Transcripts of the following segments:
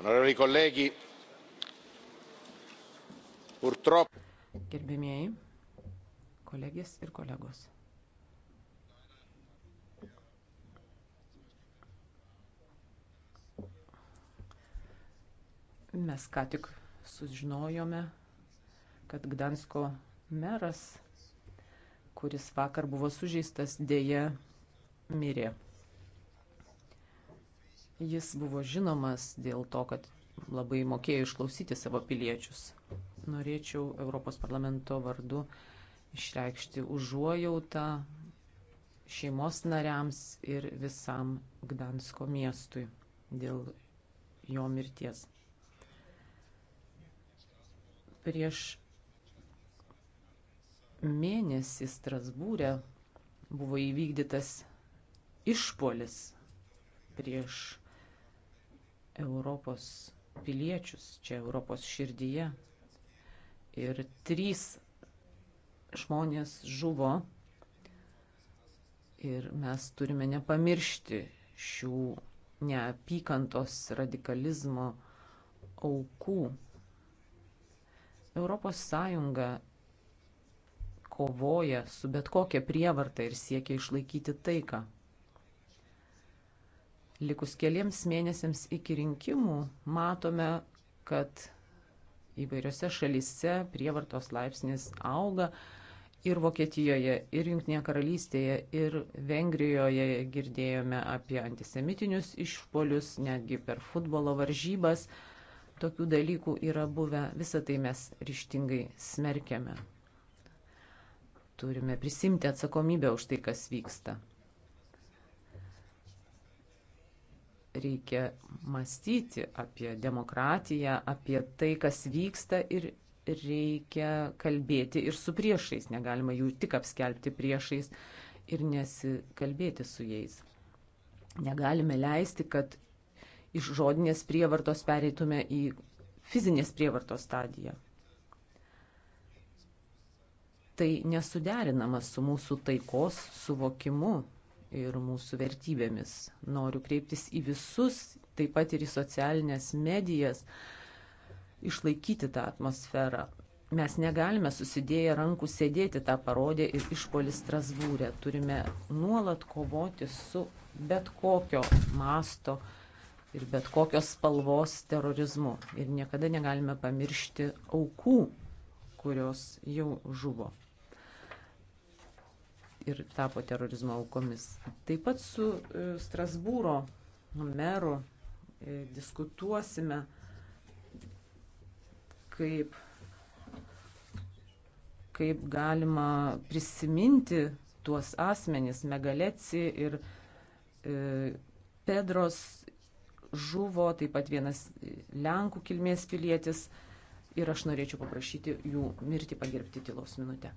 onorevoli colleghi purtroppo. gerbiamieji kolegės ir kolegos mes ką tik sužinojome kad gdansko meras kuris vakar buvo sužeistas deja mirė. Jis buvo žinomas dėl to, kad labai mokėjo išklausyti savo piliečius. Norėčiau Europos parlamento vardu išreikšti užuojautą šeimos nariams ir visam Gdansko miestui dėl jo mirties. Prieš mėnesį Strasbūrė buvo įvykdytas išpolis prieš Europos piliečius, čia Europos širdyje. Ir trys žmonės žuvo ir mes turime nepamiršti šių neapykantos radikalizmo aukų. Europos Sąjunga kovoja su bet kokia prievarta ir siekia išlaikyti taiką. Likus keliems mėnesiams iki rinkimų matome, kad įvairiose šalyse prievartos laipsnis auga ir Vokietijoje, ir Junktinėje karalystėje, ir Vengrijoje girdėjome apie antisemitinius išpolius, netgi per futbolo varžybas. Tokių dalykų yra buvę, visą tai mes ryštingai smerkiame. Turime prisimti atsakomybę už tai, kas vyksta. reikia mąstyti apie demokratiją, apie tai, kas vyksta ir reikia kalbėti ir su priešais. Negalima jų tik apskelbti priešais ir nesikalbėti su jais. Negalime leisti, kad iš žodinės prievartos pereitume į fizinės prievartos stadiją. Tai nesuderinama su mūsų taikos suvokimu, ir mūsų vertybėmis. Noriu kreiptis į visus, taip pat ir į socialinės medijas, išlaikyti tą atmosferą. Mes negalime susidėję rankų sėdėti, tą parodė ir išpolis Strasbūrė. Turime nuolat kovoti su bet kokio masto ir bet kokios spalvos terorizmu. Ir niekada negalime pamiršti aukų, kurios jau žuvo ir tapo terorizmo aukomis. Taip pat su e, Strasbūro meru e, diskutuosime, kaip, kaip galima prisiminti tuos asmenys, Megaleci ir e, Pedros žuvo, taip pat vienas Lenkų kilmės pilietis ir aš norėčiau paprašyti jų mirti pagerbti tylos minutę.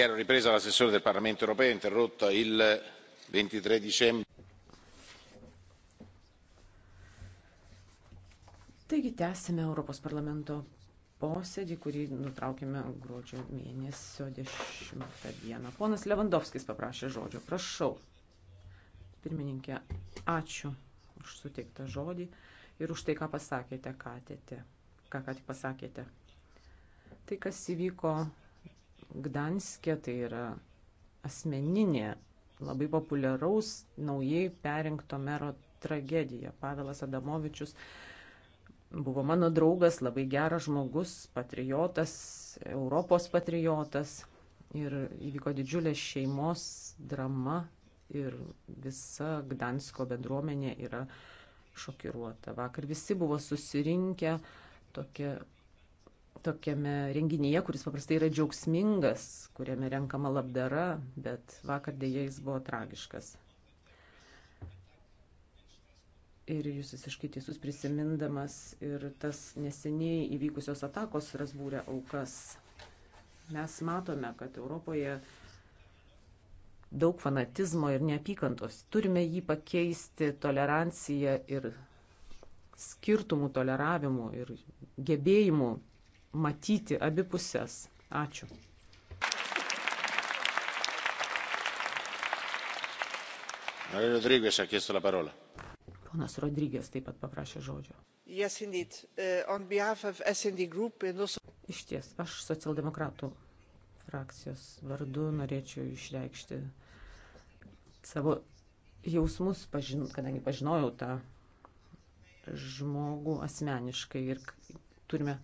dichiaro ripresa la sessione del parlamento europeo interrotta il ventitré dicembre. taigi tęsiame europos parlamento posėdį kurį nutraukėme gruodžio mėnesio dešimtą dieną. ponas levandovskis paprašė žodžio prašau. pirmininke ačiū už suteiktą žodį ir už tai ką pasakėte ką tėte ką ką tik pasakėte. tai kas įvyko Gdanskė tai yra asmeninė labai populiaraus naujai perinkto mero tragedija. Pavelas Adamovičius buvo mano draugas, labai geras žmogus, patriotas, Europos patriotas ir įvyko didžiulė šeimos drama ir visa Gdansko bendruomenė yra šokiruota. Vakar visi buvo susirinkę tokia tokiame renginyje, kuris paprastai yra džiaugsmingas, kuriame renkama labdara, bet vakar dėja jis buvo tragiškas. Ir jūs visiškai teisus prisimindamas ir tas neseniai įvykusios atakos rasbūrė aukas. Mes matome, kad Europoje daug fanatizmo ir neapykantos. Turime jį pakeisti toleranciją ir skirtumų toleravimu ir gebėjimu matyti abipusės. Ačiū. Rodrygės, Ponas Rodrygės taip pat paprašė žodžio. Yes, uh, group, also... Iš ties, aš socialdemokratų frakcijos vardu norėčiau išreikšti savo jausmus, pažin, kadangi pažinojau tą žmogų asmeniškai ir turime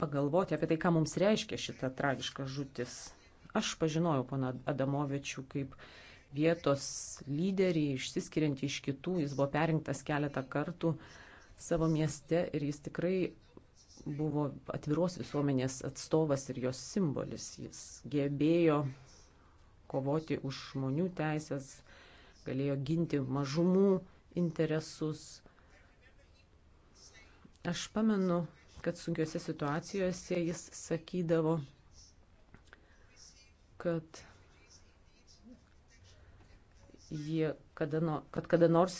pagalvoti apie tai, ką mums reiškia šita tragiška žūtis. Aš pažinojau poną Adamovičių kaip vietos lyderį, išsiskiriantį iš kitų, jis buvo perinktas keletą kartų savo mieste ir jis tikrai buvo atviros visuomenės atstovas ir jos simbolis. Jis gebėjo kovoti už žmonių teisės, galėjo ginti mažumų interesus. Aš pamenu, kad sunkiose situacijose jis sakydavo, kad jie kada, no, kad kada nors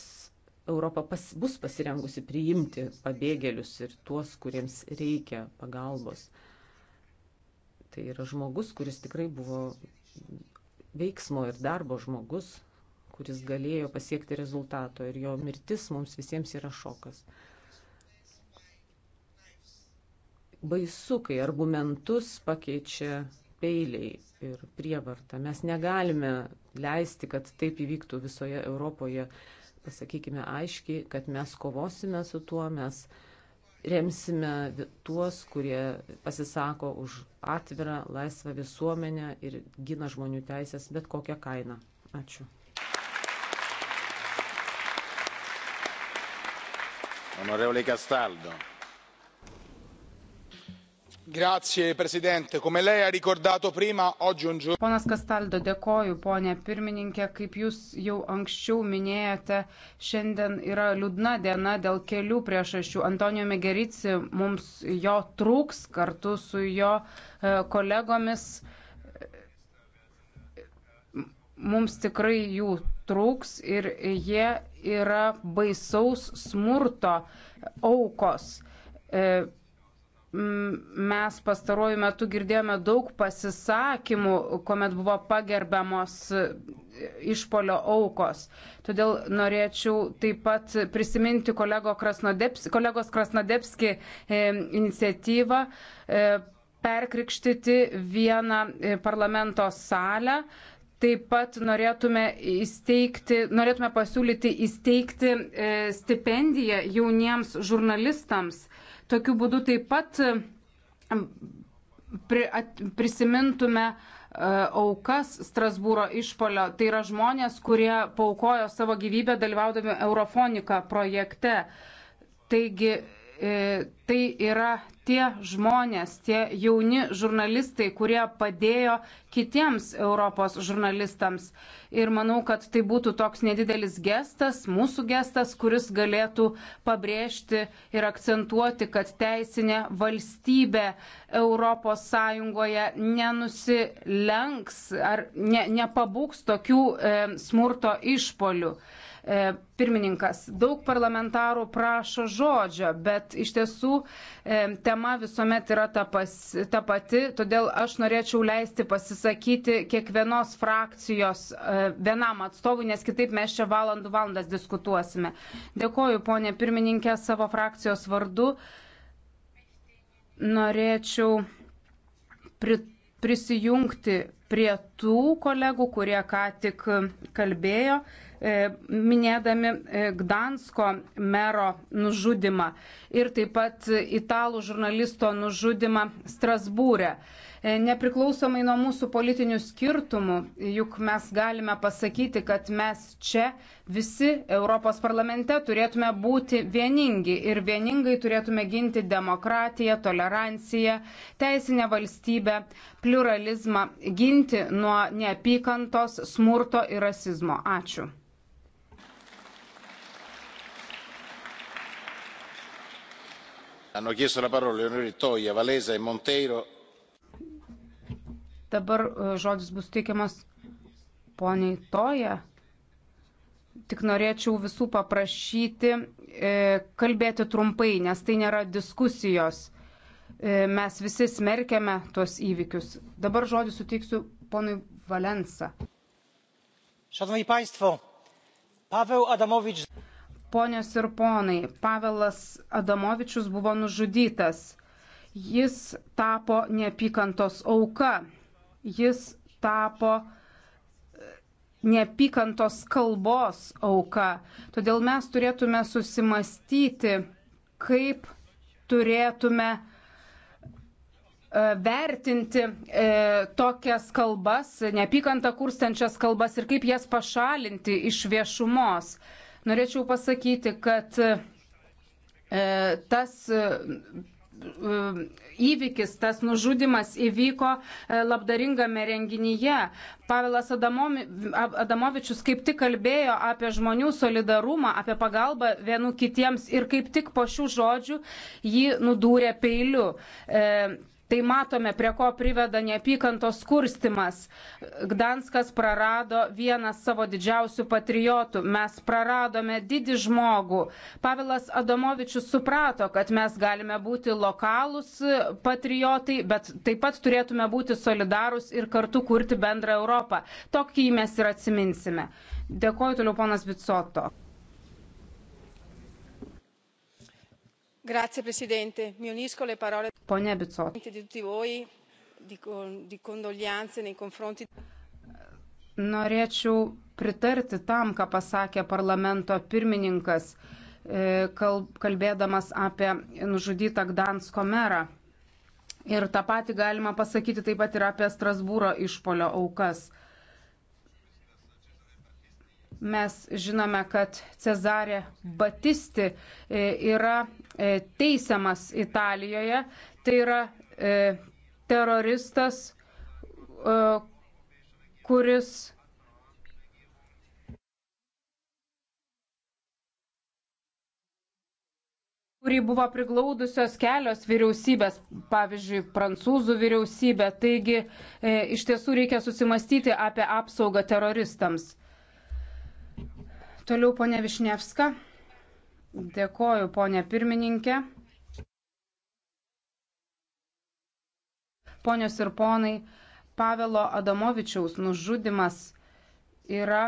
Europa pas, bus pasirengusi priimti pabėgėlius ir tuos, kuriems reikia pagalbos. Tai yra žmogus, kuris tikrai buvo veiksmo ir darbo žmogus, kuris galėjo pasiekti rezultato ir jo mirtis mums visiems yra šokas. baisu, kai argumentus pakeičia peiliai ir prievarta. Mes negalime leisti, kad taip įvyktų visoje Europoje. Pasakykime aiškiai, kad mes kovosime su tuo, mes remsime tuos, kurie pasisako už atvirą, laisvą visuomenę ir gina žmonių teisės bet kokią kainą. Ačiū. Onorevole Castaldo. Grazie, prezidente. Come lei ha ricordato prima, oggi un giorno. Ponas Kastaldo, dėkoju, ponė pirmininkė. Kaip jūs jau anksčiau minėjote, šiandien yra liūdna diena dėl kelių priešašių. Antonijo Megerici mums jo trūks kartu su jo e, kolegomis. Mums tikrai jų trūks ir jie yra baisaus smurto aukos e, mes pastaruoju metu girdėjome daug pasisakymų, kuomet buvo pagerbiamos išpolio aukos. Todėl norėčiau taip pat prisiminti kolego Krasnodepski, kolegos Krasnodepski e, iniciatyvą e, perkrikštyti vieną e, parlamento salę. Taip pat norėtume, įsteigti, norėtume pasiūlyti įsteigti e, stipendiją jauniems žurnalistams Tokiu būdu taip pat e, pri, at, prisimintume e, aukas Strasbūro išpolio. Tai yra žmonės, kurie paukojo savo gyvybę dalyvaudami Eurofonika projekte. Taigi E, tai yra tie žmonės, tie jauni žurnalistai, kurie padėjo kitiems Europos žurnalistams. Ir manau, kad tai būtų toks nedidelis gestas, mūsų gestas, kuris galėtų pabrėžti ir akcentuoti, kad teisinė valstybė Europos Sąjungoje nenusilenks ar ne, nepabūks tokių e, smurto išpolių. E, E, pirmininkas, daug parlamentarų prašo žodžio, bet iš tiesų e, tema visuomet yra ta, pas, ta pati, todėl aš norėčiau leisti pasisakyti kiekvienos frakcijos e, vienam atstovui, nes kitaip mes čia valandų valandas diskutuosime. Dėkoju, ponė pirmininkė, savo frakcijos vardu. Norėčiau prit prisijungti prie tų kolegų, kurie ką tik kalbėjo. E, minėdami e, Gdansko mero nužudimą ir taip pat italų žurnalisto nužudimą Strasbūrė. E, nepriklausomai nuo mūsų politinių skirtumų, juk mes galime pasakyti, kad mes čia visi Europos parlamente turėtume būti vieningi ir vieningai turėtume ginti demokratiją, toleranciją, teisinę valstybę, pluralizmą, ginti nuo neapykantos, smurto ir rasizmo. Ačiū. hanno chiesto la parola gli onorevoli toia wasa e monteiro. dabar e, žodis bus teikiamas poniai toja. Tik norėčiau visų paprašyti e, kalbėti trumpai, nes tai nėra diskusijos. E, mes visi smerkiame tuos įvykius. Dabar žodį suteiksiu ponui Valensa. Szanowni Państwo, Paweł Adamowicz. Ponios ir ponai, Pavelas Adamovičius buvo nužudytas. Jis tapo neapykantos auka. Jis tapo e, neapykantos kalbos auka. Todėl mes turėtume susimastyti, kaip turėtume e, vertinti e, tokias kalbas, neapykantą kurstančias kalbas ir kaip jas pašalinti iš viešumos. Norėčiau pasakyti, kad e, tas e, e, įvykis, tas nužudimas įvyko labdaringame renginyje. Pavelas Adamovičius kaip tik kalbėjo apie žmonių solidarumą, apie pagalbą vienų kitiems ir kaip tik po šių žodžių jį nudūrė peiliu. Tai matome, prie ko priveda neapykantos kurstimas. Gdanskas prarado vieną savo didžiausių patriotų. Mes praradome didį žmogų. Pavilas Adomovičius suprato, kad mes galime būti lokalūs patriotai, bet taip pat turėtume būti solidarūs ir kartu kurti bendrą Europą. Tokį mes ir atsiminsime. Dėkuoju toliau, ponas Vicotto. Grazie, Presidente. Mi unisco alle parole. Pone Bicot. Di tutti voi, di, di condoglianze nei confronti. Norėčiau pritarti tam, ką pasakė parlamento pirmininkas, e, kalbėdamas apie nužudytą Gdansko merą. Ir tą patį galima pasakyti taip pat ir apie Strasbūro išpolio aukas. Mes žinome, kad Cezarė Batisti e, yra e, teisiamas Italijoje. Tai yra e, teroristas, kuris kurį buvo priglaudusios kelios vyriausybės, pavyzdžiui, prancūzų vyriausybė. Taigi e, iš tiesų reikia susimastyti apie apsaugą teroristams. Toliau ponė Višnevska. Dėkoju, ponė pirmininkė. Ponios ir ponai, Pavelo Adamovičiaus nužudimas yra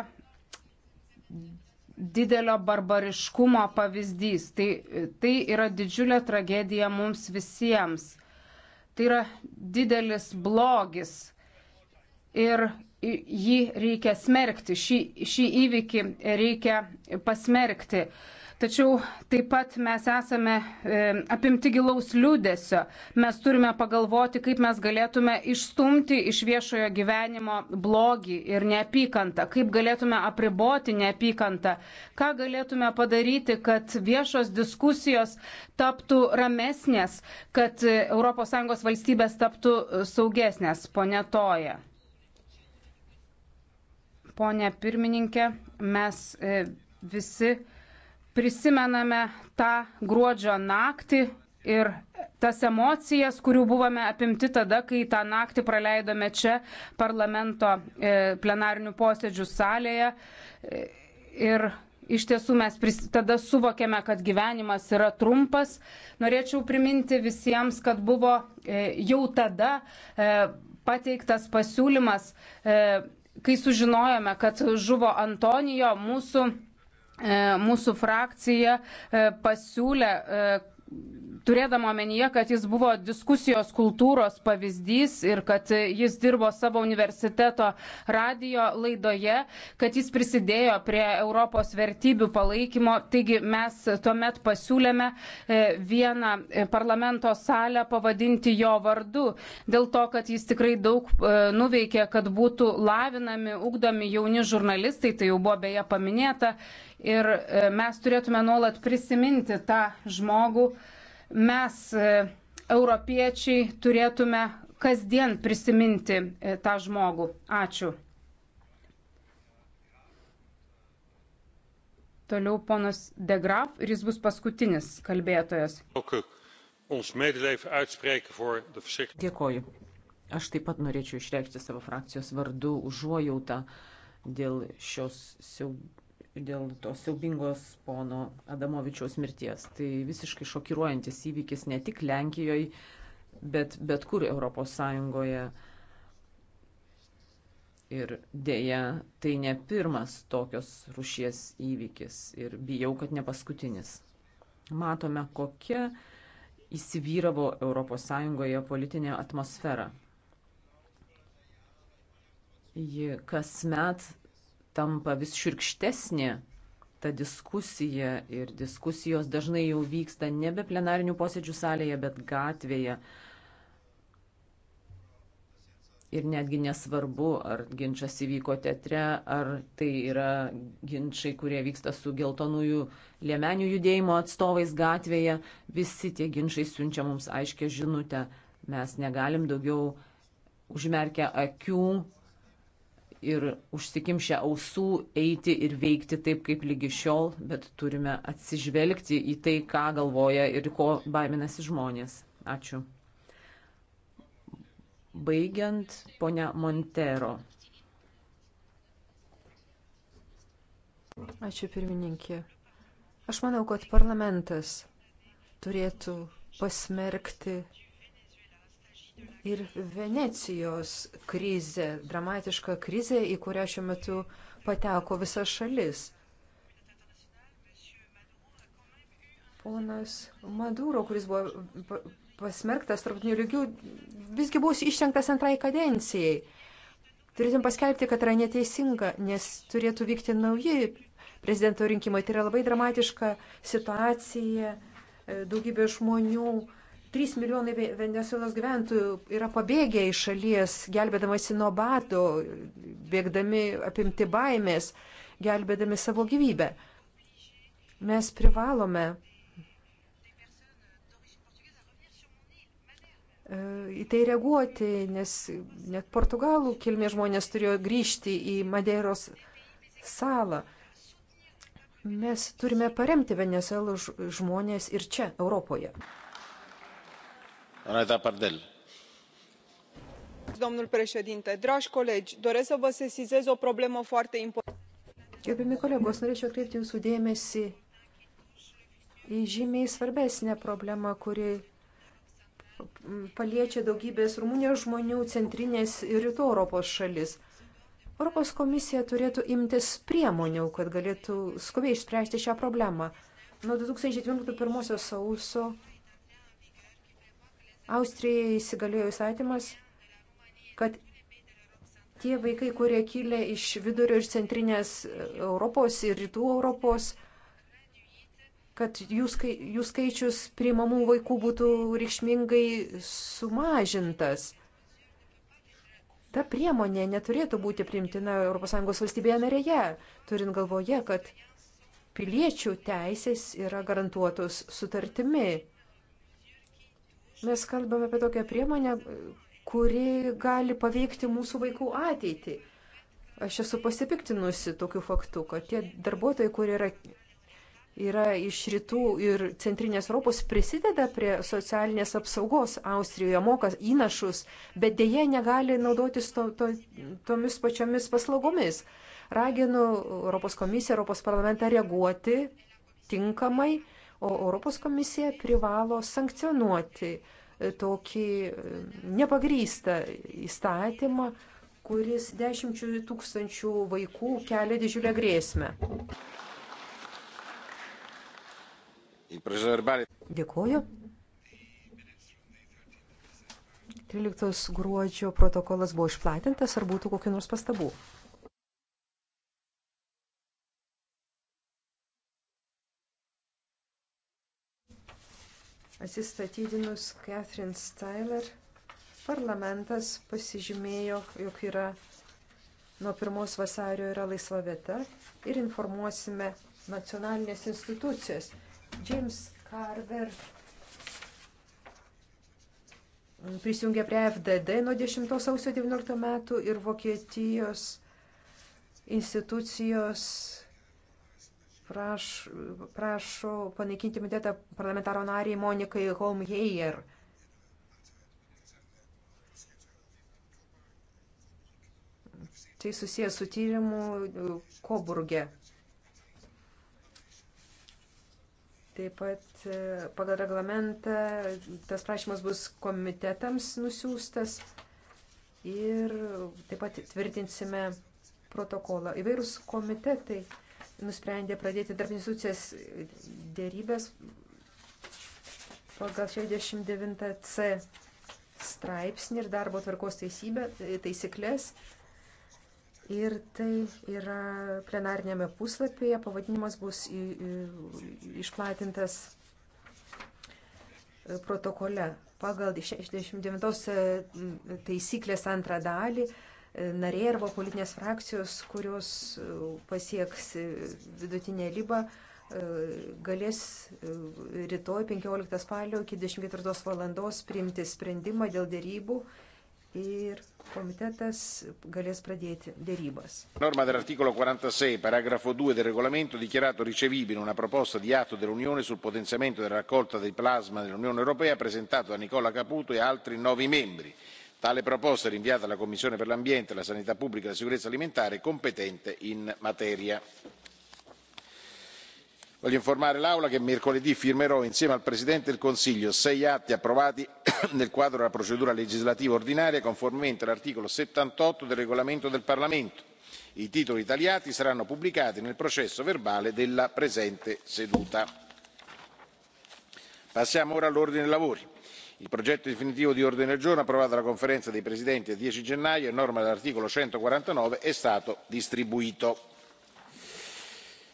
didelio barbariškumo pavyzdys. Tai, tai yra didžiulė tragedija mums visiems. Tai yra didelis blogis. Ir jį reikia smerkti, šį, šį įvykį reikia pasmerkti. Tačiau taip pat mes esame e, apimti gilaus liūdėsio. Mes turime pagalvoti, kaip mes galėtume išstumti iš viešojo gyvenimo blogį ir neapykantą, kaip galėtume apriboti neapykantą, ką galėtume padaryti, kad viešos diskusijos taptų ramesnės, kad ES valstybės taptų saugesnės, ponė Toja ponė pirmininkė, mes e, visi prisimename tą gruodžio naktį ir tas emocijas, kurių buvome apimti tada, kai tą naktį praleidome čia parlamento e, plenarinių posėdžių salėje. E, ir iš tiesų mes pris, tada suvokėme, kad gyvenimas yra trumpas. Norėčiau priminti visiems, kad buvo e, jau tada e, pateiktas pasiūlymas. E, kai sužinojome, kad žuvo Antonijo, mūsų e, mūsų frakcija e, pasiūlė, e, turėdama omenyje, kad jis buvo diskusijos kultūros pavyzdys ir kad jis dirbo savo universiteto radio laidoje, kad jis prisidėjo prie Europos vertybių palaikymo. Taigi mes tuomet pasiūlėme e, vieną e, parlamento salę pavadinti jo vardu, dėl to, kad jis tikrai daug e, nuveikė, kad būtų lavinami, ugdomi jauni žurnalistai, tai jau buvo beje paminėta ir e, mes turėtume nuolat prisiminti tą žmogų. Mes, e, europiečiai, turėtume kasdien prisiminti e, tą žmogų. Ačiū. Toliau ponas Degraf ir jis bus paskutinis kalbėtojas. Dėkoju. Aš taip pat norėčiau išreikšti savo frakcijos vardu užuojautą dėl šios siaubos dėl tos siaubingos pono Adamovičiaus mirties. Tai visiškai šokiruojantis įvykis ne tik Lenkijoje, bet, bet kur Europos Sąjungoje. Ir dėja, tai ne pirmas tokios rušies įvykis ir bijau, kad ne paskutinis. Matome, kokia įsivyravo ES politinė atmosfera. Ji kasmet tampa vis širkštesnė ta diskusija ir diskusijos dažnai jau vyksta nebe plenarinių posėdžių salėje, bet gatvėje. Ir netgi nesvarbu, ar ginčas įvyko teatre, ar tai yra ginčiai, kurie vyksta su geltonųjų liemenių judėjimo atstovais gatvėje, visi tie ginčiai siunčia mums aiškę žinutę. Mes negalim daugiau užmerkę akių ir užsikimšę ausų eiti ir veikti taip, kaip lygi šiol, bet turime atsižvelgti į tai, ką galvoja ir ko baiminasi žmonės. Ačiū. Baigiant, ponia Montero. Ačiū pirmininkė. Aš manau, kad parlamentas turėtų pasmerkti Ir Venecijos krizė, dramatiška krizė, į kurią šiuo metu pateko visa šalis. Ponas Maduro, kuris buvo pasmerktas tarptautinių lygių, visgi bus išrinktas antrai kadencijai. Turėtum paskelbti, kad yra neteisinga, nes turėtų vykti nauji prezidento rinkimai. Tai yra labai dramatiška situacija, daugybė žmonių 3 milijonai Venezuelos gyventojų yra pabėgę iš šalies, gelbėdamasi nuo bato, bėgdami apimti baimės, gelbėdami savo gyvybę. Mes privalome e, į tai reaguoti, nes net portugalų kilmė žmonės turėjo grįžti į Madeiros salą. Mes turime paremti Venezuelos žmonės ir čia, Europoje domnule președinte dragi colegi doresc să vă sesizez o problemă foarte importantă. gerbiami kolegos norėčiau atkreipti jūsų dėmesį į žymiai svarbesnę problemą kuri paliečia daugybės rumunijos žmonių centrinės ir rytų europos šalis. Europos komisija turėtų imtis priemonių, kad galėtų skubiai išspręsti šią problemą. Nuo 2021 sausio Austrijoje įsigalėjo įstatymas, kad tie vaikai, kurie kilė iš vidurio ir centrinės Europos ir rytų Europos, kad jų, skai, jų skaičius priimamų vaikų būtų reikšmingai sumažintas. Ta priemonė neturėtų būti priimtina ES valstybėje narėje, turint galvoje, kad piliečių teisės yra garantuotos sutartimi. Mes kalbame apie tokią priemonę, kuri gali paveikti mūsų vaikų ateitį. Aš esu pasipiktinusi tokiu faktu, kad tie darbuotojai, kurie yra, yra iš rytų ir centrinės Europos, prisideda prie socialinės apsaugos Austrijoje, moka įnašus, bet dėje negali naudotis to, to, tomis pačiomis paslaugomis. Raginu Europos komisiją, Europos parlamentą reaguoti tinkamai o Europos komisija privalo sankcionuoti e, tokį e, nepagrystą įstatymą, kuris dešimčių tūkstančių vaikų kelia didžiulę grėsmę. Dėkuoju. 13 gruodžio protokolas buvo išplatintas, ar būtų kokiu nors pastabu? atsistatydinus Catherine Styler, parlamentas pasižymėjo, jog yra nuo 1 vasario yra laisva vieta ir informuosime nacionalinės institucijas. James Carver prisijungė prie FDD nuo 10 sausio 19 metų ir Vokietijos institucijos praš, prašo panaikinti imunitetą parlamentaro nariai Monikai Holmheier. Tai susijęs su tyrimu Koburge. Taip pat e, pagal reglamentą tas prašymas bus komitetams nusiųstas ir taip pat tvirtinsime protokolą. Įvairūs komitetai nusprendė pradėti tarp institucijas dėrybės pagal 69c straipsnį ir darbo tvarkos taisybę, taisyklės. Ir tai yra plenarnėme puslapyje, pavadinimas bus išplatintas protokole pagal 69 e, taisyklės antrą dalį nariai arba politinės frakcijos, kurios e, pasieks e, vidutinę ribą, e, galės rytoj 15 spalio iki 24 valandos priimti sprendimą dėl dėrybų ir komitetas galės pradėti dėrybas. Norma dell'articolo 46, paragrafo 2 del regolamento dichiarato ricevibile una proposta di atto dell'Unione sul potenziamento della raccolta di plasma dell'Unione Europea presentato da Nicola Caputo e altri 9 membri tale proposta era inviata alla commissione per l'ambiente la sanità pubblica e la sicurezza alimentare competente in materia. voglio informare l'aula che mercoledì firmerò insieme al presidente del consiglio sei atti approvati nel quadro della procedura legislativa ordinaria conformemente all'articolo settantotto del regolamento del parlamento. i titoli degli atti saranno pubblicati nel processo verbale della presente seduta. passiamo ora all'ordine dei lavori il progetto definitivo di ordine del giorno approvato dalla conferenza dei presidenti il dieci gennaio a norma dell'articolo centoquarantanove è stato distribuito.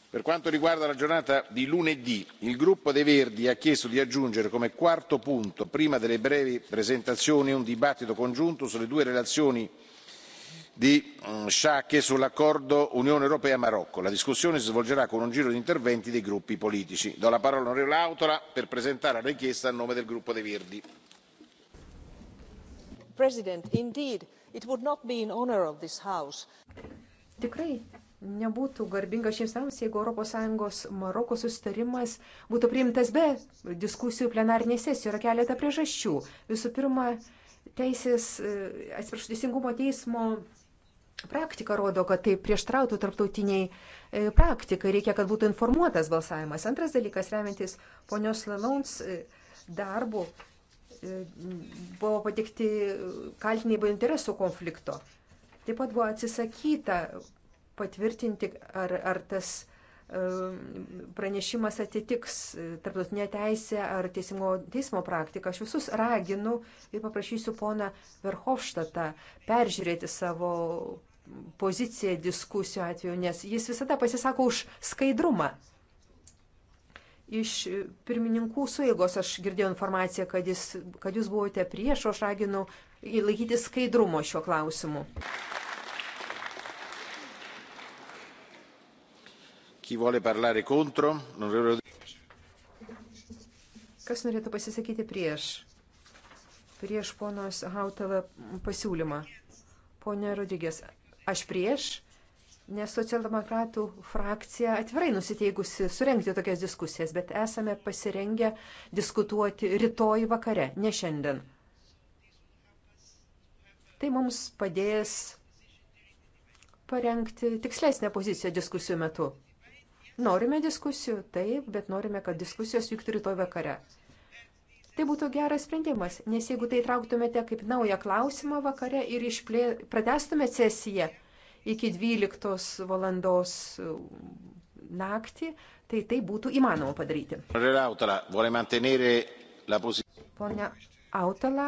per quanto riguarda la giornata di lunedì il gruppo dei verdi ha chiesto di aggiungere come quarto punto prima delle brevi presentazioni un dibattito congiunto sulle due relazioni di mm, schaake sull'accordo unione europea marocco. la discussione si svolgerà con un giro di interventi dei gruppi politici. do la parola all'onorevole hautala per presentare la richiesta a nome del gruppo dei verdi. mr president indeed it would not be in honour of this house. tikrai nebūtų garbinga šiems rams jeigu europos sąjungos maroko susitarimas būtų priimtas be diskusijų plenarinėje sesijoje yra keleta priežasčių visų pirma teisės e, atsiprašau teisingumo teismo praktika rodo, kad tai prieštrautų tarptautiniai e, praktikai. Reikia, kad būtų informuotas balsavimas. Antras dalykas, remiantis ponios Lanons e, darbu, e, buvo patikti kaltiniai be interesų konflikto. Taip pat buvo atsisakyta patvirtinti, ar, ar tas pranešimas atitiks tarptautinė teisė ar teisingo, teismo praktika. Aš visus raginu ir paprašysiu poną Verhofštatą peržiūrėti savo poziciją diskusijų atveju, nes jis visada pasisako už skaidrumą. Iš pirmininkų suėgos aš girdėjau informaciją, kad, jis, kad jūs buvote prieš, o aš raginau laikyti skaidrumo šiuo klausimu. Kas norėtų pasisakyti prieš? Prieš ponos Hautelą pasiūlymą. Pone Rodrygės, Aš prieš, nes socialdemokratų frakcija atvirai nusiteikusi surenkti tokias diskusijas, bet esame pasirengę diskutuoti rytoj vakare, ne šiandien. Tai mums padės parengti tikslesnę poziciją diskusijų metu. Norime diskusijų, taip, bet norime, kad diskusijos vyktų rytoj vakare. Tai būtų geras sprendimas, nes jeigu tai trauktumėte kaip naują klausimą vakare ir išplė... pratestumėte sesiją, iki 12 valandos naktį, tai tai būtų įmanoma padaryti. Pone Autala,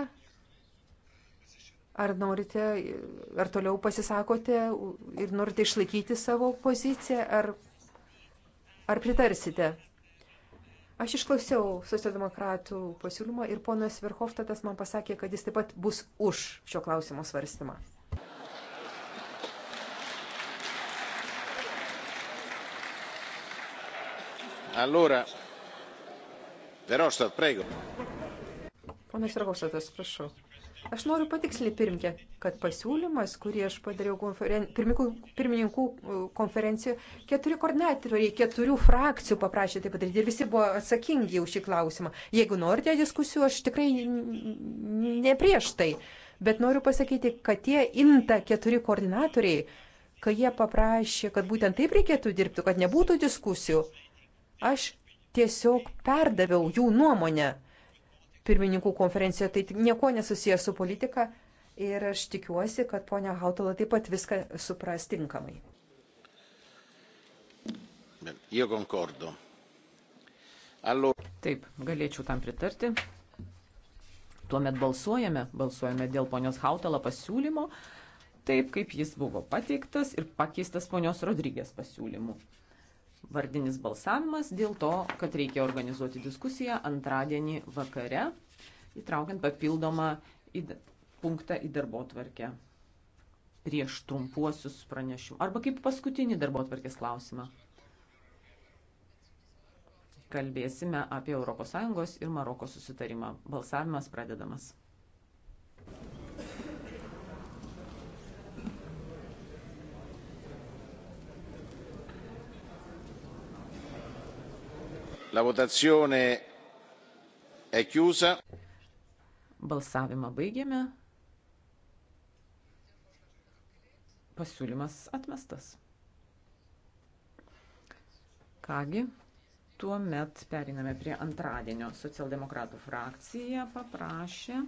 ar norite, ar toliau pasisakote ir norite išlaikyti savo poziciją, ar, ar pritarsite? Aš išklausiau socialdemokratų pasiūlymą ir ponas Verhoftadas man pasakė, kad jis taip pat bus už šio klausimo svarstymą. Allora, Verhofstadt, prego. Ponas Verhofstadtas, prašau. Aš noriu patiksliai pirmkę, kad pasiūlymas, kurį aš padariau konferen... pirmikų, pirmininkų e, konferencijų, keturi koordinatoriai, keturių frakcijų paprašė tai padaryti ir visi buvo atsakingi už šį klausimą. Jeigu norite diskusijų, aš tikrai ne prieš tai, bet noriu pasakyti, kad tie inta keturi koordinatoriai, kai jie paprašė, kad būtent taip reikėtų dirbti, kad nebūtų diskusijų, Aš tiesiog perdaviau jų nuomonę. Pirmininkų konferencijoje tai nieko nesusijęs su politika ir aš tikiuosi, kad ponia Hautala taip pat viską supras tinkamai. Taip, galėčiau tam pritarti. Tuomet balsuojame, balsuojame dėl ponios Hautala pasiūlymo, taip kaip jis buvo pateiktas ir pakeistas ponios Rodrygės pasiūlymu vardinis balsavimas dėl to, kad reikia organizuoti diskusiją antradienį vakare, įtraukiant papildomą į punktą į darbo tvarkę prieš trumpuosius pranešimus. Arba kaip paskutinį darbo tvarkės klausimą. Kalbėsime apie ES ir Maroko susitarimą. Balsavimas pradedamas. La votazione è chiusa. Balsavimą baigėme. Pasiūlymas atmestas. Kągi, tuo met periname prie antradienio. Socialdemokratų frakcija paprašė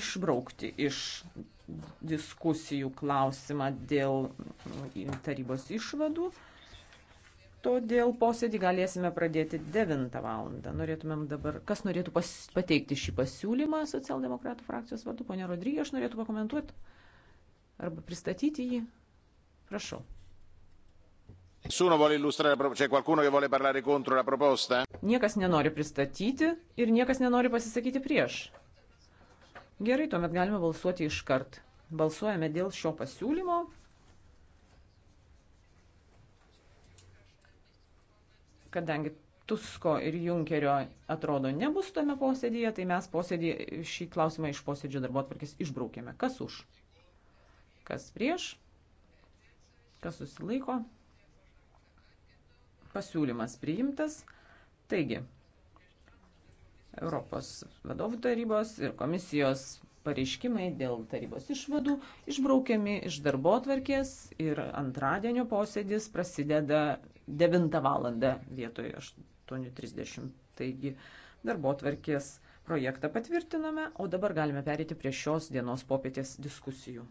išbraukti iš diskusijų klausimą dėl tarybos išvadų. Todėl posėdį galėsime pradėti 9 val. Norėtumėm dabar, kas norėtų pas, pateikti šį pasiūlymą socialdemokratų frakcijos vardu, ponė Rodrygė, aš norėtų pakomentuoti arba pristatyti jį. Prašau. Niekas nenori pristatyti ir niekas nenori pasisakyti prieš. Gerai, tuomet galime balsuoti iškart. Balsuojame dėl šio pasiūlymo. Kadangi Tusko ir Junkerio atrodo nebus tame posėdėje, tai mes posėdį, šį klausimą iš posėdžio darbo atvarkės išbraukėme. Kas už? Kas prieš? Kas susilaiko? Pasiūlymas priimtas. Taigi, Europos vadovų tarybos ir komisijos pareiškimai dėl tarybos išvadų išbraukiami iš darbo tvarkės ir antradienio posėdis prasideda 9 val. vietoj 8.30. Taigi darbo tvarkės projektą patvirtiname, o dabar galime perėti prie šios dienos popietės diskusijų.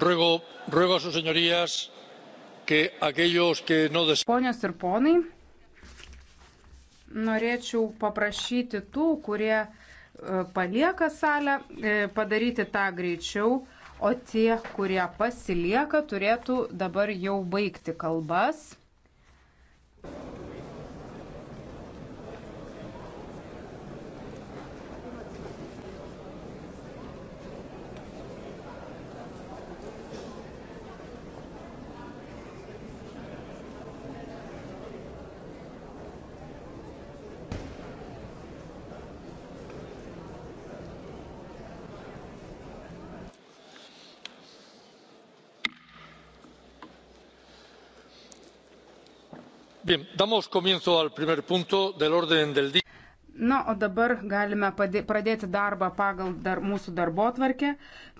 ruego a sus señorías que aquellos que no desean. Ponios ir ponai, norėčiau paprašyti tų, kurie e, palieka salę, e, padaryti tą greičiau, o tie, kurie pasilieka, turėtų dabar jau baigti kalbas. Bien, damos comienzo al primer punto del orden del día. Na, o dabar galime pradėti darbą pagal dar mūsų darbo tvarkę.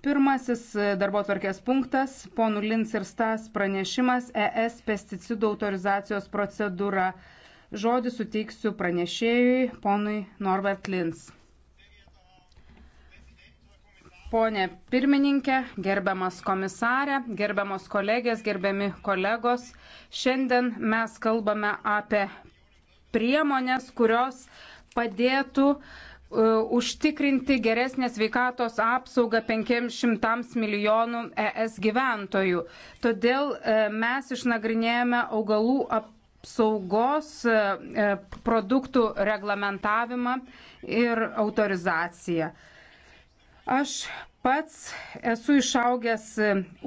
Pirmasis e, darbo tvarkės punktas - ponų Lins ir Stas pranešimas ES pesticidų autorizacijos procedūra. Žodį suteiksiu pranešėjui, ponui Norbert Lins. Pone pirmininkė, gerbiamas komisarė, gerbiamos kolegės, gerbiami kolegos, šiandien mes kalbame apie priemonės, kurios padėtų uh, užtikrinti geresnę sveikatos apsaugą 500 milijonų ES gyventojų. Todėl uh, mes išnagrinėjame augalų apsaugos uh, produktų reglamentavimą ir autorizaciją. Uh, Aš pats esu išaugęs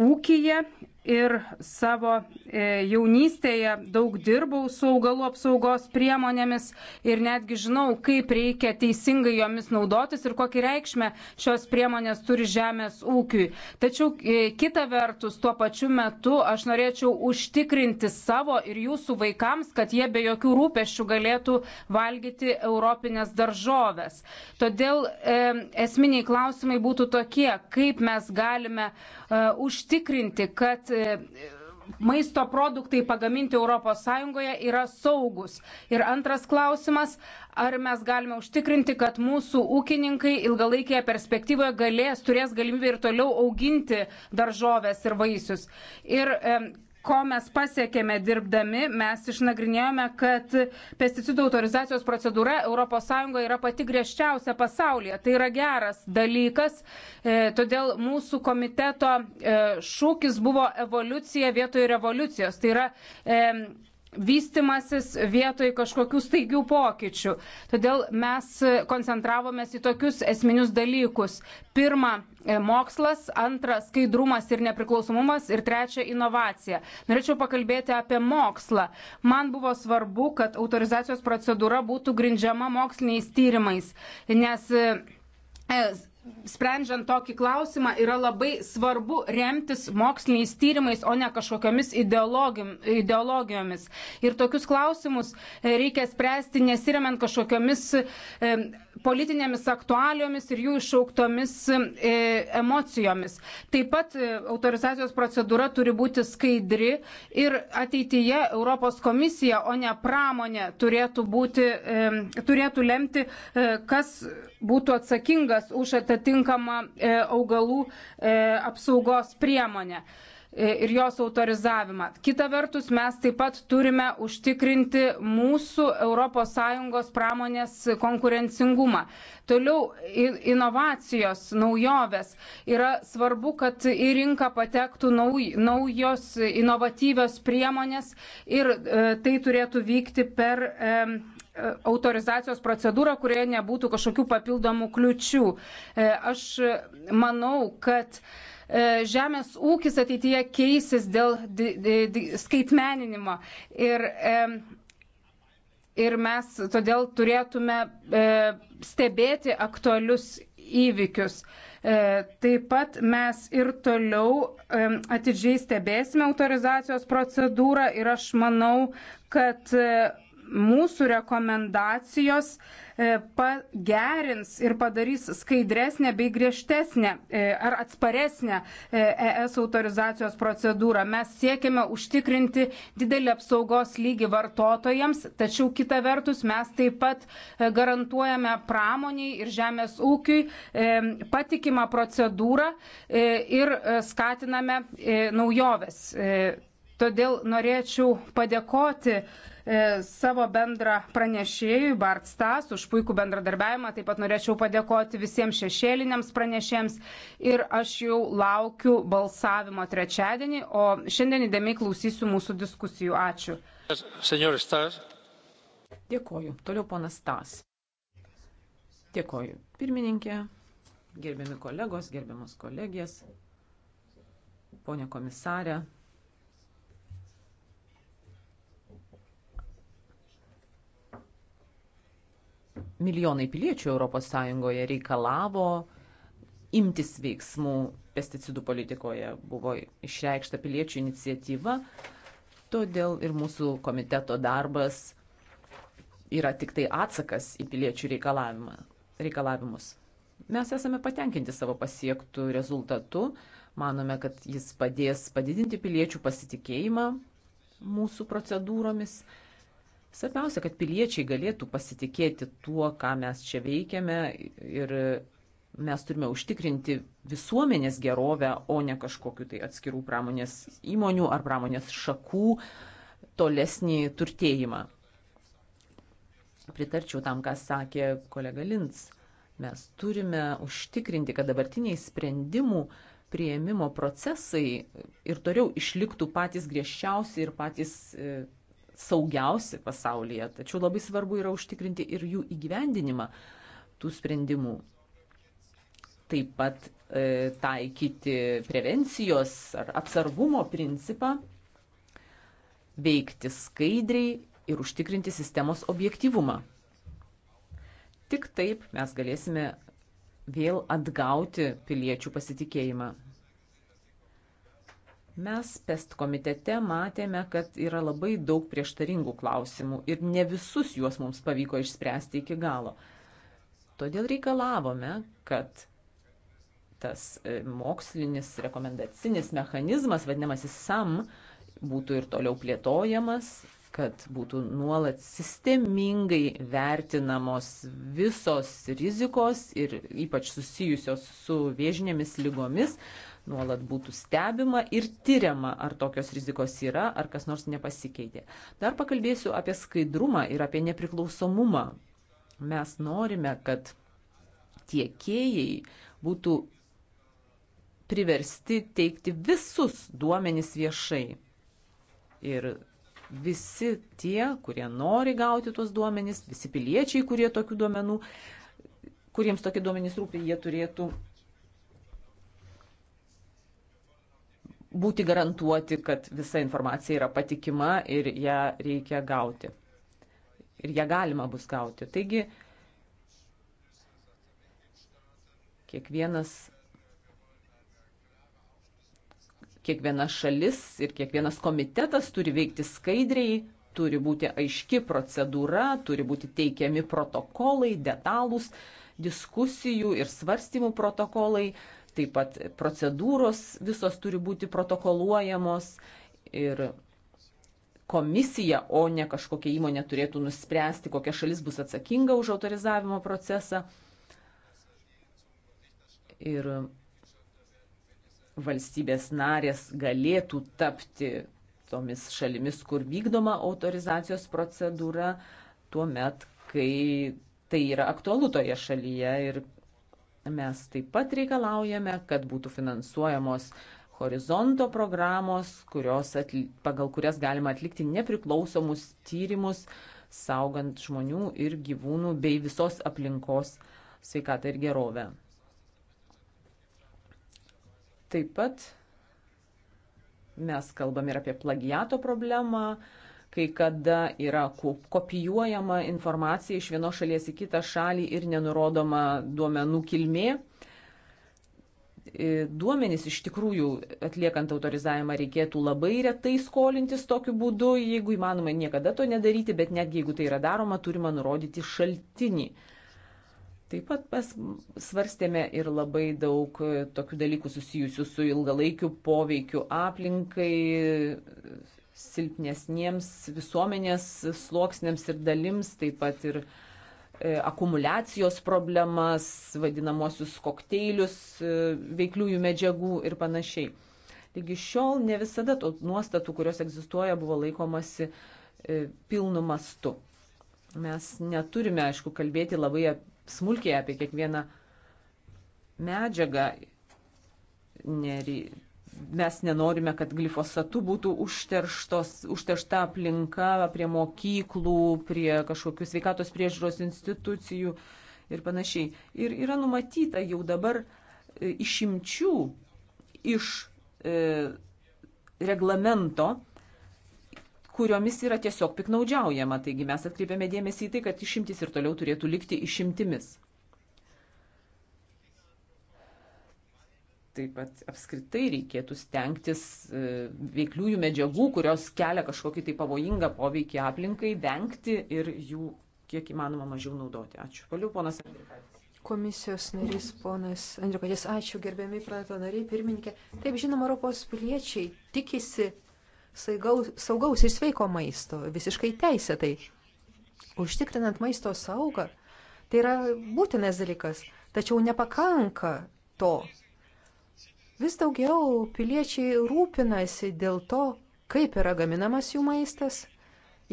ūkyje ir savo e, jaunystėje daug dirbau su augalų apsaugos priemonėmis ir netgi žinau, kaip reikia teisingai jomis naudotis ir kokį reikšmę šios priemonės turi žemės ūkiui. Tačiau e, kita vertus, tuo pačiu metu aš norėčiau užtikrinti savo ir jūsų vaikams, kad jie be jokių rūpeščių galėtų valgyti europinės daržovės. Todėl e, esminiai klausimai būtų tokie, kaip mes galime E, užtikrinti, kad e, maisto produktai pagaminti ES yra saugus? Ir antras klausimas, ar mes galime užtikrinti, kad mūsų ūkininkai ilgalaikėje perspektyvoje galės, turės galimybę ir toliau auginti daržovės ir vaisius? Ir e, ko mes pasiekėme dirbdami, mes išnagrinėjome, kad pesticidų autorizacijos procedūra ES yra pati griežčiausia pasaulyje. Tai yra geras dalykas, e, todėl mūsų komiteto e, šūkis buvo evoliucija vietoj revoliucijos. Tai yra e, vystimasis vietoj kažkokių staigių pokyčių. Todėl mes koncentravomės į tokius esminius dalykus. Pirma, e, mokslas, antra, skaidrumas ir nepriklausomumas ir trečia, inovacija. Norėčiau pakalbėti apie mokslą. Man buvo svarbu, kad autorizacijos procedūra būtų grindžiama moksliniais tyrimais, nes e, e, sprendžiant tokį klausimą yra labai svarbu remtis moksliniais tyrimais, o ne kažkokiamis ideologijomis. Ir tokius klausimus e, reikia spręsti nesiremiant kažkokiamis e, politinėmis aktualiomis ir jų išauktomis e, emocijomis. Taip pat e, autorizacijos procedūra turi būti skaidri ir ateityje Europos komisija, o ne pramonė turėtų, būti, e, turėtų lemti, e, kas būtų atsakingas už atitinkamą e, augalų e, apsaugos priemonę e, ir jos autorizavimą. Kita vertus, mes taip pat turime užtikrinti mūsų ES pramonės konkurencingumą. Toliau inovacijos, naujovės. Yra svarbu, kad į rinką patektų naujos inovatyvios priemonės ir tai turėtų vykti per E, autorizacijos procedūrą, kurioje nebūtų kažkokių papildomų kliučių. E, aš manau, kad e, žemės ūkis ateityje keisis dėl skaitmeninimo. Ir, ir mes todėl turėtume stebėti aktualius įvykius. Taip pat mes ir toliau atidžiai stebėsime autorizacijos procedūrą ir aš manau, kad mūsų rekomendacijos e, pagerins ir padarys skaidresnę bei griežtesnę e, ar atsparesnę ES e autorizacijos procedūrą. Mes siekiame užtikrinti didelį apsaugos lygį vartotojams, tačiau kita vertus mes taip pat garantuojame pramoniai ir žemės ūkiui patikimą procedūrą ir skatiname naujoves Todėl norėčiau padėkoti e, savo bendrą pranešėjui Bart Stas už puikų bendradarbiavimą. Taip pat norėčiau padėkoti visiems šešėliniams pranešėjams ir aš jau laukiu balsavimo trečiadienį, o šiandien įdėmiai klausysiu mūsų diskusijų. Ačiū. Senjor Stas. Dėkoju. Toliau ponas Stas. Dėkoju. Pirmininkė, gerbiami kolegos, gerbiamos kolegės, ponė komisarė. milijonai piliečių ES reikalavo imtis veiksmų pesticidų politikoje, buvo išreikšta piliečių iniciatyva, todėl ir mūsų komiteto darbas yra tik tai atsakas į piliečių reikalavimus. Mes esame patenkinti savo pasiektų rezultatų, manome, kad jis padės padidinti piliečių pasitikėjimą mūsų procedūromis Svarbiausia, kad piliečiai galėtų pasitikėti tuo, ką mes čia veikiame ir mes turime užtikrinti visuomenės gerovę, o ne kažkokiu tai atskirų pramonės įmonių ar pramonės šakų tolesnį turtėjimą. Pritarčiau tam, ką sakė kolega Lins. Mes turime užtikrinti, kad dabartiniai sprendimų prieimimo procesai ir toliau išliktų patys griežčiausi ir patys e, saugiausi pasaulyje, tačiau labai svarbu yra užtikrinti ir jų įgyvendinimą tų sprendimų. Taip pat e, taikyti prevencijos ar atsargumo principą, veikti skaidriai ir užtikrinti sistemos objektivumą. Tik taip mes galėsime vėl atgauti piliečių pasitikėjimą. Mes PEST komitete matėme, kad yra labai daug prieštaringų klausimų ir ne visus juos mums pavyko išspręsti iki galo. Todėl reikalavome, kad tas e, mokslinis rekomendacinis mechanizmas, vadinamasis SAM, būtų ir toliau plėtojamas, kad būtų nuolat sistemingai vertinamos visos rizikos ir ypač susijusios su viežinėmis lygomis, nuolat būtų stebima ir tyriama, ar tokios rizikos yra, ar kas nors nepasikeitė. Dar pakalbėsiu apie skaidrumą ir apie nepriklausomumą. Mes norime, kad tiekėjai būtų priversti teikti visus duomenys viešai. Ir visi tie, kurie nori gauti tuos duomenys, visi piliečiai, kurie tokių duomenų, kuriems tokie duomenys rūpi, jie turėtų būti garantuoti, kad visa informacija yra patikima ir ją reikia gauti. Ir ją galima bus gauti. Taigi, kiekvienas kiekviena šalis ir kiekvienas komitetas turi veikti skaidriai, turi būti aiški procedūra, turi būti teikiami protokolai, detalūs diskusijų ir svarstymų protokolai. Taip pat procedūros visos turi būti protokoluojamos ir komisija, o ne kažkokia įmonė turėtų nuspręsti, kokia šalis bus atsakinga už autorizavimo procesą. Ir valstybės narės galėtų tapti tomis šalimis, kur vykdoma autorizacijos procedūra, tuo met, kai tai yra aktualu toje šalyje ir Mes taip pat reikalaujame, kad būtų finansuojamos horizonto programos, kurios atli, pagal kurias galima atlikti nepriklausomus tyrimus, saugant žmonių ir gyvūnų bei visos aplinkos sveikatą ir gerovę. Taip pat mes kalbam ir apie plagiato problemą, uh, kai kada yra kopijuojama informacija iš vienos šalies į kitą šalį ir nenurodoma duomenų kilmė. E, duomenys iš tikrųjų atliekant autorizavimą reikėtų labai retai skolintis tokiu būdu, jeigu įmanoma niekada to nedaryti, bet netgi jeigu tai yra daroma, turima nurodyti šaltinį. Taip pat mes svarstėme ir labai daug e, tokių dalykų susijusių su ilgalaikiu poveikiu aplinkai, silpnesniems visuomenės sluoksniams ir dalims, taip pat ir e, akumuliacijos problemas, vadinamosius kokteilius, e, veikliųjų medžiagų ir panašiai. Lygi šiol ne visada tų nuostatų, kurios egzistuoja, buvo laikomasi e, pilnu mastu. Mes neturime, aišku, kalbėti labai smulkiai apie kiekvieną medžiagą. Neri, mes nenorime, kad glifosatu būtų užterštos, užteršta aplinka prie mokyklų, prie kažkokių sveikatos priežiūros institucijų ir panašiai. Ir yra numatyta jau dabar e, išimčių iš e, reglamento, kuriomis yra tiesiog piknaudžiaujama. Taigi mes atkreipiame dėmesį į tai, kad išimtis ir toliau turėtų likti išimtimis. Taip pat apskritai reikėtų stengtis e, veikliųjų medžiagų, kurios kelia kažkokį tai pavojingą poveikį aplinkai, vengti ir jų kiek įmanoma mažiau naudoti. Ačiū. Paliu, ponas Andrikaitis. Komisijos narys, ponas Andrikaitis, ačiū, gerbiami planeto nariai, pirmininkė. Taip, žinoma, Europos piliečiai tikisi saugaus, saugaus ir sveiko maisto, visiškai teisėtai. Užtikrinant maisto saugą, tai yra būtinas dalykas, tačiau nepakanka to Vis daugiau piliečiai rūpinasi dėl to, kaip yra gaminamas jų maistas,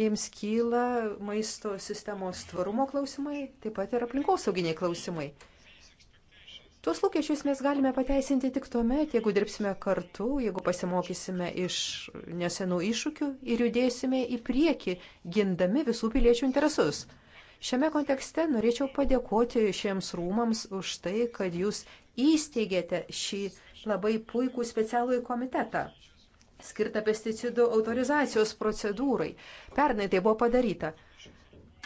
jiems kyla maisto sistemos tvarumo klausimai, taip pat ir aplinkosauginiai klausimai. Tuos lūkesčius mes galime pateisinti tik tuo met, jeigu dirbsime kartu, jeigu pasimokysime iš nesenų iššūkių ir judėsime į priekį, gindami visų piliečių interesus. Šiame kontekste norėčiau padėkoti šiems rūmams už tai, kad jūs įsteigėte šį labai puikų specialųjį komitetą skirtą pesticidų autorizacijos procedūrai. Pernai tai buvo padaryta.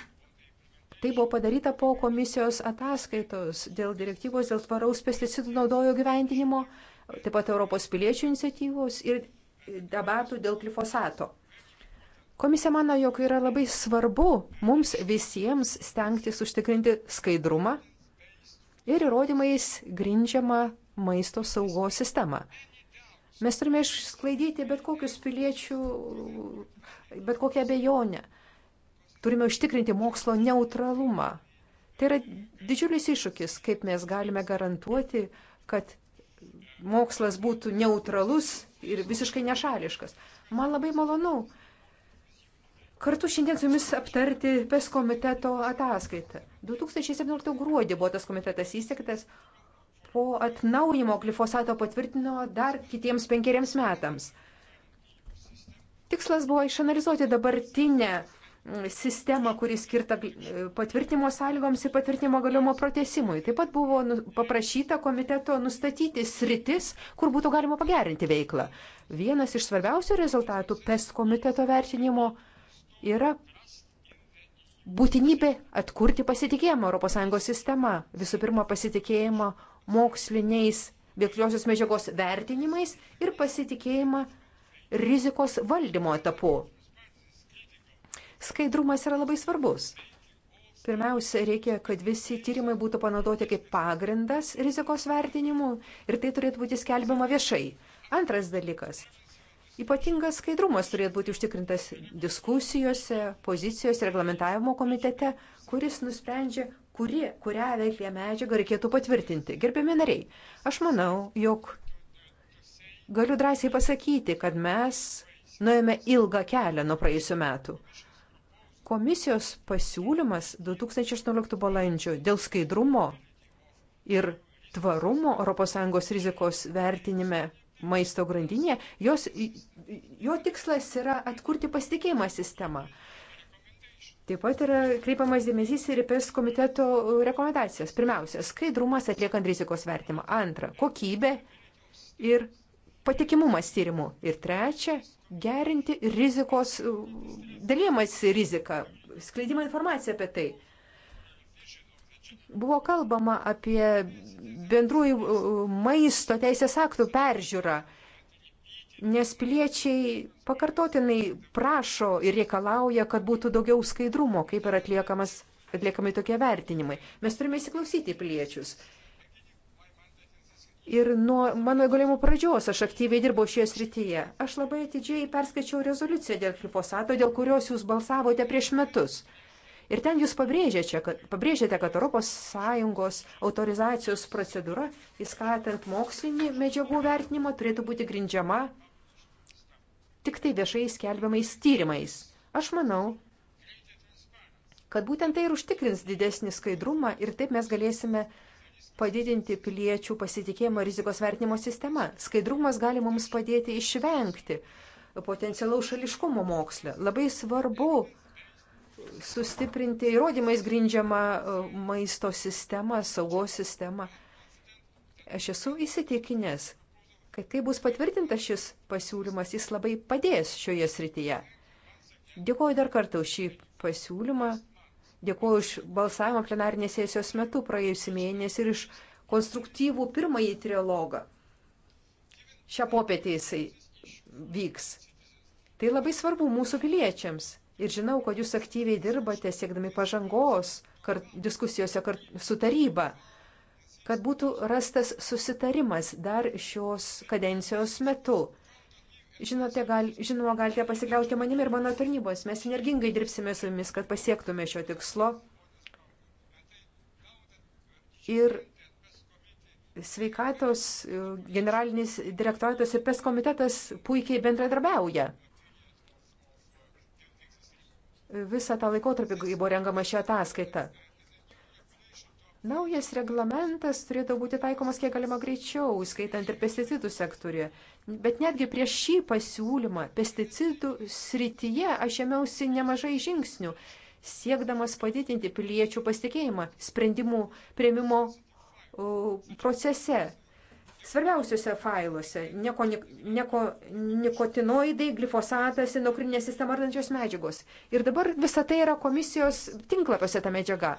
Tai buvo padaryta po komisijos ataskaitos dėl direktyvos dėl tvaraus pesticidų naudojo gyventinimo, taip pat Europos piliečių iniciatyvos ir debatų dėl glifosato. Komisija mano, jog yra labai svarbu mums visiems stengtis užtikrinti skaidrumą ir įrodymais grindžiamą maisto saugos sistemą. Mes turime išsklaidyti bet kokius piliečių, bet kokią abejonę. Turime užtikrinti mokslo neutralumą. Tai yra didžiulis iššūkis, kaip mes galime garantuoti, kad mokslas būtų neutralus ir visiškai nešališkas. Man labai malonu kartu šiandien su jumis aptarti PES komiteto ataskaitą. 2017 gruodį buvo tas komitetas įsteigtas, po atnaujimo glifosato patvirtino dar kitiems penkeriems metams. Tikslas buvo išanalizuoti dabartinę mm, sistemą, kuri skirta patvirtimo sąlygoms ir patvirtimo galiojimo protesimui. Taip pat buvo nu, paprašyta komiteto nustatyti sritis, kur būtų galima pagerinti veiklą. Vienas iš svarbiausių rezultatų PES komiteto vertinimo yra būtinybė atkurti pasitikėjimą ES sistema. Visų pirma, pasitikėjimą moksliniais veikliosios medžiagos vertinimais ir pasitikėjimą rizikos valdymo etapu. Skaidrumas yra labai svarbus. Pirmiausia, reikia, kad visi tyrimai būtų panaudoti kaip pagrindas rizikos vertinimu ir tai turėtų būti skelbiama viešai. Antras dalykas. Ypatingas skaidrumas turėtų būti užtikrintas diskusijose, pozicijos reglamentavimo komitete, kuris nusprendžia, kuri, kurią veiklią medžiagą reikėtų patvirtinti. Gerbiami nariai, aš manau, jog galiu drąsiai pasakyti, kad mes nuėjome ilgą kelią nuo praėjusių metų. Komisijos pasiūlymas 2018 balandžio dėl skaidrumo ir tvarumo ES rizikos vertinime maisto grandinėje, jos, jo tikslas yra atkurti pasitikėjimą sistemą. Taip pat yra kreipiamas dėmesys ir į PES komiteto rekomendacijas. Pirmiausia, skaidrumas atliekant rizikos vertimą. Antra, kokybė ir patikimumas tyrimų. Ir trečia, gerinti rizikos, dalymas riziką, skleidimą informaciją apie tai. Buvo kalbama apie bendrųjų uh, maisto teisės aktų peržiūrą nes piliečiai pakartotinai prašo ir reikalauja, kad būtų daugiau skaidrumo, kaip yra atliekamas, atliekami tokie vertinimai. Mes turime įsiklausyti piliečius. Ir nuo mano įgaliojimų pradžios aš aktyviai dirbau šioje srityje. Aš labai atidžiai perskaičiau rezoliuciją dėl glifosato, dėl kurios jūs balsavote prieš metus. Ir ten jūs pabrėžėte, kad, pabrėžėte, kad ES autorizacijos procedūra, įskatant mokslinį medžiagų vertinimą, turėtų būti grindžiama tik tai viešai skelbiamais tyrimais. Aš manau, kad būtent tai ir užtikrins didesnį skaidrumą ir taip mes galėsime padidinti piliečių pasitikėjimo rizikos vertinimo sistema. Skaidrumas gali mums padėti išvengti potencialaus šališkumo moksle. Labai svarbu sustiprinti įrodymais grindžiamą e, maisto sistemą, saugos sistemą. Aš esu įsitikinęs, Kai kai bus patvirtintas šis pasiūlymas, jis labai padės šioje srityje. Dėkuoju dar kartą už šį pasiūlymą. Dėkuoju už balsavimą plenarinės sesijos metu praėjusį mėnesį ir iš konstruktyvų pirmąjį trilogą. Šią popietę jisai vyks. Tai labai svarbu mūsų piliečiams. Ir žinau, kad jūs aktyviai dirbate siekdami pažangos kart, diskusijose kart, su taryba kad būtų rastas susitarimas dar šios kadencijos metu. Žinote, gal, žinoma, galite pasikliauti manimi ir mano tarnybos. Mes energingai dirbsime su jumis, kad pasiektume šio tikslo. Ir sveikatos generalinis direktoratas ir PES komitetas puikiai bendradarbiauja. Visą tą laikotarpį buvo rengama ši ataskaita. Naujas reglamentas turėtų būti taikomas kiek galima greičiau, skaitant ir pesticidų sektoriuje. Bet netgi prieš šį pasiūlymą pesticidų srityje aš ėmiausi nemažai žingsnių, siekdamas padidinti piliečių pasitikėjimą sprendimų prieimimo procese. Svarbiausiuose failuose neko, neko, nikotinoidai, glifosatas, endokrininė sistema ardančios medžiagos. Ir dabar visa tai yra komisijos tinklapiuose ta medžiaga.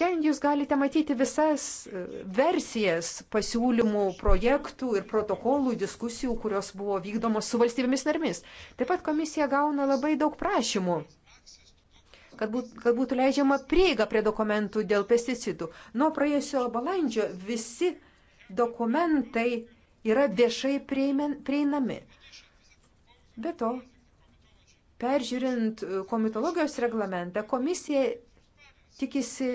Ten jūs galite matyti visas e, versijas pasiūlymų, projektų ir protokolų, diskusijų, kurios buvo vykdomos su valstybėmis narmis. Taip pat komisija gauna labai daug prašymų, kad, būt, kad būtų leidžiama prieiga prie dokumentų dėl pesticidų. Nuo praėjusio balandžio visi dokumentai yra viešai prieinami. Be to, peržiūrint komitologijos reglamentą, komisija tikisi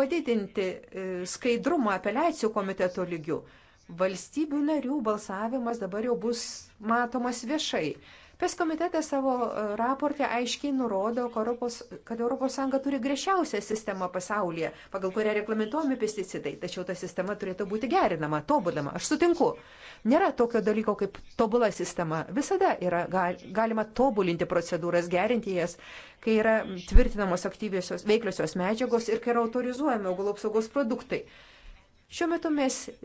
padidinti e, skaidrumą apeliacijų komiteto lygių. Valstybių narių balsavimas dabar jau bus matomas viešai. PES komitetas savo e, raporte aiškiai nurodo, kad ES turi griežčiausią sistemą pasaulyje, pagal kurią reglamentuojami pesticidai, tačiau ta sistema turėtų būti gerinama, tobulama. Aš sutinku. Nėra tokio dalyko kaip tobula sistema. Visada yra galima tobulinti procedūras, gerinti jas, kai yra tvirtinamos aktyviosios veikliosios medžiagos ir kai yra autorizuojami augalų apsaugos produktai. Šiuo metu mes e,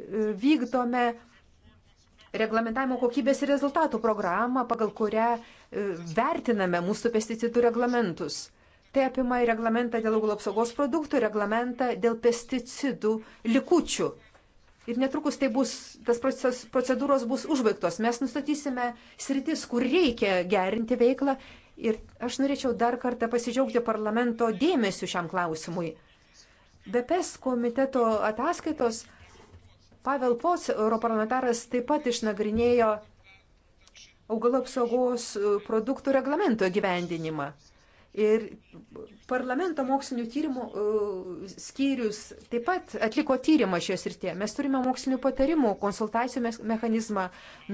vykdome reglamentavimo kokybės ir rezultatų programą, pagal kurią e, vertiname mūsų pesticidų reglamentus. Tai apima ir reglamentą dėl augalų apsaugos produktų, reglamentą dėl pesticidų likučių. Ir netrukus tai bus, tas proces, procedūros bus užbaigtos. Mes nustatysime sritis, kur reikia gerinti veiklą. Ir aš norėčiau dar kartą pasidžiaugti parlamento dėmesiu šiam klausimui. BPS komiteto ataskaitos Pavel Pos, europarlamentaras, taip pat išnagrinėjo augalų apsaugos e, produktų reglamento gyvendinimą. Ir parlamento mokslinių tyrimų e, skyrius taip pat atliko tyrimą šioje srityje. Mes turime mokslinių patarimų, konsultacijų mechanizmą,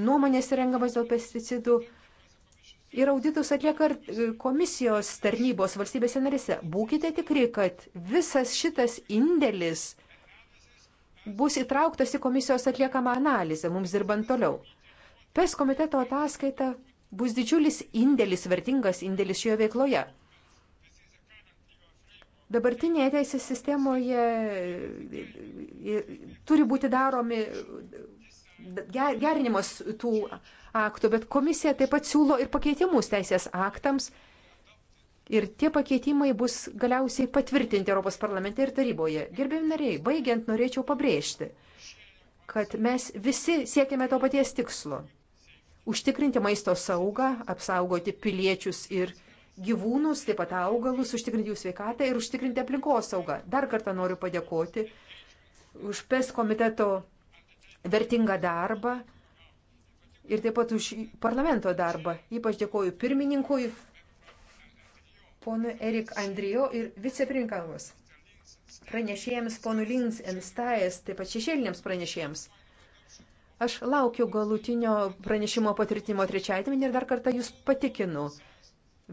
nuomonės rengiamas dėl pesticidų. Ir auditus atlieka e, komisijos tarnybos valstybėse narėse. Būkite tikri, kad visas šitas indėlis bus įtrauktas į komisijos atliekamą analizę mums dirbant toliau. PES komiteto ataskaita bus didžiulis indėlis, vertingas indėlis šioje veikloje. Dabartinėje teisės sistemoje turi būti daromi gerinimas tų aktų, bet komisija taip pat siūlo ir pakeitimus teisės aktams, Ir tie pakeitimai bus galiausiai patvirtinti Europos parlamente ir taryboje. Gerbėjim nariai, baigiant norėčiau pabrėžti, kad mes visi siekiame to paties tikslo - užtikrinti maisto saugą, apsaugoti piliečius ir gyvūnus, taip pat augalus, užtikrinti jų sveikatą ir užtikrinti aplinkos saugą. Dar kartą noriu padėkoti už PES komiteto vertingą darbą ir taip pat už parlamento darbą. Ypač dėkoju pirmininkui ponu Erik Andrijo ir vicepirinkamus pranešėjams ponu Lins Enstajas, taip pat šešėliniams pranešėjams. Aš laukiu galutinio pranešimo patvirtinimo trečiadienį ir dar kartą jūs patikinu.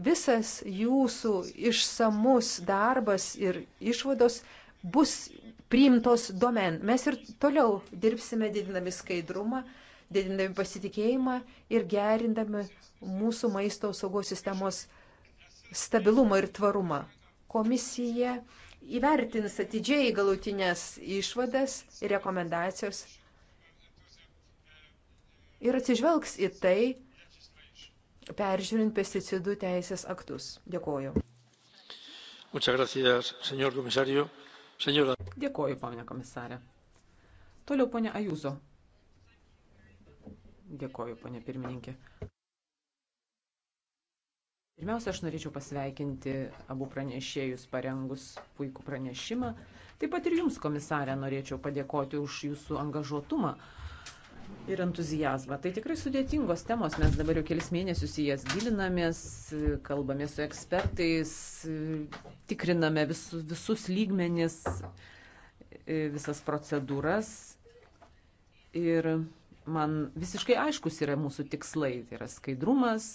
Visas jūsų išsamus darbas ir išvados bus priimtos domen. Mes ir toliau dirbsime didinami skaidrumą, didindami pasitikėjimą ir gerindami mūsų maisto saugos sistemos stabilumą ir tvarumą. Komisija įvertins atidžiai galutinės išvadas ir rekomendacijos ir atsižvelgs į tai, peržiūrint pesticidų teisės aktus. Dėkoju. Gracias, señor Señora... Dėkoju, ponia komisarė. Toliau, ponia Ajuzo. Dėkoju, ponia pirmininkė. Pirmiausia, aš norėčiau pasveikinti abu pranešėjus parengus puikų pranešimą. Taip pat ir jums, komisarė, norėčiau padėkoti už jūsų angažuotumą ir entuzijazmą. Tai tikrai sudėtingos temos, mes dabar jau kelis mėnesius į jas gilinamės, kalbame su ekspertais, tikriname visus, visus lygmenis, visas procedūras. Ir man visiškai aiškus yra mūsų tikslai, tai yra skaidrumas,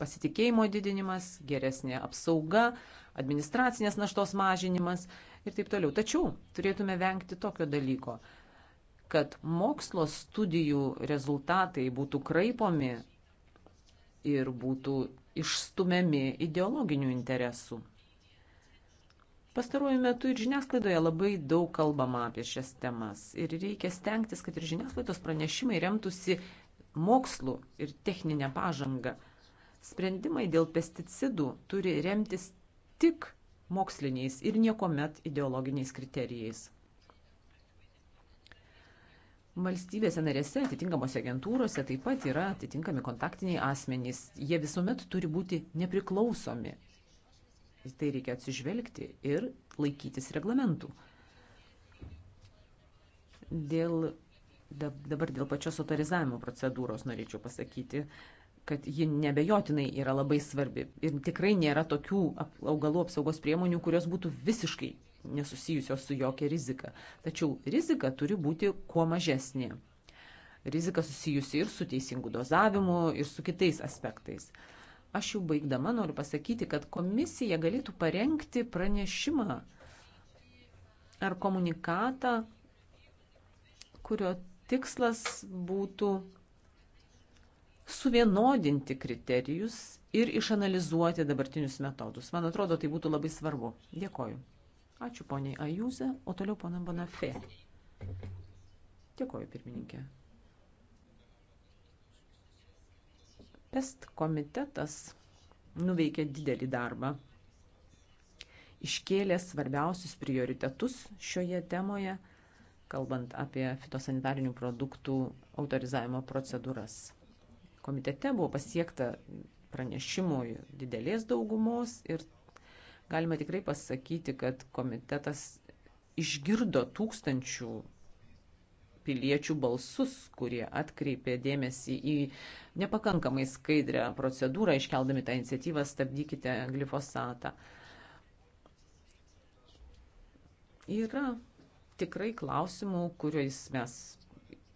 pasitikėjimo didinimas, geresnė apsauga, administracinės naštos mažinimas ir taip toliau. Tačiau turėtume vengti tokio dalyko, kad mokslo studijų rezultatai būtų kraipomi ir būtų išstumiami ideologinių interesų. Pastaruoju metu ir žiniasklaidoje labai daug kalbama apie šias temas ir reikia stengtis, kad ir žiniasklaidos pranešimai remtųsi mokslu ir techninė pažanga. Sprendimai dėl pesticidų turi remtis tik moksliniais ir niekuomet ideologiniais kriterijais. Valstybėse narėse, atitinkamos agentūrose taip pat yra atitinkami kontaktiniai asmenys. Jie visuomet turi būti nepriklausomi. Į tai reikia atsižvelgti ir laikytis reglamentų. Dėl, dabar dėl pačios autorizavimo procedūros norėčiau pasakyti, kad ji nebejotinai yra labai svarbi. Ir tikrai nėra tokių augalų apsaugos priemonių, kurios būtų visiškai nesusijusios su jokia rizika. Tačiau rizika turi būti kuo mažesnė. Rizika susijusi ir su teisingu dozavimu, ir su kitais aspektais. Aš jau baigdama noriu pasakyti, kad komisija galėtų parengti pranešimą ar komunikatą, kurio tikslas būtų suvienodinti kriterijus ir išanalizuoti dabartinius metodus. Man atrodo, tai būtų labai svarbu. Dėkoju. Ačiū poniai Ajūze, o toliau pana Bonafė. Dėkoju, pirmininkė. PEST komitetas nuveikė didelį darbą. Iškėlė svarbiausius prioritetus šioje temoje, kalbant apie fitosanitarinių produktų autorizavimo procedūras komitete buvo pasiekta pranešimų didelės daugumos ir galima tikrai pasakyti, kad komitetas išgirdo tūkstančių piliečių balsus, kurie atkreipė dėmesį į nepakankamai skaidrę procedūrą, iškeldami tą iniciatyvą stabdykite glifosatą. Yra tikrai klausimų, kuriais mes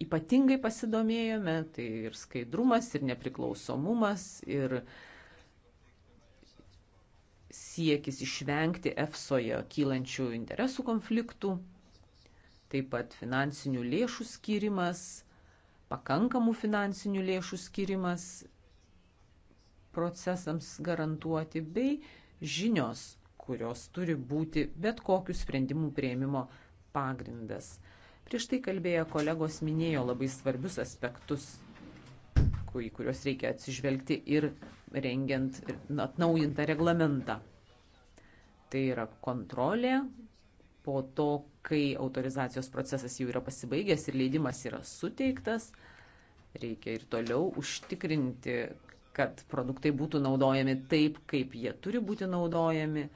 ypatingai pasidomėjome, tai ir skaidrumas, ir nepriklausomumas, ir siekis išvengti EFSOje kylančių interesų konfliktų, taip pat finansinių lėšų skirimas, pakankamų finansinių lėšų skirimas procesams garantuoti bei žinios, kurios turi būti bet kokių sprendimų prieimimo pagrindas. Prieš tai kalbėję kolegos minėjo labai svarbius aspektus, į kuriuos reikia atsižvelgti ir rengiant ir atnaujintą reglamentą. Tai yra kontrolė po to, kai autorizacijos procesas jau yra pasibaigęs ir leidimas yra suteiktas. Reikia ir toliau užtikrinti, kad produktai būtų naudojami taip, kaip jie turi būti naudojami.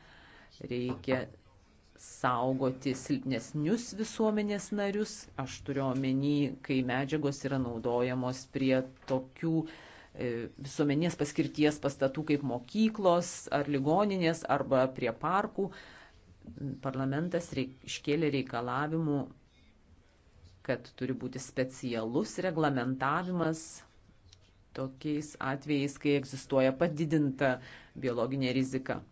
Reikia saugoti silpnesnius visuomenės narius, aš turiu omeny, kai medžiagos yra naudojamos prie tokių e, visuomenės paskirties pastatų kaip mokyklos ar ligoninės arba prie parkų, parlamentas reik, iškėlė reikalavimų, kad turi būti specialus reglamentavimas tokiais atvejais, kai egzistuoja padidinta biologinė rizika.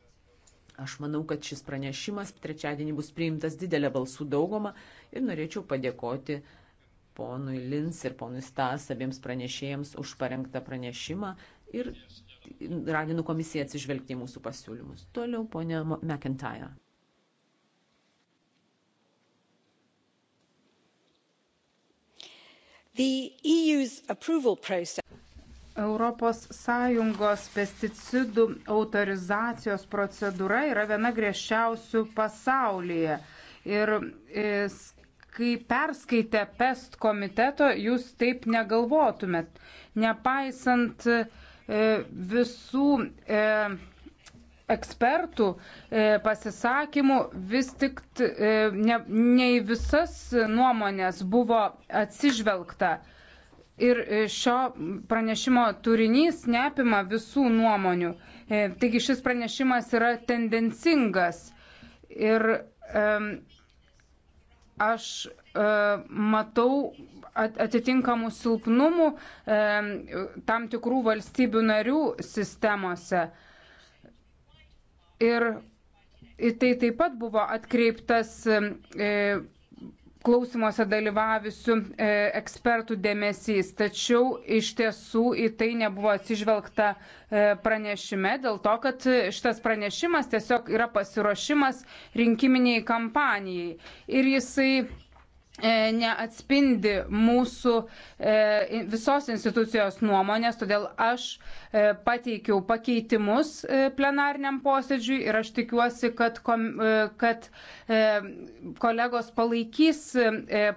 Aš manau, kad šis pranešimas trečiadienį bus priimtas didelę balsų daugumą ir norėčiau padėkoti ponui Lins ir ponui Stas abiems pranešėjams už parengtą pranešimą ir raginu komisiją atsižvelgti į mūsų pasiūlymus. Toliau ponė McIntyre. The EU's approval process ES pesticidų autorizacijos procedūra yra viena griežčiausių pasaulyje. Ir e, kai perskaitę PEST komiteto, jūs taip negalvotumėt. Nepaisant e, visų e, ekspertų e, pasisakymų vis tik t, e, ne, ne į visas nuomonės buvo atsižvelgta. E, ir e, šio pranešimo turinys neapima visų nuomonių. E, taigi šis pranešimas yra tendencingas. Ir um, aš e, matau atitinkamų silpnumų tam tikrų valstybių narių sistemose. Ir į tai taip pat buvo atkreiptas klausimuose dalyvavusių e, ekspertų dėmesys, tačiau iš tiesų į tai nebuvo atsižvelgta e, pranešime, dėl to, kad šitas pranešimas tiesiog yra pasiruošimas rinkiminiai kampanijai. Ir jisai E, neatspindi mūsų e, visos institucijos nuomonės, todėl aš e, pateikiau pakeitimus plenariniam posėdžiui ir aš tikiuosi, kad, kom, kad kolegos palaikys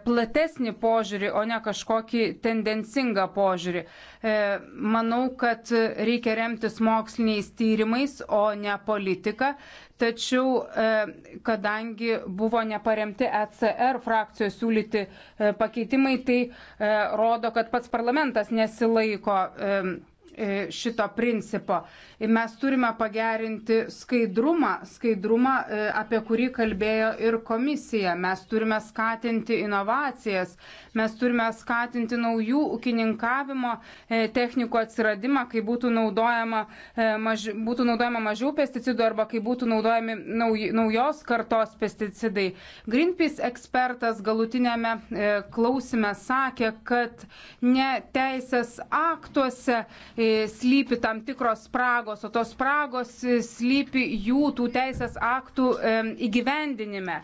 platesnį požiūrį, o ne kažkokį tendencingą požiūrį. E, manau, kad reikia remtis moksliniais tyrimais, o ne politika. Tačiau, e, kadangi buvo neparemti ECR frakcijos siūlyti e, pakeitimai, tai rodo, kad pats parlamentas nesilaiko E, šito principo. Mes turime pagerinti skaidrumą, skaidrumą, e, apie kurį kalbėjo ir komisija. Mes turime skatinti inovacijas, mes turime skatinti naujų ūkininkavimo e, technikų atsiradimą, kai būtų naudojama, maž, būtų naudojama mažiau pesticidų arba kai būtų naudojami nauj, naujos kartos pesticidai. Greenpeace ekspertas galutinėme klausime sakė, kad ne teisės aktuose slypi tam tikros spragos, o tos spragos slypi jų tų teisės aktų įgyvendinime.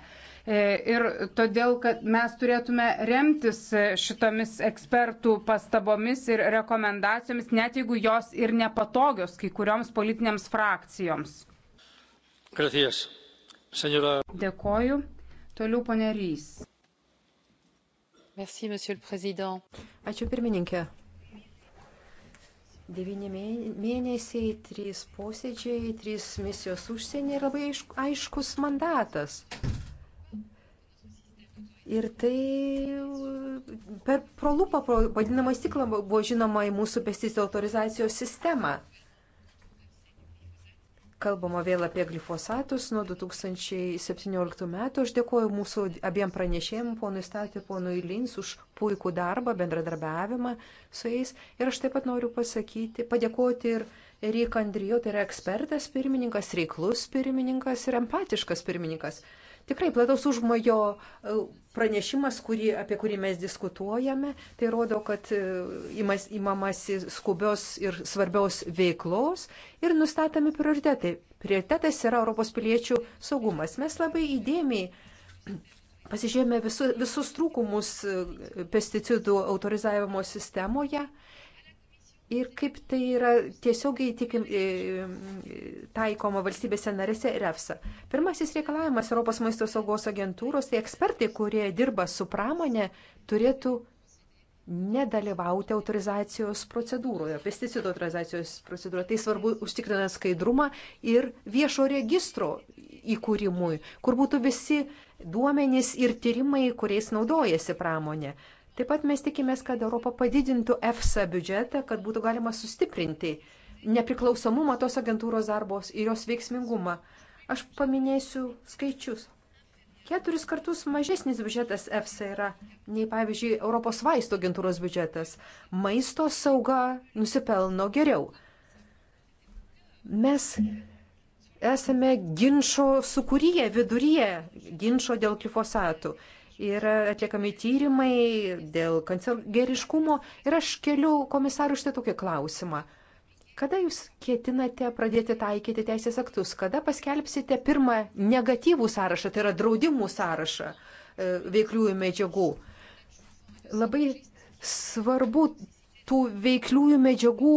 E, ir todėl, kad mes turėtume remtis e, šitomis ekspertų pastabomis ir rekomendacijomis, net jeigu jos ir nepatogios kai kurioms politinėms frakcijoms. Gracias. Senora. Dėkoju. Toliau ponerys. Ačiū pirmininkė. Devini mėnesiai, trys posėdžiai, trys misijos užsienį ir labai aiškus mandatas. Ir tai per prolupą, vadinamą stiklą, buvo žinoma į mūsų pesticidų autorizacijos sistemą. Kalbama vėl apie glifosatus nuo 2017 metų. Aš dėkuoju mūsų abiem pranešėjim, ponui Statė, ponui Lins, už puikų darbą, bendradarbiavimą su jais. Ir aš taip pat noriu pasakyti, padėkoti ir Ryk Andrijo, tai yra ekspertas pirmininkas, reiklus pirmininkas ir empatiškas pirmininkas. Tikrai plataus užmojo e, pranešimas, kurį, apie kurį mes diskutuojame, tai rodo, kad e, imas, imamasi skubios ir svarbios veiklos ir nustatomi prioritetai. Prioritetas yra Europos piliečių saugumas. Mes labai įdėmiai pasižiūrėjome visu, visus trūkumus e, pesticidų autorizavimo sistemoje ir kaip tai yra tiesiogiai tikim, e, e, taikoma valstybėse narėse ir EFSA. Pirmasis reikalavimas Europos maisto saugos agentūros, tai ekspertai, kurie dirba su pramonė, turėtų nedalyvauti autorizacijos procedūroje, pesticidų autorizacijos procedūroje. Tai svarbu užtikrinant skaidrumą ir viešo registro įkūrimui, kur būtų visi duomenys ir tyrimai, kuriais naudojasi pramonė. Taip pat mes tikimės, kad Europa padidintų EFSA biudžetą, kad būtų galima sustiprinti nepriklausomumą tos agentūros darbos ir jos veiksmingumą. Aš paminėsiu skaičius. Keturis kartus mažesnis biudžetas EFSA yra nei, pavyzdžiui, Europos vaisto agentūros biudžetas. Maisto sauga nusipelno geriau. Mes esame ginčio sukūrėje, viduryje ginčio dėl glifosatų yra atliekami tyrimai dėl kancergeriškumo. Ir aš keliu komisarų štai tokį klausimą. Kada jūs ketinate pradėti taikyti teisės aktus? Kada paskelbsite pirmą negatyvų sąrašą, tai yra draudimų sąrašą e, veikliųjų medžiagų? Labai svarbu tų veikliųjų medžiagų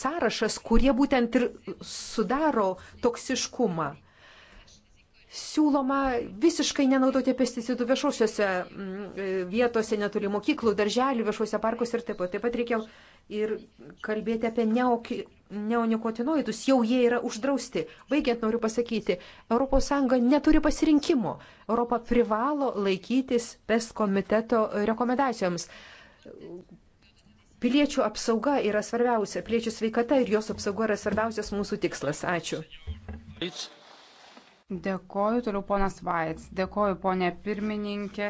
sąrašas, kurie būtent ir sudaro toksiškumą siūloma visiškai nenaudoti pesticidų viešuosiuose mm, e, vietose, netoli mokyklų, darželių, viešuose parkuose ir taip pat. Taip pat reikia ir kalbėti apie neoki, neonikotinoidus, jau jie yra uždrausti. Baigiant noriu pasakyti, ES neturi pasirinkimo. Europa privalo laikytis PES komiteto rekomendacijoms. Piliečių apsauga yra svarbiausia, piliečių sveikata ir jos apsauga yra svarbiausias mūsų tikslas. Ačiū. Ačiū. Dėkoju, toliau ponas Vaits. Dėkoju, ponė pirmininkė.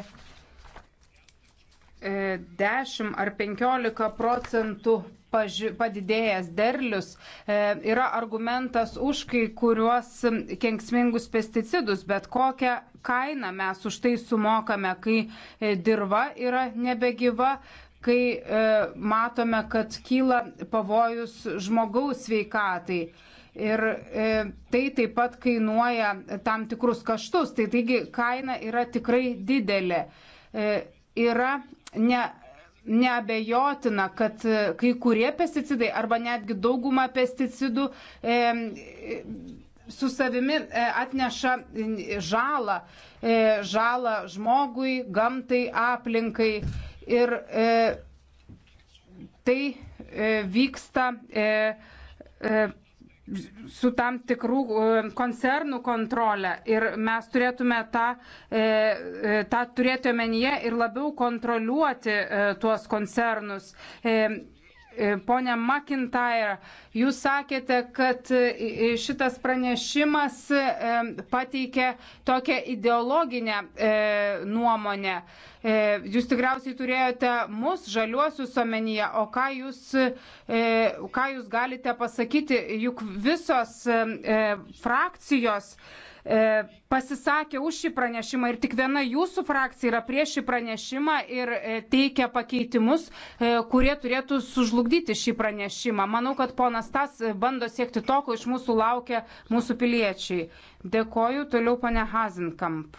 10 e, ar 15 procentų padidėjęs derlius e, yra argumentas už kai kuriuos kenksmingus pesticidus, bet kokią kainą mes už tai sumokame, kai e, dirba yra nebegyva, kai matome, kad kyla pavojus žmogaus sveikatai. Ir e, tai taip pat kainuoja tam tikrus kaštus. Tai taigi kaina yra tikrai didelė. E, yra ne, neabejotina, kad e, kai kurie pesticidai arba netgi dauguma pesticidų e, su savimi e, atneša žalą, e, žalą žmogui, gamtai, aplinkai. Ir e, tai e, vyksta. E, e, su tam tikrų e, koncernų kontrolę ir mes turėtume tą, e, e, tą turėti omenyje ir labiau kontroliuoti tuos koncernus. E, Pone McIntyre, jūs sakėte, kad e, e, šitas pranešimas pateikė tokią ideologinę nuomonę. Jūs tikriausiai turėjote mus žaliuosius omenyje, o ką jūs, ką jūs galite pasakyti, juk visos frakcijos E, pasisakė už šį pranešimą ir tik viena jūsų frakcija yra prieš šį pranešimą ir e, teikia pakeitimus, e, kurie turėtų sužlugdyti šį pranešimą. Manau, kad ponas Tas bando siekti to, ko iš mūsų laukia mūsų piliečiai. Dėkoju toliau, pane Hazenkamp.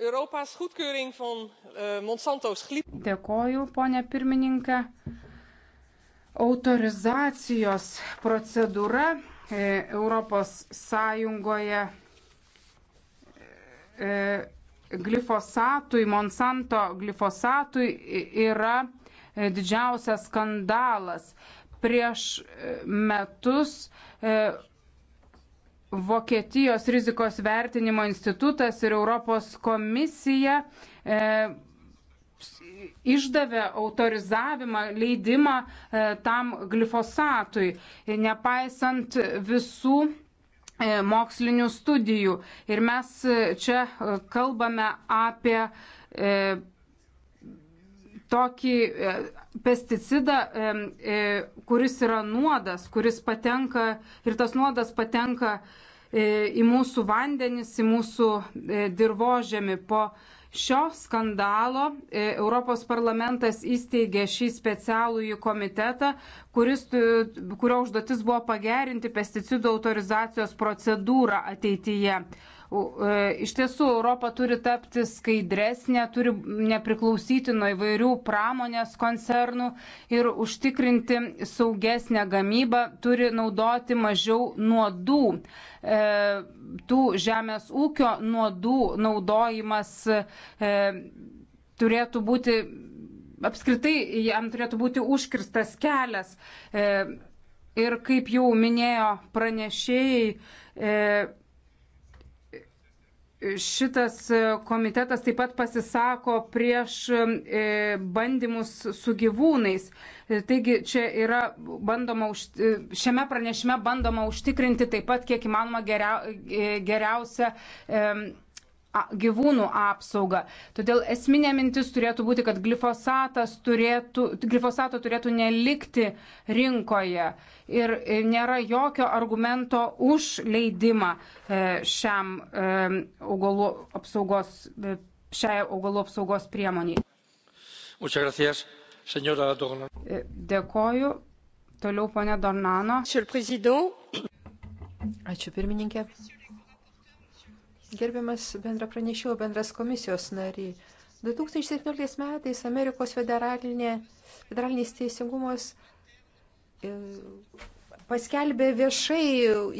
Europa's goedkeuring van uh, Monsanto's glyfosaat. Dėkoju, ponė pirmininkė. Uh, autorizacijos procedūra e, Europos Sąjungoje e, glifosatui, Monsanto glifosatui yra e, didžiausias skandalas. Prieš metus Vokietijos rizikos vertinimo institutas ir Europos komisija išdavė autorizavimą, leidimą e, tam glifosatui, nepaisant visų e, mokslinių studijų. Ir mes e, čia kalbame apie tokį pesticidą, kuris yra nuodas, kuris patenka ir tas nuodas patenka į mūsų vandenis, į mūsų dirbožėmį po Šio skandalo e, Europos parlamentas įsteigė šį specialųjį komitetą, kuris, e, kurio užduotis buvo pagerinti pesticidų autorizacijos procedūrą ateityje. E, iš tiesų, Europa turi tapti skaidresnė, turi nepriklausyti nuo įvairių pramonės koncernų ir užtikrinti saugesnę gamybą, turi naudoti mažiau nuodų. E, tų žemės ūkio nuodų naudojimas e, turėtų būti apskritai jam turėtų būti užkirstas kelias. E, ir kaip jau minėjo pranešėjai, e, Šitas e, komitetas taip pat pasisako prieš e, bandymus su gyvūnais. E, taigi čia yra bandoma, šiame pranešime bandoma užtikrinti taip pat kiek įmanoma geria, geriausią gyvūnų apsaugą. Todėl esminė mintis turėtų būti, kad turėtų, glifosato turėtų nelikti rinkoje ir e, nėra jokio argumento už leidimą e, šiam e, augalų apsaugos, šiai augalų apsaugos priemoniai. Dėkoju. Toliau ponė Dornano. Ačiū pirmininkė. Gerbiamas bendra pranešėjo, bendras komisijos nariai. 2017 metais Amerikos federalinis teisingumas e, paskelbė viešai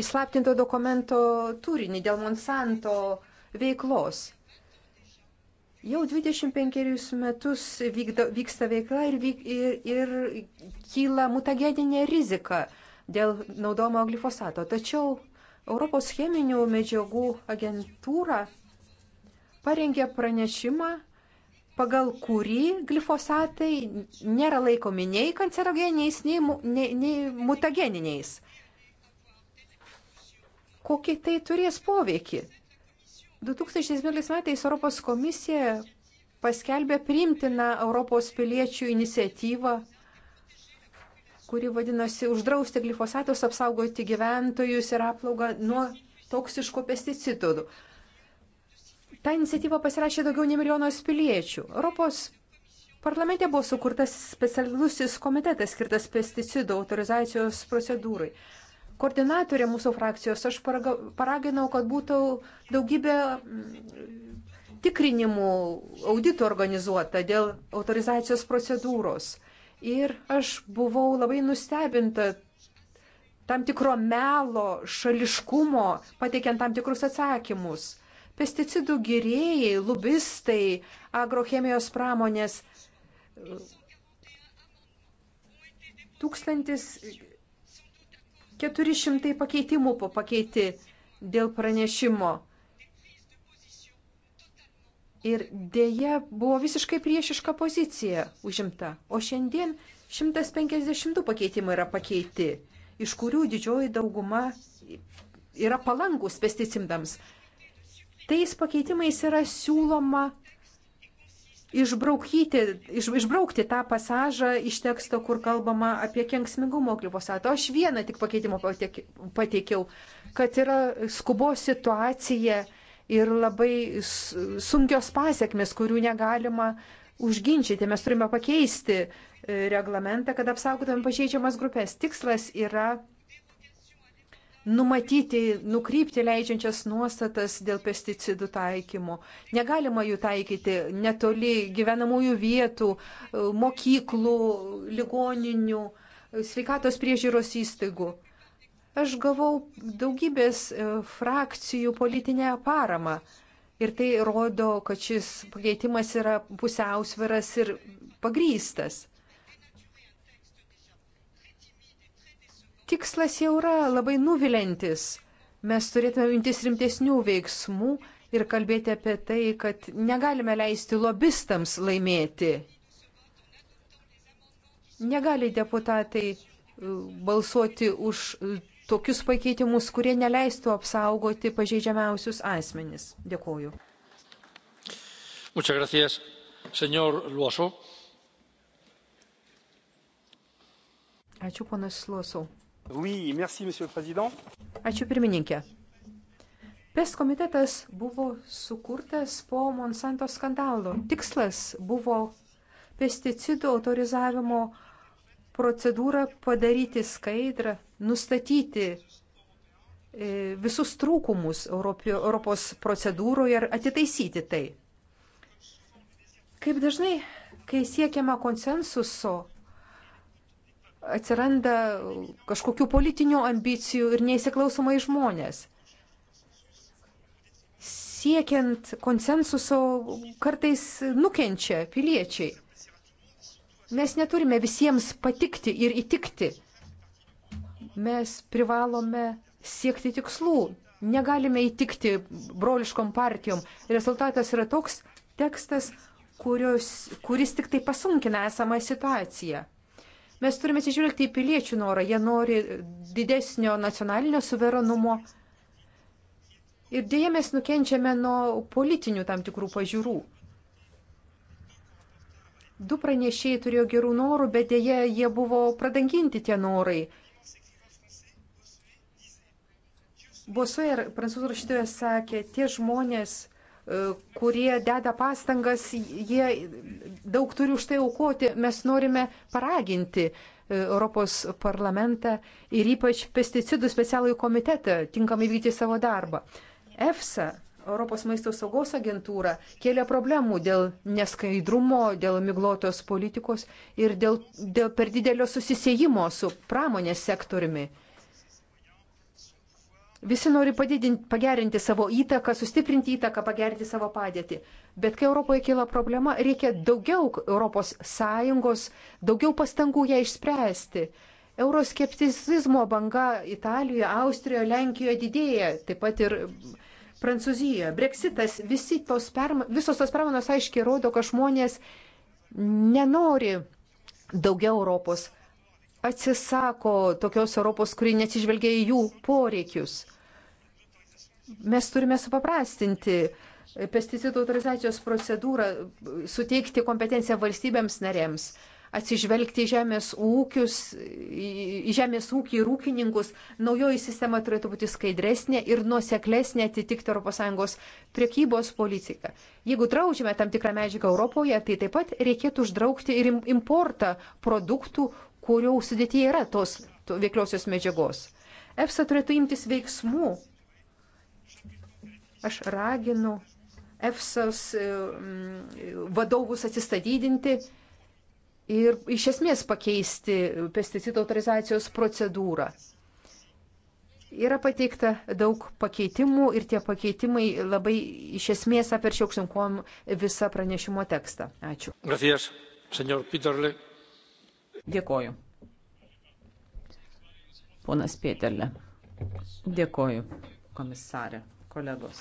įslaptinto dokumento turinį dėl Monsanto veiklos. Jau 25 metus vykdo, vyksta veikla ir, vyk, ir, ir kyla mutageninė rizika dėl naudojimo glifosato. Tačiau Europos cheminių medžiagų agentūra parengė pranešimą, pagal kurį glifosatai nėra laikomi nei kancerogeniais, nei, nei, nei mutageniniais. Kokį tai turės poveikį? 2011 metais Europos komisija paskelbė priimtiną Europos piliečių iniciatyvą kuri vadinosi uždrausti glifosatus, apsaugoti gyventojus ir aplaugą nuo toksiškų pesticidų. Ta iniciatyva pasirašė daugiau nei milijonos piliečių. Europos parlamente buvo sukurtas specialusis komitetas skirtas pesticidų autorizacijos procedūrai. Koordinatorė mūsų frakcijos aš paraginau, kad būtų daugybė mm, tikrinimų auditų organizuota dėl autorizacijos procedūros. Ir aš buvau labai nustebinta tam tikro melo, šališkumo, pateikiant tam tikrus atsakymus. Pesticidų gyrėjai, lubistai, agrochemijos pramonės 1400 pakeitimų po pakeiti dėl pranešimo. Ir dėja buvo visiškai priešiška pozicija užimta. O šiandien 152 pakeitimai yra pakeiti, iš kurių didžioji dauguma yra palankus pesticidams. Tais pakeitimais yra siūloma išbraukyti, iš, išbraukti tą pasažą iš teksto, kur kalbama apie kenksmingumo glifosato. Aš vieną tik pakeitimą pateikiau, kad yra skubos situacija ir labai sunkios pasiekmes, kurių negalima užginčyti. Mes turime pakeisti e, reglamentą, kad apsaugotumėm pažeidžiamas grupės. Tikslas yra numatyti, nukrypti leidžiančias nuostatas dėl pesticidų taikymo. Negalima jų taikyti netoli gyvenamųjų vietų, e, mokyklų, ligoninių, e, sveikatos priežiūros įstaigų. Aš gavau daugybės e, frakcijų politinę paramą. Ir tai rodo, kad šis pakeitimas yra pusiausviras ir pagrystas. Tikslas jau yra labai nuvilintis. Mes turėtume imtis rimtesnių veiksmų ir kalbėti apie tai, kad negalime leisti lobistams laimėti. Negali deputatai e, balsuoti už tokius pakeitimus, kurie neleistų apsaugoti pažeidžiamiausius asmenis. Dėkuoju. Muchas gracias, señor Luoso. Ačiū, ponas Luosau. Oui, merci, monsieur le président. Ačiū, pirmininkė. PES komitetas buvo sukurtas po Monsanto skandalo. Tikslas buvo pesticidų autorizavimo procedūrą padaryti skaidrą, nustatyti e, visus trūkumus Europos procedūroje ir atitaisyti tai. Kaip dažnai, kai siekiama konsensuso, atsiranda kažkokių politinių ambicijų ir neįsiklausomai žmonės. Siekiant konsensuso kartais nukenčia piliečiai. Mes neturime visiems patikti ir įtikti Mes privalome siekti tikslų, negalime įtikti broliškom partijom. Rezultatas yra toks tekstas, kurios, kuris tik tai pasunkina esamą situaciją. Mes turime atsižvelgti į piliečių norą, jie nori didesnio nacionalinio suverenumo. Ir dėja mes nukenčiame nuo politinių tam tikrų pažiūrų. Du pranešėjai turėjo gerų norų, bet dėja jie buvo pradanginti tie norai. Bosui ir prancūzų rašytojas sakė, tie žmonės, e, kurie deda pastangas, jie daug turi už tai aukoti. Mes norime paraginti e, Europos parlamentą ir ypač pesticidų specialųjį komitetą tinkamai vykdyti savo darbą. EFSA Europos maisto saugos agentūra kėlė problemų dėl neskaidrumo, dėl miglotos politikos ir dėl, dėl per didelio susisiejimo su pramonės sektoriumi. Visi nori padidinti, pagerinti savo įtaką, sustiprinti įtaką, pagerinti savo padėtį. Bet kai Europoje kyla problema, reikia daugiau ES, daugiau pastangų ją išspręsti. Euroskepticizmo banga Italijoje, Austrijoje, Lenkijoje didėja, taip pat ir Prancūzijoje. Brexitas, tos perma, visos tos permanos aiškiai rodo, kad žmonės nenori daugiau Europos atsisako tokios Europos, kuri neatsižvelgia į jų poreikius. Mes turime supaprastinti pesticidų autorizacijos procedūrą, suteikti kompetenciją valstybėms narėms, atsižvelgti į žemės ūkius, į žemės ūkį ir ūkininkus. Naujoji sistema turėtų būti skaidresnė ir nuoseklesnė atitikti ES priekybos politiką. Jeigu draudžiame tam tikrą medžiagą Europoje, tai taip pat reikėtų uždraukti ir importą produktų, kurių sudėtyje yra tos to veikliosios medžiagos. EFSA turėtų imtis veiksmų. Aš raginu EFSAS e, vadovus atsistatydinti ir iš esmės pakeisti pesticidų autorizacijos procedūrą. Yra pateikta daug pakeitimų ir tie pakeitimai labai iš esmės aperčia aukštinkom visą pranešimo tekstą. Ačiū. Gracias, Dėkoju. Ponas Pėterle. Dėkoju, komisarė, kolegos.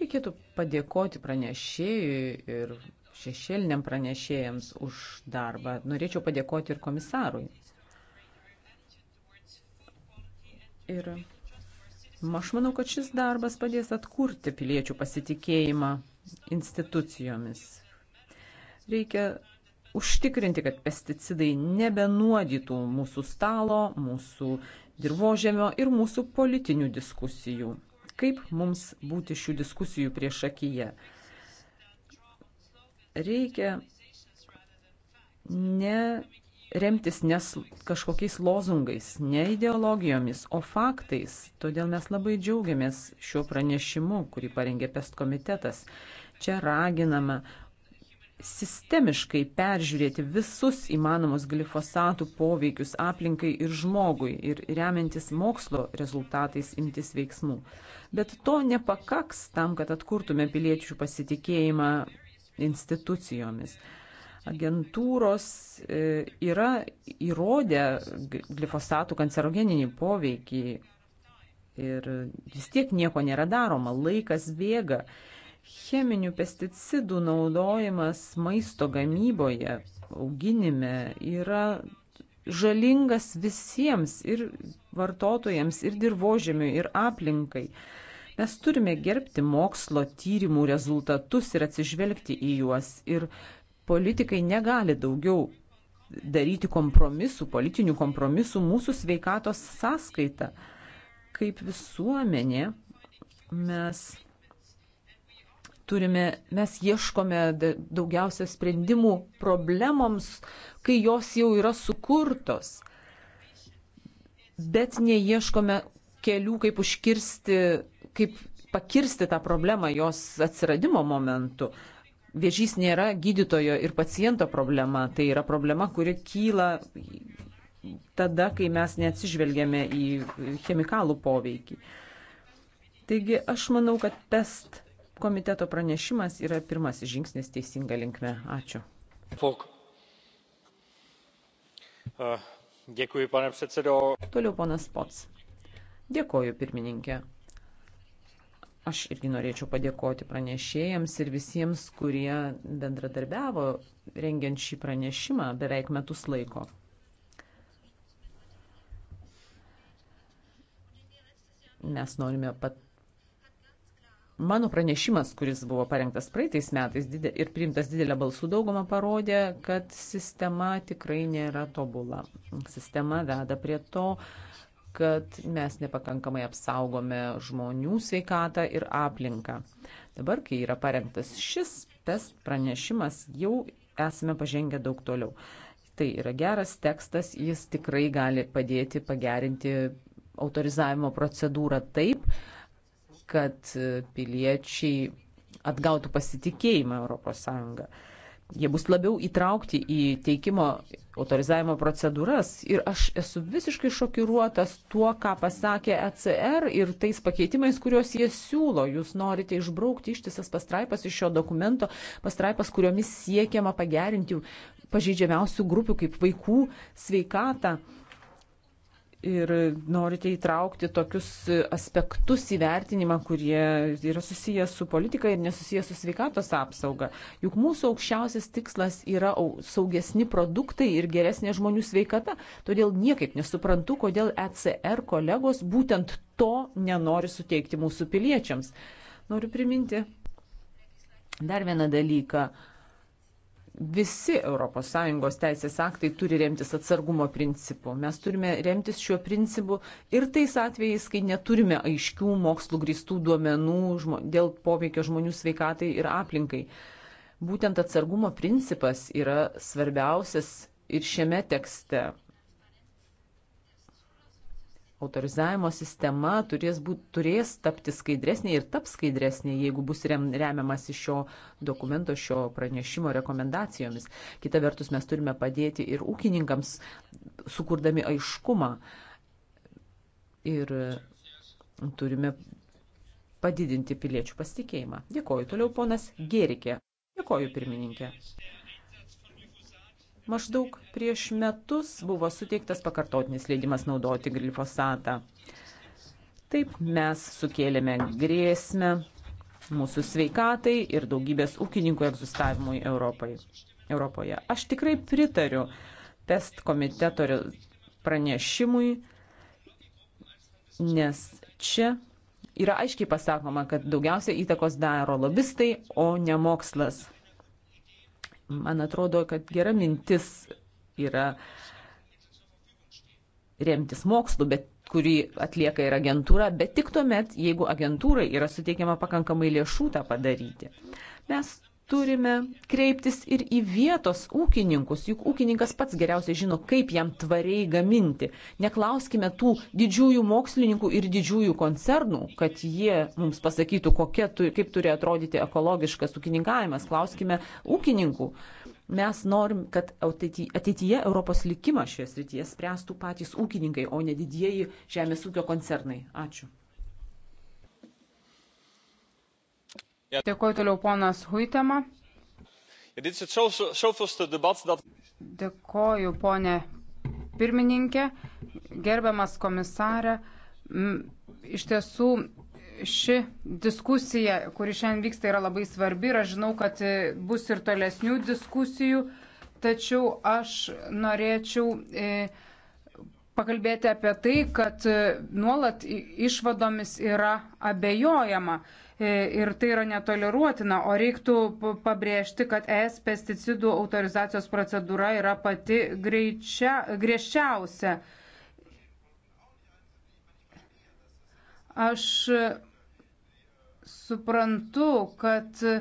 Reikėtų padėkoti pranešėjui ir šešėliniam pranešėjams už darbą. Norėčiau padėkoti ir komisarui. Ir Aš manau, kad šis darbas padės atkurti piliečių pasitikėjimą institucijomis. Reikia užtikrinti, kad pesticidai nebenuodytų mūsų stalo, mūsų dirbožėmio ir mūsų politinių diskusijų. Kaip mums būti šių diskusijų prieš akiją? Reikia ne remtis ne kažkokiais lozungais, ne ideologijomis, o faktais. Todėl mes labai džiaugiamės šiuo pranešimu, kurį parengė PEST komitetas. Čia raginama sistemiškai peržiūrėti visus įmanomus glifosatų poveikius aplinkai ir žmogui ir remiantis mokslo rezultatais imtis veiksmų. Bet to nepakaks tam, kad atkurtume piliečių pasitikėjimą institucijomis agentūros e, yra įrodę glifosatų kancerogeninį poveikį ir vis tiek nieko nėra daroma, laikas bėga. Cheminių pesticidų naudojimas maisto gamyboje, auginime yra žalingas visiems ir vartotojams, ir dirbožėmiui, ir aplinkai. Mes turime gerbti mokslo tyrimų rezultatus ir atsižvelgti į juos. Ir politikai negali daugiau daryti kompromisų, politinių kompromisų mūsų sveikatos sąskaita. Kaip visuomenė mes turime, mes ieškome daugiausia sprendimų problemoms, kai jos jau yra sukurtos, bet neieškome kelių, kaip užkirsti, kaip pakirsti tą problemą jos atsiradimo momentu. Viežys nėra gydytojo ir paciento problema, tai yra problema, kuri kyla tada, kai mes neatsižvelgiame į chemikalų poveikį. Taigi aš manau, kad PEST komiteto pranešimas yra pirmasis žingsnis teisinga linkme. Ačiū. Folk. Eh, Dėkui, pane předsedo. Toliau ponas Pots. Dėkoju, pirmininkė. Aš irgi norėčiau padėkoti pranešėjams ir visiems, kurie bendradarbiavo rengiant šį pranešimą beveik metus laiko. Mes norime pat. Mano pranešimas, kuris buvo parengtas praeitais metais ir priimtas didelę balsų daugumą, parodė, kad sistema tikrai nėra tobula. Sistema veda prie to, kad mes nepakankamai apsaugome žmonių sveikatą ir aplinką. Dabar, kai yra parengtas šis test pranešimas, jau esame pažengę daug toliau. Tai yra geras tekstas, jis tikrai gali padėti pagerinti autorizavimo procedūrą taip, kad piliečiai atgautų pasitikėjimą ES jie bus labiau įtraukti į teikimo autorizavimo procedūras. Ir aš esu visiškai šokiruotas tuo, ką pasakė ECR ir tais pakeitimais, kuriuos jie siūlo. Jūs norite išbraukti ištisas pastraipas iš šio dokumento, pastraipas, kuriomis siekiama pagerinti pažeidžiamiausių grupių kaip vaikų sveikatą ir norite įtraukti tokius aspektus įvertinimą, kurie yra susijęs su politika ir nesusijęs su sveikatos apsauga. Juk mūsų aukščiausias tikslas yra saugesni produktai ir geresnė žmonių sveikata. Todėl niekaip nesuprantu, kodėl ECR kolegos būtent to nenori suteikti mūsų piliečiams. Noriu priminti dar vieną dalyką. Uh, visi ES teisės aktai turi remtis atsargumo principu. Mes turime remtis šiuo principu ir tais atvejais, kai neturime aiškių mokslo grįstų duomenų dėl poveikio žmonių sveikatai ir aplinkai. Būtent atsargumo principas yra svarbiausias ir šiame tekste autorizavimo sistema turės, būt, turės tapti skaidresnė ir taps skaidresnė, jeigu bus rem, remiamas iš šio dokumento, šio pranešimo rekomendacijomis. Kita vertus, mes turime padėti ir ūkininkams, sukurdami aiškumą. Ir turime padidinti piliečių pasitikėjimą. Dėkoju toliau, ponas Gerikė. Dėkoju, pirmininkė. Maždaug prieš metus buvo suteiktas pakartotinis leidimas naudoti glifosatą. Taip mes sukėlėme grėsmę mūsų sveikatai ir daugybės ūkininkų egzistavimui Europai. Europoje. Aš tikrai pritariu pest komiteto pranešimui, nes čia yra aiškiai pasakoma, kad daugiausia įtakos daro lobistai, o ne mokslas. Man atrodo, kad gera mintis yra remtis mokslu, bet kurį atlieka ir agentūra, bet tik tuomet, jeigu agentūrai yra suteikiama pakankamai lėšų tą padaryti. Mes turime kreiptis ir į vietos ūkininkus, juk ūkininkas pats geriausiai žino, kaip jam tvariai gaminti. Neklauskime tų didžiųjų mokslininkų ir didžiųjų koncernų, kad jie mums pasakytų, kokie, kaip turi atrodyti ekologiškas ūkininkavimas. Klauskime ūkininkų. Mes norim, kad ateityje Europos likimą šioje srityje spręstų patys ūkininkai, o ne didieji žemės ūkio koncernai. Ačiū. Dėkuoju toliau ponas Huitema. Dėkuoju ponė pirmininkė, gerbiamas komisarė. Iš tiesų ši diskusija, kuri šiandien vyksta, yra labai svarbi ir aš žinau, kad e, bus ir tolesnių diskusijų, tačiau aš norėčiau e, pakalbėti apie tai, kad e, nuolat išvadomis yra abejojama. E, ir tai yra netoleruotina, o reiktų pabrėžti, kad ES pesticidų autorizacijos procedūra yra pati greičia, griežčiausia. Aš suprantu, kad e,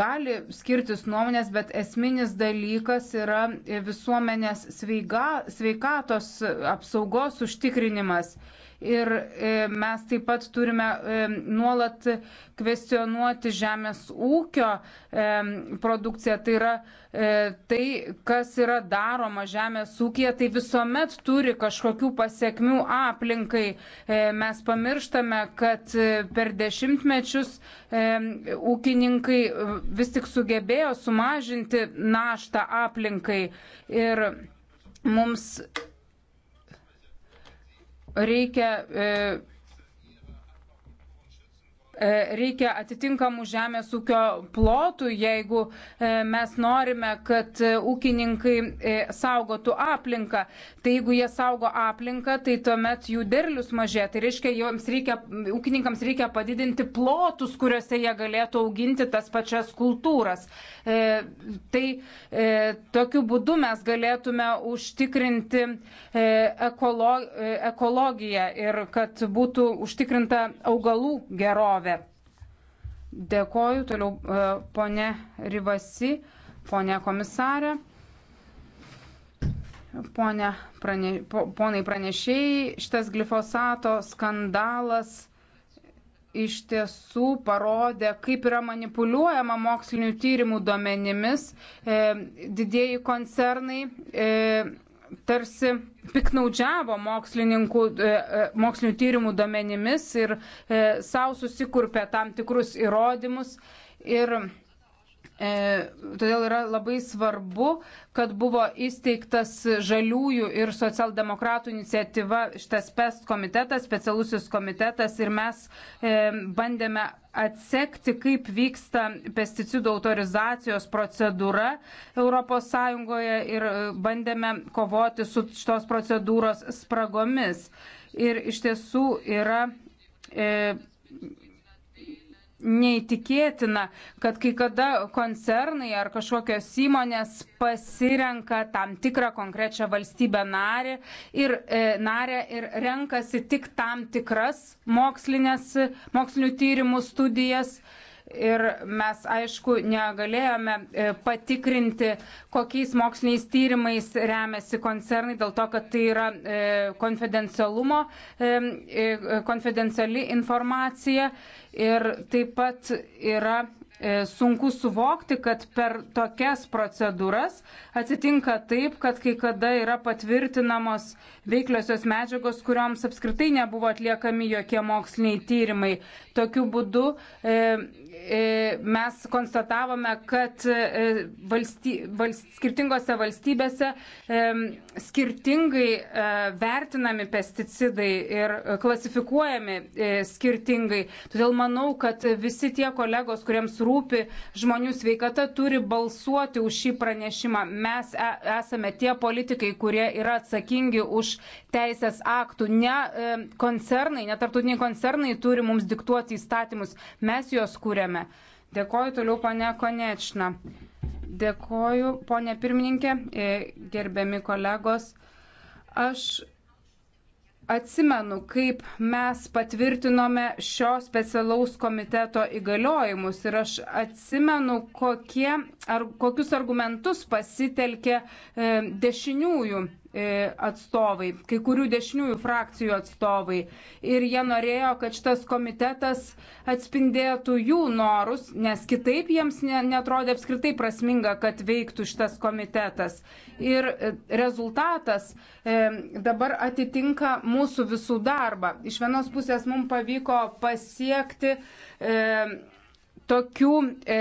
gali skirtis nuomonės, bet esminis dalykas yra visuomenės sveiga, sveikatos apsaugos užtikrinimas ir e, mes taip pat turime e, nuolat kvestionuoti žemės ūkio e, produkciją. Tai yra tai, kas yra daroma žemės ūkija, tai visuomet turi kažkokių pasiekmių aplinkai. Mes pamirštame, kad per dešimtmečius ūkininkai vis tik sugebėjo sumažinti naštą aplinkai. Ir mums reikia. E, e, reikia atitinkamų žemės ūkio plotų, jeigu e, mes norime, kad ūkininkai saugotų aplinką. Tai jeigu jie saugo aplinką, tai tuomet jų derlius mažėja. Tai reiškia, reikia, ūkininkams reikia padidinti plotus, kuriuose jie galėtų auginti tas pačias kultūras. E, tai e, tokiu būdu mes galėtume užtikrinti e, ekolo, ekologiją ir kad būtų užtikrinta augalų gerovė. Dėkoju toliau ponė Rivasi, ponė komisarė. Pone, prane, ponai pranešėjai, šitas glifosato skandalas iš tiesų parodė, kaip yra manipuliuojama mokslinių tyrimų duomenimis. E, didieji koncernai e, tarsi piknaudžiavo mokslininkų, e, e mokslinių tyrimų duomenimis ir e, savo susikurpė tam tikrus įrodymus. Ir E, todėl yra labai svarbu, kad buvo įsteigtas žaliųjų ir socialdemokratų iniciatyva šitas PEST komitetas, specialusis komitetas ir mes e, bandėme atsekti, kaip vyksta pesticidų autorizacijos procedūra ES ir e, bandėme kovoti su šitos procedūros spragomis. Ir iš tiesų yra. E, neįtikėtina, kad kai kada koncernai ar kažkokios įmonės pasirenka tam tikrą konkrečią valstybę narį ir, e, narę ir renkasi tik tam tikras mokslinės, mokslinių tyrimų studijas. E, ir mes, aišku, negalėjome e, patikrinti, kokiais moksliniais tyrimais remiasi koncernai, dėl to, kad tai yra e, konfidencialumo, e, konfidenciali informacija ir taip pat yra sunku suvokti, kad per tokias procedūras atsitinka taip, kad kai kada yra patvirtinamos veikliosios medžiagos, kurioms apskritai nebuvo atliekami jokie moksliniai tyrimai. Tokiu būdu e, E, mes konstatavome, kad e, valsty, valst, skirtingose valstybėse e, skirtingai vertinami pesticidai ir klasifikuojami skirtingai. Todėl manau, kad visi tie kolegos, kuriems rūpi žmonių sveikata, turi balsuoti už šį pranešimą. Mes esame tie politikai, kurie yra atsakingi už teisės aktų. Ne koncernai, netartutiniai koncernai turi mums diktuoti įstatymus. Mes juos kūrėme susidūrėme. Dėkoju toliau, ponė Konečna. Dėkoju, ponė pirmininkė, e, gerbiami kolegos. Aš atsimenu, kaip mes patvirtinome šio specialaus komiteto įgaliojimus ir aš atsimenu, kokie, ar, kokius argumentus pasitelkė e, dešiniųjų E, atstovai, kai kurių dešiniųjų frakcijų atstovai. Ir jie norėjo, kad šitas komitetas atspindėtų jų norus, nes kitaip jiems netrodė apskritai prasminga, kad veiktų šitas komitetas. Ir e, rezultatas e, dabar atitinka mūsų visų darbą. Iš vienos pusės mums pavyko pasiekti tokių e,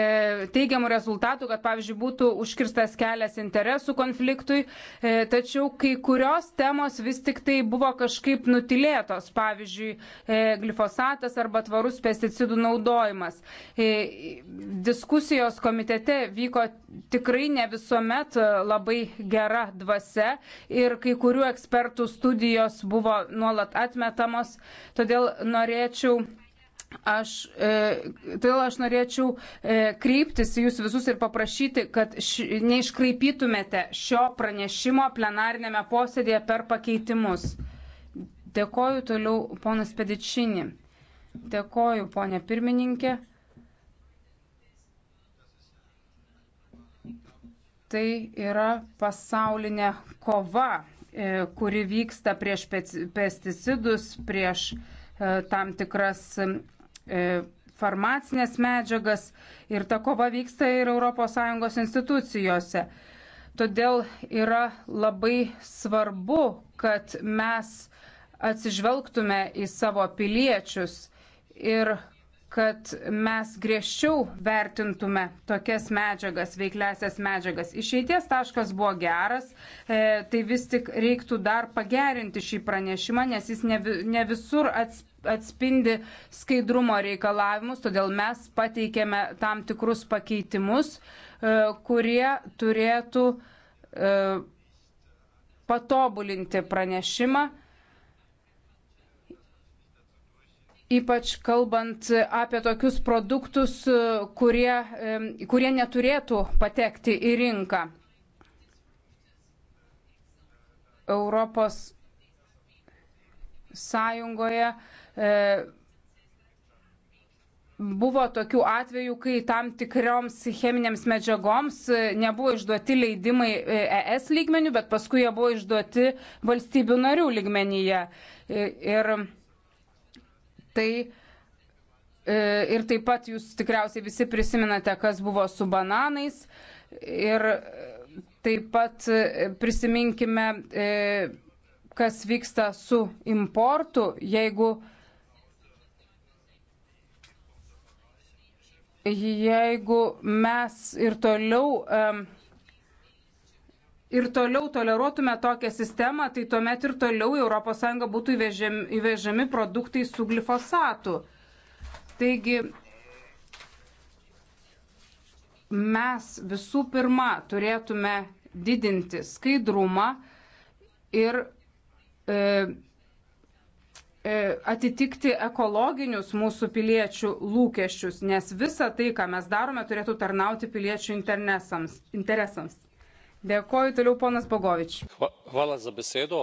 teigiamų rezultatų, kad, pavyzdžiui, būtų užkirstas kelias interesų konfliktui, e, tačiau kai kurios temos vis tik tai buvo kažkaip nutilėtos, pavyzdžiui, e, glifosatas arba tvarus pesticidų naudojimas. E, diskusijos komitete vyko tikrai ne visuomet e, labai gera dvasia ir kai kurių ekspertų studijos buvo nuolat atmetamos, todėl norėčiau Aš, e, tai aš norėčiau e, kreiptis į jūs visus ir paprašyti, kad š, neiškraipytumėte šio pranešimo plenarinėme posėdėje per pakeitimus. Dėkoju toliau ponas Pedičinį. Dėkoju ponė pirmininkė. Tai yra pasaulinė kova, e, kuri vyksta prieš pesticidus, prieš e, tam tikras E, farmacinės medžiagas ir ta kova vyksta ir ES institucijose. Todėl yra labai svarbu, kad mes atsižvelgtume į savo piliečius ir kad mes griežčiau vertintume tokias medžiagas, veiklesias medžiagas. Išeities taškas buvo geras, e, tai vis tik reiktų dar pagerinti šį pranešimą, nes jis ne, ne visur atspindi atspindi skaidrumo reikalavimus, todėl mes pateikėme tam tikrus pakeitimus, e, kurie turėtų e, patobulinti pranešimą. ypač kalbant apie tokius produktus, e, kurie, kurie neturėtų patekti į rinką. Europos Sąjungoje uh, E, buvo tokių atvejų, kai tam tikroms cheminėms medžiagoms e, nebuvo išduoti leidimai ES e lygmenių, bet paskui jie buvo išduoti valstybių narių lygmenyje. Ir, tai, ir taip pat jūs tikriausiai visi prisiminate, kas buvo su bananais. Ir taip pat prisiminkime, kas vyksta su importu, jeigu jeigu mes ir toliau. Um, ir toliau toleruotume tokią sistemą, tai tuomet ir toliau ES būtų įvežami, įvežami produktai su glifosatu. Taigi mes visų pirma turėtume didinti skaidrumą ir e, E, atitikti ekologinius mūsų piliečių lūkesčius, nes visa tai, ką mes darome, turėtų tarnauti piliečių interesams. Dėkoju toliau ponas Bogovič. Hvala za besedo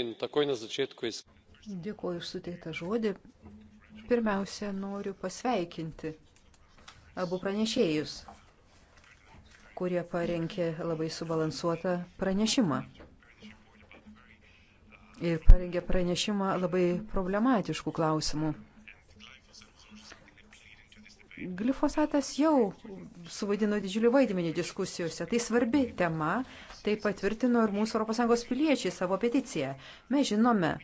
in takoj na začetku. Dėkoju už suteiktą žodį. Pirmiausia, noriu pasveikinti abu pranešėjus, kurie parengė labai subalansuotą pranešimą ir parengė pranešimą labai problematiškų klausimų. Glifosatas jau suvaidino didžiulį vaidmenį diskusijose. Tai svarbi tema, tai patvirtino ir mūsų ES piliečiai savo peticiją. Mes žinome,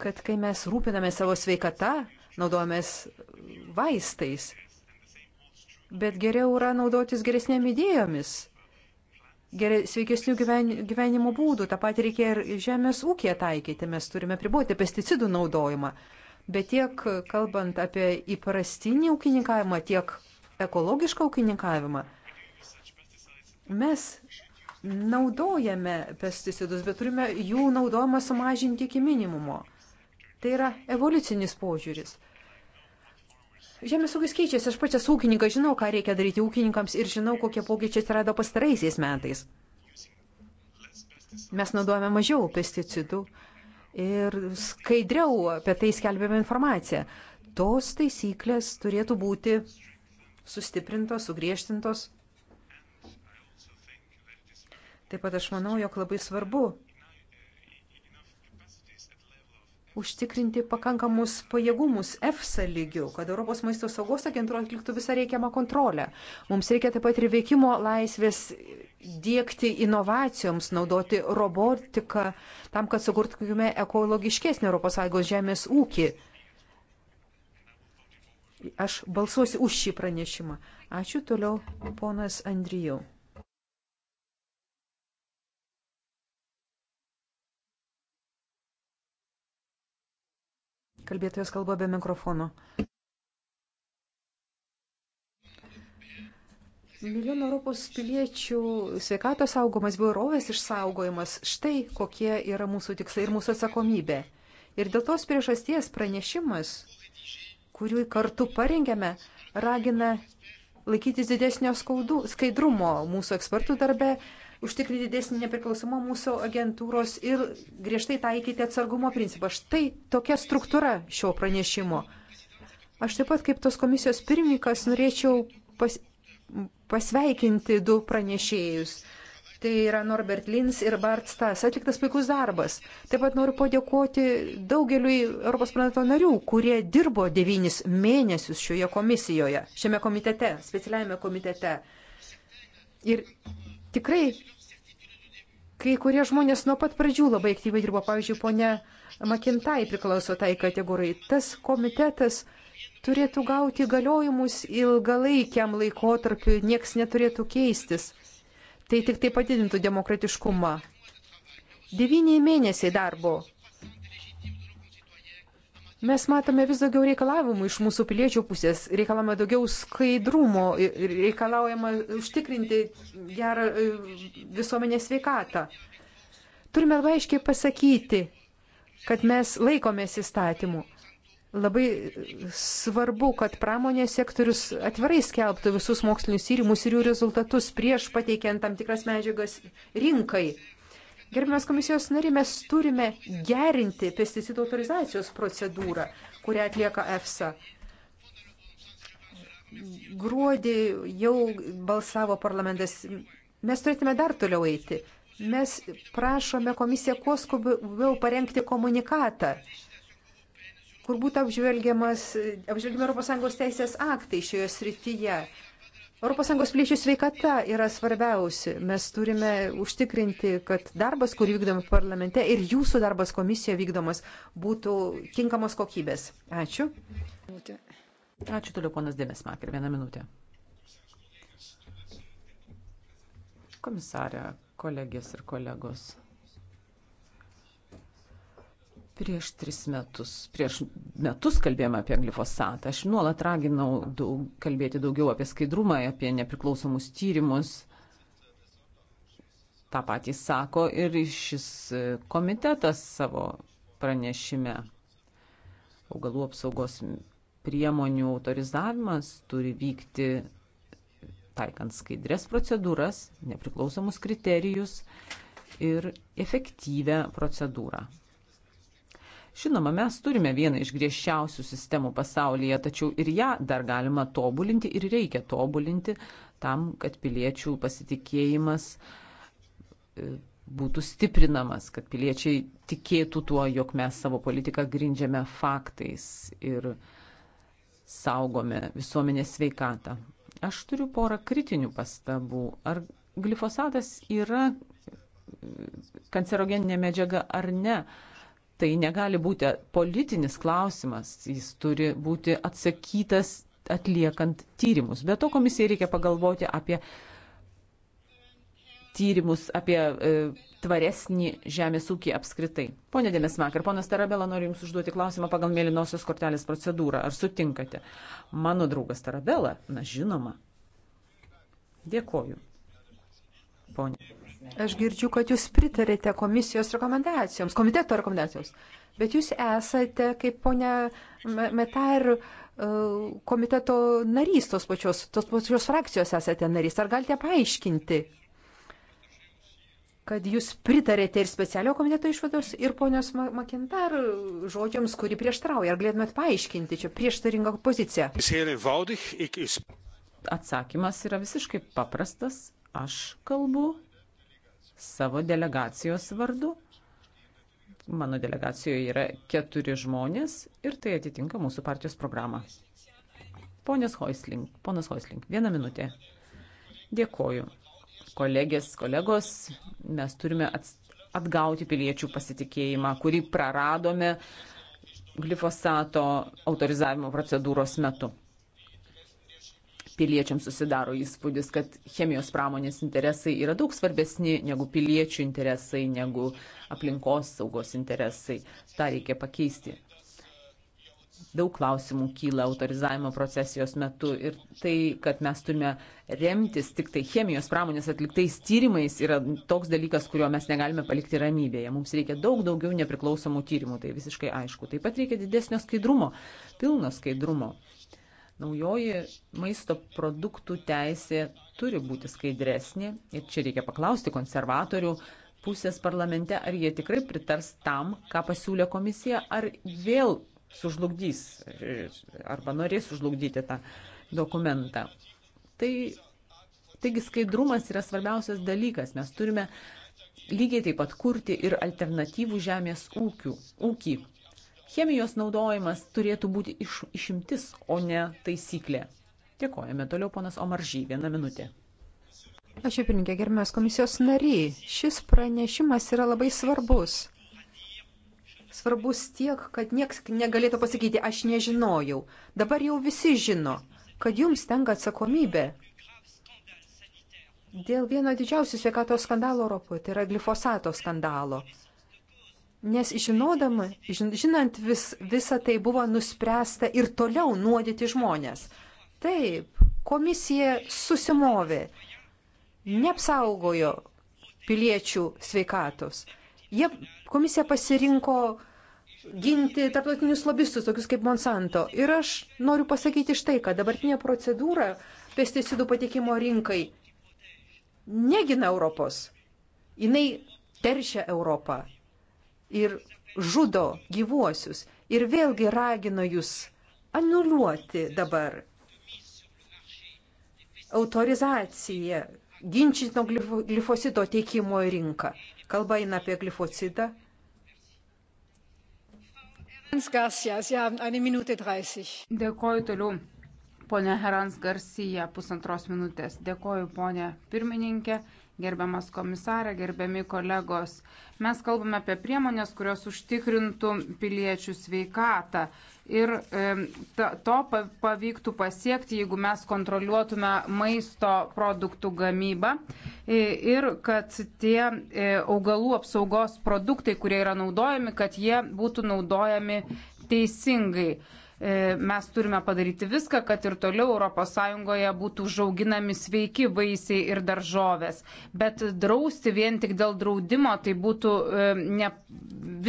kad kai mes rūpiname savo sveikatą, naudojamės vaistais, bet geriau yra naudotis geresnėmis idėjomis gerai, sveikesnių gyven, gyvenimo būdų. Ta pati reikia ir žemės ūkėje taikyti. Mes turime priboti pesticidų naudojimą. Bet tiek kalbant apie įprastinį ūkininkavimą, tiek ekologišką ūkininkavimą, mes naudojame pesticidus, bet turime jų naudojimą sumažinti iki minimumo. Tai yra evoliucinis požiūris. Žemės ūkis keičiasi, aš pačias ūkininkas žinau, ką reikia daryti ūkininkams ir žinau, kokie pokyčiai atsirado pastaraisiais metais. Mes naudojame mažiau pesticidų ir skaidriau apie tai skelbėme informaciją. Tos taisyklės turėtų būti sustiprintos, sugriežtintos. Taip pat aš manau, jog labai svarbu užtikrinti pakankamus pajėgumus EFSA lygių, kad Europos maisto saugos agentūra atliktų visą reikiamą kontrolę. Mums reikia taip pat ir veikimo laisvės dėkti inovacijoms, naudoti robotiką tam, kad sukurtume ekologiškesnį ES žemės ūkį. Aš balsuosiu už šį pranešimą. Ačiū toliau, ponas Andrijau. Kalbėtojas kalba be mikrofono. Milijonų Europos piliečių sveikatos saugomas, biorovės išsaugojimas - štai kokie yra mūsų tikslai ir mūsų atsakomybė. Ir dėl tos priežasties pranešimas, kuriuo kartu parengėme, ragina laikytis didesnio skaudų, skaidrumo mūsų ekspertų darbe, užtikrinti didesnį nepriklausomą mūsų agentūros ir griežtai taikyti atsargumo principą. Štai tokia struktūra šio pranešimo. Aš taip pat kaip tos komisijos pirmininkas norėčiau pas, pasveikinti du pranešėjus. Tai yra Norbert Lins ir Bart Stas. Atliktas puikus darbas. Taip pat noriu padėkoti daugeliui Europos planeto narių, kurie dirbo devynis mėnesius šioje komisijoje, šiame komitete, specialiajame komitete. Ir Tikrai kai kurie žmonės nuo pat pradžių labai aktyviai dirbo, pavyzdžiui, ponia Makintai priklauso tai kategorijai. Tas komitetas turėtų gauti galiojimus ilgalaikiam laikotarpiu, nieks neturėtų keistis. Tai tik tai padidintų demokratiškumą. Devyniai mėnesiai darbo Mes matome vis daugiau reikalavimų iš mūsų piliečių pusės, reikalavome daugiau skaidrumo, reikalaujama užtikrinti gerą e, visuomenės veikatą. Turime labai aiškiai pasakyti, kad mes laikomės įstatymų. Labai svarbu, kad pramonės sektorius atvirai skelbtų visus mokslinius tyrimus ir jų rezultatus prieš pateikiant tam tikras medžiagas rinkai. Gerbiamas komisijos nariai, mes turime gerinti pesticidų autorizacijos procedūrą, kurią atlieka EFSA. Gruodį jau balsavo parlamentas. Mes turėtume dar toliau eiti. Mes prašome komisiją kuo skubiau parengti komunikatą kur būtų apžvelgiamas, apžvelgiami ES teisės aktai šioje srityje. ES piliečių sveikata yra svarbiausi. Mes turime užtikrinti, kad darbas, kurį vykdome parlamente ir jūsų darbas komisija vykdomas, būtų tinkamos kokybės. Ačiū. Ačiū toliau, ponas Dėmes Makar. Vieną minutę. Komisarė, kolegės ir kolegos. Prieš tris metus, prieš metus kalbėjome apie glifosatą. Aš nuolat raginau daug, kalbėti daugiau apie skaidrumą, apie nepriklausomus tyrimus. Ta patį sako ir šis komitetas savo pranešime. Augalų apsaugos priemonių autorizavimas turi vykti taikant skaidrės procedūras, nepriklausomus kriterijus ir efektyvę procedūrą. Žinoma, mes turime vieną iš griežčiausių sistemų pasaulyje, tačiau ir ją dar galima tobulinti ir reikia tobulinti tam, kad piliečių pasitikėjimas e, būtų stiprinamas, kad piliečiai tikėtų tuo, jog mes savo politiką grindžiame faktais ir saugome visuomenės sveikatą. Aš turiu porą kritinių pastabų. Ar glifosatas yra e, kancerogeninė medžiaga ar ne? Tai negali būti politinis klausimas, jis turi būti atsakytas atliekant tyrimus. Be to komisijai reikia pagalvoti apie tyrimus, apie e, tvaresnį žemės ūkį apskritai. Pone Dėmesmak ir ponas Tarabela, noriu Jums užduoti klausimą pagal mėlynosios kortelės procedūrą. Ar sutinkate? Mano draugas Tarabela, na žinoma. Dėkoju. Pone. Aš girdžiu, kad jūs pritarėte komisijos rekomendacijoms, komiteto rekomendacijoms, bet jūs esate, kaip ponia Metar, e, komiteto narys tos pačios, tos pačios frakcijos esate narys. Ar galite paaiškinti, kad jūs pritarėte ir specialio komiteto išvados, ir ponios Makintar žodžiams, kuri prieštrauja. Ar galėtumėt paaiškinti čia prieštaringą poziciją? Atsakymas yra visiškai paprastas. Aš kalbu savo delegacijos vardu. Mano delegacijoje yra keturi žmonės ir tai atitinka mūsų partijos programą. Ponas Hoisling, ponas Hoisling, vieną minutę. Dėkoju. Kolegės, kolegos, mes turime atgauti piliečių pasitikėjimą, kurį praradome glifosato autorizavimo procedūros metu piliečiams susidaro įspūdis, kad chemijos pramonės interesai yra daug svarbesni negu piliečių interesai, negu aplinkos saugos interesai. Ta reikia pakeisti. Daug klausimų kyla autorizavimo procesijos metu ir tai, kad mes turime remtis tik tai chemijos pramonės atliktais tyrimais, yra toks dalykas, kurio mes negalime palikti ramybėje. Mums reikia daug daugiau nepriklausomų tyrimų, tai visiškai aišku. Taip pat reikia didesnio skaidrumo, pilno skaidrumo Naujoji maisto produktų teisė turi būti skaidresnė ir čia reikia paklausti konservatorių pusės parlamente, ar jie tikrai pritars tam, ką pasiūlė komisija, ar vėl sužlugdys arba norės sužlugdyti tą dokumentą. Tai, taigi skaidrumas yra svarbiausias dalykas. Mes turime lygiai taip pat kurti ir alternatyvų žemės ūkių, ūkį. Chemijos naudojimas turėtų būti iš, išimtis, o ne taisyklė. Dėkojame toliau, ponas Omaržy, vieną minutę. Aš jau pirmininkė, gerbiamas komisijos nary, šis pranešimas yra labai svarbus. Svarbus tiek, kad nieks negalėtų pasakyti, aš nežinojau. Dabar jau visi žino, kad jums tenka atsakomybė dėl vieno didžiausių sveikatos skandalo Europoje, tai yra glifosato skandalo. Nes žinodama, žinant vis, visą tai buvo nuspręsta ir toliau nuodyti žmonės. Taip, komisija susimovė, neapsaugojo piliečių sveikatos. Jie, komisija pasirinko ginti tarptautinius lobistus, tokius kaip Monsanto. Ir aš noriu pasakyti štai, kad dabartinė procedūra pesticidų patikimo rinkai negina Europos. Jis teršia Europą ir žudo gyvuosius. Ir vėlgi ragino jūs anuliuoti dabar autorizaciją ginčytino glifosito teikimo į rinką. Kalba eina apie glifositą. Dėkoju toliau. Pone Herans Garcija, pusantros minutės. Dėkoju, ponė pirmininkė gerbiamas komisarė, gerbiami kolegos. Mes kalbame apie priemonės, kurios užtikrintų piliečių sveikatą. Ir e, to pavyktų pasiekti, jeigu mes kontroliuotume maisto produktų gamybą e, ir kad tie e, augalų apsaugos produktai, kurie yra naudojami, kad jie būtų naudojami teisingai. E, mes turime padaryti viską, kad ir toliau ES būtų žauginami sveiki vaisiai ir daržovės. Bet drausti vien tik dėl draudimo tai būtų e, ne,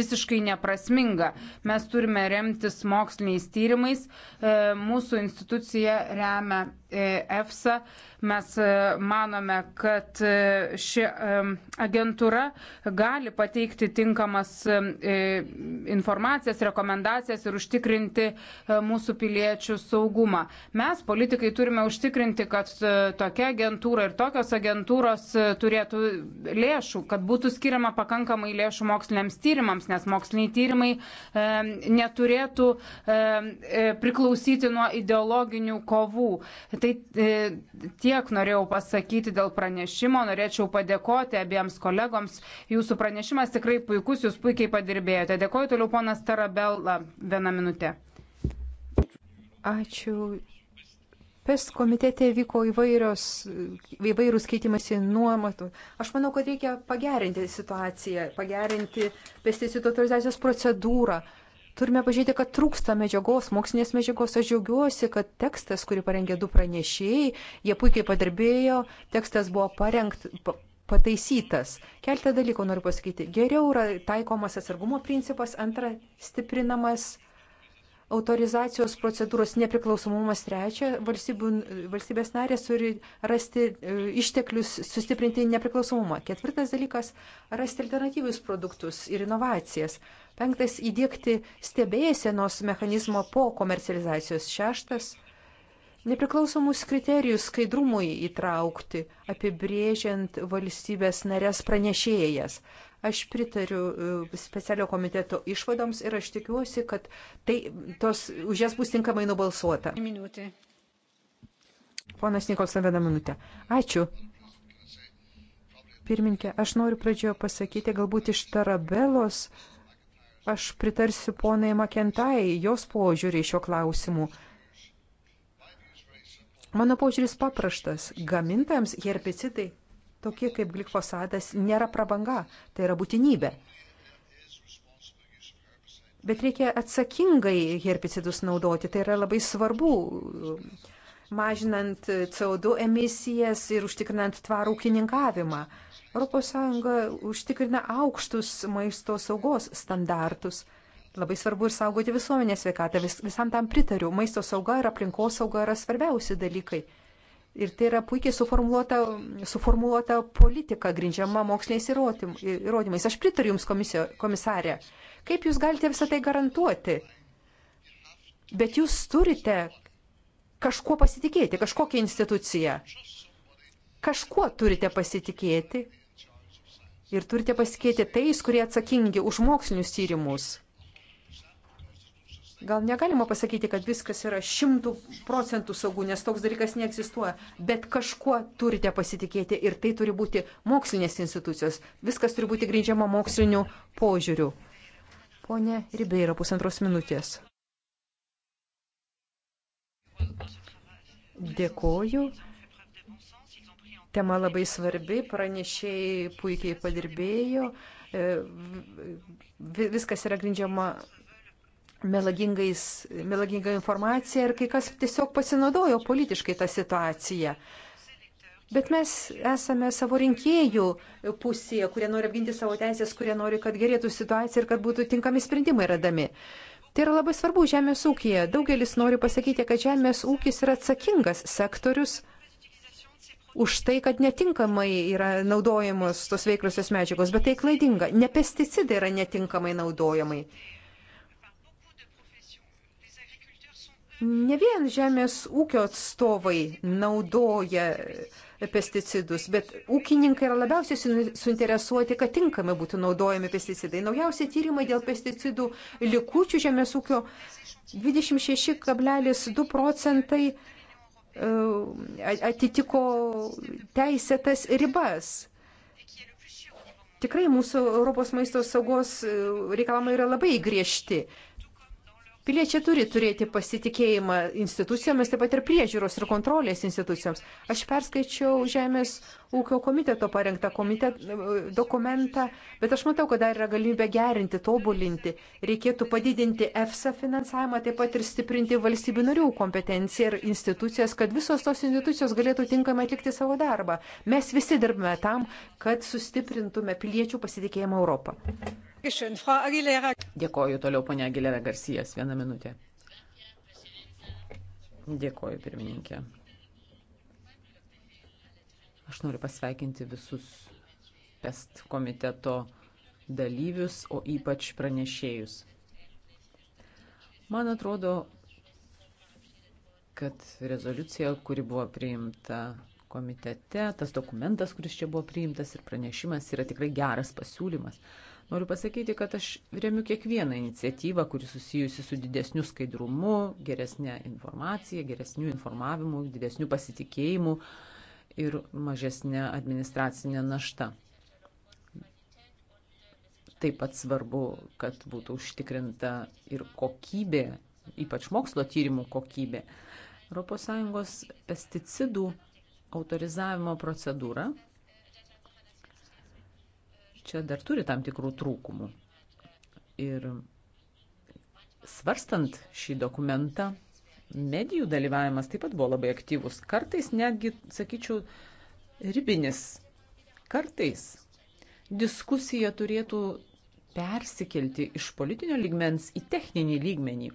visiškai neprasminga. Mes turime remtis moksliniais tyrimais. E, mūsų institucija remia EFSA. Mes e, manome, kad e, ši e, agentūra gali pateikti tinkamas informacijas, rekomendacijas ir užtikrinti mūsų piliečių saugumą. Mes, politikai, turime užtikrinti, kad tokia agentūra ir tokios agentūros turėtų lėšų, kad būtų skiriama pakankamai lėšų moksliniams tyrimams, nes moksliniai tyrimai neturėtų priklausyti nuo ideologinių kovų. Tai e, tiek norėjau pasakyti dėl pranešimo. Norėčiau padėkoti abiems kolegoms. Jūsų pranešimas tikrai puikus, jūs puikiai padirbėjote. Dėkoju toliau ponas Tarabella. Vieną minutę. Ačiū. PES komitete vyko įvairios, įvairūs keitimasi nuomatų. Aš manau, kad reikia pagerinti situaciją, pagerinti pesticidų autorizacijos procedūrą. Uh, Turime pažiūrėti, kad trūksta medžiagos, mokslinės medžiagos. Aš džiaugiuosi, kad tekstas, kurį parengė du pranešėjai, jie puikiai padirbėjo, tekstas buvo parengt, pa, pataisytas. Keltą dalykų noriu pasakyti. Geriau yra taikomas atsargumo principas, antra, stiprinamas autorizacijos procedūros nepriklausomumas, trečia, valstybių, valstybės narės turi rasti e, išteklius sustiprinti nepriklausomumą. Ketvirtas dalykas - rasti alternatyvius produktus ir inovacijas. Penktas - įdėkti stebėsienos mechanizmą po komercializacijos. Šeštas - nepriklausomus kriterijus skaidrumui įtraukti, apibrėžiant valstybės narės pranešėjas. Aš pritariu e, specialio komiteto išvadoms ir aš tikiuosi, kad tai, tos, už jas bus tinkamai nubalsuota. Minutė. Ponas Nikolson, vieną minutę. Ačiū. Pirminkė, aš noriu pradžioje pasakyti, galbūt iš Tarabelos uh, Aš pritarsiu ponai Makentai jos požiūrį šio klausimu. Mano požiūris paprastas. Gamintams herbicidai, tokie kaip glifosadas, nėra prabanga, tai yra būtinybė. Bet reikia atsakingai herbicidus naudoti, tai yra labai svarbu, mažinant CO2 emisijas ir užtikrinant tvarų ūkininkavimą. ES užtikrina aukštus maisto saugos standartus. Labai svarbu ir saugoti visuomenės sveikatą. Vis, visam tam pritariu. Maisto sauga ir aplinkos sauga yra svarbiausi dalykai. Ir tai yra puikiai suformuoluota, suformuoluota politika, grindžiama moksliniais įrodymais. Aš pritariu Jums, komisijo, komisarė. Kaip Jūs galite visą tai garantuoti? Bet Jūs turite kažkuo pasitikėti, kažkokią instituciją. Kažkuo turite pasitikėti, ir turite pasikėti tais, kurie atsakingi už mokslinius tyrimus. Gal negalima pasakyti, kad viskas yra šimtų procentų saugu, nes toks dalykas neegzistuoja, bet kažkuo turite pasitikėti ir tai turi būti mokslinės institucijos. Viskas turi būti grindžiama moksliniu požiūriu. Pone Ribeira, pusantros minutės. Dėkoju. Tema labai svarbi, pranešėjai puikiai padirbėjo, e, viskas yra grindžiama melaginga informacija ir kai kas tiesiog pasinaudojo politiškai tą situaciją. Bet mes esame savo rinkėjų pusėje, kurie nori apginti savo teisės, kurie nori, kad gerėtų situacija ir kad būtų tinkami sprendimai radami. Tai yra labai svarbu žemės ūkija. Daugelis nori pasakyti, kad žemės ūkis yra atsakingas sektorius už tai, kad netinkamai yra naudojamos tos veikliosios medžiagos, bet tai klaidinga. Ne pesticidai yra netinkamai naudojamai. Ne vien žemės ūkio atstovai naudoja pesticidus, bet ūkininkai yra labiausiai suinteresuoti, kad tinkamai būtų naudojami pesticidai. Naujausi tyrimai dėl pesticidų likučių žemės ūkio 26,2 procentai atitiko teisėtas ribas. Tikrai mūsų Europos maisto saugos e, reikalavimai yra labai griežti. Piliečiai turi turėti pasitikėjimą institucijomis, taip pat ir priežiūros ir kontrolės institucijoms. Aš perskaičiau Žemės ūkio komiteto parengtą komitet, dokumentą, bet aš matau, kad dar yra galimybė gerinti, tobulinti. Reikėtų padidinti EFSA finansavimą, taip pat ir stiprinti valstybių narių kompetenciją ir institucijas, kad visos tos institucijos galėtų tinkamai atlikti savo darbą. Mes visi dirbame tam, kad sustiprintume piliečių pasitikėjimą Europą. Dėkoju toliau, ponia Agilera Garcijas, vieną minutę. Dėkoju, pirmininkė. Aš noriu pasveikinti visus PEST komiteto dalyvius, o ypač pranešėjus. Man atrodo, kad rezoliucija, kuri buvo priimta komitete, tas dokumentas, kuris čia buvo priimtas ir pranešimas yra tikrai geras pasiūlymas. Noriu pasakyti, kad aš remiu kiekvieną iniciatyvą, kuri susijusi su didesniu skaidrumu, geresnė informacija, geresniu informavimu, didesniu pasitikėjimu ir mažesnė administracinė našta. Taip pat svarbu, kad būtų užtikrinta ir kokybė, ypač mokslo tyrimų kokybė. ES pesticidų autorizavimo procedūra čia dar turi tam tikrų trūkumų. Ir svarstant šį dokumentą, medijų dalyvavimas taip pat buvo labai aktyvus. Kartais netgi, sakyčiau, ribinis. Kartais diskusija turėtų persikelti iš politinio lygmens į techninį lygmenį.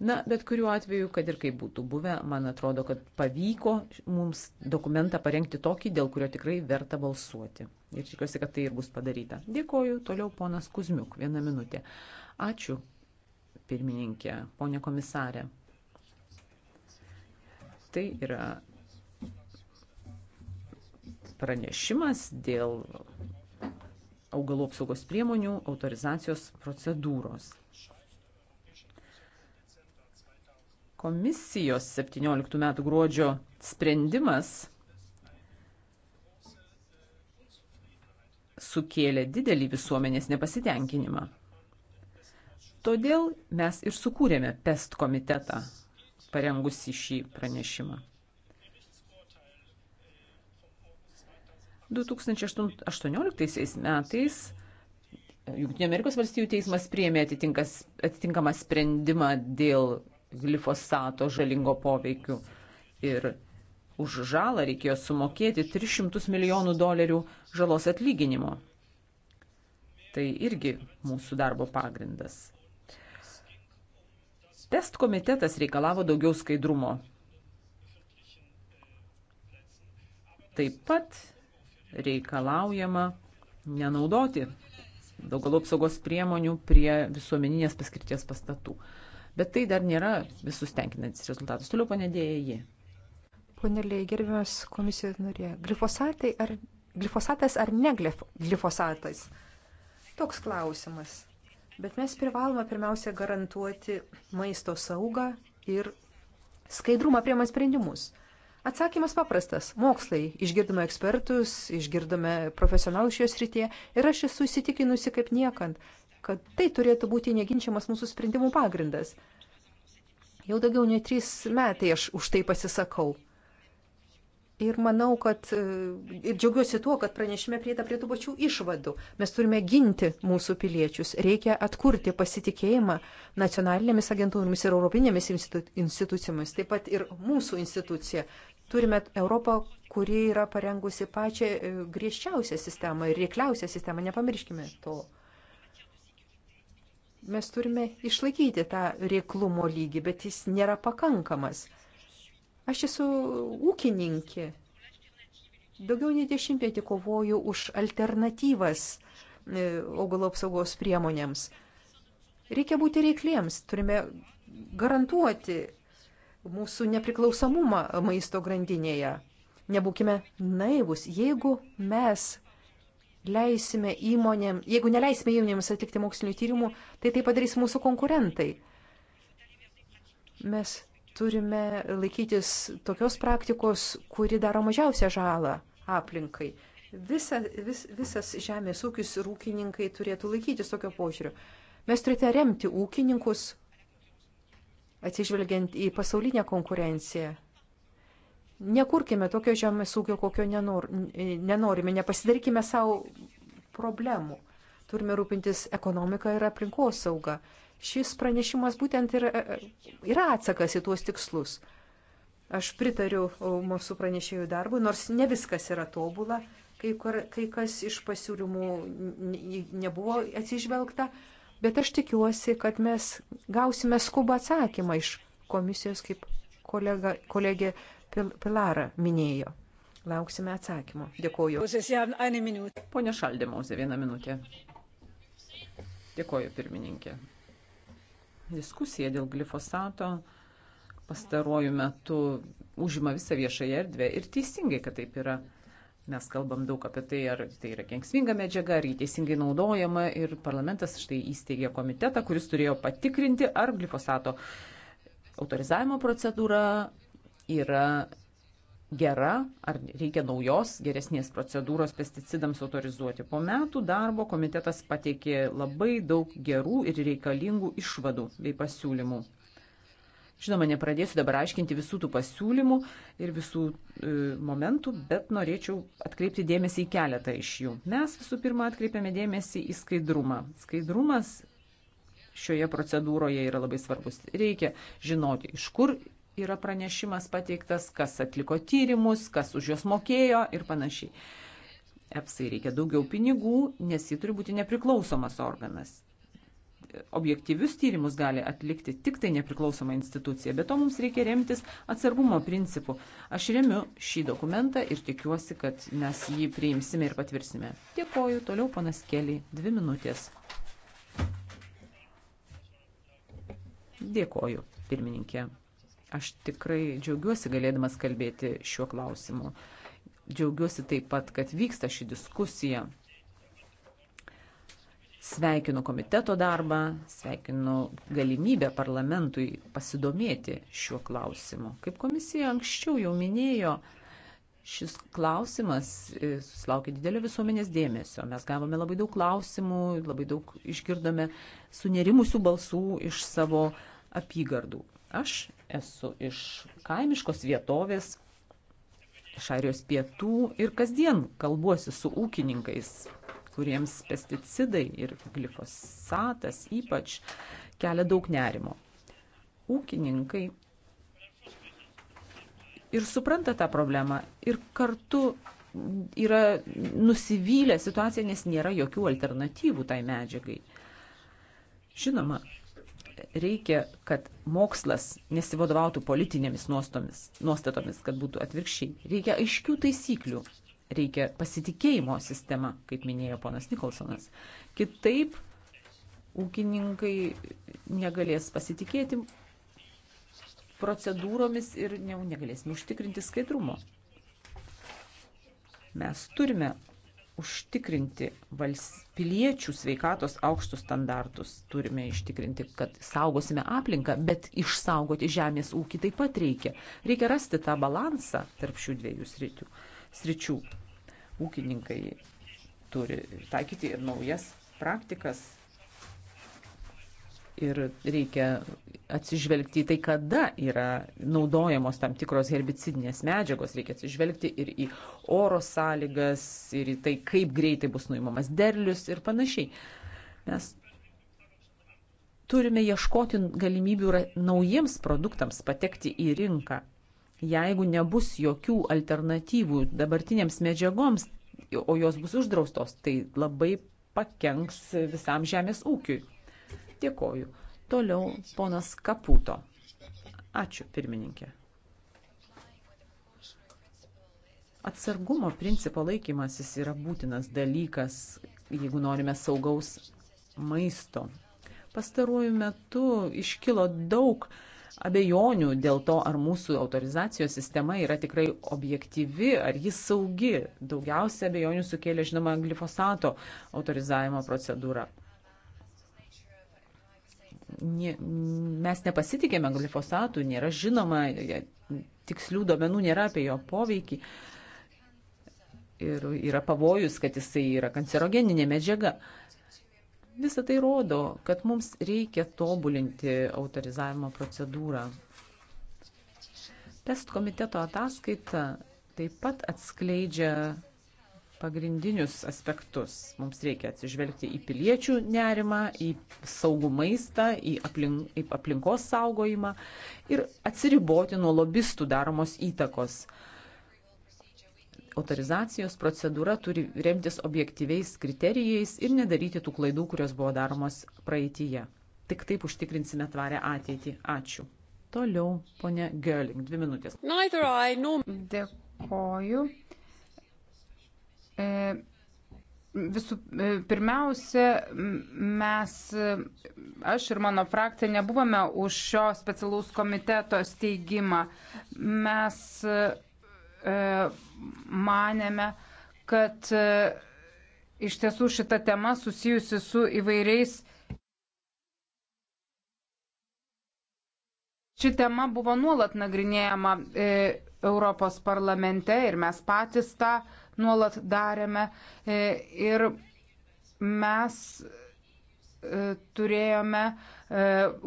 Na, bet kuriuo atveju, kad ir kaip būtų buvę, man atrodo, kad pavyko mums dokumentą parengti tokį, dėl kurio tikrai verta balsuoti. Ir tikiuosi, kad tai ir bus padaryta. Dėkoju. Toliau ponas Kuzmiuk. Vieną minutę. Ačiū, pirmininkė, ponė komisarė. Tai yra pranešimas dėl augalų apsaugos priemonių autorizacijos procedūros. Komisijos 17 metų gruodžio sprendimas sukėlė didelį visuomenės nepasitenkinimą. Todėl mes ir sukūrėme PEST komitetą, parengusi šį pranešimą. 2018 metais Junktinė Amerikos valstybių teismas priėmė atitinkamą sprendimą dėl glifosato žalingo poveikiu. Ir už žalą reikėjo sumokėti 300 milijonų dolerių žalos atlyginimo. Tai irgi mūsų darbo pagrindas. Test komitetas reikalavo daugiau skaidrumo. Taip pat reikalaujama nenaudoti daugalų apsaugos priemonių prie visuomeninės paskirties pastatų bet tai dar nėra visus tenkinantis rezultatas. Toliau panėdėja jį. Poneliai, gerbiamas komisijos norė, glifosatai ar glifosatas ar ne glifosatas? Toks klausimas. Bet mes privalome pirmiausia garantuoti maisto saugą ir skaidrumą priemant sprendimus. Atsakymas paprastas. Mokslai. Išgirdome ekspertus, išgirdome profesionalus šios rytie ir aš esu įsitikinusi kaip niekant, kad tai turėtų būti neginčiamas mūsų sprendimų pagrindas. Jau daugiau nei trys metai aš už tai pasisakau. Ir manau, kad e, ir džiaugiuosi tuo, kad pranešime prieita prie tų pačių išvadų. Mes turime ginti mūsų piliečius. Reikia atkurti pasitikėjimą nacionalinėmis agentūromis ir europinėmis institu, institucijomis, taip pat ir mūsų institucija. Turime Europą, kuri yra parengusi pačią e, griežčiausią sistemą ir reikliausią sistemą. Nepamirškime to. Mes turime išlaikyti tą reiklumo lygį, bet jis nėra pakankamas. Aš esu ūkininkė. Daugiau nei dešimtmetį kovoju už alternatyvas e, augalo apsaugos priemonėms. Reikia būti reikliems, turime garantuoti mūsų nepriklausomumą maisto grandinėje. Nebūkime naivus, jeigu mes leisime įmonėm, jeigu neleisime įmonėms atlikti mokslinio tyrimų, tai tai padarys mūsų konkurentai. Mes turime laikytis tokios praktikos, kuri daro mažiausią žalą aplinkai. Visa, vis, visas žemės ūkis ir ūkininkai turėtų laikytis tokio požiūrio. Mes turite remti ūkininkus, atsižvelgiant į pasaulinę konkurenciją Nekurkime tokio žemės ūkio, kokio nenor, nenorime, nepasidarykime savo problemų. Turime rūpintis ekonomiką ir aplinkos saugą. Šis pranešimas būtent yra, yra atsakas į tuos tikslus. Aš pritariu mūsų pranešėjų darbui, nors ne viskas yra tobula, kai, kai kas iš pasiūlymų nebuvo atsižvelgta, bet aš tikiuosi, kad mes gausime skubą atsakymą iš komisijos, kaip kolega, kolegė Pilara minėjo. Lauksime atsakymų. Dėkuoju. Pone Šaldėmausė, vieną minutę. Dėkuoju, pirmininkė. Diskusija dėl glifosato pastaruoju metu užima visą viešąją erdvę ir teisingai, kad taip yra. Mes kalbam daug apie tai, ar tai yra kengsminga medžiaga, ar jį teisingai naudojama ir parlamentas štai įsteigė komitetą, kuris turėjo patikrinti, ar glifosato autorizavimo procedūra yra gera, ar reikia naujos, geresnės procedūros pesticidams autorizuoti. Po metų darbo komitetas pateikė labai daug gerų ir reikalingų išvadų bei pasiūlymų. Žinoma, nepradėsiu dabar aiškinti visų tų pasiūlymų ir visų e, momentų, bet norėčiau atkreipti dėmesį į keletą iš jų. Mes visų pirma atkreipiame dėmesį į skaidrumą. Skaidrumas šioje procedūroje yra labai svarbus. Reikia žinoti, iš kur yra pranešimas pateiktas, kas atliko tyrimus, kas už juos mokėjo ir panašiai. EPSai reikia daugiau pinigų, nes ji turi būti nepriklausomas organas. Objektyvius tyrimus gali atlikti tik tai nepriklausoma institucija, bet to mums reikia remtis atsargumo principu. Aš remiu šį dokumentą ir tikiuosi, kad mes jį priimsime ir patvirsime. Dėkoju, toliau panas Keliai, dvi minutės. Dėkoju, pirmininkė. Aš tikrai džiaugiuosi galėdamas kalbėti šiuo klausimu. Džiaugiuosi taip pat, kad vyksta ši diskusija. Sveikinu komiteto darbą, sveikinu galimybę parlamentui pasidomėti šiuo klausimu. Kaip komisija anksčiau jau minėjo, šis klausimas e, susilaukė didelio visuomenės dėmesio. Mes gavome labai daug klausimų, labai daug išgirdome sunerimusių balsų iš savo apygardų. Aš esu iš kaimiškos vietovės, iš Airijos pietų ir kasdien kalbuosi su ūkininkais, kuriems pesticidai ir glifosatas ypač kelia daug nerimo. Ūkininkai ir supranta tą problemą ir kartu yra nusivylę situaciją, nes nėra jokių alternatyvų tai medžiagai. Žinoma, reikia, kad mokslas nesivadovautų politinėmis nuostomis, nuostatomis, kad būtų atvirkščiai. Reikia aiškių taisyklių, reikia pasitikėjimo sistema, kaip minėjo ponas Nikolsonas. Kitaip ūkininkai negalės pasitikėti procedūromis ir negalėsime užtikrinti skaidrumo. Mes turime užtikrinti vals, piliečių sveikatos aukštus standartus. Turime ištikrinti, kad saugosime aplinką, bet išsaugoti žemės ūkį taip pat reikia. Reikia rasti tą balansą tarp šių dviejų sričių. sričių. Ūkininkai turi taikyti ir naujas praktikas, ir reikia atsižvelgti į tai, kada yra naudojamos tam tikros herbicidinės medžiagos, reikia atsižvelgti ir į oro sąlygas, ir į tai, kaip greitai bus nuimamas derlius ir panašiai. Mes turime ieškoti galimybių naujiems produktams patekti į rinką. Jeigu nebus jokių alternatyvų dabartinėms medžiagoms, o jos bus uždraustos, tai labai pakenks visam žemės ūkiui. Dėkoju. Toliau ponas Kaputo. Ačiū, pirmininkė. Atsargumo principo laikymasis yra būtinas dalykas, jeigu norime saugaus maisto. Pastaruoju metu iškilo daug abejonių dėl to, ar mūsų autorizacijos sistema yra tikrai objektyvi, ar jis saugi. Daugiausia abejonių sukėlė, žinoma, glifosato autorizavimo procedūra mes nepasitikėme glifosatų, nėra žinoma, tikslių duomenų nėra apie jo poveikį. Ir yra pavojus, kad jisai yra kancerogeninė medžiaga. Visą tai rodo, kad mums reikia tobulinti autorizavimo procedūrą. Test komiteto ataskaita taip pat atskleidžia pagrindinius aspektus. Mums reikia atsižvelgti į piliečių nerimą, į saugų maistą, į, aplink, į aplinkos saugojimą ir atsiriboti nuo lobistų daromos įtakos. Autorizacijos procedūra turi remtis objektyviais kriterijais ir nedaryti tų klaidų, kurios buvo daromos praeitįje. Tik taip užtikrinsime tvarę ateitį. Ačiū. Toliau, ponia Görling, dvi minutės. Dėkoju E, visų e, pirmiausia, mes, aš ir mano frakcija nebuvome už šio specialaus komiteto steigimą. Mes e, manėme, kad e, iš tiesų šita tema susijusi su įvairiais Ši tema buvo nuolat nagrinėjama e, Europos parlamente ir mes patys tą nuolat darėme e, ir mes e, turėjome e,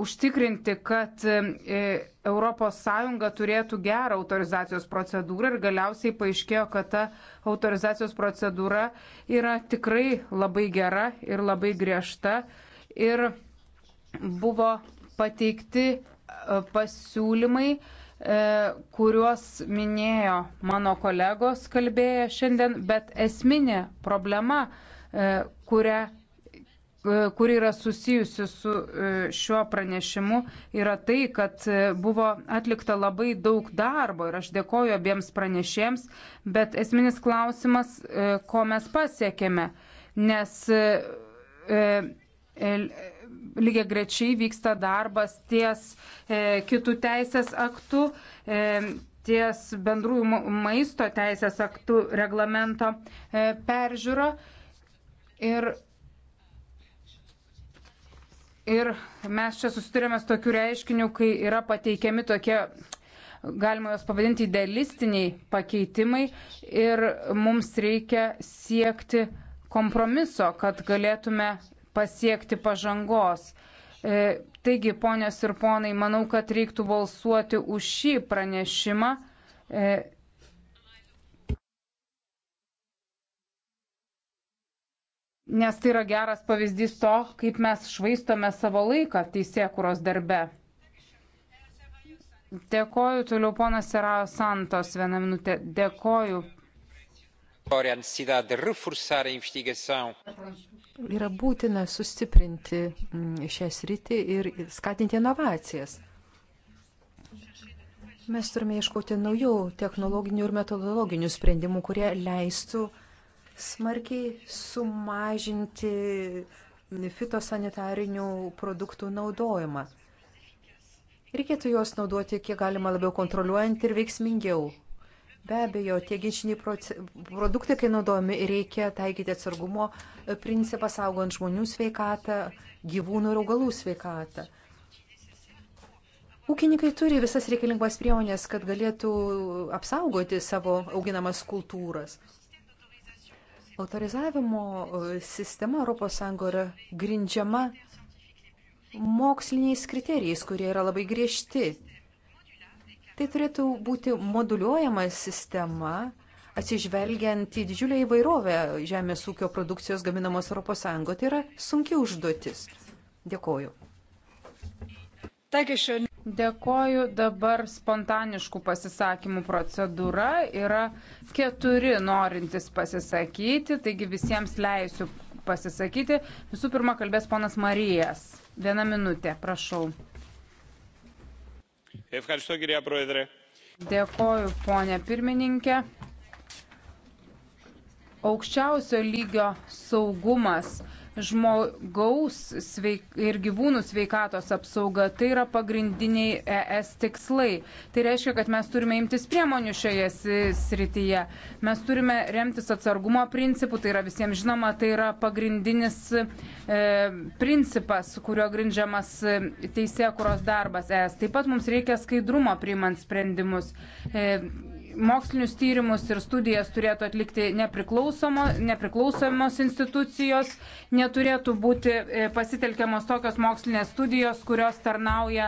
užtikrinti, kad ES turėtų gerą autorizacijos procedūrą ir galiausiai paaiškėjo, kad ta autorizacijos procedūra yra tikrai labai gera ir labai griežta ir buvo pateikti pasiūlymai, E, kuriuos minėjo mano kolegos kalbėję šiandien, bet esminė problema, e, kurią e, kuri yra susijusi su šiuo pranešimu, yra tai, kad buvo atlikta labai daug darbo ir aš dėkoju abiems pranešėjams, bet esminis klausimas, ko mes pasiekėme, nes lygiai grečiai vyksta darbas ties e, kitų teisės aktų, e, ties bendrųjų maisto teisės aktų reglamento e, peržiūro. Ir Ir mes čia susiturėme su tokiu reiškiniu, kai yra pateikiami tokie galima juos pavadinti idealistiniai pakeitimai ir mums reikia siekti kompromiso, kad galėtume pasiekti pažangos. E, taigi, ponios ir ponai, manau, kad reiktų balsuoti už šį pranešimą. E, nes tai yra geras pavyzdys to, kaip mes švaistome savo laiką teisėkuros darbe. Dėkoju toliau ponas Serajo Santos vieną minutę. Dėkoju Yra būtina sustiprinti mm, šią sritį ir skatinti inovacijas. Mes turime ieškoti naujų technologinių ir metodologinių sprendimų, kurie leistų smarkiai sumažinti fitosanitarinių produktų naudojimą. Reikėtų juos naudoti kiek galima labiau kontroliuojant ir veiksmingiau. Be abejo, tie gėčiniai produktai, kai naudojami, reikia taikyti atsargumo principą, saugant žmonių sveikatą, gyvūnų ir augalų sveikatą. Ūkininkai turi visas reikalingas priemonės, kad galėtų apsaugoti savo auginamas kultūras. Autorizavimo sistema ES yra grindžiama moksliniais kriterijais, kurie yra labai griežti. Tai turėtų būti moduliuojama sistema, atsižvelgiant į didžiulę įvairovę žemės ūkio produkcijos gaminamos ES. Tai yra sunki užduotis. Dėkoju. Dėkoju. Dabar spontaniškų pasisakymų procedūra yra keturi norintys pasisakyti, taigi visiems leisiu pasisakyti. Visų pirma, kalbės ponas Marijas. Vieną minutę, prašau. Dėkoju, ponė pirmininkė. Aukščiausio lygio saugumas žmogaus sveik, ir gyvūnų sveikatos apsauga. Tai yra pagrindiniai ES tikslai. Tai reiškia, kad mes turime imtis priemonių šioje srityje. Mes turime remtis atsargumo principų, tai yra visiems žinoma, tai yra pagrindinis e, principas, kuriuo grindžiamas e, teisė, kurios darbas ES. Taip pat mums reikia skaidrumo priimant sprendimus. E, mokslinius tyrimus ir studijas turėtų atlikti nepriklausomo, nepriklausomos institucijos, neturėtų būti e, pasitelkiamos tokios mokslinės studijos, kurios tarnauja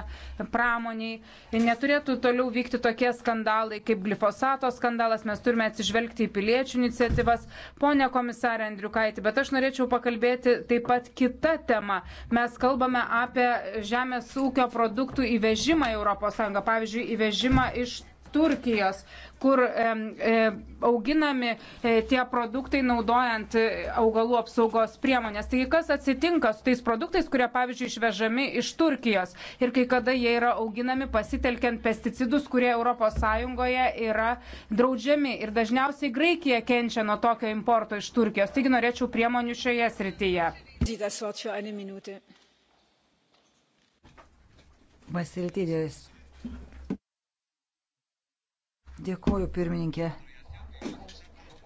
pramoniai, neturėtų toliau vykti tokie skandalai kaip glifosato skandalas, mes turime atsižvelgti į piliečių iniciatyvas. Pone komisarė Andriukaitį, bet aš norėčiau pakalbėti taip pat kitą temą. Mes kalbame apie žemės ūkio produktų įvežimą į ES, pavyzdžiui, įvežimą iš Turkijos, kur e, auginami e, tie produktai naudojant e, augalų apsaugos priemonės. Taigi kas atsitinka su tais produktais, kurie pavyzdžiui išvežami iš Turkijos ir kai kada jie yra auginami pasitelkiant pesticidus, kurie ES yra draudžiami ir dažniausiai Graikija kenčia nuo tokio importo iš Turkijos. Taigi norėčiau priemonių šioje srityje. Vasiltydės Dėkoju, pirmininkė.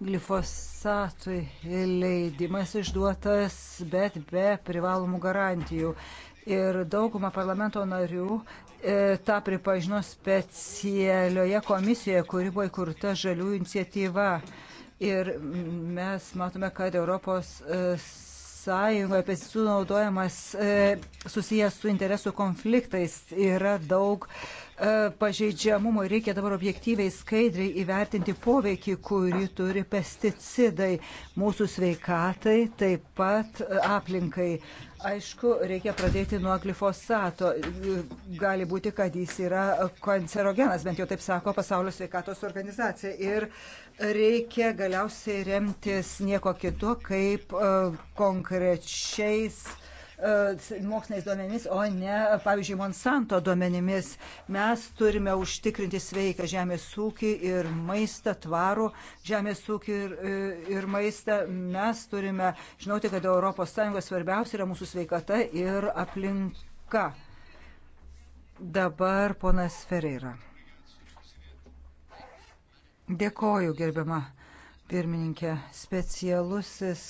Glifosatui leidimas išduotas, bet be privalomų garantijų. Ir dauguma parlamento narių e, tą pripažino specialioje komisijoje, kuri buvo įkurta žalių iniciatyva. Ir mes matome, kad Europos e, sąjungoje pesticidų naudojimas e, susijęs su interesų konfliktais yra daug E, pažeidžiamumui reikia dabar objektyviai skaidriai įvertinti poveikį, kurį turi pesticidai mūsų sveikatai, taip pat aplinkai. Aišku, reikia pradėti nuo glifosato. Gali būti, kad jis yra kancerogenas, bent jau taip sako Pasaulio sveikatos organizacija. Ir reikia galiausiai remtis nieko kito, kaip e, konkrečiais E, moksliniais duomenimis, o ne, pavyzdžiui, Monsanto duomenimis. Mes turime užtikrinti sveiką žemės ūkį ir maistą, tvarų žemės ūkį ir, e, ir maistą. Mes turime žinoti, kad ES svarbiausia yra mūsų sveikata ir aplinka. Dabar ponas Ferreira. Dėkoju, gerbiama pirmininkė, specialusis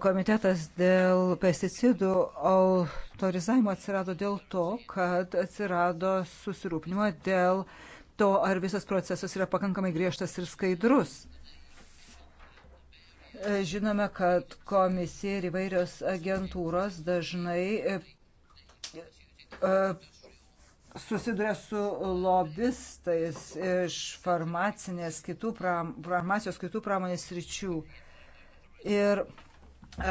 Komitetas dėl pesticidų autorizavimo atsirado dėl to, kad atsirado susirūpinimo dėl to, ar visas procesas yra pakankamai griežtas ir skaidrus. Žinome, kad komisija ir įvairios agentūros dažnai e, susiduria su lobistais iš farmacinės, kitų pram, farmacijos, kitų pramonės ryčių. Ir E,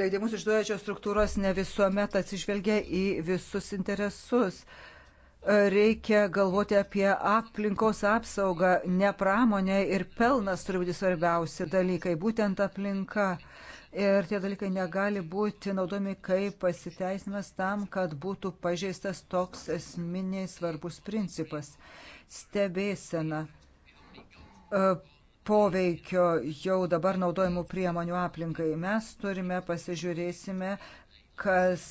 leidimus išduojančios struktūros ne visuomet atsižvelgia į visus interesus. E, reikia galvoti apie aplinkos apsaugą, ne pramonę ir pelnas turi būti svarbiausi dalykai, būtent aplinka. Ir tie dalykai negali būti naudomi kaip pasiteisimas tam, kad būtų pažeistas toks esminiai svarbus principas - stebėsena e, poveikio jau dabar naudojimų priemonių aplinkai. Mes turime pasižiūrėsime, kas,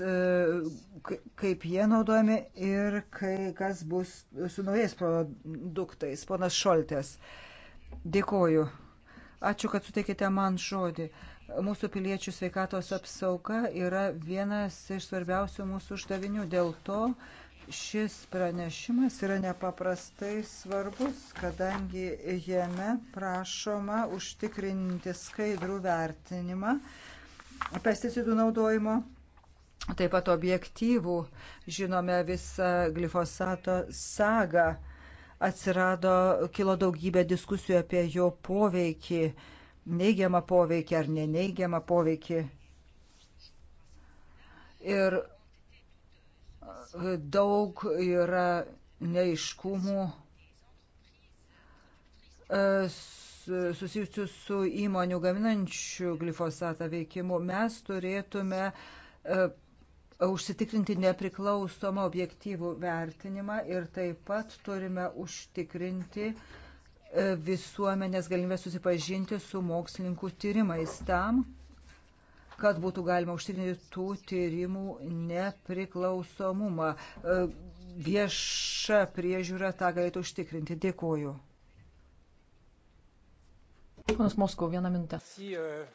e, kaip jie naudojami ir kai, kas bus su naujais produktais. Ponas Šoltės, dėkoju. Ačiū, kad suteikite man žodį. Mūsų piliečių sveikatos apsauga yra vienas iš svarbiausių mūsų uždavinių. Dėl to, uh, Šis pranešimas yra nepaprastai svarbus, kadangi jame prašoma užtikrinti skaidrų vertinimą pesticidų naudojimo taip pat objektyvų, žinome visą glifosato sagą, atsirado, kilo daugybė diskusijų apie jo poveikį, neigiamą poveikį ar neneigiamą poveikį. Ir Daug yra neiškumų e, susijusių su įmonių gaminančių glifosatą veikimu. Mes turėtume e, užsitikrinti nepriklausomą objektyvų vertinimą ir taip pat turime užtikrinti e, visuomenės galimybę susipažinti su mokslininkų tyrimais tam, kad būtų galima užtikrinti tų tyrimų nepriklausomumą. E, vieša priežiūra tą galėtų užtikrinti. Dėkuoju. Ponas Moskau, vieną minutę. Euh,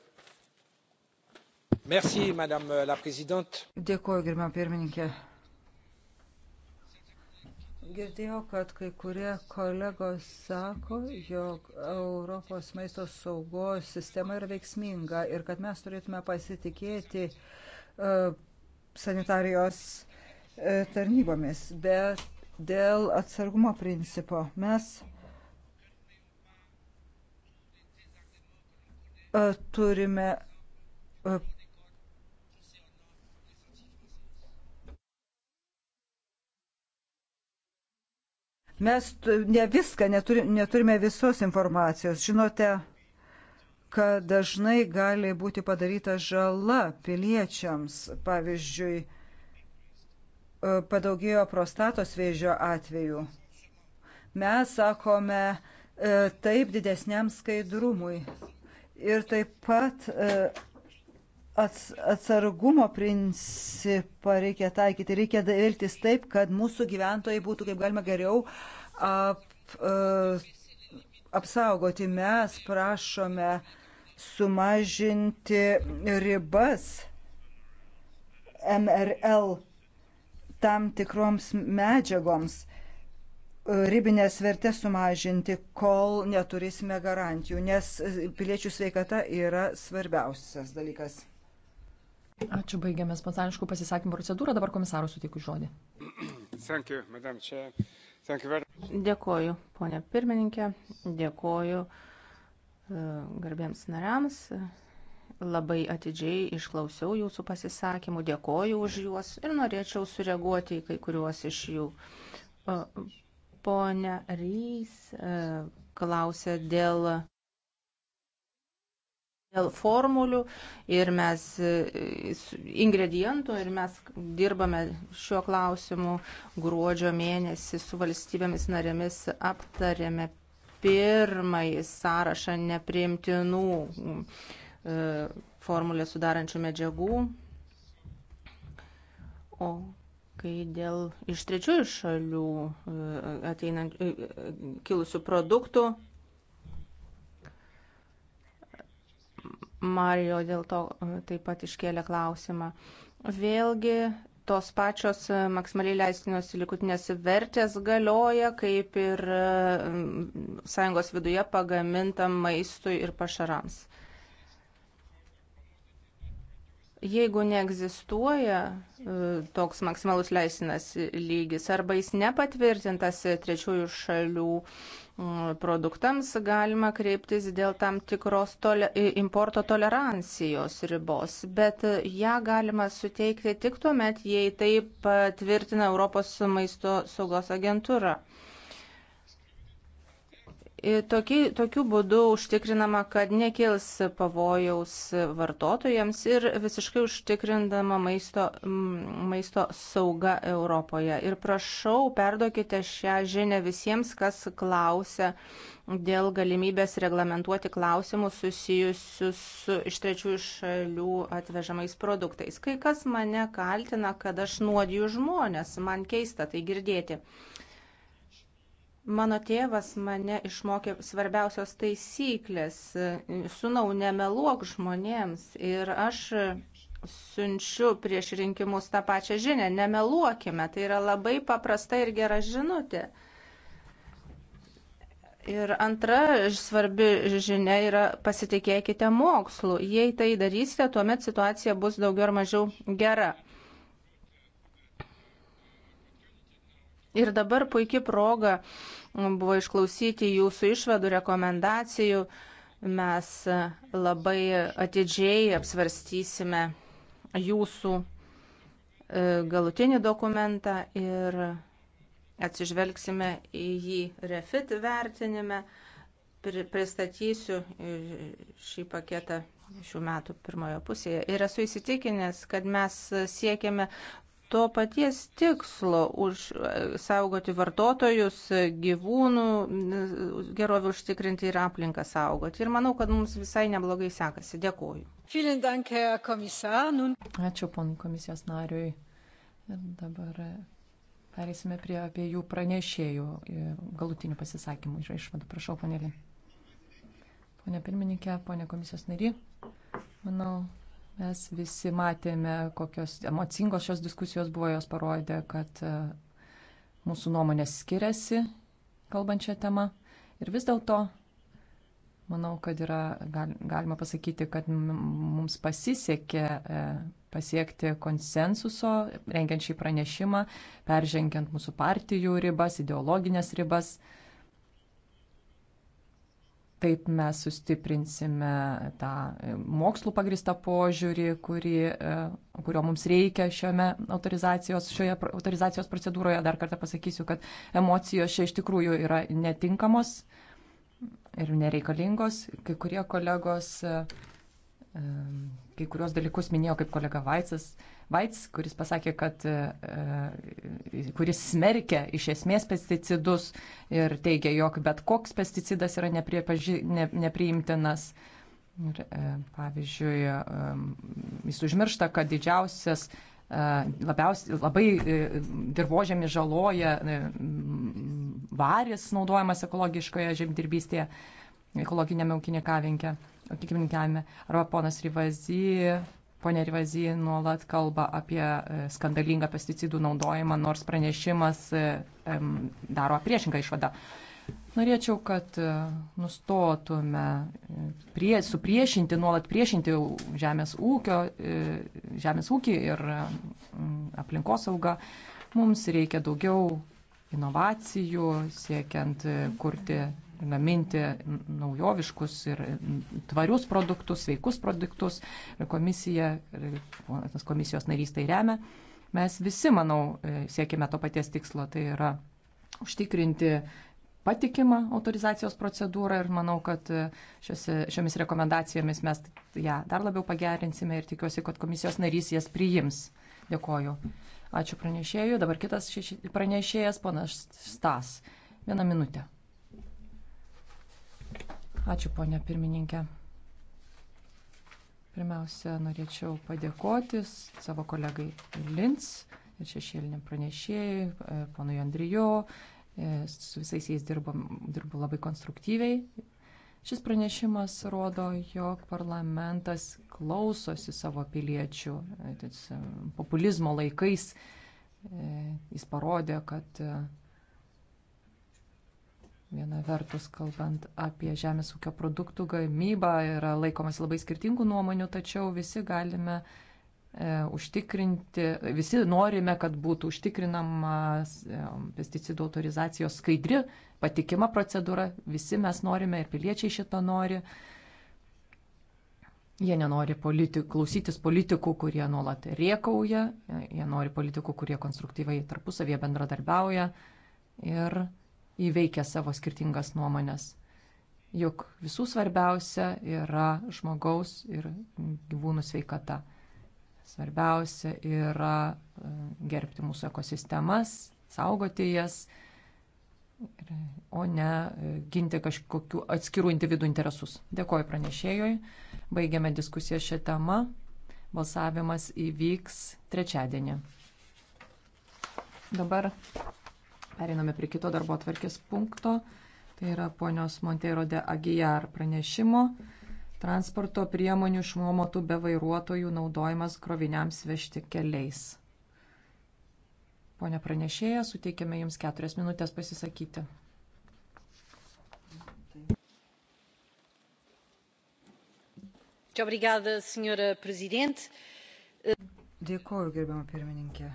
Dėkuoju, gerbiam pirmininkė. Girdėjau, kad kai kurie kolegos sako, jog Europos maisto saugos sistema yra veiksminga ir kad mes turėtume pasitikėti uh, sanitarijos uh, tarnybomis, bet dėl atsargumo principo mes uh, turime uh, Mes ne viską, neturi, neturime visos informacijos. Žinote, kad dažnai gali būti padaryta žala piliečiams. Pavyzdžiui, e, padaugėjo prostatos vėžio atvejų. Mes sakome e, taip didesniam skaidrumui. Ir taip pat e, atsargumo principą reikia taikyti, reikia elgtis taip, kad mūsų gyventojai būtų kaip galima geriau ap, e, apsaugoti. Mes prašome sumažinti ribas MRL tam tikroms medžiagoms e, ribinės vertės sumažinti, kol neturėsime garantijų, nes piliečių sveikata yra svarbiausias dalykas. Ačiū, baigiame spontaniškų pasisakymų procedūrą. Dabar komisarų suteikiu žodį. You, dėkoju, ponė pirmininkė, dėkoju e, garbėms nariams. Labai atidžiai išklausiau jūsų pasisakymų, dėkoju už juos ir norėčiau sureaguoti į kai kuriuos iš jų. E, Pone Rys e, klausė dėl dėl formulių ir mes e, ingredientų ir mes dirbame šiuo klausimu gruodžio mėnesį su valstybėmis narėmis aptarėme pirmąjį sąrašą nepriimtinų e, formulę sudarančių medžiagų. O kai dėl iš trečiųjų šalių e, ateinant kilusių produktų Mario dėl to e, taip pat iškėlė klausimą. Vėlgi tos pačios e, maksimaliai leistinos likutinės vertės galioja, kaip ir e, sąjungos viduje pagamintam maistui ir pašarams. Jeigu neegzistuoja toks maksimalus leistinas lygis arba jis nepatvirtintas trečiųjų šalių produktams galima kreiptis dėl tam tikros tole, importo tolerancijos ribos, bet ją galima suteikti tik tuomet, jei tai patvirtina Europos maisto saugos agentūra. E, Tokiai, tokiu būdu užtikrinama, kad nekils pavojaus vartotojams ir visiškai užtikrindama maisto, maisto sauga Europoje. Ir prašau, perduokite šią žinę visiems, kas klausia dėl galimybės reglamentuoti klausimus susijusius su iš trečiųjų šalių atvežamais produktais. Kai kas mane kaltina, kad aš nuodiju žmonės, man keista tai girdėti. Mano tėvas mane išmokė svarbiausios taisyklės. Sūnau, nemeluok žmonėms. Ir aš siunčiu prieš rinkimus tą pačią žinę. Nemeluokime. Tai yra labai paprasta ir gera žinutė. Ir antra svarbi žinia yra pasitikėkite mokslu. Jei tai darysite, tuomet situacija bus daugiau ar mažiau gera. Ir dabar puikia proga buvo išklausyti jūsų išvadų, rekomendacijų. Mes labai atidžiai apsvarstysime jūsų e, galutinį dokumentą ir atsižvelgsime į jį refit vertinime. Pristatysiu e, šį paketą šių metų pirmojo pusėje. Ir esu įsitikinęs, kad mes siekiame to paties tikslo e, saugoti vartotojus, gyvūnų gerovį užtikrinti ir aplinką saugoti. Ir manau, kad mums visai neblogai sekasi. Dėkuoju. Ačiū ponui komisijos nariui. Ir dabar e, Perėsime prie abiejų pranešėjų e, galutinių pasisakymų ir išvadų. Prašau, ponėlė. Pone pirmininkė, ponė komisijos nary, manau, Mes visi matėme, kokios emocingos šios diskusijos buvo, jos parodė, kad e, mūsų nuomonės skiriasi kalbančią temą. Ir vis dėlto, manau, kad yra, gal, galima pasakyti, kad mums pasisekė e, pasiekti konsensuso, rengiant šį pranešimą, peržengiant mūsų partijų ribas, ideologinės ribas. Taip mes sustiprinsime tą e, mokslų pagristą požiūrį, kurį, e, kurio mums reikia šiame autorizacijos, šioje autorizacijos procedūroje. Dar kartą pasakysiu, kad emocijos čia iš tikrųjų yra netinkamos ir nereikalingos. Kai kurie kolegos, e, kai kurios dalykus minėjo kaip kolega Vaicas, Vaits, kuris pasakė, kad, e, e, kuris smerkia iš esmės pesticidus ir teigia, jog bet koks pesticidas yra nepriepaži, ne, nepriimtinas. Ir, e, pavyzdžiui, jis užmiršta, kad didžiausias labiausiai labai dirbožėmį žaloja varis naudojamas ekologiškoje žemdirbystėje, ekologinėme ūkininkavime. Arba ponas Rivazy Pone Rivazy nuolat kalba apie e, skandalingą pesticidų naudojimą, nors pranešimas e, daro priešingą išvadą. Norėčiau, kad e, nustotume prie, supriešinti, nuolat priešinti žemės, ūkio, žemės ūkį ir aplinkosaugą. Mums reikia daugiau inovacijų, siekiant kurti gaminti naujoviškus ir tvarius produktus, sveikus produktus. Komisija, tas komisijos narys tai remia. Mes visi, manau, siekime to paties tikslo, tai yra užtikrinti patikimą autorizacijos procedūrą ir manau, kad šiose, šiomis rekomendacijomis mes ją dar labiau pagerinsime ir tikiuosi, kad komisijos narys jas priims. Dėkoju. Ačiū pranešėjui. Dabar kitas pranešėjas, ponas Stas. Vieną minutę. Ačiū, ponia pirmininkė. Pirmiausia, norėčiau padėkoti savo kolegai Lins ir šešėliniam pranešėjai, e, ponui Andrijo. E, su visais jais dirbu, dirbu labai konstruktyviai. Šis pranešimas rodo, jog parlamentas klausosi savo piliečių. E, populizmo laikais jis parodė, kad Viena vertus, kalbant apie žemės ūkio produktų gamybą, yra laikomas labai skirtingų nuomonių, tačiau visi galime e, užtikrinti, visi norime, kad būtų užtikrinamas e, pesticidų autorizacijos skaidri, patikima procedūra, visi mes norime ir piliečiai šito nori. Jie nenori politi klausytis politikų, kurie nuolat riekauja, jie nori politikų, kurie konstruktyviai tarpusavėje bendradarbiauja. Ir įveikia savo skirtingas nuomonės. Juk visų svarbiausia yra žmogaus ir gyvūnų sveikata. Svarbiausia yra e, gerbti mūsų ekosistemas, saugoti jas, o ne e, ginti kažkokių atskirų individų interesus. Dėkoju pranešėjoj. Baigiame diskusiją šią temą. Balsavimas įvyks trečiadienį. Dabar Periname prie kito darbo atvarkės punkto. Tai yra ponios Monteiro de Agijar pranešimo. Transporto priemonių išnuomotų be vairuotojų naudojimas kroviniams vežti keliais. Pone pranešėja, suteikėme Jums keturias minutės pasisakyti. Dėkuoju, gerbiamą pirmininkę.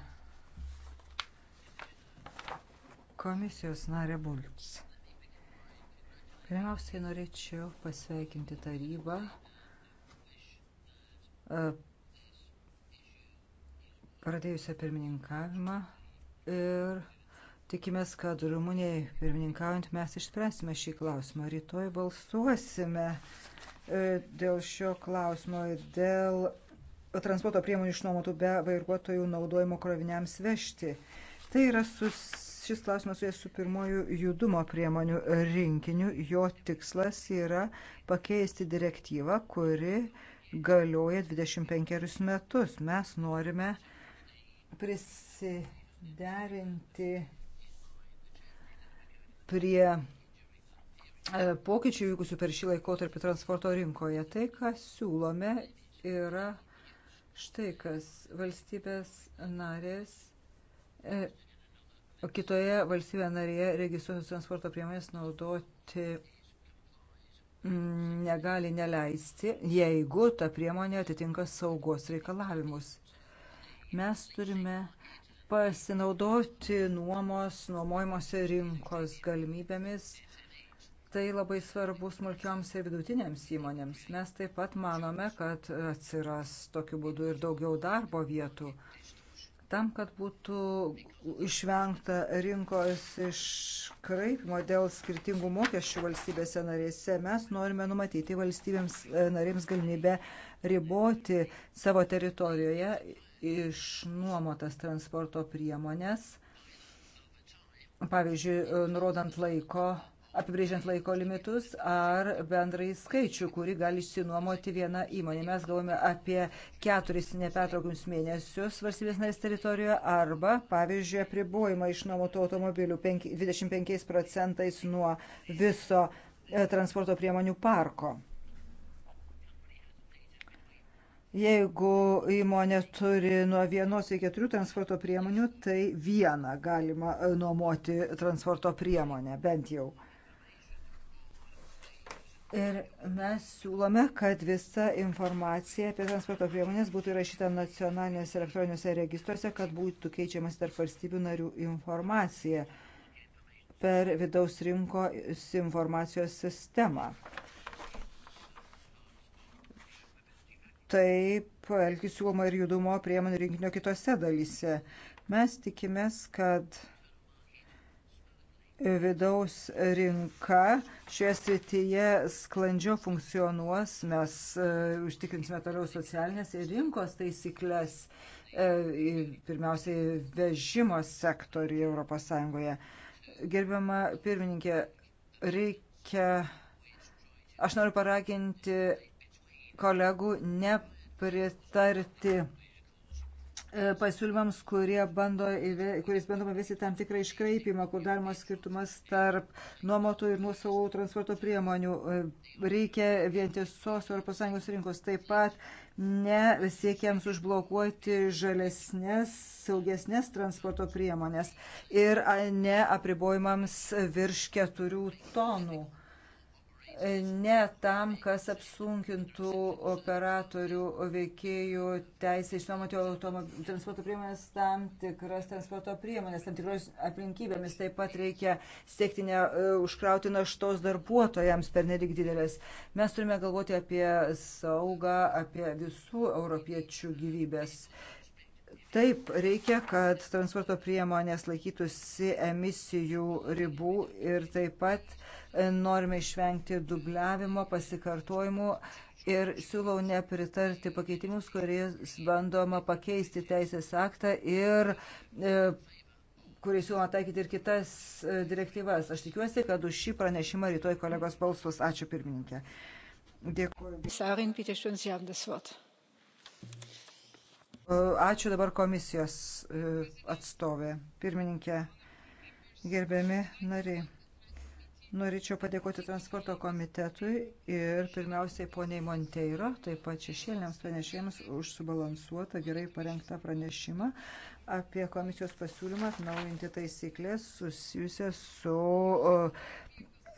Komisijos narė Bulks. Pirmiausiai norėčiau pasveikinti tarybą e, pradėjusią pirmininkavimą ir tikimės, kad Rumunijai pirmininkaujant mes išspręsime šį klausimą. Rytoj balsuosime e, dėl šio klausimo ir dėl transporto priemonių išnuomotų be vairuotojų naudojimo kroviniams vežti. Tai yra susijęs šis klausimas susijęs su pirmoju judumo priemonių rinkiniu. Jo tikslas yra pakeisti direktyvą, kuri galioja 25 metus. Mes norime prisiderinti prie e, pokyčių vykusių per šį laikotarpį transporto rinkoje. Tai, ką siūlome, yra štai kas valstybės narės e, kitoje valstybėje narėje registruotos transporto priemonės naudoti mm, negali neleisti, jeigu ta priemonė atitinka saugos reikalavimus. Mes turime pasinaudoti nuomos, nuomojimuose rinkos galimybėmis. Tai labai svarbu smulkioms ir vidutinėms įmonėms. Mes taip pat manome, kad atsiras tokiu būdu ir daugiau darbo vietų. Uh, tam, kad būtų išvengta rinkos iškraipimo dėl skirtingų mokesčių valstybėse narėse, mes norime numatyti valstybėms e, narėms galimybę riboti savo teritorijoje išnuomotas transporto priemonės, pavyzdžiui, e, nurodant laiko apibrėžiant laiko limitus ar bendrai skaičių, kurį gali išsinuomoti viena įmonė. Mes galvome apie keturis nepertraukimus mėnesius valstybės narės teritorijoje arba, pavyzdžiui, apribojimą išnuomotų automobilių 25 procentais nuo viso e, transporto priemonių parko. Jeigu įmonė turi nuo vienos iki keturių transporto priemonių, tai vieną galima e, nuomoti transporto priemonę, bent jau. Ir mes siūlome, kad visa informacija apie transporto priemonės būtų įrašyta nacionalinėse elektroniniuose registruose, kad būtų keičiamas tarp valstybių narių informacija per vidaus rinkos informacijos sistemą. Taip, elgis siūloma ir judumo priemonių rinkinio kitose dalyse. Mes tikimės, kad vidaus rinka šioje srityje sklandžiau funkcionuos, mes e, užtikrinsime toliau socialinės ir rinkos taisyklės, e, pirmiausiai vežimo sektoriui ES. Gerbiama pirmininkė, reikia, aš noriu paraginti kolegų nepritarti E, pasiūlymams, bando, kuris bandoma visi tam tikrą iškraipimą, kur daromas skirtumas tarp nuomotų ir nuosavų transporto priemonių. E, reikia vientisos ES rinkos taip pat ne siekiams užblokuoti žalesnės, saugesnės transporto priemonės ir ne apribojimams virš keturių tonų ne tam, kas apsunkintų operatorių veikėjų teisę išnuomoti transporto priemonės tam tikras transporto priemonės, tam tikros aplinkybėmis. Taip pat reikia siekti neužkrauti e, naštos darbuotojams per nedik didelės. Mes turime galvoti apie saugą, apie visų europiečių gyvybės. Taip, reikia, kad transporto priemonės laikytųsi emisijų ribų ir taip pat uh, norime išvengti dubliavimo, pasikartojimų ir siūlau nepritarti pakeitimus, kuriais bandoma pakeisti teisės aktą ir e, kuriais siūloma taikyti ir kitas e, direktyvas. Aš tikiuosi, kad už šį pranešimą rytoj kolegos balsus. Ačiū pirmininkė. Dėkuoju. E, ačiū dabar komisijos e, atstovė, pirmininkė, gerbiami nariai. Norėčiau padėkoti transporto komitetui ir pirmiausiai poniai Monteiro, taip pat šešėliniams pranešėjams už subalansuotą, gerai parengtą pranešimą apie komisijos pasiūlymą atnaujinti taisyklės susijusias su uh,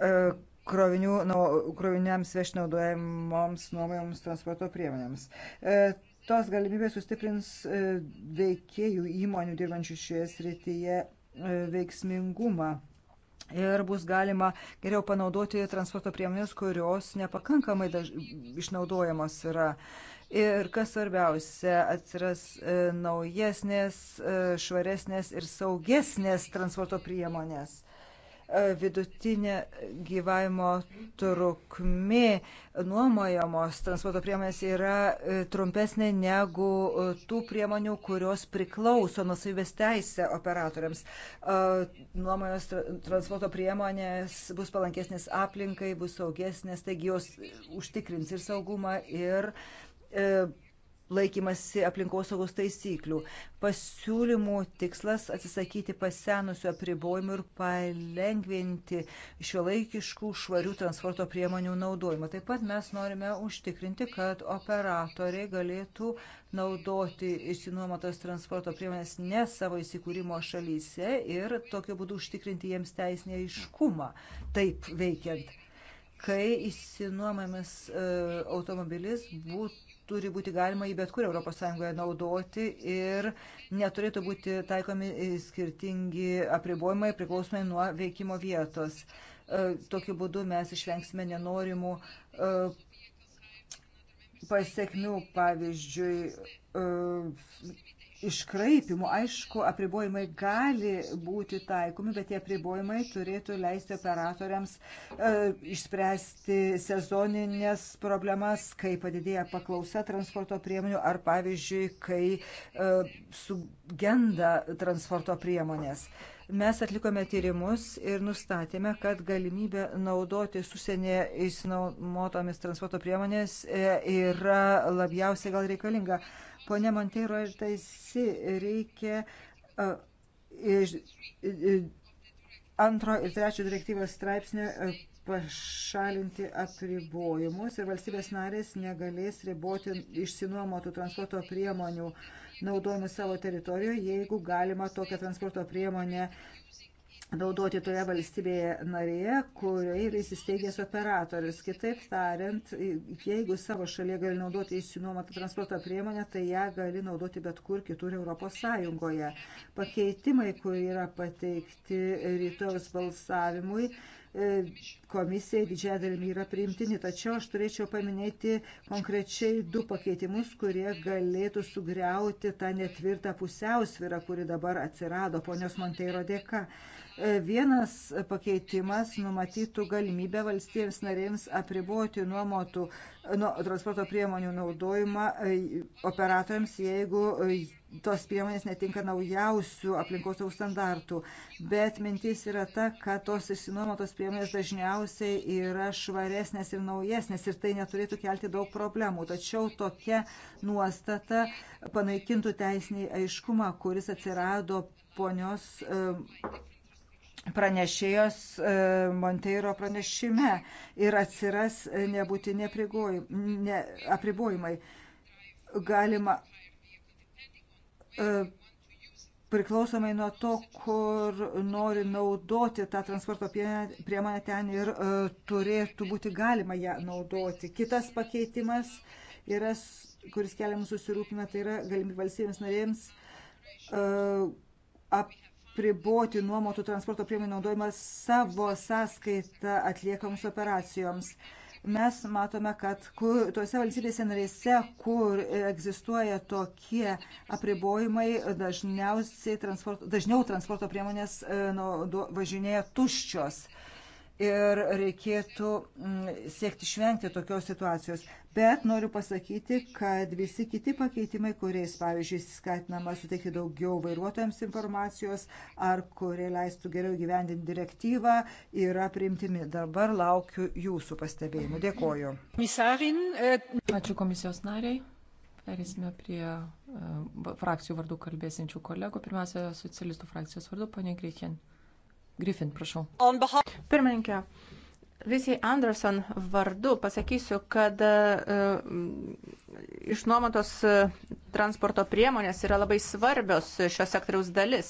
uh, krovinių, nu, kroviniams vežnaudojamoms nuomojamoms transporto priemonėms. Uh, tos galimybės sustiprins veikėjų įmonių dirbančių šioje srityje veiksmingumą ir bus galima geriau panaudoti transporto priemonės, kurios nepakankamai daž... išnaudojamos yra. Ir kas svarbiausia, atsiras e, naujesnės, e, švaresnės ir saugesnės transporto priemonės. E, vidutinė gyvavimo trukmė nuomojamos transporto priemonės yra e, trumpesnė negu e, tų priemonių, kurios priklauso nusavybės teisė operatoriams. Nuomojos transporto priemonės bus palankesnės aplinkai, bus saugesnės, taigi jos užtikrins ir saugumą, ir laikymasi aplinkosaugos taisyklių. Pasiūlymų tikslas atsisakyti pasenusių apribojimų ir palengvinti šio laikiškų švarių transporto priemonių naudojimą. Taip pat mes norime užtikrinti, kad operatoriai galėtų naudoti išsinuomotas transporto priemonės ne savo įsikūrimo šalyse ir tokiu būdu užtikrinti jiems teisinį aiškumą taip veikiant kai įsinuomamas e, automobilis būt, turi būti galima į bet kur ES naudoti ir neturėtų būti taikomi skirtingi apribojimai priklausomai nuo veikimo vietos. E, tokiu būdu mes išvengsime nenorimų e, pasiekmių, pavyzdžiui, e, iškraipimų. Aišku, apribojimai gali būti taikomi, bet tie apribojimai turėtų leisti operatoriams e, išspręsti sezoninės problemas, kai padidėja paklausa transporto priemonių ar, pavyzdžiui, kai e, sugenda transporto priemonės. Mes atlikome tyrimus ir nustatėme, kad galimybė naudoti susienėje įsinaumotomis transporto priemonės e, yra labiausiai gal reikalinga. E, Pone Monteiro ir taisi reikia antro ir trečio direktyvos straipsnio pašalinti apribojimus ir valstybės narės negalės riboti išsinuomotų transporto priemonių naudojimus savo teritorijoje, jeigu galima tokią transporto priemonę naudoti toje valstybėje narėje, kurioje yra įsisteigęs operatorius. Kitaip tariant, jeigu savo šalyje gali naudoti įsinuomotą transporto priemonę, tai ją gali naudoti bet kur kitur Europos Sąjungoje. Pakeitimai, kurie yra pateikti rytojus balsavimui, e, komisijai didžiąją dalimi yra priimtini. Tačiau aš turėčiau paminėti konkrečiai du pakeitimus, kurie galėtų sugriauti tą netvirtą pusiausvyrą, kuri dabar atsirado ponios Monteiro dėka. Vienas pakeitimas numatytų galimybę valstybėms narėms apriboti nuomotų nu, transporto priemonių naudojimą e, operatoriams, jeigu e, tos priemonės netinka naujausių aplinkos standartų. Bet mintis yra ta, kad tos išsinuomotos priemonės dažniausiai yra švaresnės ir naujesnės ir tai neturėtų kelti daug problemų. Tačiau tokia nuostata panaikintų teisinį aiškumą, kuris atsirado ponios. Um, pranešėjos e, Monteiro pranešime ir atsiras nebūtini ne, apribojimai. Galima e, priklausomai nuo to, kur nori naudoti tą transporto priemonę ten ir e, turėtų būti galima ją naudoti. Kitas pakeitimas, yra, kuris kelia mūsų susirūpinimą, tai yra galimybė valstybėms narėms ap priboti nuomotų transporto priemonių naudojimą savo sąskaitą atliekamoms operacijoms. Mes matome, kad kur, tuose valstybėse narėse, kur egzistuoja tokie apribojimai, dažniausiai transporto, dažniau transporto priemonės nu, važinėja tuščios. Uh, ir reikėtų mm, siekti išvengti tokios situacijos. Bet noriu pasakyti, kad visi kiti pakeitimai, kuriais, pavyzdžiui, skatinama suteikti daugiau vairuotojams informacijos ar kurie leistų geriau gyvendinti direktyvą, yra priimtimi. Dabar laukiu jūsų pastebėjimų. Dėkoju. E, Ačiū komisijos nariai. Perėsime prie e, frakcijų vardų kalbėsinčių kolegų. Pirmiausia, socialistų frakcijos vardu, ponė Greikien. Griffin, prašau. Pirmininkė, Visi Anderson vardu pasakysiu, kad e, išnuomotos e, transporto priemonės yra labai svarbios šio sektoriaus dalis.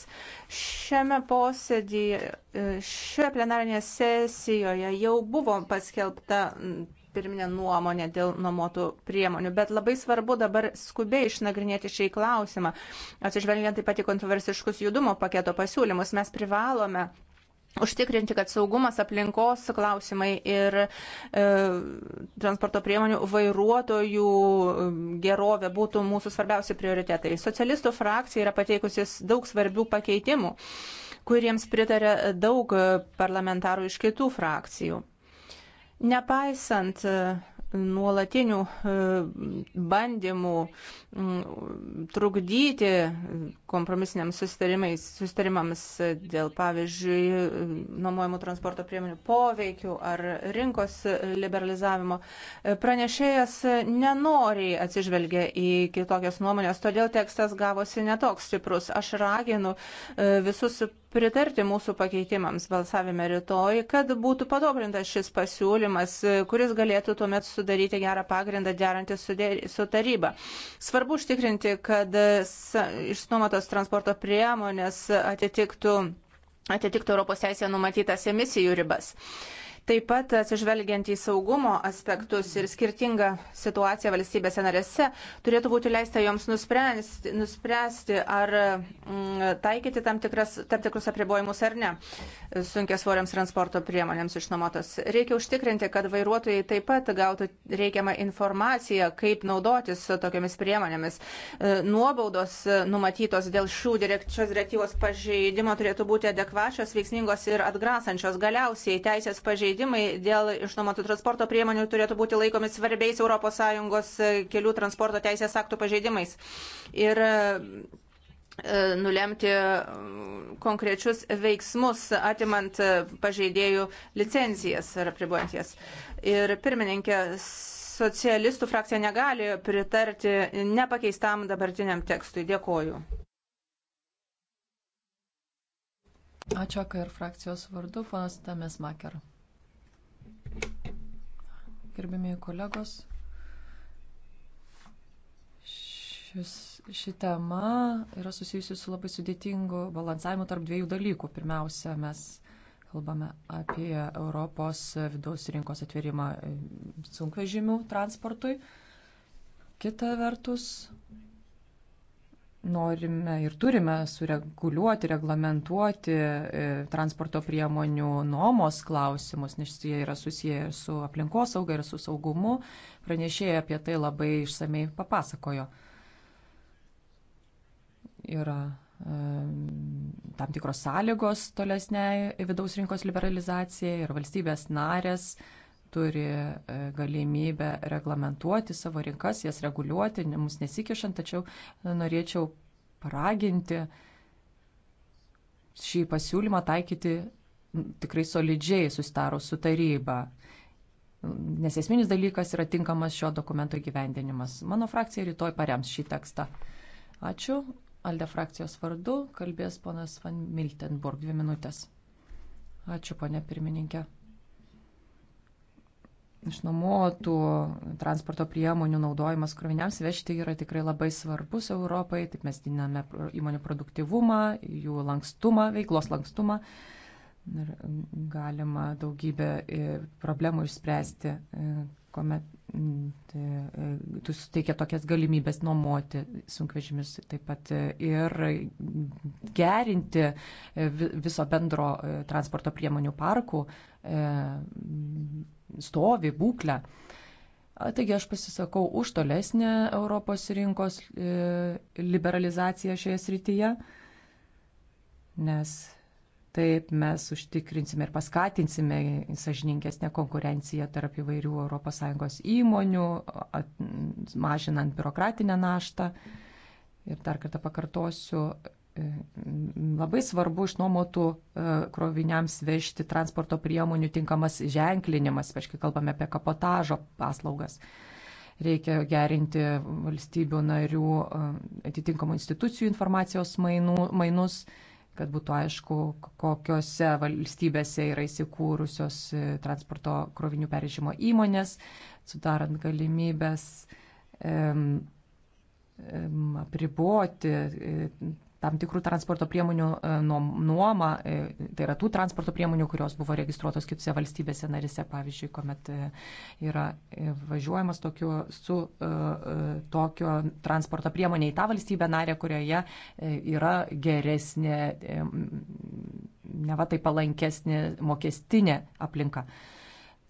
Šiame posėdėje, e, šioje plenarinėje sesijoje jau buvo paskelbta pirminė nuomonė dėl nuomotų priemonių, bet labai svarbu dabar skubiai išnagrinėti šį klausimą. Atsižvelgiant taip pat į kontroversiškus judumo paketo pasiūlymus, mes privalome užtikrinti, kad saugumas, aplinkos klausimai ir e, transporto priemonių vairuotojų e, gerovė būtų mūsų svarbiausi prioritetai. Socialistų frakcija yra pateikusis daug svarbių pakeitimų, kuriems pritarė daug parlamentarų iš kitų frakcijų. Nepaisant e, nuolatinių e, bandymų trukdyti kompromisiniams sustarimams dėl, pavyzdžiui, nuomojamų transporto priemonių poveikių ar rinkos liberalizavimo. Pranešėjas nenoriai atsižvelgia į kitokias nuomonės, todėl tekstas gavosi netoks stiprus. Aš raginu e, visus pritarti mūsų pakeitimams balsavime rytoj, kad būtų patobrintas šis pasiūlymas, e, kuris galėtų tuomet sudaryti gerą pagrindą derantį su taryba. Svarbu užtikrinti, kad išnuomotos naujos transporto priemonės atitiktų atitiktų Europos teisėje numatytas emisijų ribas. Taip pat atsižvelgiant į saugumo aspektus ir skirtingą situaciją valstybėse narėse, turėtų būti leista joms nuspręsti, nuspręsti ar mm, taikyti tam, tikras, tam tikrus apribojimus ar ne sunkia svoriams transporto priemonėms išnuomotos. Reikia užtikrinti, kad vairuotojai taip pat gautų reikiamą informaciją, kaip naudotis tokiamis priemonėmis. E, nuobaudos numatytos dėl šių direkčios direktyvos pažeidimo turėtų būti adekvačios, veiksmingos ir atgrasančios. Galiausiai teisės pažeidimas pažeidimai dėl išnuomotų transporto priemonių turėtų būti laikomi svarbiais ES e, kelių transporto teisės aktų pažeidimais. Ir e, e, nulemti konkrečius veiksmus, atimant pažeidėjų licencijas ar apribuojant jas. Ir pirmininkė, socialistų frakcija negali pritarti nepakeistam dabartiniam tekstui. Dėkoju. Ačiū, kad ir frakcijos vardu, ponas Tamės Maker gerbėmiai kolegos. Šis, ši tema yra susijusi su labai sudėtingu balansavimu tarp dviejų dalykų. Pirmiausia, mes kalbame apie Europos vidaus rinkos atvirimą sunkvežimių transportui. Kita vertus, norime ir turime sureguliuoti, reglamentuoti e, transporto priemonių nuomos klausimus, nes jie yra susiję ir su aplinkosauga, ir su saugumu. Pranešėjai apie tai labai išsamei papasakojo. Yra e, tam tikros sąlygos tolesniai vidaus rinkos liberalizacijai ir valstybės narės uh, turi e, galimybę reglamentuoti savo rinkas, jas reguliuoti, mums nesikišant, tačiau e, norėčiau paraginti šį pasiūlymą taikyti tikrai solidžiai sustarus su taryba. Nes esminis dalykas yra tinkamas šio dokumento gyvendinimas. Mano frakcija rytoj parems šį tekstą. Ačiū. Alde frakcijos vardu kalbės ponas Van Miltenburg. Dvi minutės. Ačiū, ponė pirmininkė išnuomotų transporto priemonių naudojimas kroviniams vežti yra tikrai labai svarbus Europai, taip mes diname įmonių produktivumą, jų lankstumą, veiklos lankstumą ir galima daugybę e, problemų išspręsti, e, kuomet e, tu suteikia tokias galimybės nuomoti sunkvežimius taip pat ir gerinti viso bendro transporto priemonių parkų stovį, būklę. Taigi aš pasisakau už tolesnę Europos rinkos e, liberalizaciją šioje srityje, nes taip mes užtikrinsime ir paskatinsime sažiningesnę konkurenciją tarp įvairių ES įmonių, mažinant biurokratinę naštą. Ir dar kartą pakartosiu, labai svarbu išnuomotų e, kroviniams vežti transporto priemonių tinkamas ženklinimas, ypač kai kalbame apie kapotažo paslaugas. Reikia gerinti valstybių narių e, atitinkamų institucijų informacijos mainų, mainus, kad būtų aišku, kokiuose valstybėse yra įsikūrusios e, transporto krovinių pervežimo įmonės, sudarant galimybės apriboti tam tikrų transporto priemonių e, nuoma, e, tai yra tų transporto priemonių, kurios buvo registruotos kitose valstybėse narise, pavyzdžiui, kuomet e, yra važiuojamas tokiu, su tokio transporto priemonė į tą valstybę narę, kurioje yra geresnė, ne va tai palankesnė mokestinė aplinka.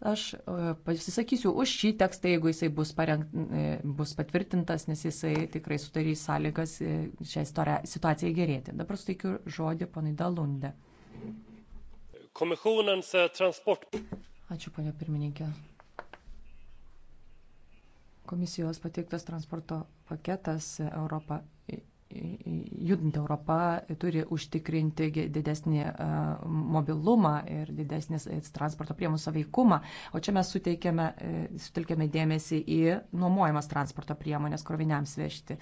Aš e, pasisakysiu už šį tekstą, jeigu jisai bus, parengt, e, bus patvirtintas, nes jisai tikrai sudarys sąlygas e, šią situaciją gerėti. Dabar suteikiu žodį ponai Dalunde. Transport... Ačiū, ponia pirmininkė. Komisijos pateiktas transporto paketas Europą judinti Europą turi užtikrinti didesnį e, mobilumą ir didesnį e, transporto priemonių saveikumą. O čia mes suteikėme, sutelkėme dėmesį į nuomojamas transporto priemonės kroviniams vežti.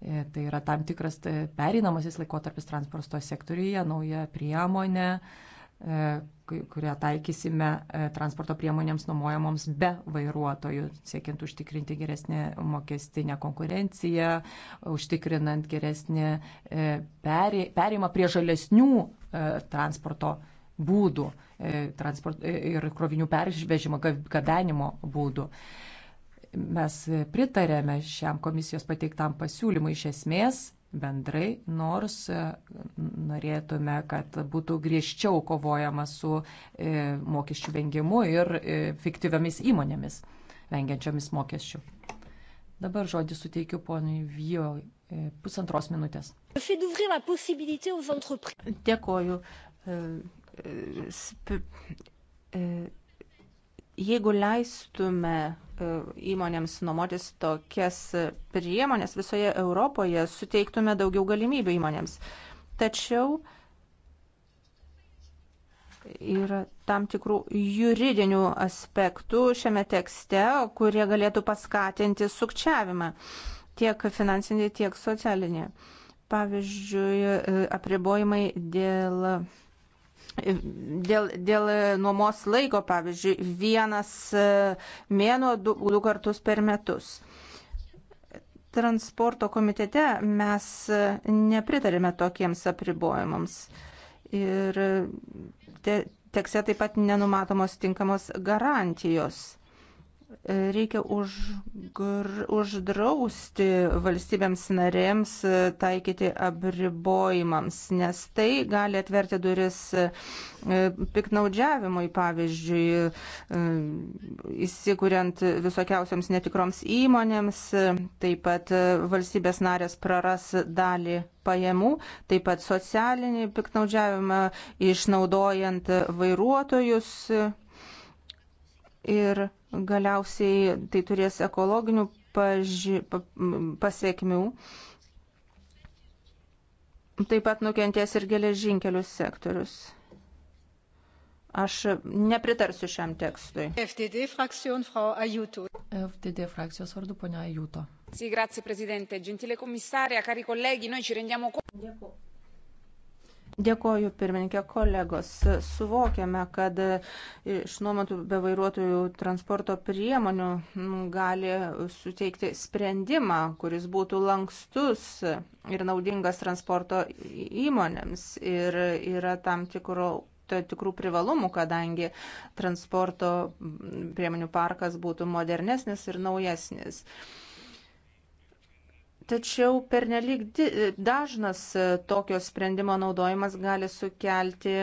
E, tai yra tam tikras pereinamasis laikotarpis transporto sektoriuje, nauja priemonė. Uh, E, kurią taikysime e, transporto priemonėms nuomojamoms be vairuotojų, siekiant užtikrinti geresnę mokestinę konkurenciją, užtikrinant geresnį e, perėjimą prie žalesnių transporto būdų transport, ir krovinių pervežimo, gabenimo būdų mes pritarėme šiam komisijos pateiktam pasiūlymui iš esmės bendrai, nors e, norėtume, kad būtų griežčiau kovojama su e, mokesčių vengimu ir e, fiktyviamis įmonėmis vengiančiomis mokesčių. Dabar žodį suteikiu ponui Vijo pusantros minutės. Dėkoju. Jeigu leistume E, įmonėms nuomotis tokias priemonės visoje Europoje, suteiktume daugiau galimybių įmonėms. Tačiau yra tam tikrų juridinių aspektų šiame tekste, kurie galėtų paskatinti sukčiavimą tiek finansinį, tiek socialinį. Pavyzdžiui, e, apribojimai dėl Dėl, dėl nuomos laiko, pavyzdžiui, vienas e, mėnuo du, du kartus per metus. Transporto komitete mes e, nepritarėme tokiems apribojimams. Ir te, tekste taip pat nenumatomos tinkamos garantijos Reikia užgr, uždrausti valstybėms narėms e, taikyti apribojimams, nes tai gali atverti duris e, piknaudžiavimui, pavyzdžiui, e, įsikuriant visokiausiams netikroms įmonėms, taip pat valstybės narės praras dalį pajamų, taip pat socialinį piknaudžiavimą, išnaudojant vairuotojus ir galiausiai tai turės ekologinių paži... pasiekmių. Taip pat nukentės ir geležinkelių sektorius. Aš nepritarsiu šiam tekstui. FDD, fraksion, FDD frakcijos vardu ponia Ajuto. Sì, grazie Presidente. Gentile commissaria, cari colleghi, noi ci rendiamo conto. Dėkoju, pirmininkė, kolegos. Suvokiame, kad išnuomotų be vairuotojų transporto priemonių gali suteikti sprendimą, kuris būtų lankstus ir naudingas transporto įmonėms. Ir yra tam tikro tikrų privalumų, kadangi transporto priemonių parkas būtų modernesnis ir naujesnis. Tačiau pernelik dažnas e, tokio sprendimo naudojimas gali sukelti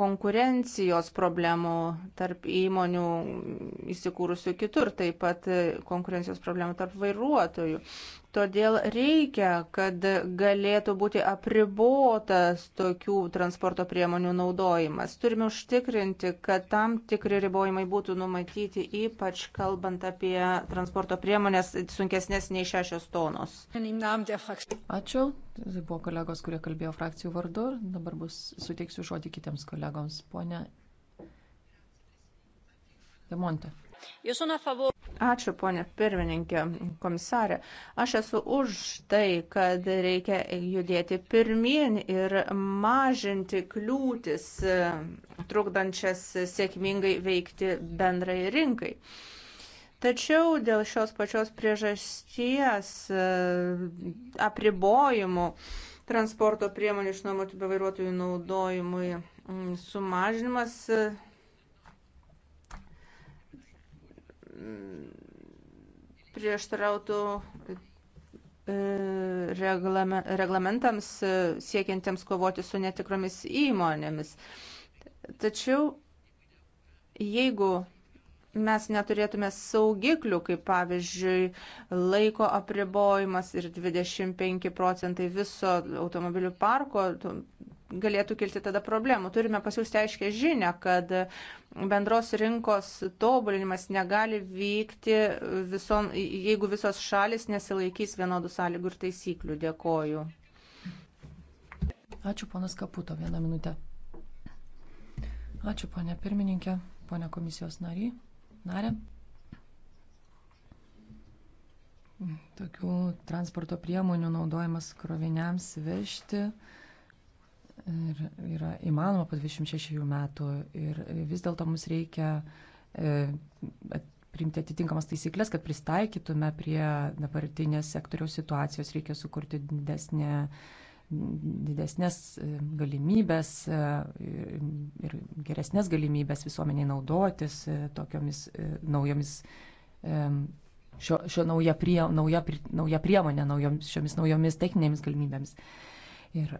konkurencijos problemų tarp įmonių įsikūrusių kitur, taip pat e, konkurencijos problemų tarp vairuotojų. Todėl reikia, kad galėtų būti apribotas tokių transporto priemonių naudojimas. Turime užtikrinti, kad tam tikri ribojimai būtų numatyti, ypač kalbant apie transporto priemonės sunkesnės nei šešios tonos. Ačiū. Tai buvo kolegos, kurie kalbėjo frakcijų vardu. Dabar bus suteiksiu žodį kitiems kolegoms. Pone Demonte. Ačiū, ponė pirmininkė, komisarė. Aš esu už tai, kad reikia judėti pirmien ir mažinti kliūtis, e, trukdančias sėkmingai veikti bendrai rinkai. Tačiau dėl šios pačios priežasties e, apribojimų transporto priemonių išnuomoti be vairuotojų naudojimui sumažinimas e, prieštarautų e, reglame, reglamentams e, siekiantiems kovoti su netikromis įmonėmis. Tačiau jeigu mes neturėtume saugiklių, kaip pavyzdžiui laiko apribojimas ir 25 procentai viso automobilių parko galėtų kilti tada problemų. Turime pasiūsti aiškę žinę, kad bendros rinkos tobulinimas negali vykti, vison, jeigu visos šalis nesilaikys vienodų sąlygų ir taisyklių. Dėkoju. Ačiū, ponas Kaputo, vieną minutę. Ačiū, ponė pirmininkė, ponė komisijos nary, narė. Tokių transporto priemonių naudojimas kroviniams vežti ir yra įmanoma po 26 metų ir vis dėlto mums reikia e, priimti atitinkamas taisyklės, kad pristaikytume prie dabartinės sektoriaus situacijos, reikia sukurti didesnę didesnės e, galimybės e, ir geresnės galimybės visuomeniai naudotis tokiomis naujomis šio, šio nauja, prie, nauja, nauja priemonė, naujomis, šiomis naujomis techninėmis galimybėmis. Ir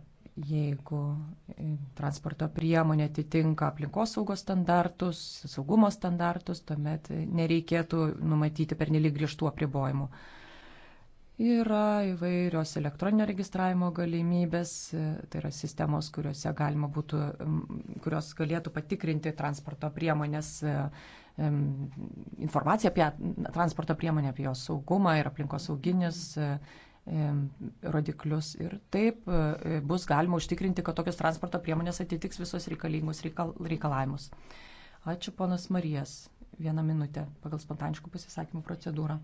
jeigu e, transporto priemonė atitinka aplinkosaugos standartus, saugumo standartus, tuomet e, nereikėtų numatyti pernelyg griežtų apribojimų. Yra įvairios elektroninio registravimo galimybės, e, tai yra sistemos, kuriuose galima būtų, kurios galėtų patikrinti transporto priemonės informaciją apie transporto priemonę, apie jos saugumą ir aplinkosauginius rodiklius ir taip e, bus galima užtikrinti, kad tokios transporto priemonės atitiks visos reikalingus reikal, reikalavimus. Ačiū ponas Marijas. Vieną minutę pagal spontaniškų pasisakymų procedūrą.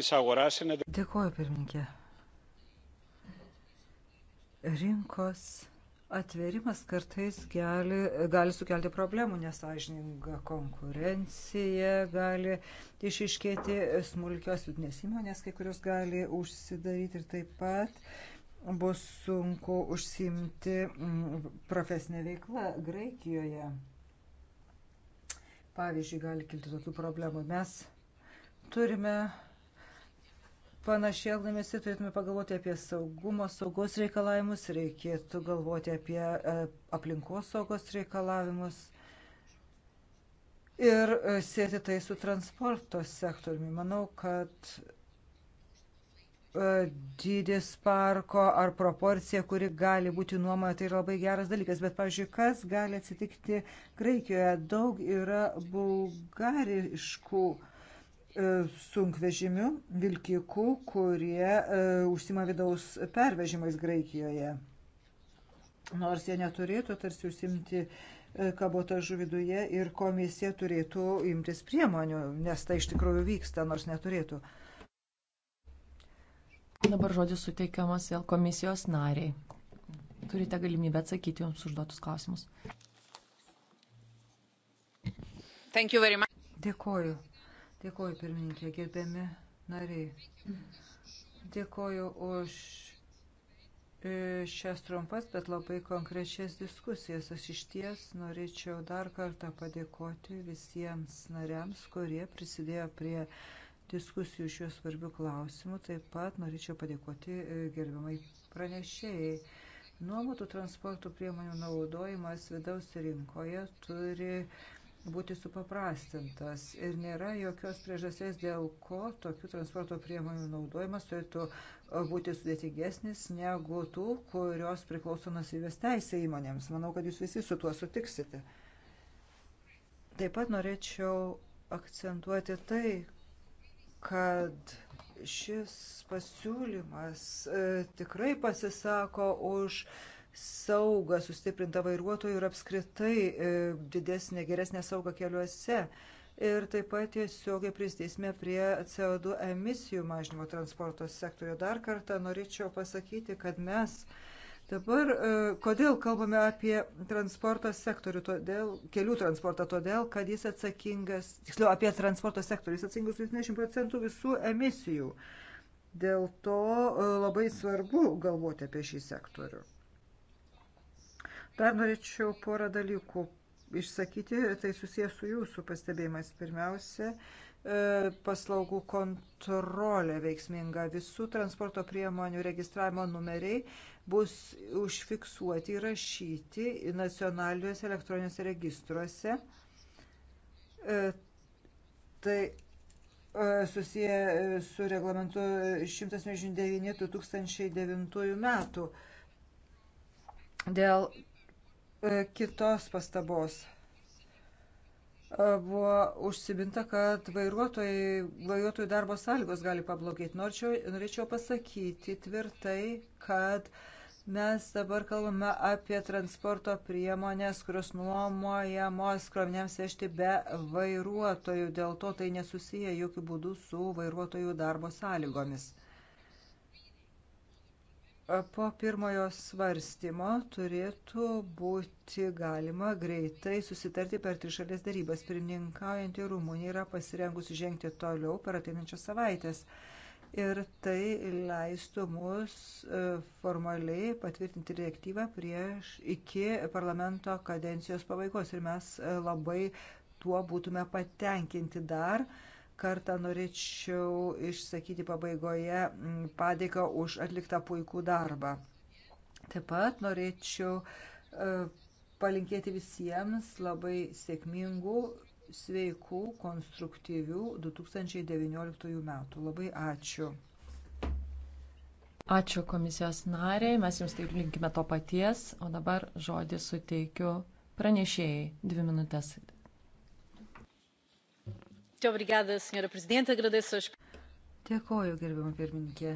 Dėkuoju, pirmininkė. Rinkos atverimas kartais gali, gali sukelti problemų, nesažininga konkurencija gali išiškėti smulkios vidinės įmonės, kai kurios gali užsidaryti ir taip pat bus sunku užsimti mm, profesinę veiklą Graikijoje. Pavyzdžiui, gali kilti tokių problemų. Mes turime panašiai elgdamėsi turėtume pagalvoti apie saugumo, saugos reikalavimus, reikėtų galvoti apie e, aplinkos saugos reikalavimus ir e, sėti tai su transporto sektoriumi. Manau, kad e, dydis parko ar proporcija, kuri gali būti nuomoja, tai yra labai geras dalykas. Bet, pavyzdžiui, kas gali atsitikti Graikijoje? Daug yra bulgariškų uh, E, sunkvežimių, vilkikų, kurie e, užsima vidaus pervežimais Graikijoje. Nors jie neturėtų tarsi užsimti e, kabotažų viduje ir komisija turėtų imtis priemonių, nes tai iš tikrųjų vyksta, nors neturėtų. Dabar žodis suteikiamas vėl komisijos nariai. Turite galimybę atsakyti jums užduotus klausimus. Dėkuoju. Dėkoju, pirmininkė, gerbiami nariai. Dėkoju už e, šias trumpas, bet labai konkrečias diskusijas. Aš iš ties norėčiau dar kartą padėkoti visiems nariams, kurie prisidėjo prie diskusijų šiuo svarbiu klausimu. Taip pat norėčiau padėkoti e, gerbiamai pranešėjai. Nuomotų transporto priemonių naudojimas vidaus rinkoje turi būti supaprastintas ir nėra jokios priežasties, dėl ko tokių transporto priemonių naudojimas turėtų būti sudėtingesnis negu tų, kurios priklauso nusivės teisė įmonėms. Manau, kad jūs visi su tuo sutiksite. Taip pat norėčiau akcentuoti tai, kad šis pasiūlymas e, tikrai pasisako už e, saugą sustiprintą vairuotojų ir apskritai e, didesnė, geresnė sauga keliuose. Ir taip pat tiesiogiai prisidėsime prie CO2 emisijų mažinimo transporto sektorio. Dar kartą norėčiau pasakyti, kad mes dabar, e, kodėl kalbame apie transporto sektorių, todėl, kelių transportą, todėl, kad jis atsakingas, tiksliau, apie transporto sektorių, jis atsakingas 70 procentų visų emisijų. Dėl to e, labai svarbu galvoti apie šį sektorių. Dar norėčiau porą dalykų išsakyti, tai susijęs su jūsų pastebėjimais. Pirmiausia, e, paslaugų kontrolė veiksminga. Visų transporto priemonių registravimo numeriai bus užfiksuoti, įrašyti nacionaliniuose elektroniniuose registruose. E, tai e, susiję su reglamentu 179 2009 metų. Dėl E, kitos pastabos. E, buvo užsibinta, kad vairuotojai, vairuotojų darbo sąlygos gali pablogėti. Norčiau, norėčiau pasakyti tvirtai, kad mes dabar kalbame apie transporto priemonės, kurios nuomojamos kroviniams vežti be vairuotojų. Dėl to tai nesusiję jokių būdų su vairuotojų darbo sąlygomis. Po pirmojo svarstymo turėtų būti galima greitai susitarti per trišalės darybas. Pirmininkaujantį Rumuniją yra pasirengusi žengti toliau per ateinančias savaitės. Ir tai leistų mus e, formaliai patvirtinti direktyvą prieš iki parlamento kadencijos pabaigos. Ir mes e, labai tuo būtume patenkinti dar. Uh, kartą norėčiau išsakyti pabaigoje mm, padėką už atliktą puikų darbą. Taip pat norėčiau e, palinkėti visiems labai sėkmingų, sveikų, konstruktyvių 2019 metų. Labai ačiū. Ačiū komisijos nariai, mes jums taip linkime to paties, o dabar žodį suteikiu pranešėjai dvi minutės Dėkoju, gerbiamą pirmininkę.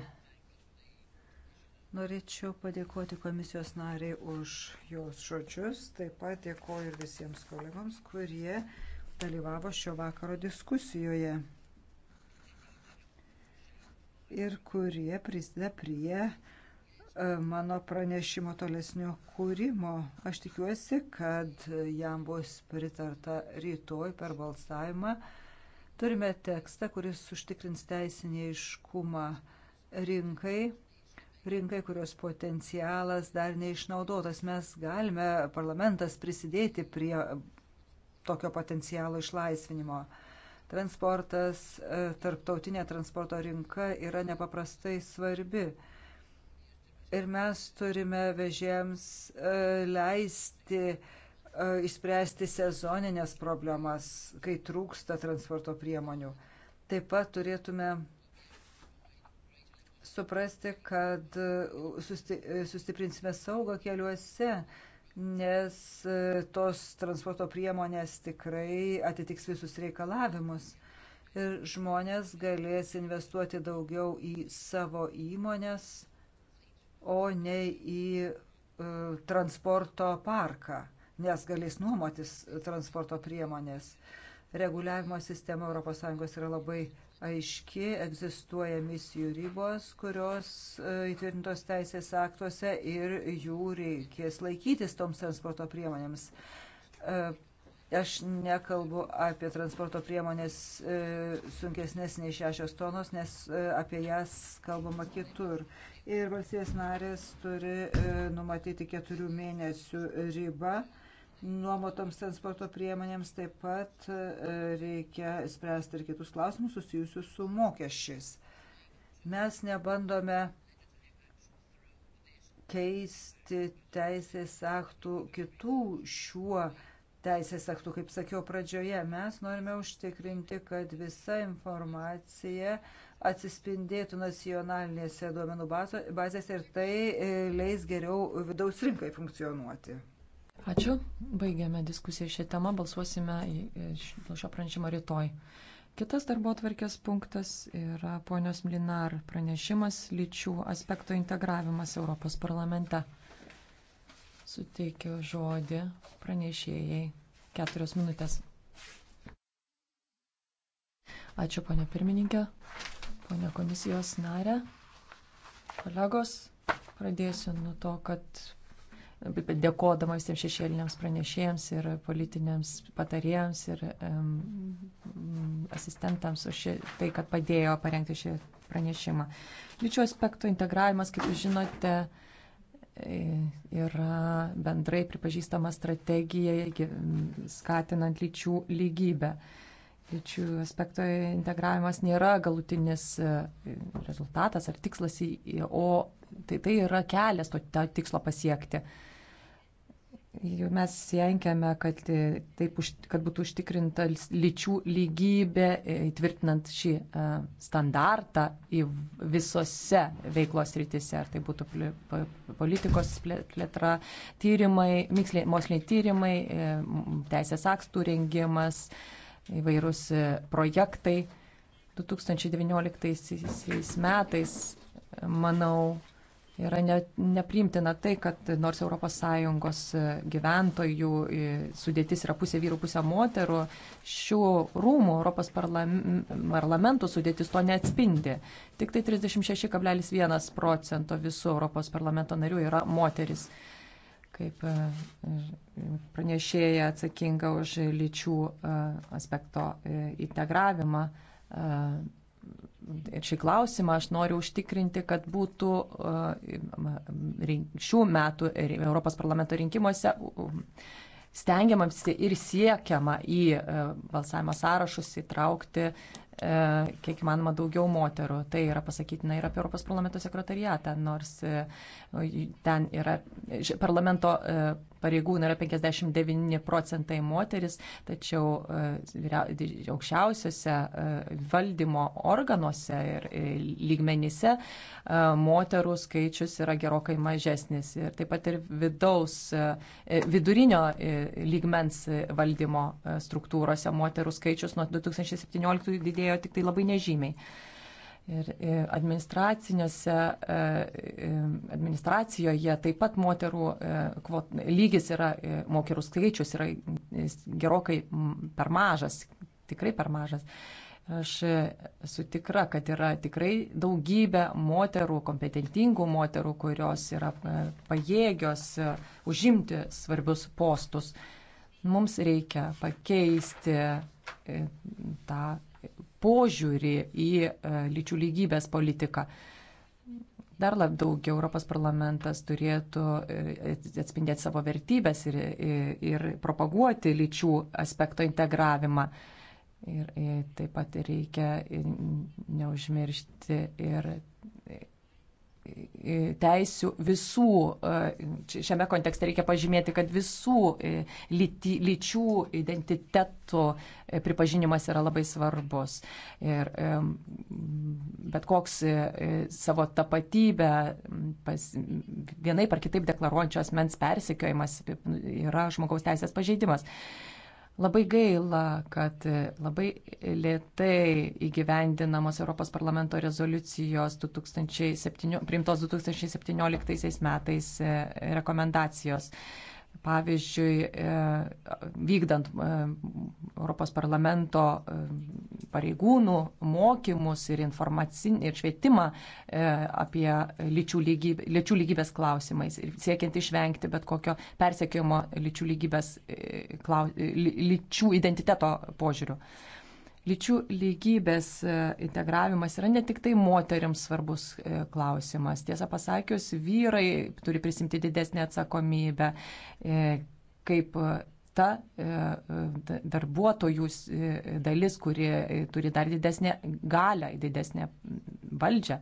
Norėčiau padėkoti komisijos nariai už jos žodžius, taip pat dėkoju ir visiems kolegoms, kurie dalyvavo šio vakaro diskusijoje ir kurie prisideda prie e, mano pranešimo tolesnio kūrimo. Aš tikiuosi, kad jam bus pritarta rytoj per balsavimą. Turime tekstą, kuris užtikrins teisinį iškumą rinkai, rinkai, kurios potencialas dar neišnaudotas. Mes galime, parlamentas, prisidėti prie tokio potencialo išlaisvinimo. Transportas, e, tarptautinė transporto rinka yra nepaprastai svarbi. Ir mes turime vežėms e, leisti E, išspręsti sezoninės problemas, kai trūksta transporto priemonių. Taip pat turėtume suprasti, kad e, sustiprinsime saugą keliuose, nes e, tos transporto priemonės tikrai atitiks visus reikalavimus ir žmonės galės investuoti daugiau į savo įmonės, o ne į e, transporto parką nes galės nuomotis transporto priemonės. Reguliavimo sistema ES yra labai aiški, egzistuoja misijų ribos, kurios e, įtvirtintos teisės aktuose ir jų reikės laikytis toms transporto priemonėms. E, aš nekalbu apie transporto priemonės e, sunkesnės nei šešios tonos, nes e, apie jas kalbama kitur. Ir valstybės narės turi e, numatyti keturių mėnesių ribą. E, nuomotoms transporto priemonėms taip pat e, reikia spręsti ir kitus klausimus susijusius su mokesčiais. Mes nebandome keisti teisės aktų kitų šiuo teisės aktų, kaip sakiau pradžioje, mes norime užtikrinti, kad visa informacija atsispindėtų nacionalinėse duomenų bazėse ir tai e, leis geriau vidaus rinkai funkcionuoti. Ačiū. Baigiame diskusiją šią temą. Balsuosime dėl šio pranešimo rytoj. Kitas darbo atvarkės punktas yra ponios Mlinar pranešimas lyčių aspekto integravimas Europos parlamente. Suteikiu žodį pranešėjai. Keturios minutės. Ačiū, ponia pirmininkė, ponia komisijos narė, kolegos. Pradėsiu nuo to, kad dėkodama visiems šešėliniams pranešėjams ir politiniams patarėjams ir um, asistentams už ši, tai, kad padėjo parengti šį pranešimą. Lyčių aspektų integravimas, kaip jūs žinote, e, yra bendrai pripažįstama strategija skatinant lyčių lygybę. Uh, lyčių aspekto integravimas nėra galutinis e, rezultatas ar tikslas, o tai, tai yra kelias to, to tikslo pasiekti. Jau mes siekiame, kad, e, taip, kad būtų užtikrinta lyčių lygybė, e, įtvirtinant šį standartą į visose veiklos rytise, ar tai būtų politikos plėtra, tyrimai, moksliniai tyrimai, teisės aktų rengimas, įvairūs e, projektai. 2019 metais, manau, yra ne, nepriimtina tai, kad nors ES e, gyventojų e, sudėtis yra pusė vyrų, pusė moterų, šių rūmų Europos parlamento sudėtis to neatspindi. Tik tai 36,1 procento visų Europos parlamento narių yra moteris kaip e, pranešėja atsakinga už lyčių e, aspekto e, integravimą. Ir šį klausimą aš noriu užtikrinti, kad būtų šių metų Europos parlamento rinkimuose stengiamasi ir siekiama į balsavimo sąrašus įtraukti E, kiek įmanoma daugiau moterų. Tai yra pasakytina ir apie Europos parlamento sekretariatą, nors e, ten yra parlamento e, pareigūnų yra 59 procentai moteris, tačiau aukščiausiose valdymo organuose ir lygmenyse moterų skaičius yra gerokai mažesnis. Ir taip pat ir vidaus, vidurinio lygmens valdymo struktūrose moterų skaičius nuo 2017 didėjo mažėjo tik tai labai nežymiai. Ir e, e, e, administracijoje taip pat moterų kvot, lygis yra, moterų skaičius yra gerokai per mažas, tikrai per mažas. Aš esu tikra, kad yra tikrai daugybė moterų, kompetentingų moterų, kurios yra pajėgios užimti svarbius postus. Mums reikia pakeisti tą požiūrį į e, lyčių lygybės politiką. Dar labiau daugiau Europos parlamentas turėtų e, atspindėti savo vertybės ir, ir, e, ir propaguoti lyčių aspekto integravimą. Ir, ir taip pat reikia neužmiršti ir E, teisių visų, e, šiame kontekste reikia pažymėti, kad visų e, lyti, lyčių identitetų pripažinimas yra labai svarbus. Ir bet koks savo tapatybę pas, vienaip ar kitaip deklaruojančio asmens persekiojimas yra žmogaus teisės pažeidimas. Labai gaila, kad labai lėtai įgyvendinamos Europos parlamento rezoliucijos 2007, priimtos 2017 metais e, rekomendacijos. Pavyzdžiui, e, vykdant e, Europos parlamento e, pareigūnų mokymus ir, ir švietimą apie lyčių, lygybė, lyčių lygybės klausimais ir siekiant išvengti bet kokio persekiojimo lyčių, lygybės, lyčių identiteto požiūrių lyčių lygybės e, integravimas yra ne tik tai moteriams svarbus e, klausimas. Tiesą pasakius, vyrai turi prisimti didesnį atsakomybę e, kaip ta darbuotojų dalis, kuri turi dar didesnę galę, didesnę valdžią.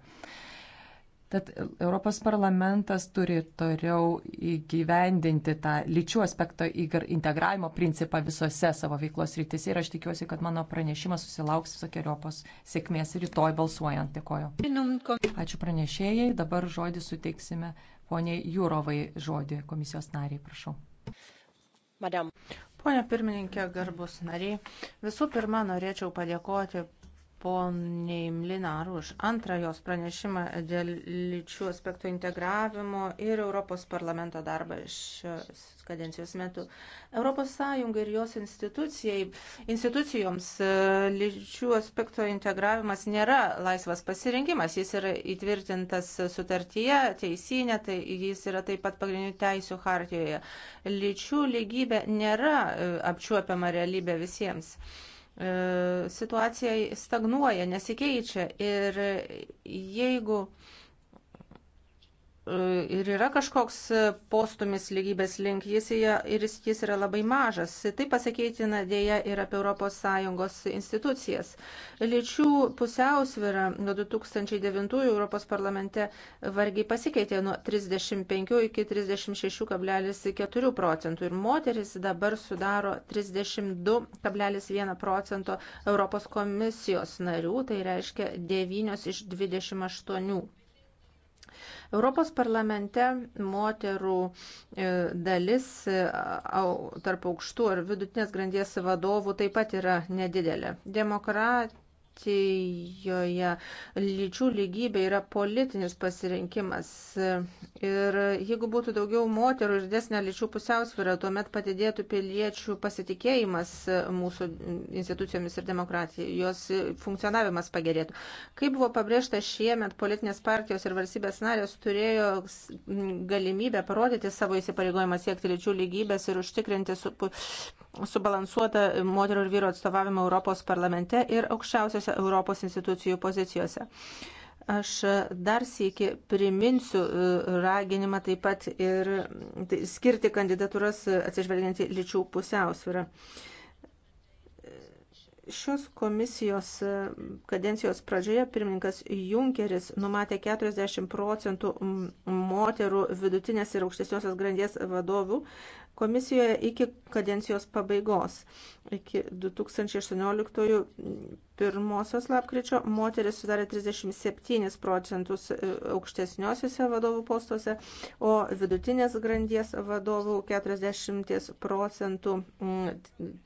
Tad Europos parlamentas turi toliau įgyvendinti tą lyčių aspekto integravimo principą visose savo veiklos rytise ir aš tikiuosi, kad mano pranešimas susilauks visokiojopos sėkmės rytoj balsuojant. Dėkoju. Ačiū pranešėjai. Dabar žodį suteiksime poniai Jūrovai žodį komisijos nariai, prašau. Madam. Pone pirmininkė, garbus nariai, visų pirma norėčiau padėkoti poniai Mlinaru už antrą jos pranešimą dėl lyčių aspektų integravimo ir Europos parlamento darbą šios kadencijos metu. Europos Sąjunga ir jos institucijoms e, lyčių aspekto integravimas nėra laisvas pasirinkimas, jis yra įtvirtintas sutartyje, teisinė, tai jis yra taip pat pagrindinių teisų hartijoje. Lyčių lygybė nėra e, apčiuopiama realybė visiems. E, situacija stagnuoja, nesikeičia ir jeigu ir yra kažkoks postumis lygybės link, jis, ir jis, jis yra labai mažas. Tai pasakytina dėja ir apie ES institucijas. Lyčių pusiausvėra nuo 2009 Europos parlamente vargiai pasikeitė nuo 35 iki 36,4 procentų ir moteris dabar sudaro 32,1 procento Europos komisijos narių, tai reiškia 9 iš 28. Europos parlamente moterų e, dalis e, tarp aukštų ir vidutinės grandies vadovų taip pat yra nedidelė. Demokrat Vokietijoje lyčių lygybė yra politinis pasirinkimas. Ir jeigu būtų daugiau moterų ir desnė lyčių pusiausvyrą, tuomet padidėtų piliečių pasitikėjimas mūsų institucijomis ir demokratija, jos funkcionavimas pagerėtų. Kaip buvo pabrėžta šiemet, politinės partijos ir valstybės narės turėjo galimybę parodyti savo įsipareigojimą siekti lyčių lygybės ir užtikrinti su, subalansuotą moterų ir vyro atstovavimą Europos parlamente ir aukščiausios visose Europos institucijų pozicijose. Aš dar sėki priminsiu e, raginimą taip pat ir tai skirti kandidatūras atsižvelgiant į lyčių pusiausvyrą. Šios komisijos kadencijos pradžioje pirmininkas Junkeris numatė 40 procentų moterų vidutinės ir aukštesniosios grandies vadovų komisijoje iki kadencijos pabaigos. Iki 2018 pirmosios lapkričio moteris sudarė 37 procentus e, aukštesniosiuose vadovų postuose, o vidutinės grandies vadovų 40 procentų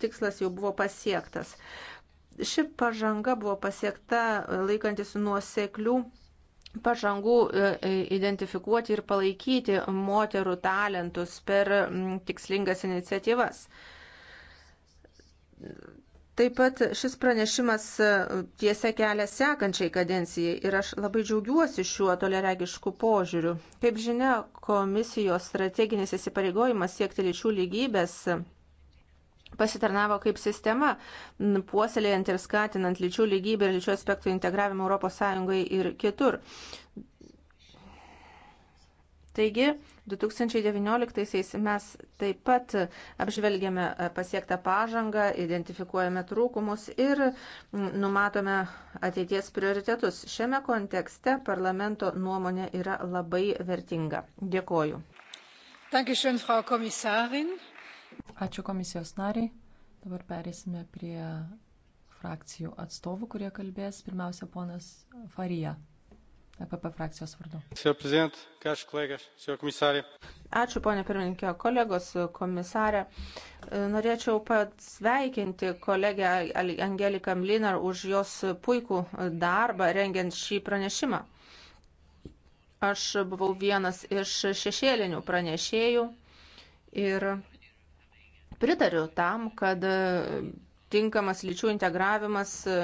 tikslas jau buvo pasiektas. Ši pažanga buvo pasiekta laikantis nuoseklių pažangų e, e, identifikuoti ir palaikyti moterų talentus per tikslingas iniciatyvas. Taip pat šis pranešimas e, tiesia kelią sekančiai kadencijai ir aš labai džiaugiuosi šiuo toleregišku požiūriu. Kaip žinia, komisijos strateginis įsipareigojimas siekti lyčių lygybės pasitarnavo kaip sistema, puoselėjant ir skatinant lyčių lygybę ir lyčių aspektų integravimą ES ir kitur. Taigi, 2019 mes taip pat apžvelgėme pasiektą pažangą, identifikuojame trūkumus ir numatome ateities prioritetus. Šiame kontekste parlamento nuomonė yra labai vertinga. Dėkoju. Dankeschön, Frau Kommissarin. Ačiū komisijos nariai. Dabar perėsime prie frakcijų atstovų, kurie kalbės. Pirmiausia, ponas Farija, EPP frakcijos vardu. Ačiū, ponė pirmininkė, kolegos komisarė. Norėčiau pasveikinti kolegę Angeliką Mlinar už jos puikų darbą rengiant šį pranešimą. Aš buvau vienas iš šešėlinių pranešėjų ir Pritariu tam, kad e, tinkamas lyčių integravimas e,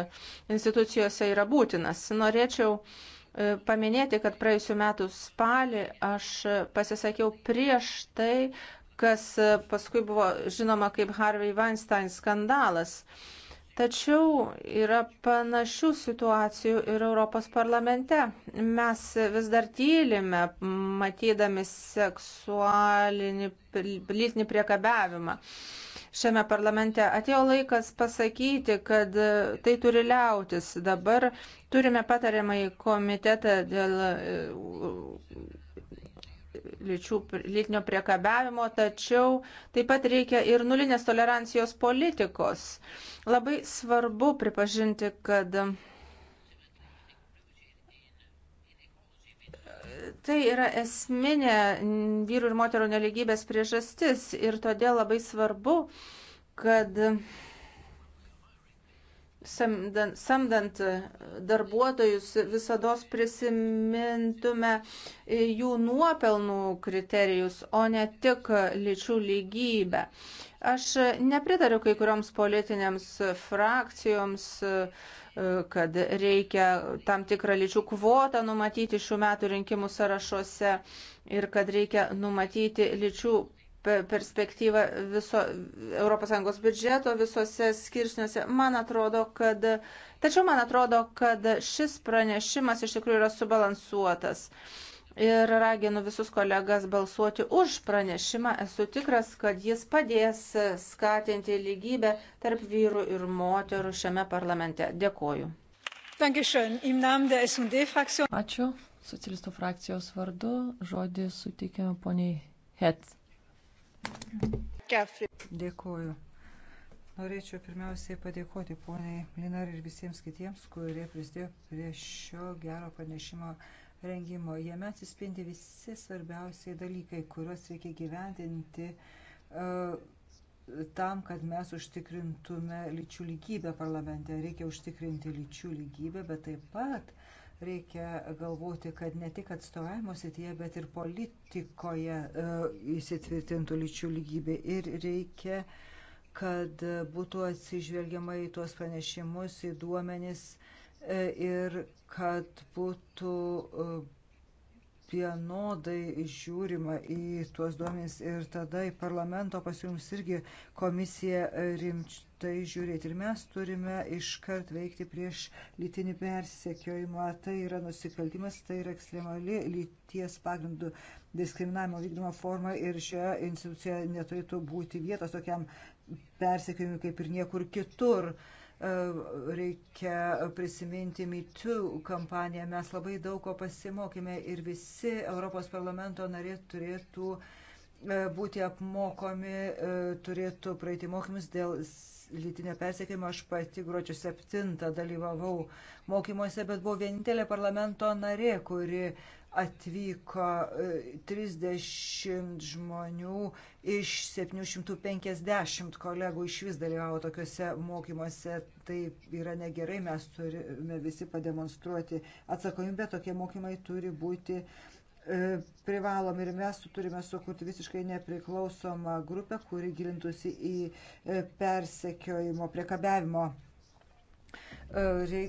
institucijose yra būtinas. Norėčiau e, paminėti, kad praėjusiu metu spalį aš pasisakiau prieš tai, kas paskui buvo žinoma kaip Harvey Weinstein skandalas. Uh, Tačiau yra panašių situacijų ir Europos parlamente. Mes vis dar tylime, matydami seksualinį, lytinį priekabiavimą. Šiame parlamente atėjo laikas pasakyti, kad tai turi liautis. Dabar turime patariamąjį komitetą dėl lyčių, lytinio priekabiavimo, tačiau taip pat reikia ir nulinės tolerancijos politikos. Labai svarbu pripažinti, kad tai yra esminė vyrų ir moterų neligybės priežastis ir todėl labai svarbu, kad samdant e, darbuotojus visada prisimintume e, jų nuopelnų kriterijus, o ne tik lyčių lygybę. Aš nepritariu kai kurioms politinėms frakcijoms, e, kad reikia tam tikrą lyčių kvotą numatyti šių metų rinkimų sąrašuose ir kad reikia numatyti lyčių perspektyvą viso ES biudžeto visose skirsniuose. Man atrodo, kad, tačiau man atrodo, kad šis pranešimas iš tikrųjų yra subalansuotas. Ir raginu visus kolegas balsuoti už pranešimą. Esu tikras, kad jis padės skatinti lygybę tarp vyrų ir moterų šiame parlamente. Dėkoju. Ačiū. Socialistų frakcijos vardu žodį suteikėme poniai Het. Dėkuoju. Norėčiau pirmiausiai padėkoti poniai Linar ir visiems kitiems, kurie prisidėjo prie šio gero pranešimo rengimo. Jame atsispindi visi svarbiausiai dalykai, kuriuos reikia gyvendinti uh, tam, kad mes užtikrintume lyčių lygybę parlamente. Reikia užtikrinti lyčių lygybę, bet taip pat uh, Reikia galvoti, kad ne tik atstovavimo sityje, bet ir politikoje e, įsitvirtintų lyčių lygybė. Ir reikia, kad būtų atsižvelgiama į tuos pranešimus, į duomenis e, ir kad būtų e, vienodai žiūrima į tuos duomenys ir tada į parlamento pasiūlymus irgi komisija rimč, tai žiūrėti. Ir mes turime iškart veikti prieš lytinį persekiojimą. Tai yra nusikaltimas, tai yra ekstremali lyties pagrindų diskriminavimo vykdymo forma ir šioje institucijoje neturėtų būti vietos tokiam persekiojimui kaip ir niekur kitur. E, reikia prisiminti MeToo kampaniją. Mes labai daug ko pasimokėme ir visi Europos parlamento narė turėtų e, būti apmokomi, e, turėtų praeiti mokymus dėl lytinio persiekimo. Aš pati gruodžio 7 dalyvavau mokymuose, bet buvau vienintelė parlamento narė, kuri atvyko 30 e, žmonių iš 750 kolegų iš vis dalyvavo tokiuose mokymuose. Tai yra negerai, mes turime visi pademonstruoti atsakomybę, tokie mokymai turi būti uh, E, privalom ir mes turime sukurti visiškai nepriklausomą grupę, kuri gilintųsi į e, persekiojimo, priekabiavimo e,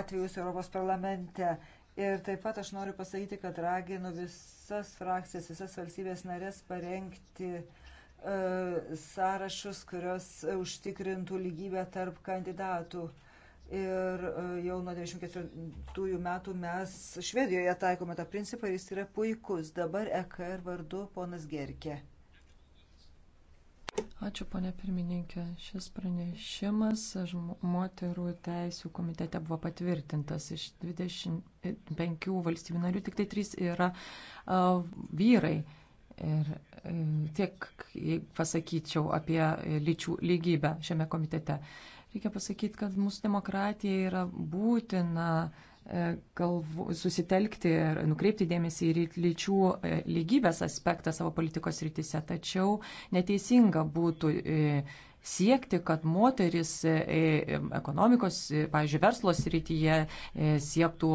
atvejus Europos parlamente. Ir taip pat aš noriu pasakyti, kad raginu visas frakcijas, visas valstybės narės parengti sąrašus, kurios užtikrintų lygybę tarp kandidatų. Ir e, jau nuo 94 metų mes Švedijoje taikome tą principą ir jis yra puikus. Dabar EKR vardu ponas Gerkė. Ačiū, ponė pirmininkė. Šis pranešimas moterų teisų komitete buvo patvirtintas. Iš 25 valstybių narių tik tai 3 yra uh, vyrai. Ir e, tiek pasakyčiau apie lyčių lygybę šiame komitete. Reikia pasakyti, kad mūsų demokratija yra būtina e, galvo, susitelkti ir nukreipti dėmesį į lyčių e, lygybės aspektą savo politikos rytise. Tačiau neteisinga būtų e, siekti, kad moteris ekonomikos, pavyzdžiui, verslo srityje siektų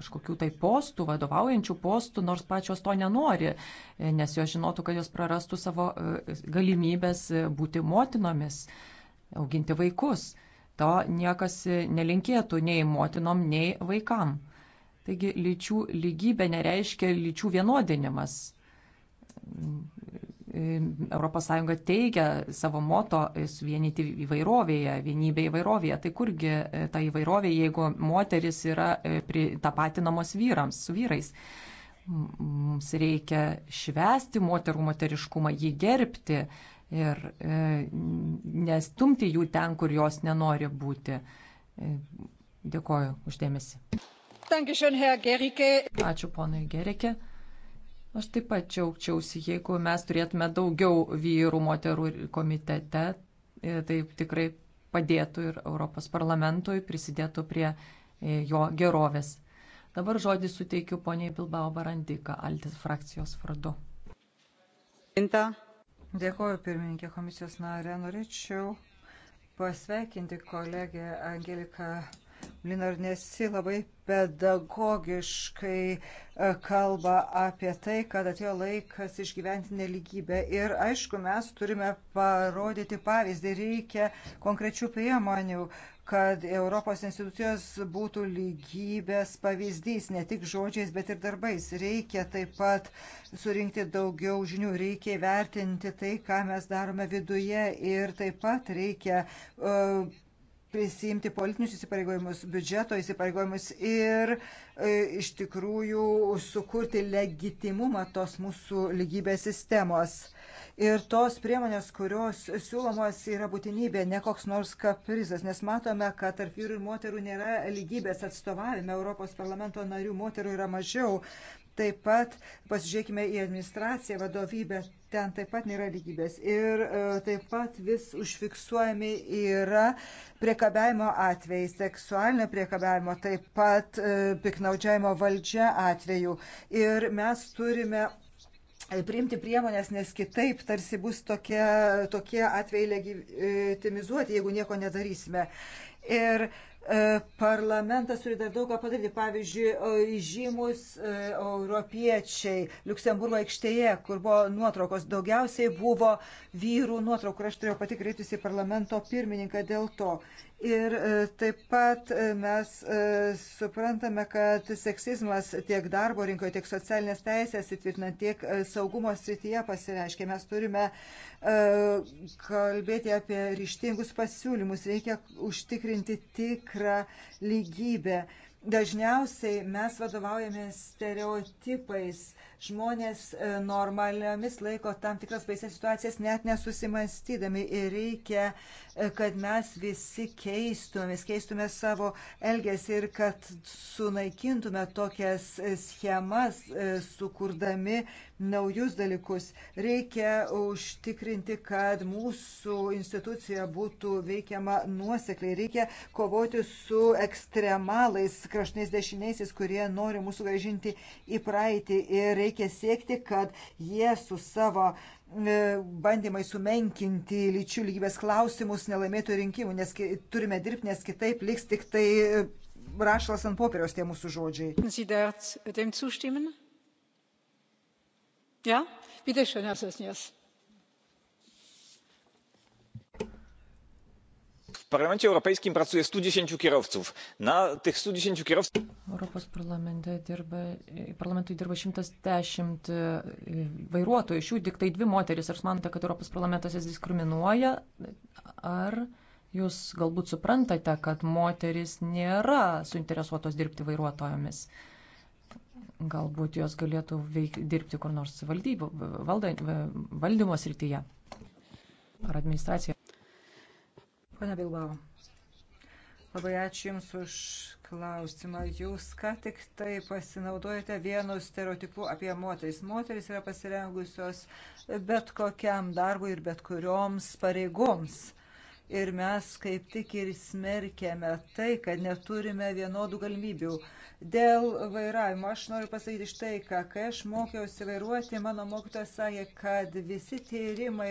kažkokių tai postų, vadovaujančių postų, nors pačios to nenori, nes jos žinotų, kad jos prarastų savo galimybės būti motinomis auginti vaikus. To niekas nelinkėtų nei motinom, nei vaikam. Taigi lyčių lygybė nereiškia lyčių vienodinimas. ES teigia savo moto suvienyti įvairovėje, vienybė įvairovėje. Tai kurgi ta įvairovė, jeigu moteris yra tapatinamos vyrams, su vyrais. Mums reikia švesti moterų moteriškumą, jį gerbti, ir e, nestumti jų ten, kur jos nenori būti. E, dėkoju uždėmesi. Ačiū ponui Gerikė. Aš taip pat džiaugčiausi, jeigu mes turėtume daugiau vyrų moterų komitete, e, tai tikrai padėtų ir Europos parlamentui, prisidėtų prie e, jo gerovės. Dabar žodį suteikiu poniai Bilbao Barandika, Altis frakcijos vardu. Inta. Dėkoju, pirmininkė komisijos narė. Norėčiau pasveikinti kolegę Angeliką Linar Nesi labai pedagogiškai e, kalba apie tai, kad atėjo laikas išgyventi neligybę. Ir aišku, mes turime parodyti pavyzdį, reikia konkrečių priemonių kad Europos institucijos būtų lygybės pavyzdys, ne tik žodžiais, bet ir darbais. Reikia taip pat surinkti daugiau žinių, reikia vertinti tai, ką mes darome viduje ir taip pat reikia uh, e, prisijimti politinius įsipareigojimus, biudžeto įsipareigojimus ir uh, iš tikrųjų sukurti legitimumą tos mūsų lygybės sistemos Ir tos priemonės, kurios siūlomos, yra būtinybė, ne koks nors kaprizas, nes matome, kad tarp vyrų ir moterų nėra lygybės atstovavime. Europos parlamento narių moterų yra mažiau. Taip pat pasižiūrėkime į administraciją, vadovybę, ten taip pat nėra lygybės. Ir e, taip pat vis užfiksuojami yra priekabiavimo atvejai, seksualinio priekabiavimo, taip pat e, piknaudžiavimo valdžia atveju. Ir mes turime E, priimti priemonės, nes kitaip tarsi bus tokie, tokie atvejai legitimizuoti, jeigu nieko nedarysime. Ir e, parlamentas turi dar daug ką padaryti. Pavyzdžiui, žymus e, europiečiai Luksemburgo aikštėje, kur buvo nuotraukos, daugiausiai buvo vyrų nuotraukų. Aš turėjau patikreitis į parlamento pirmininką dėl to. Ir e, taip pat e, mes e, suprantame, kad seksizmas tiek darbo rinkoje, tiek socialinės teisės įtvirtinant, tiek saugumo srityje pasireiškia. Mes turime kalbėti apie ryštingus pasiūlymus, reikia užtikrinti tikrą lygybę. Dažniausiai mes vadovaujamės stereotipais. Žmonės normaliomis laiko tam tikras baisės situacijas net nesusimastydami ir reikia uh, kad mes visi keistumės, keistume savo elgesį ir kad sunaikintume tokias schemas, e, sukurdami naujus dalykus. Reikia užtikrinti, kad mūsų institucija būtų veikiama nuosekliai. Reikia kovoti su ekstremalais, kraštiniais dešiniaisiais, kurie nori mūsų gražinti į praeitį. Ir reikia siekti, kad jie su savo uh, E, bandymai sumenkinti lyčių lygybės klausimus nelaimėtų rinkimų, nes turime dirbti, nes kitaip liks tik tai e, rašalas ant popieriaus tie mūsų žodžiai. Ja? Bitte schön, Herr Sosniers. W Parlamencie Europejskim pracuje 110 kierowców. Na tych 110 kierowców. Europos parlamente dirba, parlamentui dirba 110 e, vairuotojų, iš jų tik tai dvi moteris. Ar jūs manote, kad Europos parlamentas jas diskriminuoja? Ar jūs galbūt suprantate, kad moteris nėra suinteresuotos dirbti vairuotojomis? galbūt jos galėtų veik, dirbti kur nors valdybo, valda, valdymo srityje ar administracijoje. Pane Bilbao. Labai ačiū Jums už klausimą. Jūs ką tik tai pasinaudojate vienu stereotipu apie moteris. Moteris yra pasirengusios bet kokiam darbui ir bet kurioms pareigoms ir mes kaip tik ir smerkėme tai, kad neturime vienodų galimybių. Dėl vairavimo aš noriu pasakyti štai ką, kai aš mokiausi vairuoti, mano mokytojas sakė, kad visi tyrimai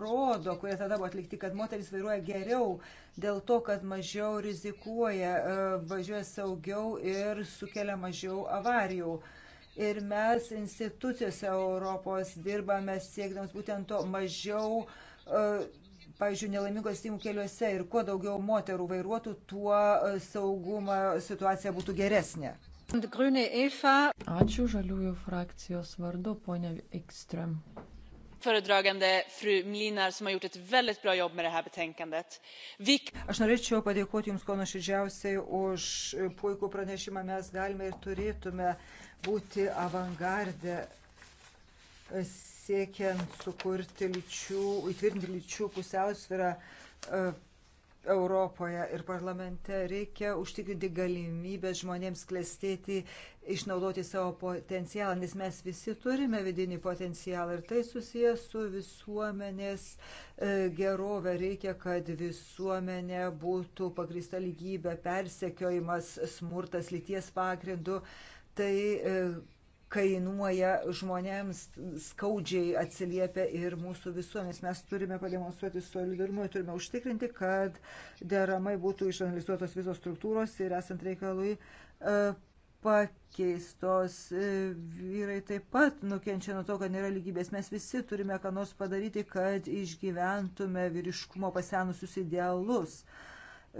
rodo, kurie tada buvo atlikti, kad moteris vairuoja geriau dėl to, kad mažiau rizikuoja, e, važiuoja saugiau ir sukelia mažiau avarijų. Ir mes institucijose Europos dirbame siekdams būtent to mažiau uh, pavyzdžiui, nelaimingų atsitikimų keliuose ir kuo daugiau moterų vairuotų, tuo e, saugumo situacija būtų geresnė. Ačiū žaliųjų frakcijos vardu, ponia Ekstrem. Föredragande fru Mlinar, som har gjort ett väldigt bra jobb med det här betänkandet. Vi... Aš norėčiau padėkoti Jums, ko nuoširdžiausiai, už puikų pranešimą. Mes galime ir turėtume būti avangardė siekiant sukurti lyčių, įtvirtinti lyčių pusiausvyrą e, Europoje ir parlamente reikia užtikrinti galimybę žmonėms klestėti, išnaudoti savo potencialą, nes mes visi turime vidinį potencialą ir tai susijęs su visuomenės e, gerovė. Reikia, kad visuomenė būtų pagrįsta lygybė, persekiojimas, smurtas lyties pagrindu. Tai e, kainuoja žmonėms, skaudžiai atsiliepia ir mūsų visuomenės. Mes turime pademonstruoti solidarumą, turime užtikrinti, kad deramai būtų išanalizuotos visos struktūros ir esant reikalui e, pakeistos. E, vyrai taip pat nukenčia nuo to, kad nėra lygybės. Mes visi turime ką nors padaryti, kad išgyventume vyriškumo pasenusius idealus.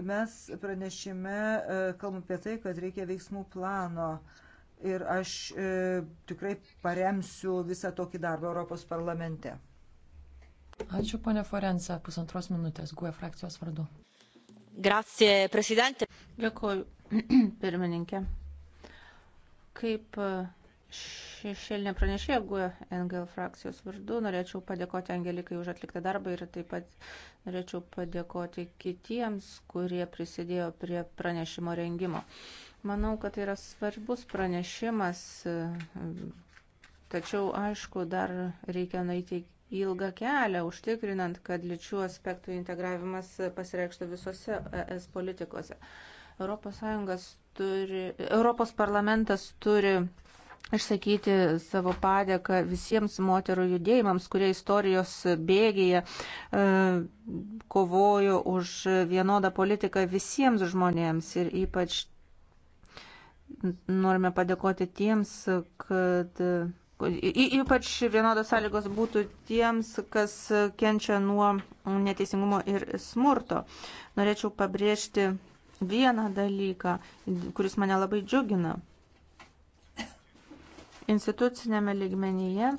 Mes pranešime e, kalbame apie tai, kad reikia veiksmų plano. Uh, ir aš e, tikrai paremsiu visą tokį darbą Europos parlamente. Ačiū, ponė Forensa, pusantros minutės, GUE frakcijos vardu. Grazie, prezidentė. Dėkuoju, pirmininkė. Kaip e, šešėlinė pranešėja GUE NGL frakcijos vardu, norėčiau padėkoti Angelikai už atliktą darbą ir taip pat norėčiau padėkoti kitiems, kurie prisidėjo prie pranešimo rengimo. Uh, Manau, kad tai yra svarbus pranešimas, tačiau, aišku, dar reikia nueiti ilgą kelią, užtikrinant, kad lyčių aspektų integravimas pasireikštų visose ES politikose. ES turi, Europos parlamentas turi išsakyti savo padėką visiems moterų judėjimams, kurie istorijos bėgėje e, kovojo už vienodą politiką visiems žmonėms ir ypač norime padėkoti tiems, kad ypač vienodos sąlygos būtų tiems, kas kenčia nuo neteisingumo ir smurto. Norėčiau pabrėžti vieną dalyką, kuris mane labai džiugina. Institucinėme ligmenyje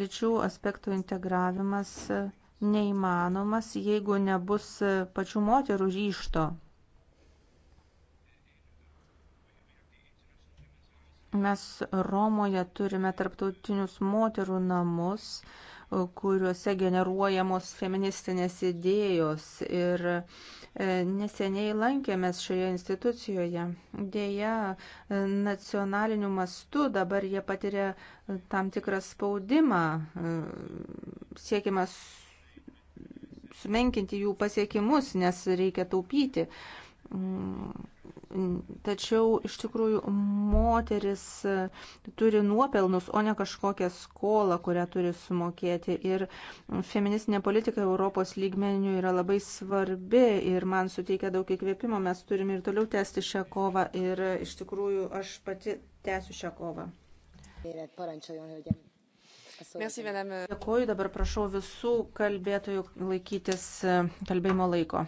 lyčių aspektų integravimas neįmanomas, jeigu nebus pačių moterų ryšto Mes Romoje turime tarptautinius moterų namus, kuriuose generuojamos feministinės idėjos ir e, neseniai lankėmės šioje institucijoje. Deja, nacionaliniu mastu dabar jie patiria tam tikrą spaudimą, e, siekiamas sumenkinti jų pasiekimus, nes reikia taupyti. Mm. Tačiau iš tikrųjų moteris e, turi nuopelnus, o ne kažkokią skolą, kurią turi sumokėti. Ir feministinė politika Europos lygmenių yra labai svarbi ir man suteikia daug įkvėpimo. Mes turime ir toliau tęsti šią kovą ir e, iš tikrųjų aš pati tęsiu šią kovą. Dėkuoju, dabar prašau visų kalbėtojų laikytis e, kalbėjimo laiko.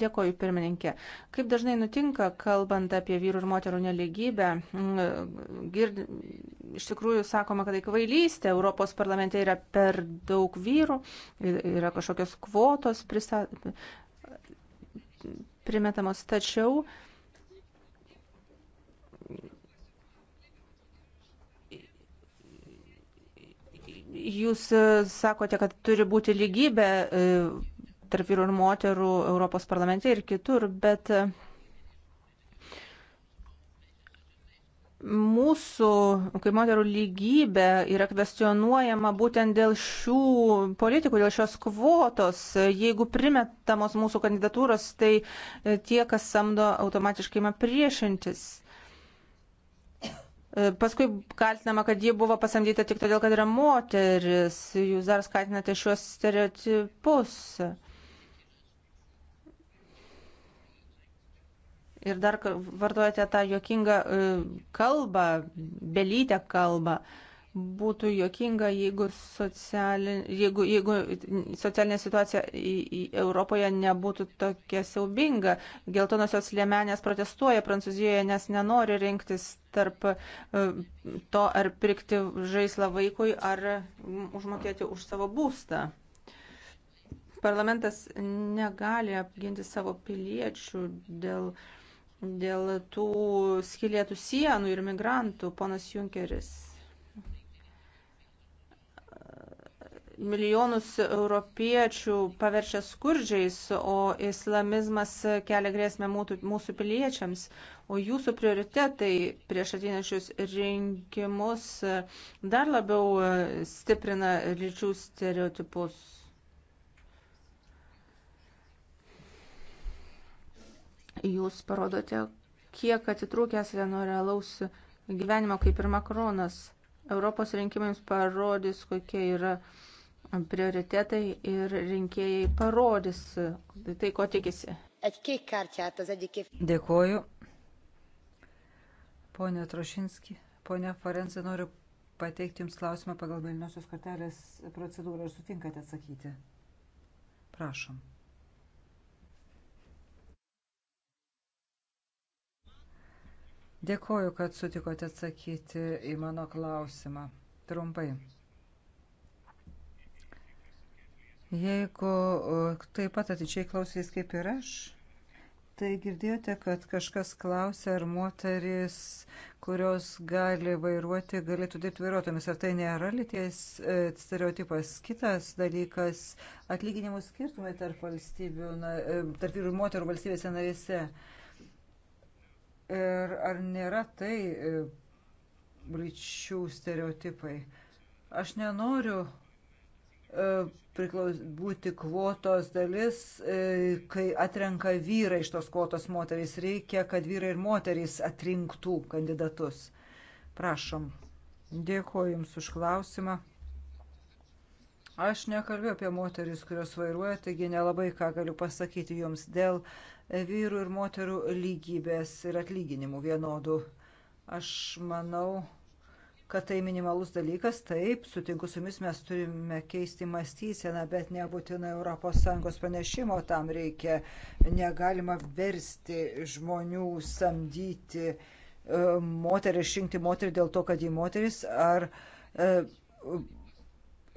Dėkoju, pirmininkė. Kaip dažnai nutinka, kalbant apie vyrų ir moterų neligybę, gird, iš tikrųjų sakoma, kad tai kvailystė. Europos parlamente yra per daug vyrų, yra kažkokios kvotos prisa, primetamos. Tačiau jūs sakote, kad turi būti lygybė tarp vyrų ir moterų Europos parlamente ir kitur, bet e, mūsų, kaip moterų lygybė, yra kvestionuojama būtent dėl šių politikų, dėl šios kvotos. Jeigu primetamos mūsų kandidatūros, tai e, tie, kas samdo, automatiškai ima priešintis. E, paskui kaltinama, kad ji buvo pasamdyta tik todėl, kad yra moteris. Jūs dar skatinate šiuos stereotipus. ir dar vartojate tą jokingą e, kalbą, belytę kalbą. Būtų jokinga, jeigu, socialin, jeigu, jeigu socialinė situacija į, į Europoje nebūtų tokia siaubinga. Geltonosios lėmenės protestuoja Prancūzijoje, nes nenori rinktis tarp e, to, ar pirkti žaislą vaikui, ar užmokėti už savo būstą parlamentas negali apginti savo piliečių dėl uh, dėl tų skilėtų sienų ir migrantų, ponas Junkeris. Milijonus europiečių paverčia skurdžiais, o islamizmas kelia grėsmę mūsų piliečiams, o jūsų prioritetai prieš ateinančius rinkimus dar labiau stiprina lyčių stereotipus. Jūs parodote, kiek atitrūkęs yra nuo realaus gyvenimo, kaip ir Makronas. Europos rinkimams parodys, kokie yra prioritetai ir rinkėjai parodys tai, ko tikisi. Dėkoju. Pone Trošinski, pone Forense, noriu pateikti Jums klausimą pagal Melinosios kortelės procedūrą. Ar sutinkate atsakyti? Prašom. Dėkoju, kad sutikote atsakyti į mano klausimą. Trumpai. Jeigu taip pat atidžiai klausys kaip ir aš, tai girdėjote, kad kažkas klausė, ar moteris, kurios gali vairuoti, galėtų dirbti vairuotomis. Ar tai nėra lyties e, stereotipas? Kitas dalykas - atlyginimų skirtumai tarp, valstybių, na, e, tarp vyrų ir moterų valstybėse narėse. Uh, Ir ar nėra tai e, lyčių stereotipai? Aš nenoriu e, priklaus, būti kvotos dalis, e, kai atrenka vyrai iš tos kvotos moterys. Reikia, kad vyrai ir moterys atrinktų kandidatus. Prašom. Dėkuoju Jums už klausimą. Aš nekalbėjau apie moteris, kurios vairuoja, taigi nelabai ką galiu pasakyti Jums dėl vyrų ir moterų lygybės ir atlyginimų vienodų. Aš manau, kad tai minimalus dalykas, taip, sutinku su jumis, mes turime keisti mąstyseną, bet nebūtinai ES panešimo tam reikia. Negalima versti žmonių samdyti e, moterį, išrinkti moterį dėl to, kad jį moteris, ar e,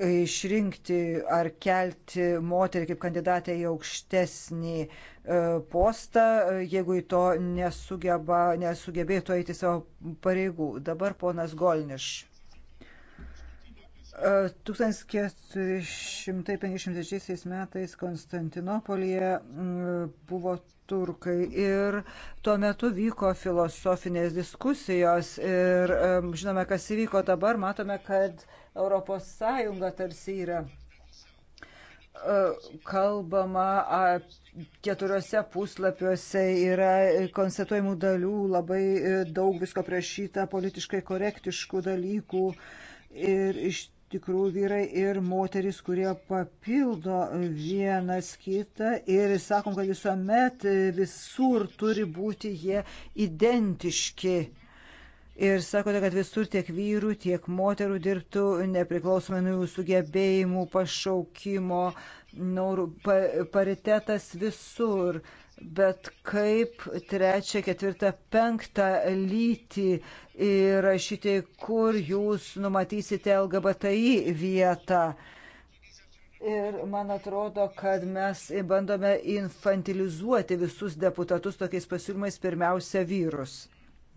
išrinkti, ar kelti moterį kaip kandidatę į aukštesnį E, postą, e, jeigu į to nesugeba, nesugebėtų eiti savo pareigų. Dabar ponas Golniš. 1453 e, metais Konstantinopolyje buvo turkai ir tuo metu vyko filosofinės diskusijos ir žinome, kas įvyko dabar, matome, kad ES tarsi yra kalbama keturiose puslapiuose yra konstatuojamų dalių, labai e, daug visko prašyta, politiškai korektiškų dalykų ir iš tikrųjų vyrai ir moteris, kurie papildo vienas kitą ir sakom, kad visuomet visur turi būti jie identiški ir sakote, kad visur tiek vyrų, tiek moterų dirbtų nepriklausomai nuo jų sugebėjimų, pašaukimo, norų, pa, paritetas visur. Bet kaip trečią, ketvirtą, penktą lytį įrašyti, kur jūs numatysite LGBTI vietą. Ir man atrodo, kad mes bandome infantilizuoti visus deputatus tokiais pasiūlymais, pirmiausia, vyrus.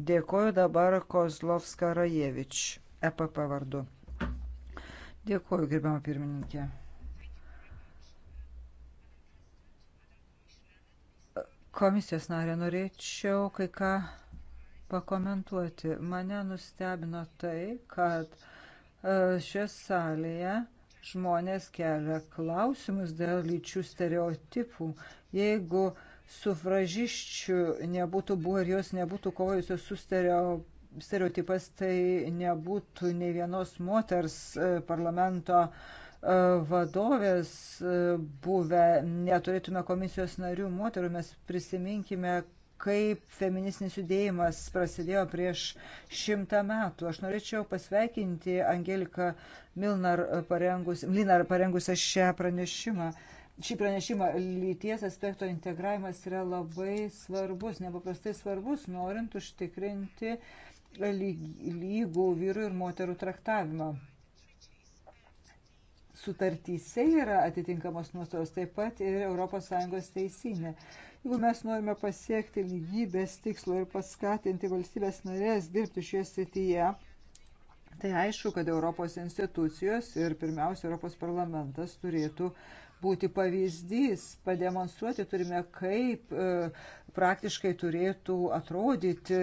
Dėkoju dabar Kozlovska Rajevič, EPP vardu. Dėkoju, gerbiamą pirmininkę. Komisijos narė norėčiau kai ką pakomentuoti. Mane nustebino tai, kad e, šioje salėje žmonės kelia klausimus dėl lyčių stereotipų. Jeigu uh, sufražiščių nebūtų buvę ir jos nebūtų kovojusios su stereotipas, tai nebūtų nei vienos moters e, parlamento e, vadovės e, buvę, neturėtume komisijos narių moterų, mes prisiminkime, kaip feministinis judėjimas prasidėjo prieš šimtą metų. Aš norėčiau pasveikinti Angeliką Milnar parengus, Milnar parengusią šią pranešimą. Uh, šį pranešimą. Lyties aspekto integravimas yra labai svarbus, nepaprastai svarbus, norint užtikrinti lygų vyrų ir moterų traktavimą. Sutartyse yra atitinkamos nuostatos, taip pat ir ES teisinė. Jeigu mes norime pasiekti lygybės tikslo ir paskatinti valstybės narės dirbti šioje srityje, Tai aišku, kad Europos institucijos ir pirmiausia Europos parlamentas turėtų būti pavyzdys, pademonstruoti turime, kaip e, praktiškai turėtų atrodyti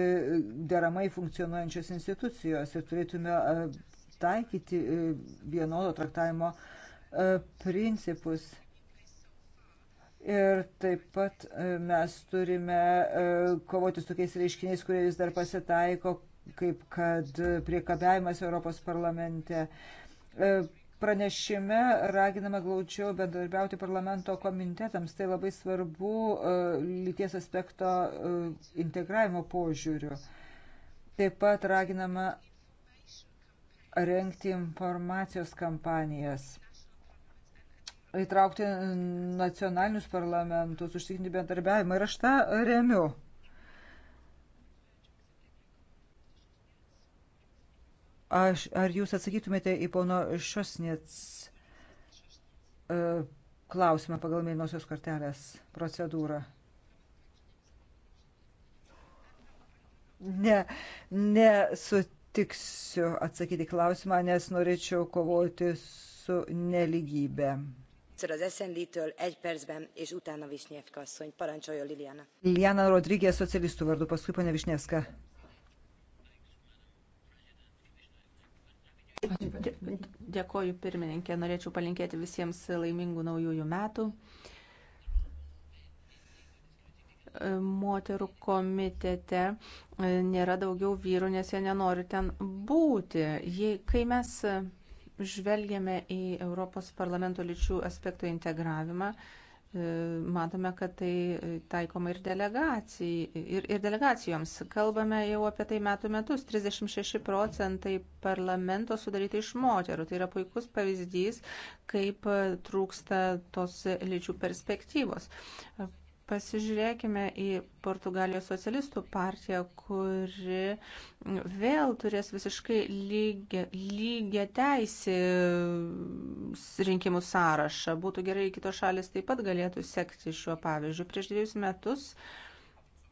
deramai funkcionuojančios institucijos ir turėtume e, taikyti e, vienodo traktavimo principus. Ir taip pat mes turime kovoti su tokiais reiškiniais, kurie vis dar pasitaiko, kaip kad priekabiavimas Europos parlamente. Pranešime raginama glaudžiau bendradarbiauti parlamento komitetams. Tai labai svarbu e, lyties aspekto e, integravimo požiūriu. Taip pat raginama rengti informacijos kampanijas įtraukti nacionalinius parlamentus, užtikrinti bendarbiavimą ir aš tą remiu. Aš, ar jūs atsakytumėte į pono Šosnets e, klausimą pagal mėlynosios kortelės procedūrą? Ne, nesutiksiu atsakyti klausimą, nes norėčiau kovoti su neligybė. Liliana Rodrygė socialistų vardu, paskui ponia Višnievska. Dėkoju pirmininkė, norėčiau palinkėti visiems laimingų naujųjų metų. Moterų komitete e, nėra daugiau vyrų, nes jie nenori ten būti. Jei, kai mes žvelgiame į Europos parlamento lyčių aspektų integravimą, E, matome, kad tai e, taikoma ir, ir, ir delegacijoms. Kalbame jau apie tai metų metus. 36 procentai parlamento sudaryti iš moterų. Tai yra puikus pavyzdys, kaip e, trūksta tos lyčių perspektyvos. Pasižiūrėkime į Portugalijos socialistų partiją, kuri vėl turės visiškai lygia, lygia teisį rinkimų sąrašą. Būtų gerai, kitos šalis taip pat galėtų sekti šiuo pavyzdžiu. Prieš dviejus metus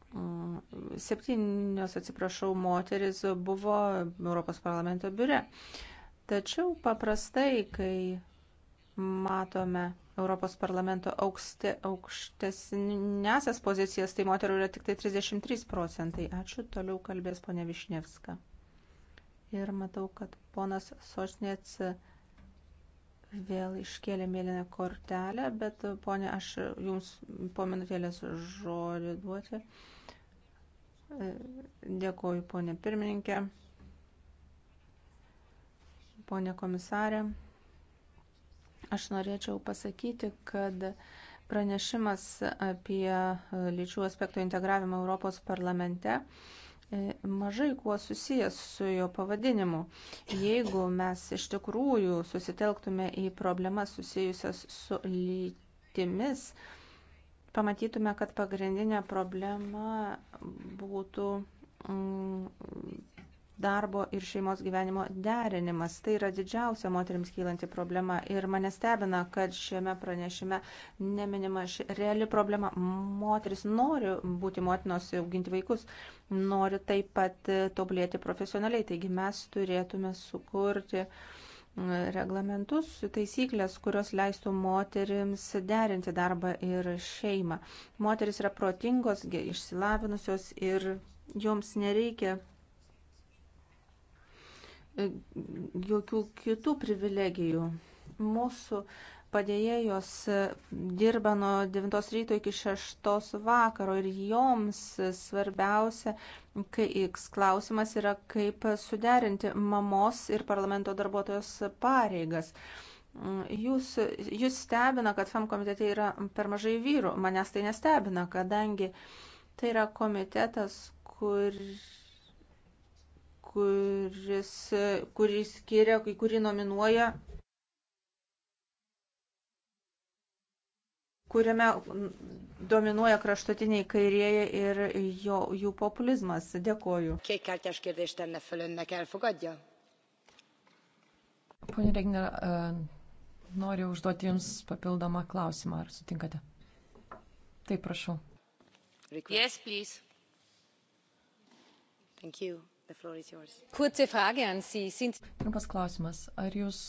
mm, septynios, atsiprašau, moteris buvo Europos parlamento biure. Tačiau paprastai, kai matome Europos parlamento aukste, aukštesnėsias pozicijas, tai moterų yra tik tai 33 procentai. Ačiū, toliau kalbės ponė Višnevska. Ir matau, kad ponas Sosnėts vėl iškėlė mėlyną kortelę, bet ponė, aš jums po minutėlės žodį duoti. Dėkoju, ponė pirmininkė, ponė komisarė. Aš norėčiau pasakyti, kad pranešimas apie lyčių aspektų integravimą Europos parlamente e, mažai kuo susijęs su jo pavadinimu. Jeigu mes iš tikrųjų susitelktume į problemas susijusias su lytimis, pamatytume, kad pagrindinė problema būtų mm, darbo ir šeimos gyvenimo derinimas. Tai yra didžiausia moteriams kylanti problema ir mane stebina, kad šiame pranešime neminima ši reali problema. Moteris nori būti motinos ir auginti vaikus, nori taip pat e, tobulėti profesionaliai, taigi mes turėtume sukurti reglamentus, taisyklės, kurios leistų moterims derinti darbą ir šeimą. Moteris yra protingos, išsilavinusios ir joms nereikia jokių kitų privilegijų. Mūsų padėjėjos dirba nuo 9 ryto iki 6 vakaro ir joms svarbiausia kai X klausimas yra, kaip suderinti mamos ir parlamento darbuotojos pareigas. Jūs, jūs stebina, kad FEM komitete yra per mažai vyrų. Manęs tai nestebina, kadangi tai yra komitetas, kuris kuris, kurį skiria, kai kurį nominuoja, kuriame dominuoja kraštutiniai kairieji ir jo, jų populizmas. Dėkoju. Pone Regner, noriu užduoti Jums papildomą klausimą. Ar sutinkate? Taip, prašau. Yes, please. Thank you. Trumpas klausimas. Ar jūs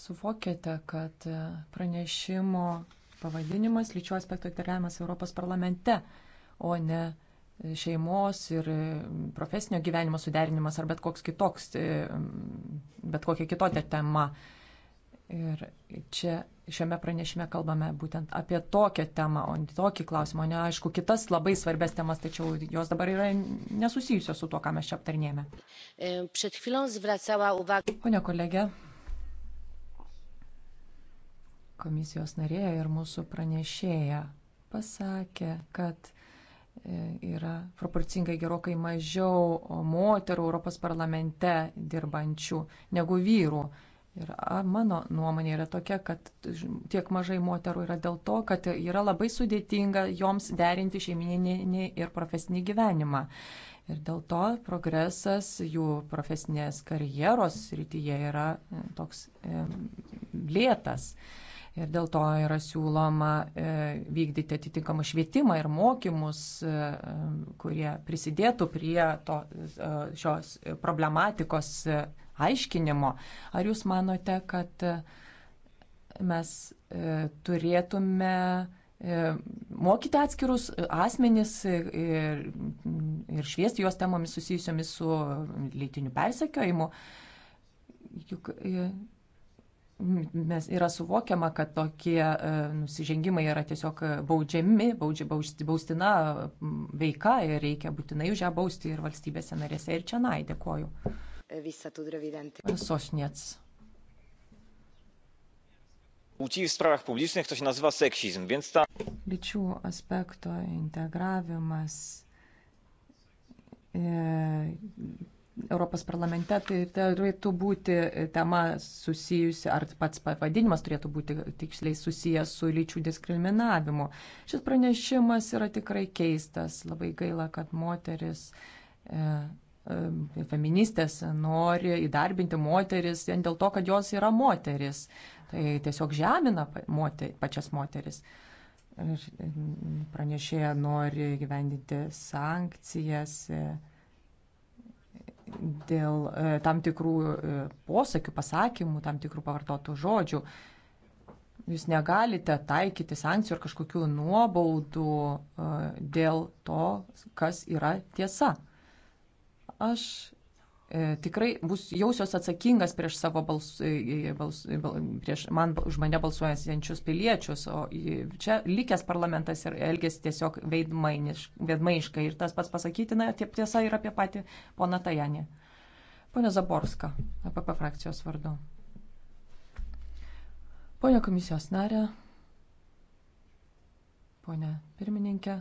suvokiate, kad e, pranešimo pavadinimas lyčių aspekto integravimas Europos parlamente, o ne e, šeimos ir e, profesinio gyvenimo suderinimas ar bet koks kitoks, bet kokia kitokia tema. Ir čia šiame pranešime kalbame būtent apie tokią temą, o tokį klausimą, ne aišku, kitas labai svarbės temas, tačiau jos dabar yra nesusijusios su to, ką mes čia aptarnėjame. E, Pone kolegė, komisijos narė ir mūsų pranešėja pasakė, kad e, yra proporcingai gerokai mažiau moterų Europos parlamente dirbančių negu vyrų. Ir mano nuomonė yra tokia, kad tiek mažai moterų yra dėl to, kad yra labai sudėtinga joms derinti šeimininį ir profesinį gyvenimą. Ir dėl to progresas jų profesinės karjeros rytyje yra e, toks lėtas. E, Ir dėl to yra siūloma e, vykdyti atitinkamą švietimą ir mokymus, e, kurie prisidėtų prie to, e, šios problematikos aiškinimo. Ar jūs manote, kad mes turėtume mokyti atskirus asmenis ir, ir šviesti juos temomis susijusiomis su lytiniu persekiojimu? Juk Mes yra suvokiama, kad tokie e, nusižengimai yra tiesiog baudžiami, baudži, baustina veika ir reikia būtinai už ją bausti ir valstybėse narėse ir čia nai, dėkoju. Sosniec. Motyv spravach publicznych to się nazywa seksizm, więc ta... Lyčių aspekto integravimas e, Europos parlamente, tai turėtų būti tema susijusi, ar pats pavadinimas turėtų būti tiksliai susijęs su lyčių diskriminavimu. Šis pranešimas yra tikrai keistas. Labai gaila, kad moteris. E, e feministės nori įdarbinti moteris vien dėl to, kad jos yra moteris. Tai tiesiog žemina moter, pačias moteris. E, pranešėja nori gyvendinti sankcijas. E, dėl e, tam tikrų e, posakių, pasakymų, tam tikrų pavartotų žodžių. Jūs negalite taikyti sankcijų ar kažkokių nuobaudų e, dėl to, kas yra tiesa. Aš E, tikrai bus jausios atsakingas prieš savo bals, e, e, bals, prieš man, už mane balsuojančius piliečius, o čia likęs parlamentas ir elgesi tiesiog veidmaiškai. Ir tas pats pasakytina tiesa ir apie patį poną Tajanį. Pone Zaborska, APP frakcijos vardu. Pone komisijos narė, pone pirmininkė,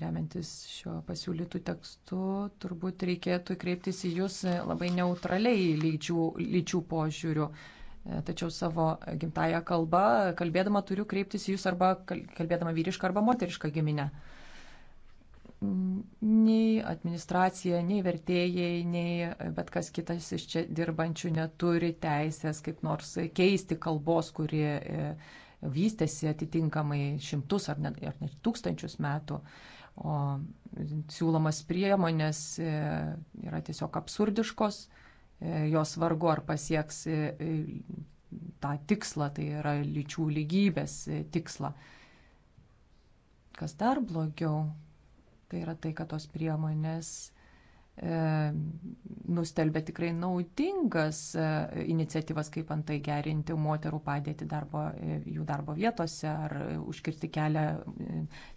remiantis šio pasiūlytų tekstu, turbūt reikėtų kreiptis į jūs labai neutraliai lyčių, lyčių požiūrių. Tačiau savo gimtają kalbą, kalbėdama turiu kreiptis į jūs arba kalbėdama vyrišką arba moterišką giminę. Nei administracija, nei vertėjai, nei bet kas kitas iš čia dirbančių neturi teisės kaip nors keisti kalbos, kurie vystėsi atitinkamai šimtus ar net, ar net tūkstančius metų, o siūlomas priemonės e, yra tiesiog absurdiškos, e, jos vargu ar pasieks e, tą tikslą, tai yra lyčių lygybės tikslą. Kas dar blogiau, tai yra tai, kad tos priemonės E, nustelbė tikrai naudingas e, iniciatyvas, kaip antai gerinti moterų padėti darbo, e, jų darbo vietose, ar užkirsti kelią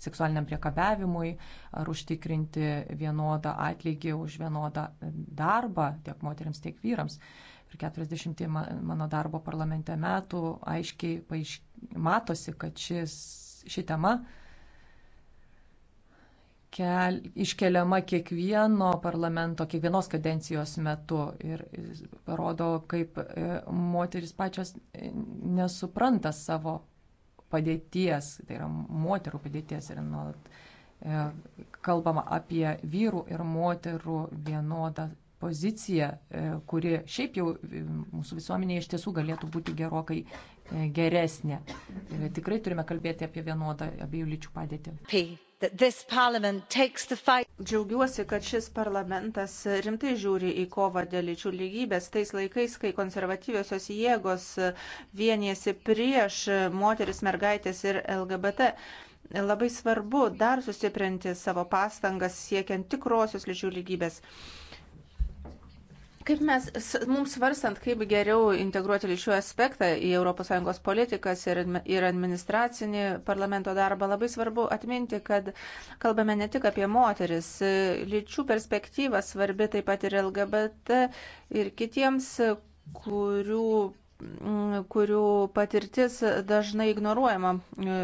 seksualiniam priekabiavimui, ar užtikrinti vienodą atlygį už vienodą darbą tiek moteriams, tiek vyrams. Per 40 mano darbo parlamente metų aiškiai paaišk... matosi, kad šis, ši tema kel, iškeliama kiekvieno parlamento, kiekvienos kadencijos metu ir parodo, kaip e, moteris pačios e, nesupranta savo padėties, tai yra moterų padėties ir nuolat e, kalbama apie vyrų ir moterų vienodą poziciją, kuri šiaip jau mūsų visuomenėje iš tiesų galėtų būti gerokai geresnė. Tikrai turime kalbėti apie vienodą abiejų lyčių padėtį. P. Džiaugiuosi, kad šis parlamentas rimtai žiūri į kovą dėl lyčių lygybės. Tais laikais, kai konservatyviosios jėgos vienėsi prieš moteris, mergaitės ir LGBT, labai svarbu dar sustiprinti savo pastangas siekiant tikrosios lyčių lygybės. Kaip mes, mums svarstant, kaip geriau integruoti lyčių aspektą į ES politikas ir, ir administracinį parlamento darbą, labai svarbu atminti, kad kalbame ne tik apie moteris. Lyčių perspektyva svarbi taip pat ir LGBT ir kitiems, kurių kurių patirtis dažnai ignoruojama, e,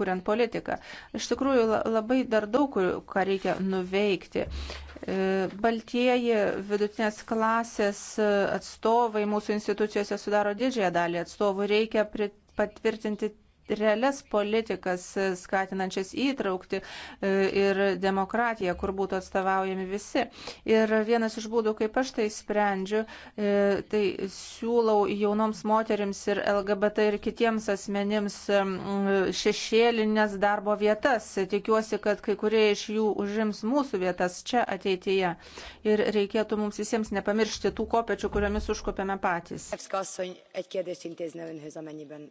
kuriant politiką. Iš tikrųjų, labai dar daug ką reikia nuveikti. E, Baltieji vidutinės klasės atstovai mūsų institucijose sudaro didžiąją dalį atstovų. Reikia pritvirtinti realias politikas skatinančias įtraukti e, ir demokratiją, kur būtų atstovaujami visi. Ir vienas iš būdų, kaip aš tai sprendžiu, e, tai siūlau jaunoms moterims ir LGBT ir kitiems asmenims šešėlinės darbo vietas. Tikiuosi, kad kai kurie iš jų užims mūsų vietas čia ateityje. Ir reikėtų mums visiems nepamiršti tų kopečių, kuriomis užkopėme patys. Evska asszony egy kérdést intézne önhöz, amennyiben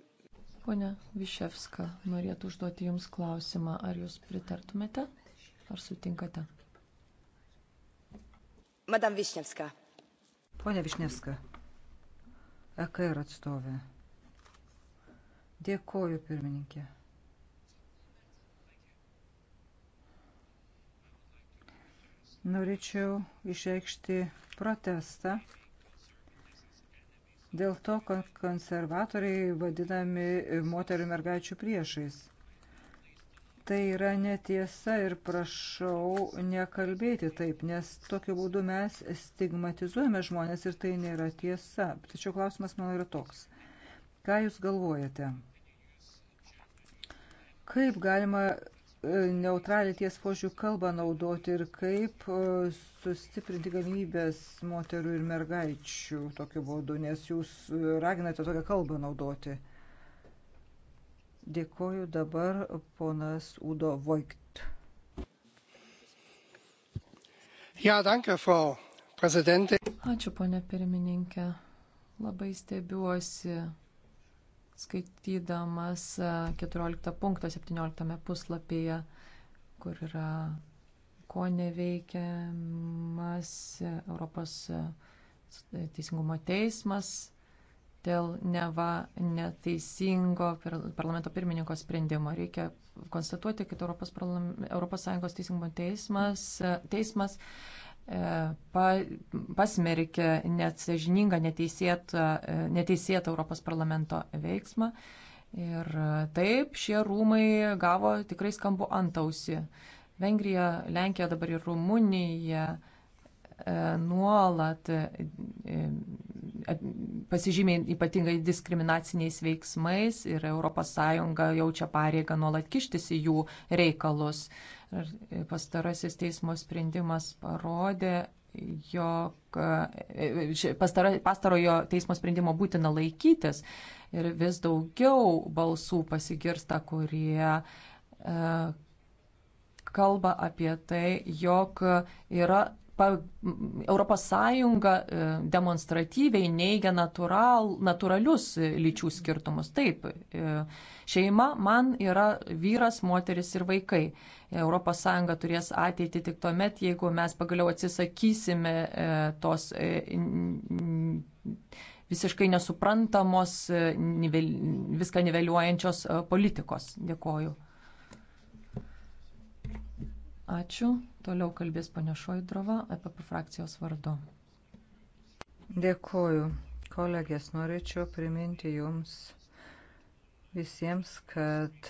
Pone Viševska, norėtų užduoti Jums klausimą. Ar Jūs pritartumėte? Ar sutinkate? Madam Višnevska. Pone Višnevska, EKR atstovė. Dėkoju, pirmininkė. Norėčiau išreikšti protestą Dėl to konservatoriai vadinami moterių mergaičių priešais. Tai yra netiesa ir prašau nekalbėti taip, nes tokiu būdu mes stigmatizuojame žmonės ir tai nėra tiesa. Tačiau klausimas mano yra toks. Ką Jūs galvojate? Kaip galima neutralią ties požiūrių kalbą naudoti ir kaip e, sustiprinti galimybės moterų ir mergaičių tokiu būdu, nes jūs raginate tokią kalbą naudoti. Dėkoju dabar ponas Udo Voigt. Ja, danke, Frau Ačiū, ponė pirmininkė. Labai stebiuosi skaitydamas 14 e, punktą 17 puslapyje, kur yra ko neveikiamas Europos e, teisingumo teismas dėl neva neteisingo parlamento pirmininko sprendimo. Reikia konstatuoti, kad Europos, Europos Sąjungos teisingumo teismas, e, teismas E, pa, pasmerkė neatsažiningą, neteisėtą, e, neteisėtą Europos parlamento veiksmą. Ir e, taip šie rūmai gavo tikrai skambu antausi. Vengrija, Lenkija, dabar ir Rumunija E, nuolat e, e, pasižymė ypatingai diskriminaciniais veiksmais ir ES jaučia pareigą nuolat kištis į jų reikalus. Ir pastarasis teismo sprendimas parodė, jog pastarojo teismo sprendimo būtina laikytis ir vis daugiau balsų pasigirsta, kurie kalba apie tai, jog yra Europos Sąjunga e, demonstratyviai neigia natural, natūralius lyčių skirtumus. Taip, e, šeima man yra vyras, moteris ir vaikai. Europos Sąjunga turės ateitį tik tuo met, jeigu mes pagaliau atsisakysime e, tos visiškai nesuprantamos, viską niveliuojančios politikos. Dėkoju. Ačiū. Toliau kalbės ponia Šoidrova apie frakcijos vardu. Dėkoju. Kolegės, norėčiau priminti jums visiems, kad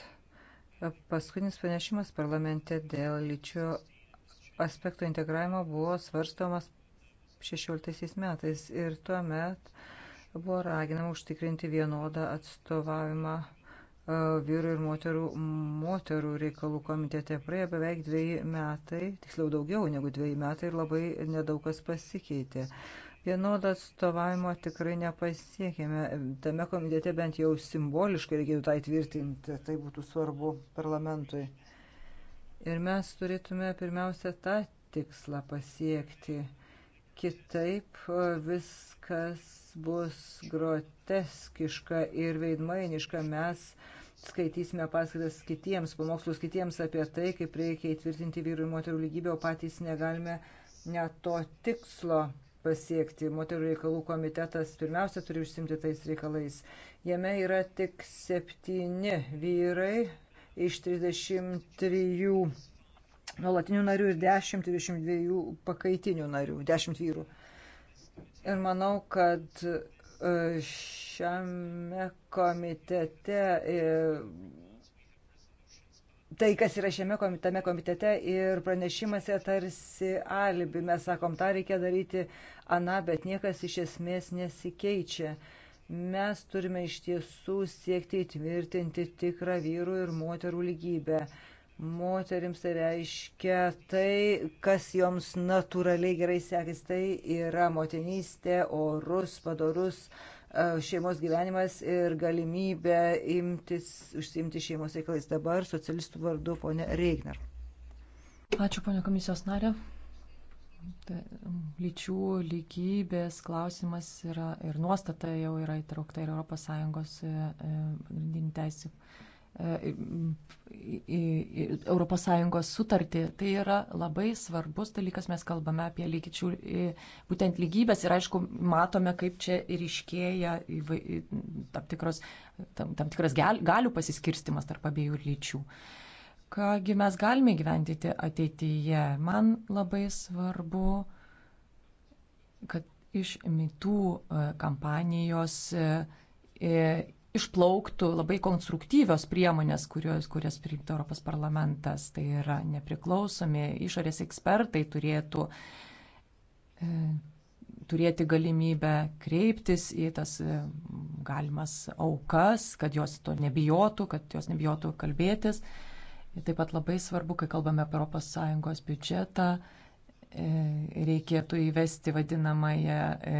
paskutinis pranešimas parlamente dėl lyčių aspektų integravimo buvo svarstomas 16 metais ir tuomet buvo raginama užtikrinti vienodą atstovavimą vyru ir moterų, moterų reikalų komitete. Praėjo beveik dviejai metai, tiksliau daugiau negu dviejai metai ir labai nedaug kas pasikeitė. Vienodo atstovavimo tikrai nepasiekėme. Tame komitete bent jau simboliškai reikėtų tai tvirtinti. Tai būtų svarbu parlamentui. Ir mes turėtume pirmiausia tą tikslą pasiekti. Kitaip viskas bus groteskiška ir veidmainiška. Mes skaitysime paskaitas kitiems, pamokslus kitiems apie tai, kaip reikia įtvirtinti vyrų ir moterų lygybę, o patys negalime net to tikslo pasiekti. Moterų reikalų komitetas pirmiausia turi užsimti tais reikalais. Jame yra tik septyni vyrai iš 33 nuolatinių narių ir 10-22 pakaitinių narių, 10 vyrų. Ir manau, kad e, šiame komitete, e, tai kas yra šiame komitame komitete ir pranešimuose tarsi alibi, mes sakom, tą reikia daryti aną, bet niekas iš esmės nesikeičia mes turime iš tiesų siekti įtvirtinti tikrą vyrų ir moterų lygybę. Moterims tai reiškia tai, kas joms natūraliai gerai sekis, tai yra motinystė, orus, padorus e, šeimos gyvenimas ir galimybė imtis, užsimti šeimos reikalais dabar socialistų vardu, ponė Reigner. Ačiū, ponė komisijos narė. Tai, lyčių lygybės klausimas yra ir nuostata jau yra įtraukta ir ES e, e, pagrindinį teisį ES sutartį. Tai yra labai svarbus dalykas, mes kalbame apie lygičių, būtent lygybės ir aišku, matome, kaip čia ryškėja tam, tikros, tam, tam tikras galių pasiskirstimas tarp abiejų lyčių. Kągi mes galime gyventyti ateityje. Man labai svarbu, kad iš mitų e, kampanijos e, išplauktų labai konstruktyvios priemonės, kurios, kurias priimtų Europos parlamentas. Tai yra nepriklausomi išorės ekspertai turėtų e, turėti galimybę kreiptis į tas e, galimas aukas, kad jos to nebijotų, kad jos nebijotų kalbėtis. Ir taip pat labai svarbu, kai kalbame apie ES biudžetą, e, E, reikėtų įvesti vadinamąją e,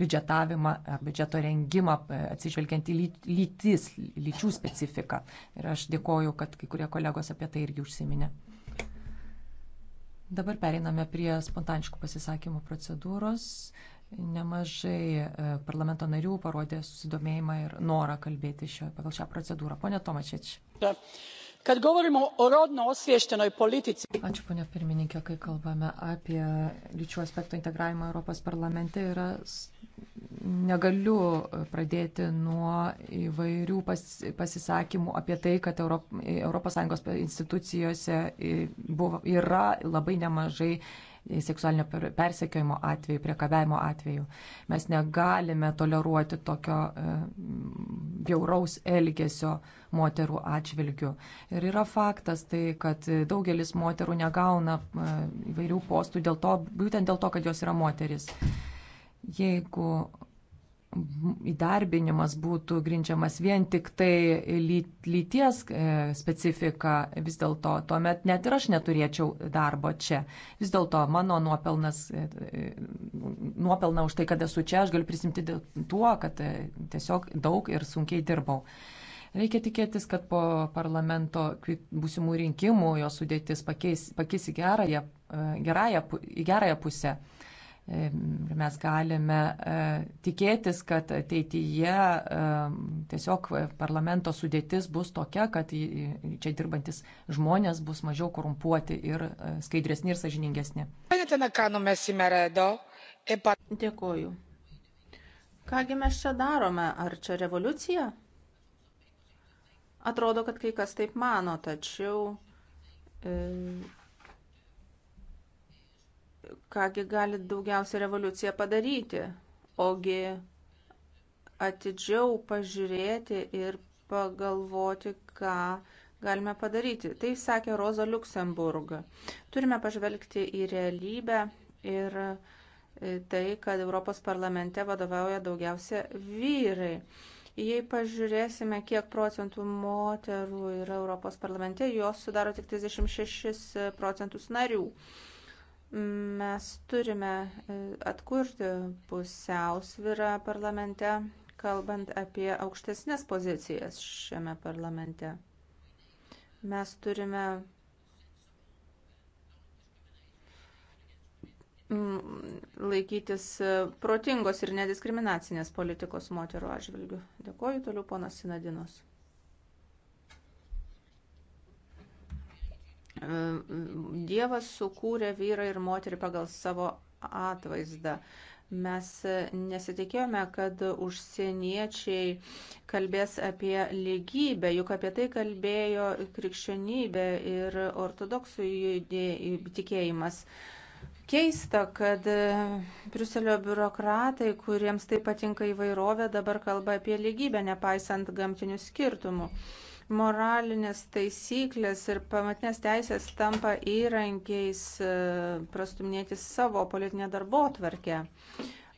biudžetavimą ar biudžeto rengimą e, atsižvelgiant į lytis, lyčių specifiką. Ir aš dėkoju, kad kai kurie kolegos apie tai irgi užsiminė. Dabar pereiname prie spontaniškų pasisakymų procedūros. Nemažai parlamento narių parodė susidomėjimą ir norą kalbėti šio, pagal šią procedūrą. Pone Tomačič. Ja kad govorimo o rodno osviještenoj politici. Ačiū, ponia pirmininkė, kai kalbame apie lyčių aspekto integravimą Europos parlamente, yra, negaliu pradėti nuo įvairių pas, pasisakymų apie tai, kad Europ, ES institucijose buvo, yra labai nemažai seksualinio persekiojimo atveju, priekabiavimo atveju. Mes negalime toleruoti tokio e, bjauraus elgesio moterų atžvilgių. Ir yra faktas tai, kad daugelis moterų negauna e, įvairių postų dėl to, būtent dėl to, kad jos yra moteris. Jeigu įdarbinimas būtų grindžiamas vien tik tai lyties e, specifika, vis dėlto tuomet net ir aš neturėčiau darbo čia. Vis dėlto mano nuopelnas, e, e, nuopelna už tai, kad esu čia, aš galiu prisimti tuo, kad tiesiog daug ir sunkiai dirbau. Reikia tikėtis, kad po parlamento būsimų rinkimų jo sudėtis pakeis, pakeis į gerąją, gerąją, į gerąją pusę. Mes galime e, tikėtis, kad ateityje e, tiesiog parlamento sudėtis bus tokia, kad čia dirbantis žmonės bus mažiau korumpuoti ir e, skaidresni ir sažiningesni. Dėkoju. Kągi mes čia darome? Ar čia revoliucija? Atrodo, kad kai kas taip mano, tačiau. E kągi gali daugiausia revoliucija padaryti, ogi atidžiau pažiūrėti ir pagalvoti, ką galime padaryti. Tai sakė Roza Luxemburg. Turime pažvelgti į realybę ir e, tai, kad Europos parlamente vadovauja daugiausia vyrai. Jei pažiūrėsime, kiek procentų moterų yra Europos parlamente, jos sudaro tik 36 procentus narių. Mes turime e, atkurti pusiausvyrą parlamente, kalbant apie aukštesnės pozicijas šiame parlamente. Mes turime mm, laikytis protingos ir nediskriminacinės politikos moterų atžvilgių. Dėkoju toliau ponas Sinadinos. Dievas sukūrė vyrą ir moterį pagal savo atvaizdą. Mes e, nesitikėjome, kad užsieniečiai kalbės apie lygybę, juk apie tai kalbėjo krikščionybė ir ortodoksų tikėjimas. Keista, kad e, Briuselio biurokratai, kuriems tai patinka įvairovė, dabar kalba apie lygybę, nepaisant gamtinių skirtumų moralinės taisyklės ir pamatinės teisės tampa įrankiais e, prastumėti savo politinę darbo tvarkę.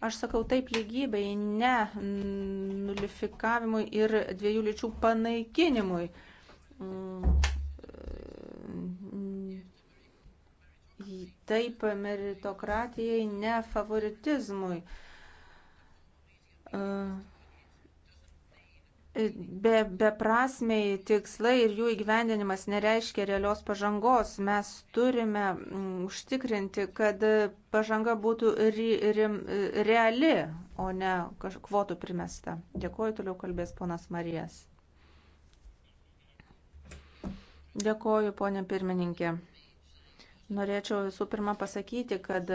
Aš sakau taip lygybei, ne nulifikavimui ir dviejų lyčių panaikinimui. Mm, e, taip meritokratijai, ne favoritizmui. Uh e, be, beprasmiai tikslai ir jų įgyvendinimas nereiškia realios pažangos. Mes turime mm, užtikrinti, kad pažanga būtų ri, ri, reali, o ne kvotų primesta. Dėkuoju, toliau kalbės ponas Marijas. Dėkuoju, ponė pirmininkė. Norėčiau visų pirma pasakyti, kad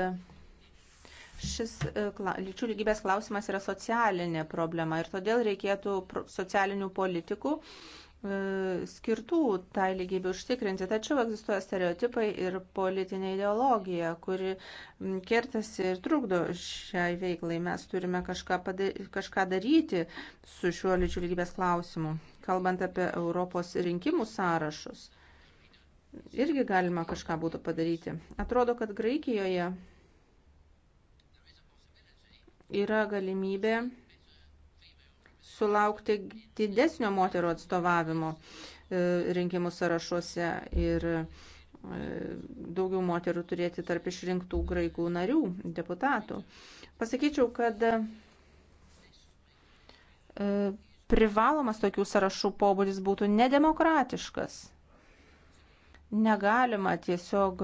šis e, lyčių lygybės klausimas yra socialinė problema ir todėl reikėtų socialinių politikų e, skirtų tai lygybė užtikrinti. Tačiau egzistuoja stereotipai ir politinė ideologija, kuri kertasi ir trukdo šiai veiklai. Mes turime kažką, padaryti, kažką daryti su šiuo lyčių lygybės klausimu. Kalbant apie Europos rinkimų sąrašus, irgi galima kažką būtų padaryti. Atrodo, kad Graikijoje yra galimybė sulaukti didesnio moterų atstovavimo e, rinkimų sąrašuose ir e, daugiau moterų turėti tarp išrinktų graikų narių, deputatų. Pasakyčiau, kad e, privalomas tokių sąrašų pobūdis būtų nedemokratiškas. Negalima tiesiog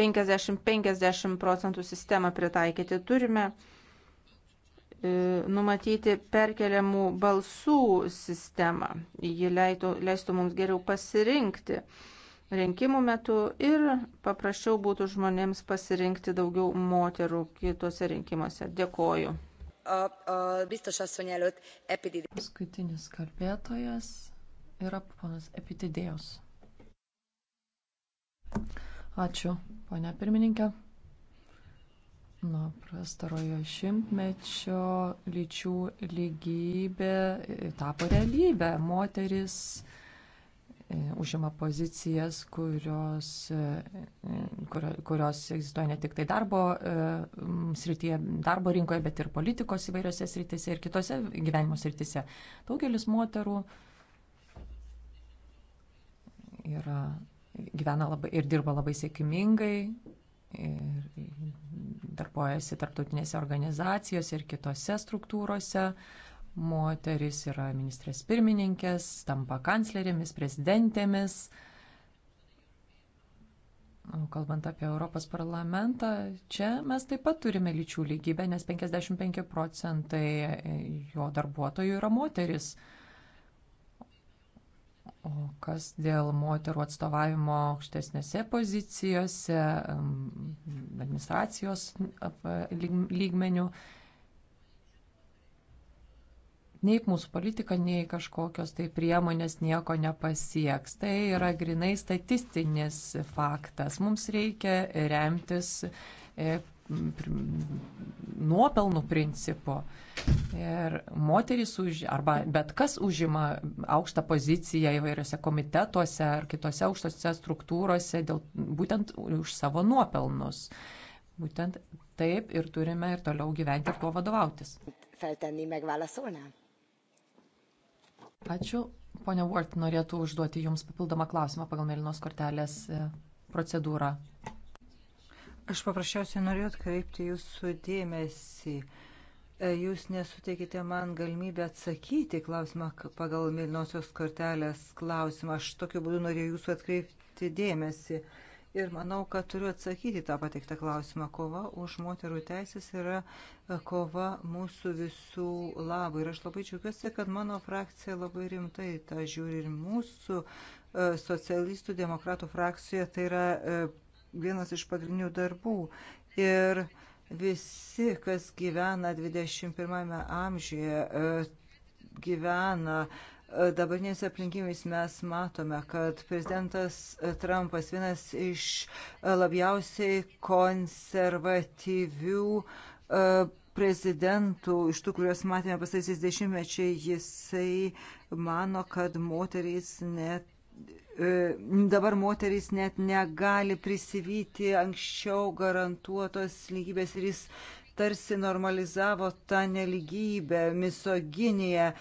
50-50 procentų sistemą pritaikyti. Turime e, numatyti perkeliamų balsų sistemą. Ji leitų, leistų mums geriau pasirinkti rinkimų metu ir paprasčiau būtų žmonėms pasirinkti daugiau moterų kitose rinkimuose. Dėkoju. Paskutinis kalbėtojas yra ponas Epitidėjus. Ačiū, ponia pirmininkė. Nuo prastarojo šimtmečio lyčių lygybė tapo realybė. Moteris e, užima pozicijas, kurios, e, kurios egzistuoja ne tik tai darbo e, srityje, darbo rinkoje, bet ir politikos įvairiose srityse ir kitose gyvenimo srityse. Daugelis moterų yra gyvena labai ir dirba labai sėkmingai ir darbuojasi tarptautinėse organizacijose ir kitose struktūrose. Moteris yra ministrės pirmininkės, tampa kanclerėmis, prezidentėmis. O kalbant apie Europos parlamentą, čia mes taip pat turime lyčių lygybę, nes 55 procentai jo darbuotojų yra moteris. O kas dėl moterų atstovavimo aukštesnėse pozicijose, administracijos lygmenių, nei mūsų politika, nei kažkokios tai priemonės nieko nepasieks. Tai yra grinai statistinis faktas. Mums reikia remtis E, nuopelnų principu. Ir moteris už, arba bet kas užima aukštą poziciją įvairiose komitetuose ar kitose aukštose struktūrose dėl, būtent už savo nuopelnus. Būtent taip ir turime ir toliau gyventi ir tuo vadovautis. Ačiū. Pone Ward norėtų užduoti Jums papildomą klausimą pagal Melinos kortelės e, procedūrą. Aš paprasčiausiai noriu atkreipti jūsų dėmesį. E, Jūs nesuteikite man galimybę atsakyti klausimą pagal Milnosios kortelės klausimą. Aš tokiu būdu norėjau jūsų atkreipti dėmesį. Ir manau, kad turiu atsakyti tą pateiktą klausimą. Kova už moterų teisės yra e, kova mūsų visų labai. Ir aš labai džiaugiuosi, kad mano frakcija labai rimtai tą žiūri ir mūsų e, socialistų demokratų frakcijoje. Tai yra vienas iš pagrindinių darbų. Ir visi, kas gyvena 21 amžiuje, e, gyvena e, dabartinės aplinkybės mes matome, kad prezidentas e, Trumpas vienas iš labiausiai konservatyvių prezidentų, iš tų, kuriuos matėme pasaisiais dešimtmečiai, jisai mano, kad moterys net E, dabar moterys net negali prisivyti anksčiau garantuotos lygybės ir jis tarsi normalizavo tą neligybę, misoginiją, e,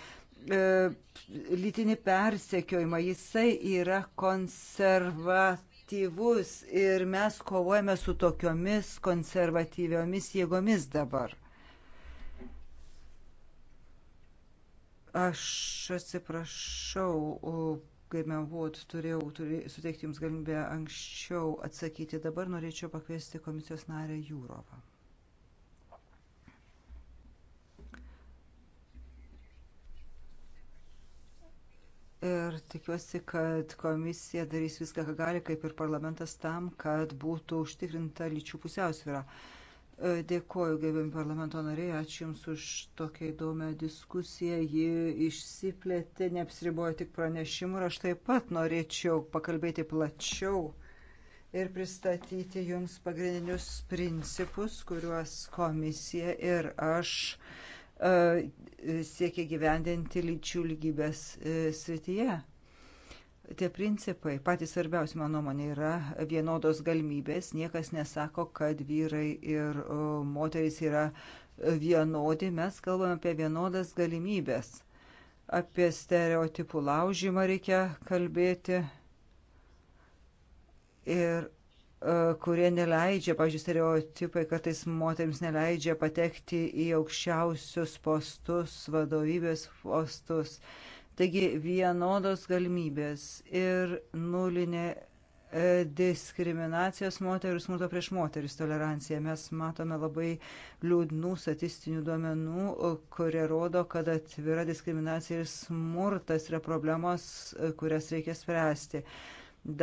lytinį persekiojimą. Jisai yra konservatyvus ir mes kovojame su tokiomis konservatyviomis jėgomis dabar. Aš atsiprašau kai man buvot, turėjau turė, suteikti Jums galimybę anksčiau atsakyti. Dabar norėčiau pakviesti komisijos narę Jūrovą. Ir tikiuosi, kad komisija darys viską, ką gali, kaip ir parlamentas tam, kad būtų užtikrinta lyčių pusiausvyrą. Uh, E, dėkoju, gerbėmi parlamento nariai, ačiū Jums už tokią įdomią diskusiją. Ji išsiplėtė, neapsiribojo tik pranešimu ir aš taip pat norėčiau pakalbėti plačiau ir pristatyti Jums pagrindinius principus, kuriuos komisija ir aš e, siekia gyvendinti lyčių lygybės e, srityje. Tie principai, patys svarbiausi, mano nuomonė, yra vienodos galimybės. Niekas nesako, kad vyrai ir moteris yra vienodi. Mes kalbame apie vienodas galimybės. Apie stereotipų laužymą reikia kalbėti. Ir kurie neleidžia, pažiūrėjau, stereotipai kartais moteriams neleidžia patekti į aukščiausius postus, vadovybės postus. Uh, Taigi vienodos galimybės ir nulinė e, diskriminacijos moterų smurto prieš moteris tolerancija. Mes matome labai liūdnų statistinių duomenų, kurie rodo, kad atvira diskriminacija ir smurtas yra problemos, e, kurias reikia spręsti.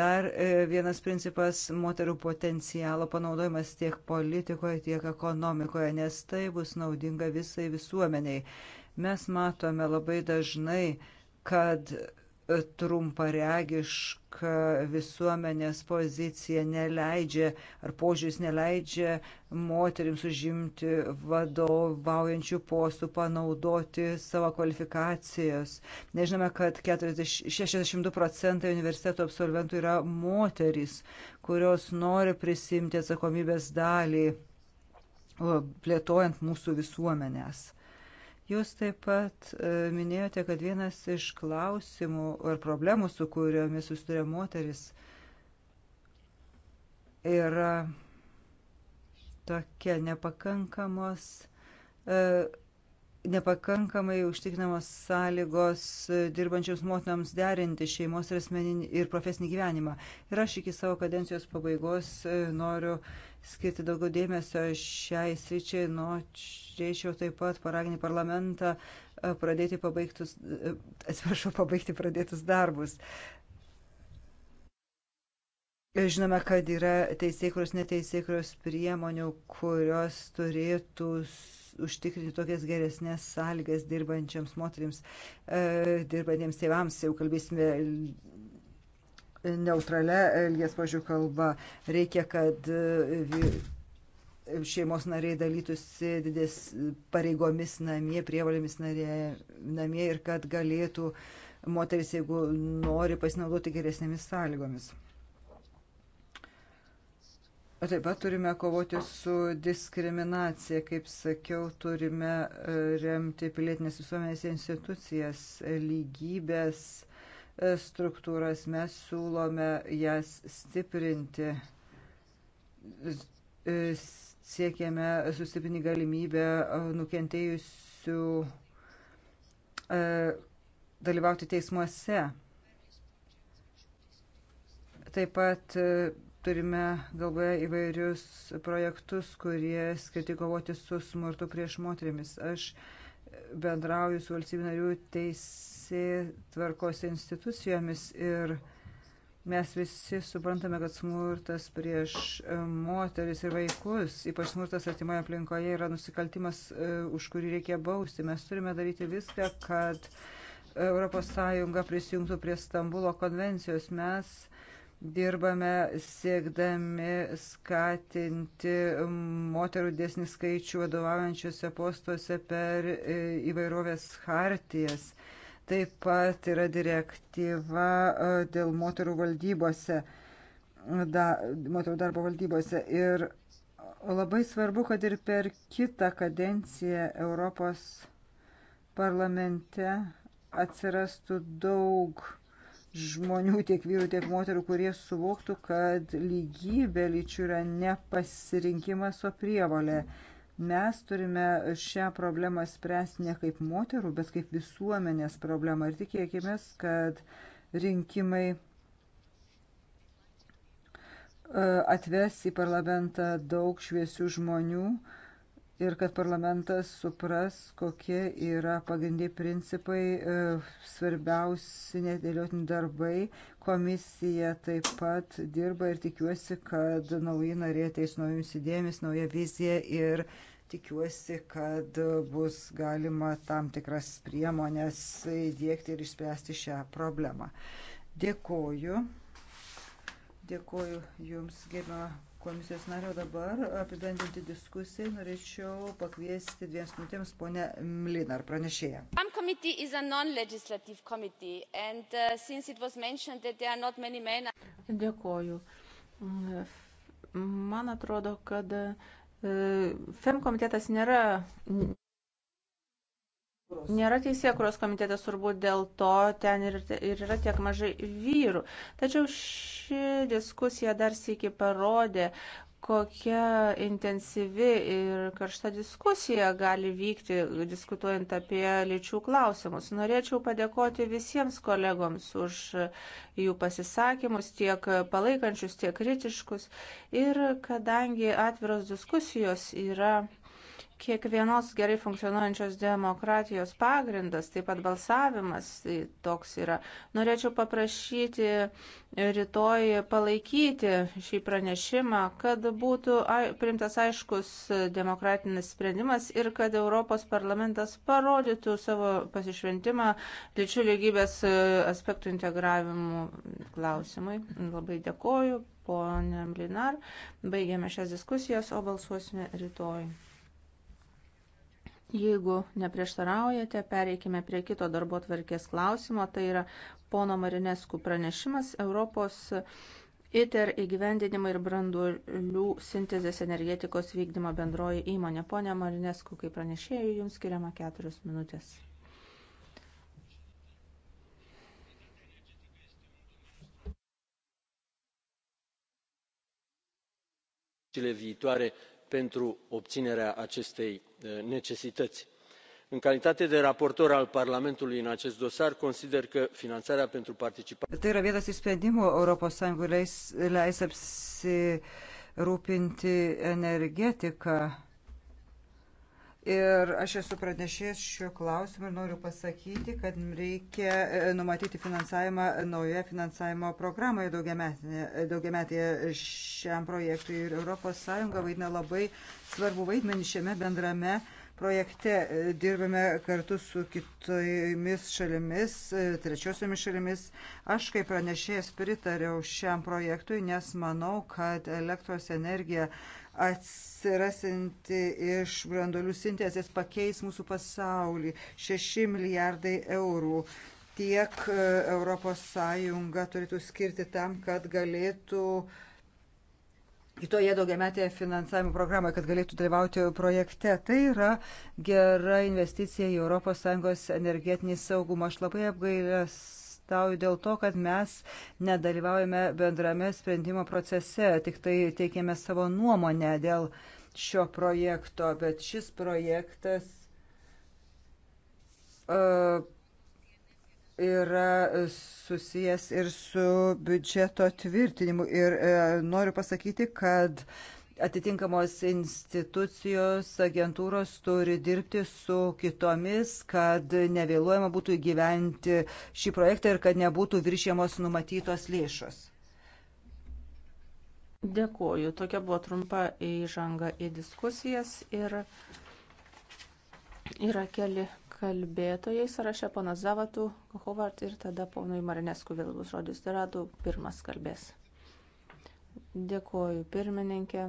Dar e, vienas principas - moterų potencialo panaudojimas tiek politikoje, tiek ekonomikoje, nes tai bus naudinga visai visuomeniai. Mes matome labai dažnai, kad trumparegiška visuomenės pozicija neleidžia ar požiūris neleidžia moteriams užimti vadovaujančių postų, panaudoti savo kvalifikacijos. Nežinome, kad 40, 62 procentai universiteto absolventų yra moterys, kurios nori prisimti atsakomybės dalį plėtojant mūsų visuomenės. Jūs taip pat e, minėjote, kad vienas iš klausimų ar problemų, su kuriomis susiduria moteris, yra tokia nepakankamos, e, nepakankamai užtikrinamos sąlygos dirbančiams motinams derinti šeimos ir, asmeninį, ir profesinį gyvenimą. Ir aš iki savo kadencijos pabaigos e, noriu skirti daugiau dėmesio šiai sričiai. Norėčiau taip pat paraginti parlamentą e, pradėti pabaigtus, e, atsiprašau, pabaigti pradėtus darbus. E, žinome, kad yra teisėkros, neteisėkros priemonių, kurios turėtų užtikrinti tokias geresnės sąlygas dirbančiams moteriams, e, dirbantiems tėvams. Jau kalbėsime neutralia elgės požiūrių kalba. Reikia, kad e, šeimos nariai dalytųsi didės pareigomis namie, prievalėmis namie ir kad galėtų moteris, jeigu nori, pasinaudoti geresnėmis sąlygomis. Taip pat turime kovoti su diskriminacija, kaip sakiau, turime e, remti pilietinės visuomenės institucijas, lygybės struktūras, mes siūlome jas stiprinti, siekiame sustiprinti galimybę nukentėjusių e, dalyvauti teismuose. Taip pat e, turime galvoje įvairius projektus, kurie skirti kovoti su smurtu prieš moterimis. Aš bendrauju su valstybių narių teismuose teisėtvarkos institucijomis ir mes visi suprantame, kad smurtas prieš e, moteris ir vaikus, ypač smurtas artimoje aplinkoje, yra nusikaltimas, e, už kurį reikia bausti. Mes turime daryti viską, kad ES prisijungtų prie Stambulo konvencijos. Mes dirbame siekdami skatinti moterų dėsnį skaičių vadovaujančiuose postuose per e, įvairovės hartijas. Taip pat yra direktyva e, dėl moterų valdybose, da, moterų darbo valdybose. Ir labai svarbu, kad ir per kitą kadenciją Europos parlamente atsirastų daug žmonių, tiek vyrų, tiek moterų, kurie suvoktų, kad lygybė lyčių yra ne pasirinkimas, o prievalė. Mm Mes turime šią problemą spręsti ne kaip moterų, bet kaip visuomenės problemą ir tikėkime, kad rinkimai e, atves į parlamentą daug šviesių žmonių, ir kad parlamentas supras, kokie yra pagrindiniai principai, e, svarbiausi nedėliotini darbai. Komisija taip pat dirba ir tikiuosi, kad nauji nariai ateis naujus idėjomis, nauja vizija ir tikiuosi, kad bus galima tam tikras priemonės įdėkti ir išspręsti šią problemą. Dėkoju. Dėkoju Jums, gerbiamą komisijos nario dabar apibendrinti diskusijai norėčiau pakviesti dviems minutėms ponę Mlinar pranešėją. Farm committee is a non-legislative committee and uh, since it was mentioned that there are not many men. Dėkoju. Mm, man atrodo, kad uh, FEM komitetas nėra Nėra teisėkuros komitetas turbūt dėl to ten ir, ir yra tiek mažai vyrų. Tačiau ši diskusija dar sėki parodė, kokia intensyvi ir karšta diskusija gali vykti, diskutuojant apie lyčių klausimus. Norėčiau padėkoti visiems kolegoms už jų pasisakymus, tiek palaikančius, tiek kritiškus. Ir kadangi atviros diskusijos yra kiekvienos gerai funkcionuojančios demokratijos pagrindas, taip pat balsavimas tai toks yra. Norėčiau paprašyti rytoj palaikyti šį pranešimą, kad būtų primtas aiškus demokratinis sprendimas ir kad Europos parlamentas parodytų savo pasišventimą lyčių lygybės aspektų integravimų klausimui. Labai dėkoju, ponė Mlinar. Baigėme šias diskusijas, o balsuosime rytoj. Jeigu neprieštaraujate, pereikime prie kito darbo tvarkės klausimo. Tai yra pono Marineskų pranešimas Europos ITER įgyvendinimą ir branduolių sintezės energetikos vykdymo bendroji įmonė. Pone Marinesku, kaip pranešėjau, jums skiriama keturios minutės. viitoare pentru obținerea acestei uh, necesități. în calitate de raportor al parlamentului în acest dosar consider că finanțarea pentru participare. tai yra vienas iš sprendimų europos sąjungai leis apsirūpinti energetika Ir aš esu pranešęs šiuo klausimu ir noriu pasakyti, kad reikia e, numatyti finansavimą naujoje finansavimo programoje daugiametėje šiam projektui. Ir ES vaidina labai svarbu vaidmenį šiame bendrame projekte. E, dirbame kartu su kitomis šalimis, e, trečiosiomis šalimis. Aš kaip pranešėjas pritariau šiam projektui, nes manau, kad elektros energija atsirasinti iš brandolių sintezės pakeis mūsų pasaulį. 6 milijardai eurų. Tiek ES turėtų skirti tam, kad galėtų kitoje daugiametėje finansavimo programoje, kad galėtų dalyvauti projekte. Tai yra gera investicija į ES energetinį saugumą. Aš labai apgailęs apgailestauju dėl to, kad mes nedalyvaujame bendrame sprendimo procese, tik tai teikėme savo nuomonę dėl šio projekto, bet šis projektas uh, yra susijęs ir su biudžeto tvirtinimu. Ir uh, noriu pasakyti, kad uh, atitinkamos institucijos, agentūros turi dirbti su kitomis, kad nevėluojama būtų įgyventi šį projektą ir kad nebūtų viršėmos numatytos lėšos. Dėkuoju. Tokia buvo trumpa įžanga į diskusijas ir yra keli kalbėtojai sąraše ponas Zavatų, Hovart ir tada ponui Marinesku vėl bus žodis. Tai yra du pirmas kalbės. Dėkuoju pirmininkė.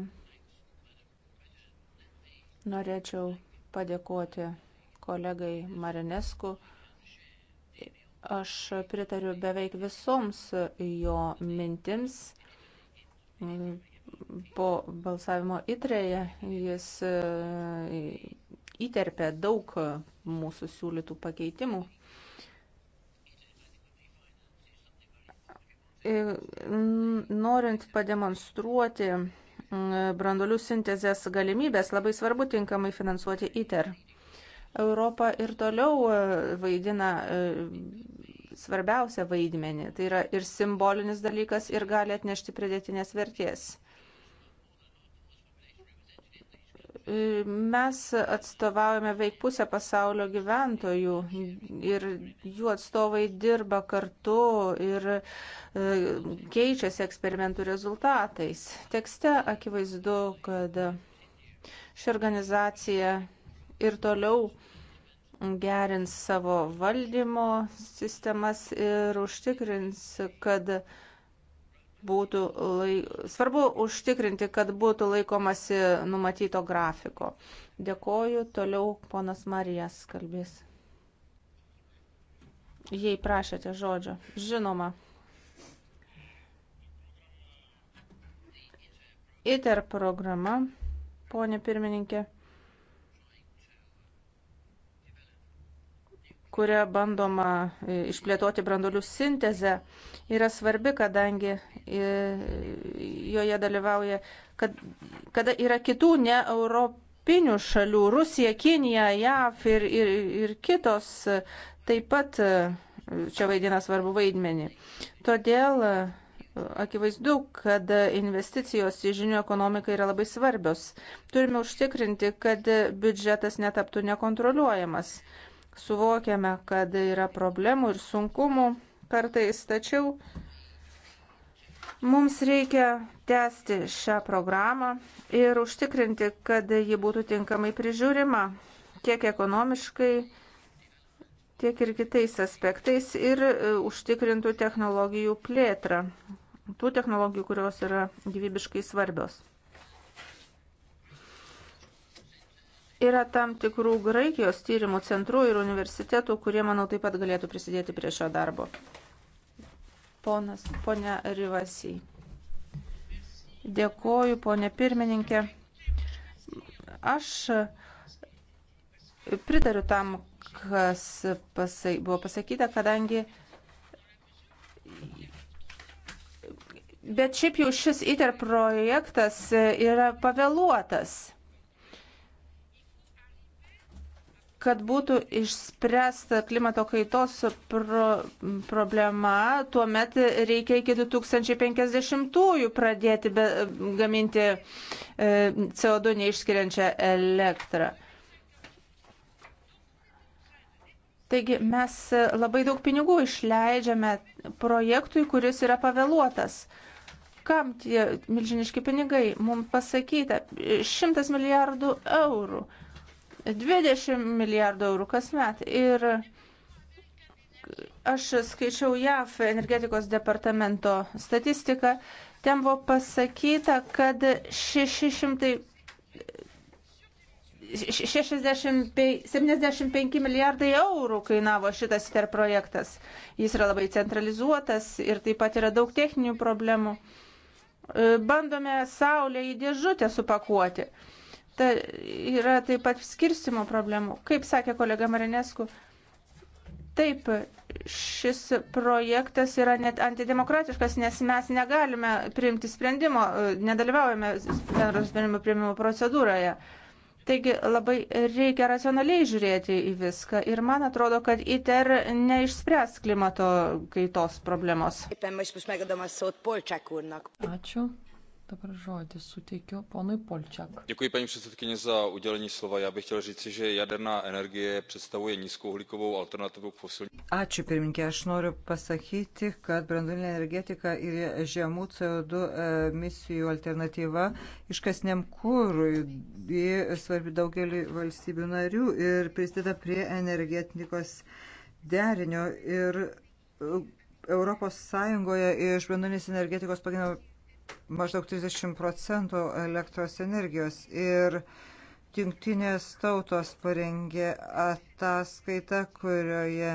Norėčiau padėkoti kolegai Marinesku. Aš pritariu beveik visoms jo mintims. Po balsavimo įtrėje jis e, įterpė daug mūsų siūlytų pakeitimų. norint pademonstruoti mm, brandolių sintezės galimybės, labai svarbu tinkamai finansuoti ITER. Europa ir toliau e, vaidina e, svarbiausią vaidmenį. Tai yra ir simbolinis dalykas, ir gali atnešti pridėtinės vertės. Mes atstovaujame veik pusę pasaulio gyventojų ir jų atstovai dirba kartu ir e, keičiasi eksperimentų rezultatais. Tekste akivaizdu, kad ši organizacija ir toliau gerins savo valdymo sistemas ir užtikrins, kad būtų laik... svarbu užtikrinti, kad būtų laikomasi numatyto grafiko. Dėkoju, toliau ponas Marijas kalbės. Jei prašėte žodžio, žinoma. ITER programa, ponė pirmininkė. kuria bandoma e, išplėtoti brandolių sintezę, yra svarbi, kadangi e, joje dalyvauja, kad, kada yra kitų ne europinių šalių - Rusija, Kinija, JAV ir, ir, ir kitos e, taip pat čia vaidina svarbu vaidmenį. Todėl akivaizdu, kad investicijos į žinių ekonomiką yra labai svarbios. Turime užtikrinti, kad biudžetas netaptų nekontroliuojamas. Suvokiame, kad yra problemų ir sunkumų kartais, tačiau mums reikia tęsti šią programą ir užtikrinti, kad ji būtų tinkamai prižiūrima tiek ekonomiškai, tiek ir kitais aspektais ir e, užtikrintų technologijų plėtrą, tų technologijų, kurios yra gyvybiškai svarbios. Yra tam tikrų Graikijos tyrimų centrų ir universitetų, kurie, manau, taip pat galėtų prisidėti prie šio darbo. Ponas, ponia Rivasiai. Dėkoju, ponia pirmininkė. Aš pritariu tam, kas pasai, buvo pasakyta, kadangi Bet šiaip jau šis ITER projektas yra pavėluotas. kad būtų išspręsta klimato kaitos pro, problema, tuomet reikia iki 2050-ųjų pradėti be, gaminti e, CO2 neišskiriančią elektrą. Taigi mes labai daug pinigų išleidžiame projektui, kuris yra pavėluotas. Kam tie milžiniški pinigai? Mums pasakyta, 100 milijardų eurų. 20 milijardų eurų kasmet. Ir aš skaičiau JAF energetikos departamento statistiką, ten buvo pasakyta, kad 600 65, 75 milijardai eurų kainavo šitas ITER projektas. Jis yra labai centralizuotas ir taip pat yra daug techninių problemų. Bandome Saulę į dėžutę supakuoti ta, yra taip pat skirstimo problemų. Kaip sakė kolega Marinesku, taip, šis projektas yra net antidemokratiškas, nes mes negalime priimti sprendimo, nedalyvaujame bendros sprendimo priimimo procedūroje. Taigi labai reikia racionaliai žiūrėti į viską ir man atrodo, kad ITER neišspręs klimato kaitos problemos. Ačiū paní předsedající já bych chtěl říci že jaderná energija představuje nízkouhlíkovou alternativu k fosilním ačiū pirmininke aš noriu pasakyti kad branduolinė energetika yra žemų co du emisijų alternatyva iškasniam kurui ji svarbi daugeliui valstybių narių ir prisideda prie energetikos derinio ir europos sąjungoje iš branduolinės energetikos pagaminama maždaug 30 procentų elektros energijos. Ir Junktinės tautos parengė ataskaitą, kurioje,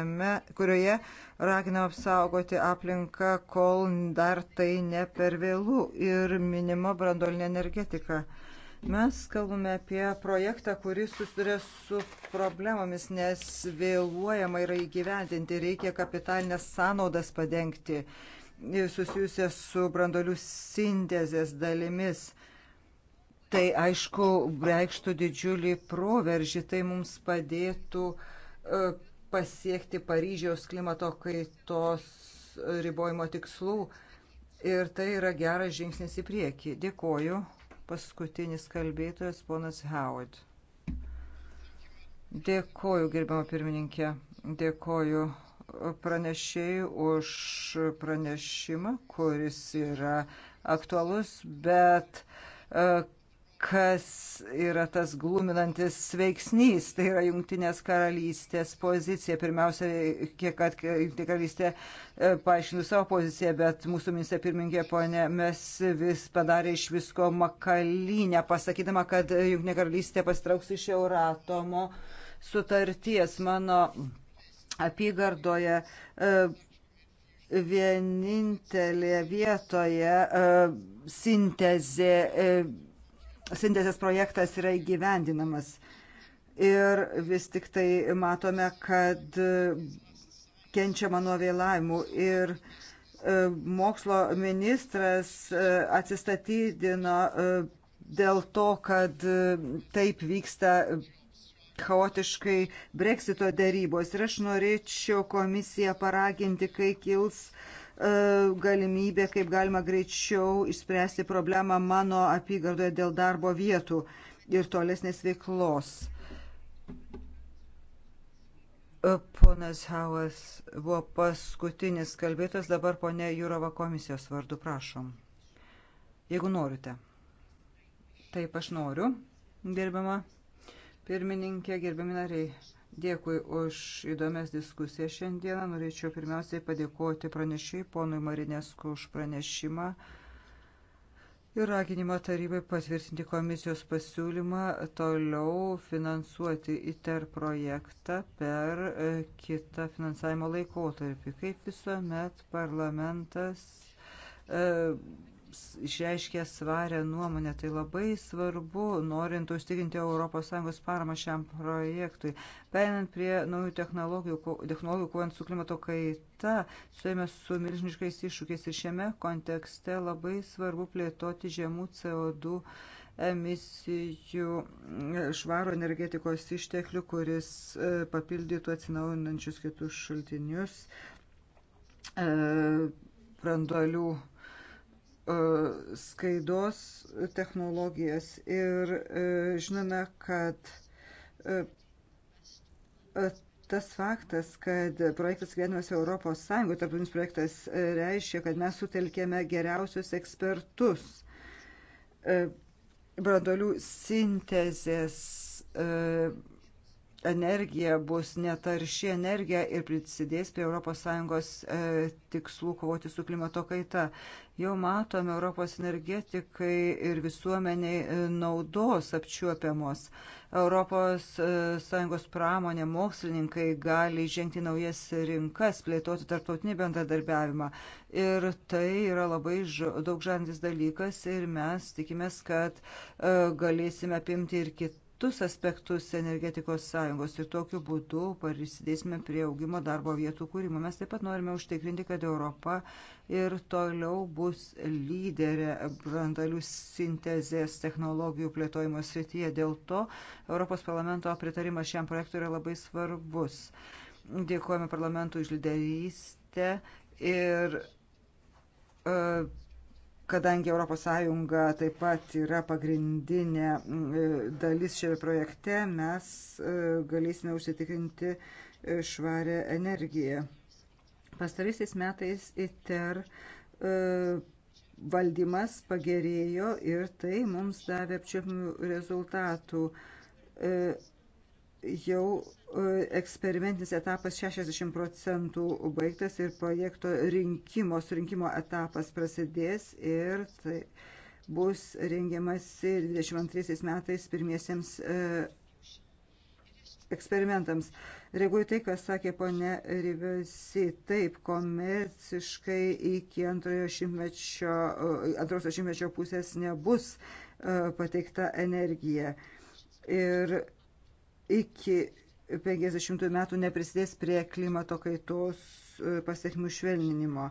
kurioje raginam apsaugoti aplinką, kol dar tai ne per vėlų ir minima brandolinė energetika. Mes kalbame apie projektą, kuris susiduria su problemomis, nes vėluojama yra įgyvendinti, reikia kapitalinės sąnaudas padengti. Uh, susijusią su brandolių sintezės dalimis. Tai aišku, reikštų didžiulį proveržį, tai mums padėtų e, pasiekti Paryžiaus klimato kaitos ribojimo tikslų. Ir tai yra geras žingsnis į priekį. Dėkoju. Paskutinis kalbėtojas, ponas Howard. Dėkoju, gerbiamo pirmininkė. Dėkoju pranešėjai už pranešimą, kuris yra aktualus, bet e, kas yra tas gluminantis veiksnys, tai yra jungtinės karalystės pozicija. Pirmiausia, kiek kad jungtinė karalystė e, paaiškino savo poziciją, bet mūsų ministrė pirmininkė ponė, mes vis padarė iš visko makalynę, pasakydama, kad jungtinė karalystė pastrauks iš Euratomo sutarties. Mano apygardoje e, vienintelėje vietoje e, sintezė, e, sintezės projektas yra įgyvendinamas. Ir vis tik tai matome, kad kenčiama nuo vėlavimų ir mokslo ministras atsistatydino dėl to, kad taip vyksta chaotiškai breksito darybos. Ir aš norėčiau komisiją paraginti, kai kils e, galimybė, kaip galima greičiau išspręsti problemą mano apygardoje dėl darbo vietų ir tolesnės veiklos. E, ponas Hauas buvo paskutinis kalbėtas, dabar ponė Jūrova komisijos vardu, prašom. Jeigu norite. Taip, aš noriu, gerbiama Pirmininkė, gerbiami nariai, dėkui už įdomias diskusijas šiandieną. Norėčiau pirmiausiai padėkoti pranešiai ponui Marinesku už pranešimą ir raginimą tarybai patvirtinti komisijos pasiūlymą toliau finansuoti ITER projektą per e, kitą finansavimo laikotarpį. Kaip visuomet parlamentas. E, išreiškė svarę nuomonę. Tai labai svarbu, norint užtikrinti ES paramą šiam projektui. Perinant prie naujų technologijų, technologijų kovant su klimato kaita, suėmė su milžiniškais iššūkiais ir šiame kontekste labai svarbu plėtoti žemų CO2 emisijų švaro energetikos išteklių, kuris e, papildytų atsinaujinančius kitus šaltinius e, branduolių E, skaidos technologijas ir e, žinome, kad e, tas faktas, kad projektas gyvenimas Europos Sąjungoje, tarptautinis projektas, reiškia, kad mes sutelkėme geriausius ekspertus branduolių sintezės energija bus netarši energija ir prisidės prie ES e, tikslų kovoti su klimato kaita. Jau matome Europos energetikai ir visuomeniai e, naudos apčiuopiamos. ES e, pramonė, mokslininkai gali žengti naujas rinkas, plėtoti tarptautinį bendradarbiavimą. Ir tai yra labai daug žandis dalykas ir mes tikimės, kad galėsime apimti ir kitą kitus aspektus energetikos sąjungos ir tokiu būdu prisidėsime prie augimo darbo vietų kūrimo. Mes taip pat norime užtikrinti, kad Europa ir toliau bus lyderė brandalių sintezės technologijų plėtojimo srityje. Dėl to Europos parlamento pritarimas šiam projektui yra labai svarbus. Dėkojame parlamentui už lyderystę ir uh, kadangi ES taip pat yra pagrindinė mm, e, dalis šiame projekte, mes e, galėsime užsitikrinti e, švarę energiją. Pastaraisiais metais ITER valdymas pagerėjo ir tai mums davė apčiopimų rezultatų jau e, eksperimentinis etapas 60 procentų baigtas ir projekto rinkimo, surinkimo etapas prasidės ir tai bus rengiamasi 22 metais pirmiesiems e, eksperimentams. Reaguoju tai, kas sakė ponė Rivesi, taip, komerciškai iki antrojo šimtmečio, e, antrosios šimtmečio pusės nebus pateikta energija. Ir iki 50 metų neprisidės prie klimato kaitos e, pasiekmių švelninimo,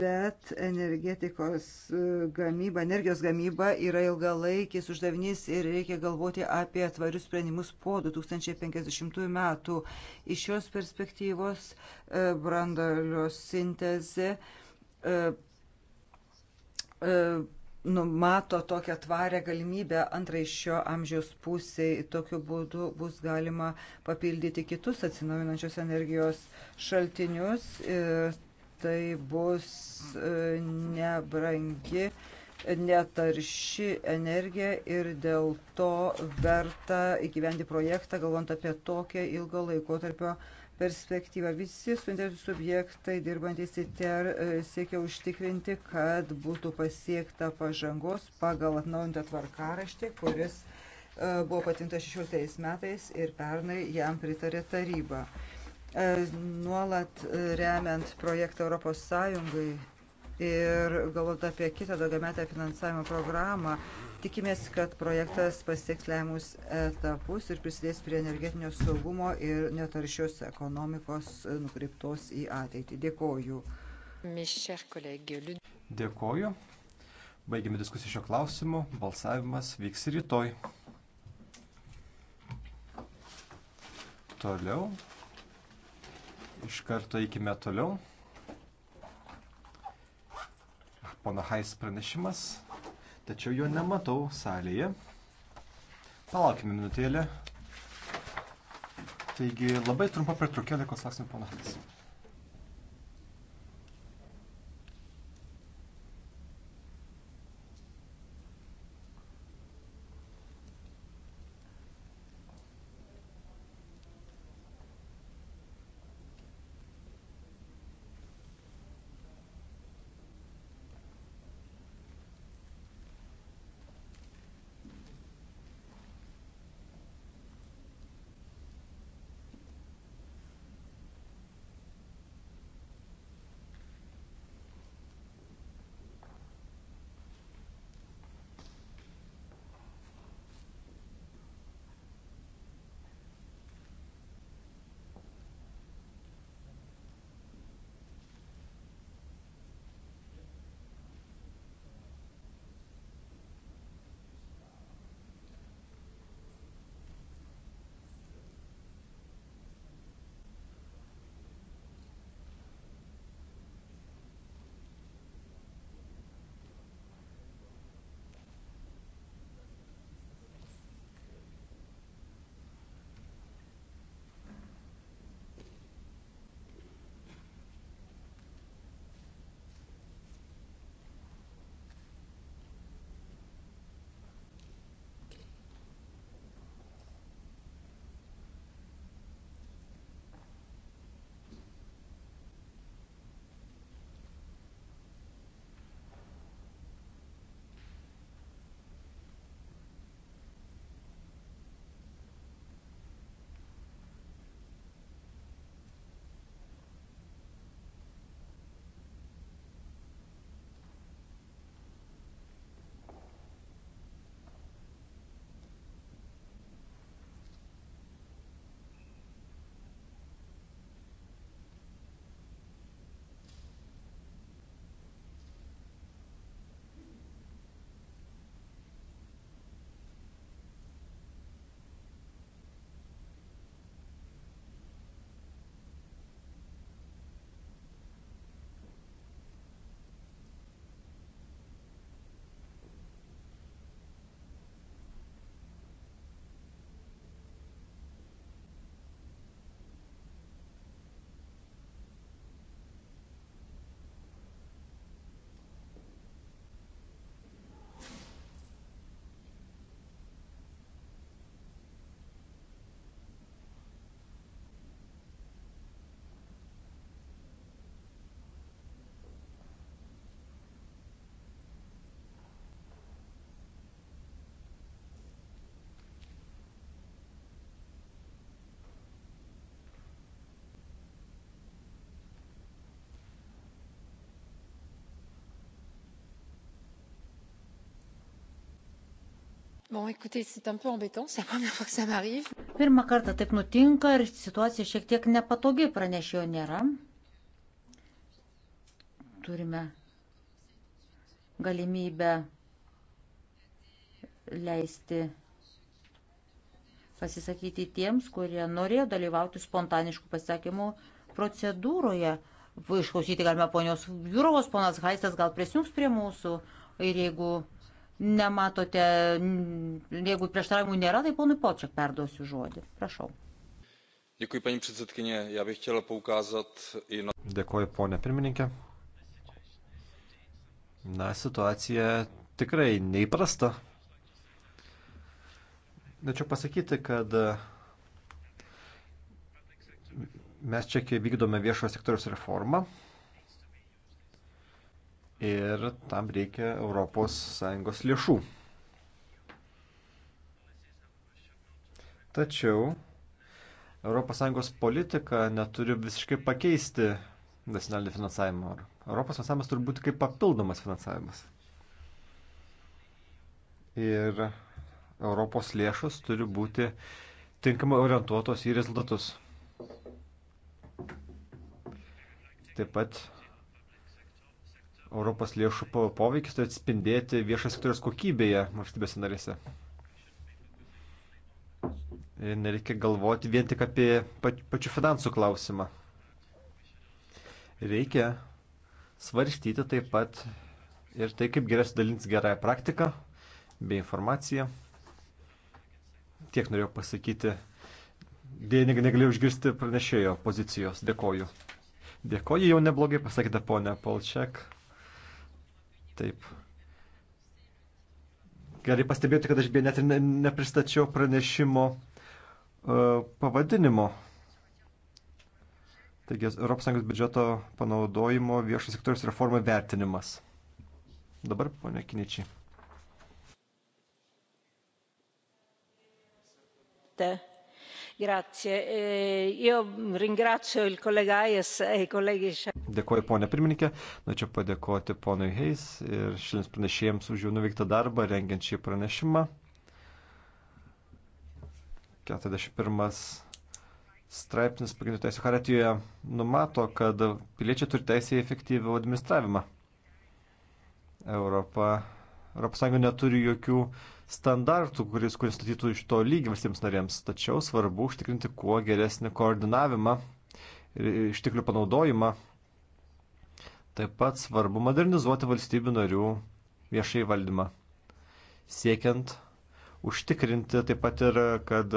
bet energetikos e, gamyba, energijos gamyba yra ilgalaikis uždavinys ir reikia galvoti apie tvarius sprendimus po 2050 metų. Iš šios perspektyvos e, brandalios sintezė numato tokią tvarę galimybę antrai šio amžiaus pusėje. Tokiu būdu bus galima papildyti kitus atsinaujinančios energijos šaltinius ir tai bus e, nebrangi, netarši energija ir dėl to verta įgyventi projektą, galvant apie tokią ilgo laiko tarpio perspektyvą. Visi suinteresuoti subjektai dirbantys ITER e, siekia užtikrinti, kad būtų pasiekta pažangos pagal atnaujintą tvarkaraštį, kuris e, buvo patintas 16 metais ir pernai jam pritarė taryba. E, nuolat remiant projektą ES ir galvot apie kitą daugiametę finansavimo programą, Tikimės, kad projektas pasieks lemiamus etapus ir prisidės prie energetinio saugumo ir netaršios ekonomikos nukreiptos į ateitį. Dėkoju. Dėkoju. Baigėme diskusiją šio klausimu. Balsavimas vyks rytoj. Toliau. Iš karto eikime toliau. Pana Hais pranešimas tačiau jo nematau salėje. Palaukime minutėlę. Taigi labai trumpa pertraukėlė, kol saksime ponas. Bon, écoutez, c'est un peu embêtant, c'est la première fois que ça m'arrive. Pirmą kartą taip nutinka ir situacija šiek tiek nepatogi pranešėjo nėra. Turime galimybę leisti pasisakyti tiems, kurie norėjo dalyvauti spontaniškų pasisakymų procedūroje. Išklausyti galime ponios Jūrovos, ponas Haistas gal prisijungs prie mūsų ir jeigu nematote, jeigu prieštaravimų nėra, tai ponui Počiak perduosiu žodį. Prašau. Dėkui, paní předsedkyně. Já bych chtěl poukázat i na... Dėkuoju, ponė pirmininkė. Na, situacija tikrai neįprasta. Tačiau pasakyti, kad mes čia vykdome viešojo sektoriaus reformą, ir tam reikia ES lėšų. Tačiau ES politika neturi visiškai pakeisti nacionalinį finansavimą. Europos finansavimas turi būti kaip papildomas finansavimas. Ir Europos lėšos turi būti tinkamai orientuotos į rezultatus. Taip pat Europos lėšų poveikis turi atspindėti viešas sektoriaus kokybėje valstybės narėse. Ir nereikia galvoti vien tik apie pačių finansų klausimą. Reikia svarstyti taip pat ir tai, kaip geriausia dalins gerąją praktiką bei informaciją. Tiek norėjau pasakyti. Dėja, negalėjau išgirsti pranešėjo pozicijos. Dėkoju. Dėkoju, jau neblogai pasakėte, ponė Polčiak. Taip. Gerai pastebėti, kad aš beje net ir ne, nepristačiau pranešimo uh, pavadinimo. Taigi, ES biudžeto panaudojimo viešo sektoriaus reformų vertinimas. Dabar, ponia Kiničiai. Te. Eh, e Dėkuoju, ponė pirmininkė. Norėčiau padėkoti ponui Heis ir šiems pranešėjams už jų nuveiktą darbą, rengiant šį pranešimą. 41 straipsnis pagrindinių teisų haratijoje numato, kad piliečiai turi teisę į efektyvų administravimą. Europa, Europos Sąjunga neturi jokių uh, standartų, kuris, kuris statytų iš to lygį visiems narėms. Tačiau svarbu užtikrinti kuo geresnį koordinavimą ir išteklių panaudojimą. Taip pat svarbu modernizuoti valstybių narių viešai valdymą. Siekiant užtikrinti taip pat ir, kad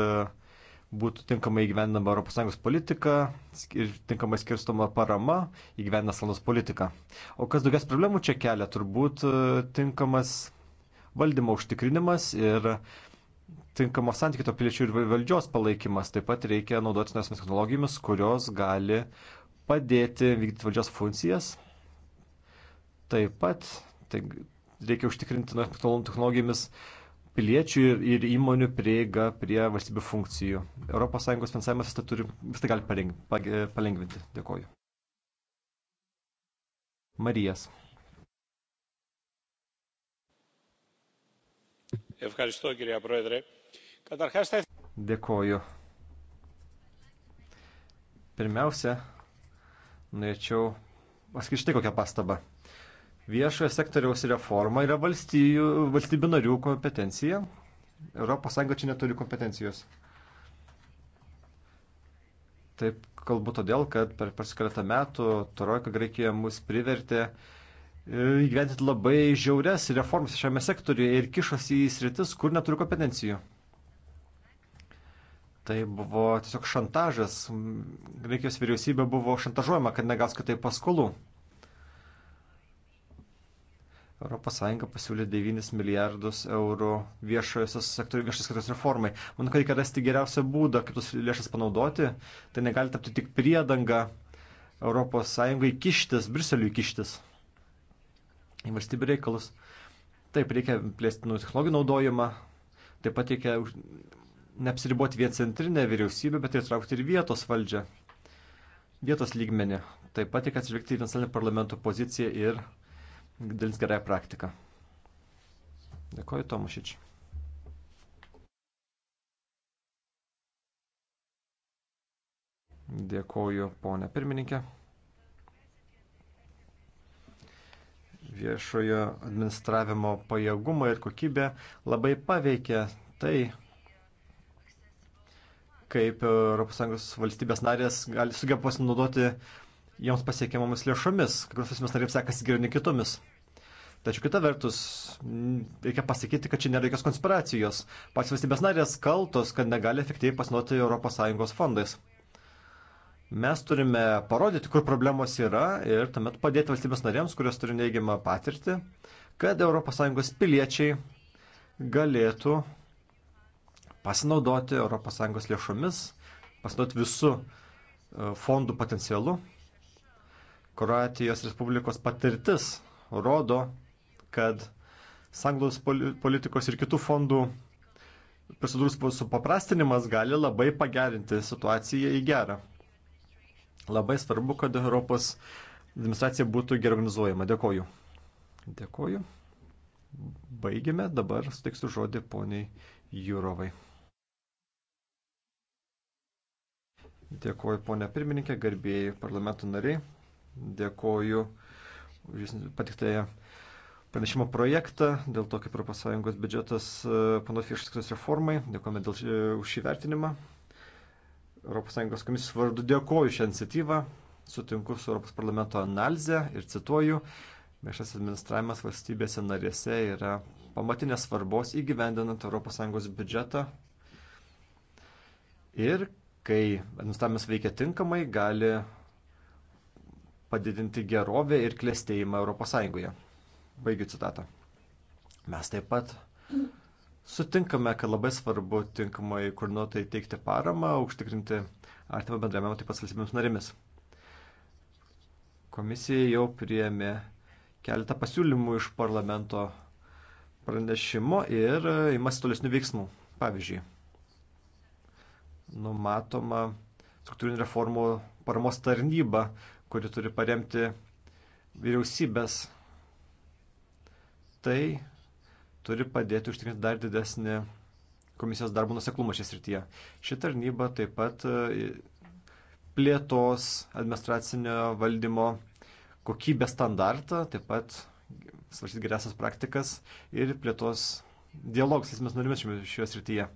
būtų tinkamai įgyvendama ES politika ir tinkamai skirstoma parama įgyvendina salos politiką. O kas daugias problemų čia kelia, turbūt tinkamas valdymo užtikrinimas ir tinkamo santykito piliečių ir valdžios palaikymas. Taip pat reikia naudotis nesmės technologijomis, kurios gali padėti vykdyti valdžios funkcijas. Taip pat tai reikia užtikrinti technologijomis piliečių ir, ir įmonių prieiga prie valstybių funkcijų. ES finansavimas visą tai, turi, visą tai gali palengvinti. Dėkoju. Marijas. Dėkoju. Pirmiausia, norėčiau pasakyti štai kokią pastabą. Viešojo sektoriaus reforma yra valstybių narių kompetencija. ES čia neturi kompetencijos. Taip kalbu todėl, kad per pasikeletą metų Trojka Graikijoje mus privertė uh, E, įgyventi labai žiaurias reformas šiame sektoriuje ir kišosi į sritis, kur neturi kompetencijų. Tai buvo tiesiog šantažas. Graikijos vyriausybė buvo šantažuojama, kad negaus kitai paskolų. ES pasiūlė 9 milijardus eurų viešojo sektoriaus reformai. Manau, kad reikia rasti geriausią būdą, kaip tos lėšas panaudoti. Tai negali tapti tik priedanga ES kištis, Briseliui kištis į valstybių reikalus. Taip, reikia plėstinų technologijų naudojimą, taip pat reikia neapsiriboti vien centrinę vyriausybę, bet ir traukti ir vietos valdžią, vietos lygmenį. Taip pat reikia atsižvelgti į nacionalinio parlamento poziciją ir dalins gerąją praktiką. Dėkoju, Tomašič. Dėkoju, ponė pirmininkė. viešojo administravimo pajėgumą ir kokybę labai paveikia tai, kaip ES valstybės narės gali sugeba pasinaudoti joms pasiekiamomis lėšomis, kai kurios valstybės narėms sekasi geriau nei kitomis. Tačiau kita vertus, reikia pasakyti, kad čia nėra jokios konspiracijos. Pats valstybės narės kaltos, kad negali efektyviai pasinaudoti ES fondais. Mes turime parodyti, kur problemos yra ir tuomet padėti valstybės narėms, kurios turi neigiamą patirtį, kad ES piliečiai galėtų pasinaudoti ES lėšomis, pasinaudoti visų e, fondų potencialu. Kroatijos Respublikos patirtis rodo, kad sanglaudos politikos ir kitų fondų prisidūrus su paprastinimas gali labai pagerinti situaciją į gerą. Labai svarbu, kad Europos administracija būtų gerai organizuojama. Dėkoju. Dėkoju. Baigime. Dabar suteiksiu žodį poniai Jūrovai. Dėkoju ponia pirmininkė, garbėjai parlamento nariai. Dėkoju patiktąją pranešimo projektą dėl to, kaip Europos Sąjungos biudžetas e, panofė išskirtas reformai. Dėkojame dėl, e, už šį vertinimą. ES komisijos vardu dėkoju šią iniciatyvą, sutinku su Europos parlamento analize ir cituoju, viešas administravimas valstybėse narėse yra pamatinės svarbos įgyvendinant ES biudžetą ir kai administravimas veikia tinkamai, gali padidinti gerovę ir klėstėjimą ES. Baigiu citatą. Mes taip pat Sutinkame, kad labai svarbu tinkamai koordinuotai teikti paramą, užtikrinti artimą bendramiamą taip pat valstybėms narėmis. Komisija jau priėmė keletą pasiūlymų iš parlamento pranešimo ir imasi tolesnių veiksmų. Pavyzdžiui, numatoma struktūrinių reformų paramos tarnyba, kuri turi paremti vyriausybės. Tai turi padėti užtikrinti dar didesnį komisijos darbo nuseklumą šią srityje. Ši tarnyba taip pat e, plėtos administracinio valdymo kokybės standartą, taip pat svarstyti geriausias praktikas ir plėtos dialogus esmės norimis šioje srityje.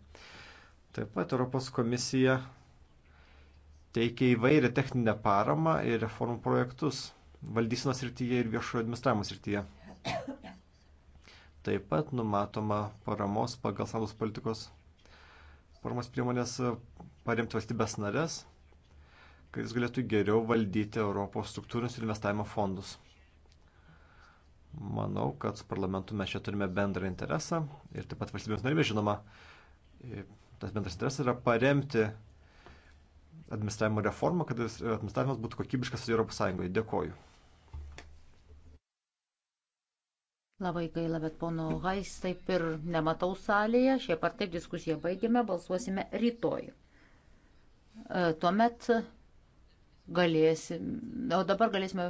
Taip pat Europos komisija teikia įvairią techninę paramą ir reformų projektus valdysinos srityje ir viešojo administravimo srityje. Taip pat numatoma paramos pagal savus politikos paramos priemonės paremti valstybės narės, kad jis galėtų geriau valdyti Europos struktūrinius ir investavimo fondus. Manau, kad su parlamentu mes čia turime bendrą interesą ir taip pat valstybėms narėmis žinoma, tas bendras interesas yra paremti administravimo reformą, kad administravimas būtų kokybiškas Europos Sąjungoje. Dėkoju. Labai gaila, bet pono Hais taip ir nematau salėje. Šiaip ar taip diskusiją baigėme, balsuosime rytoj. E, tuomet galėsim, o dabar galėsime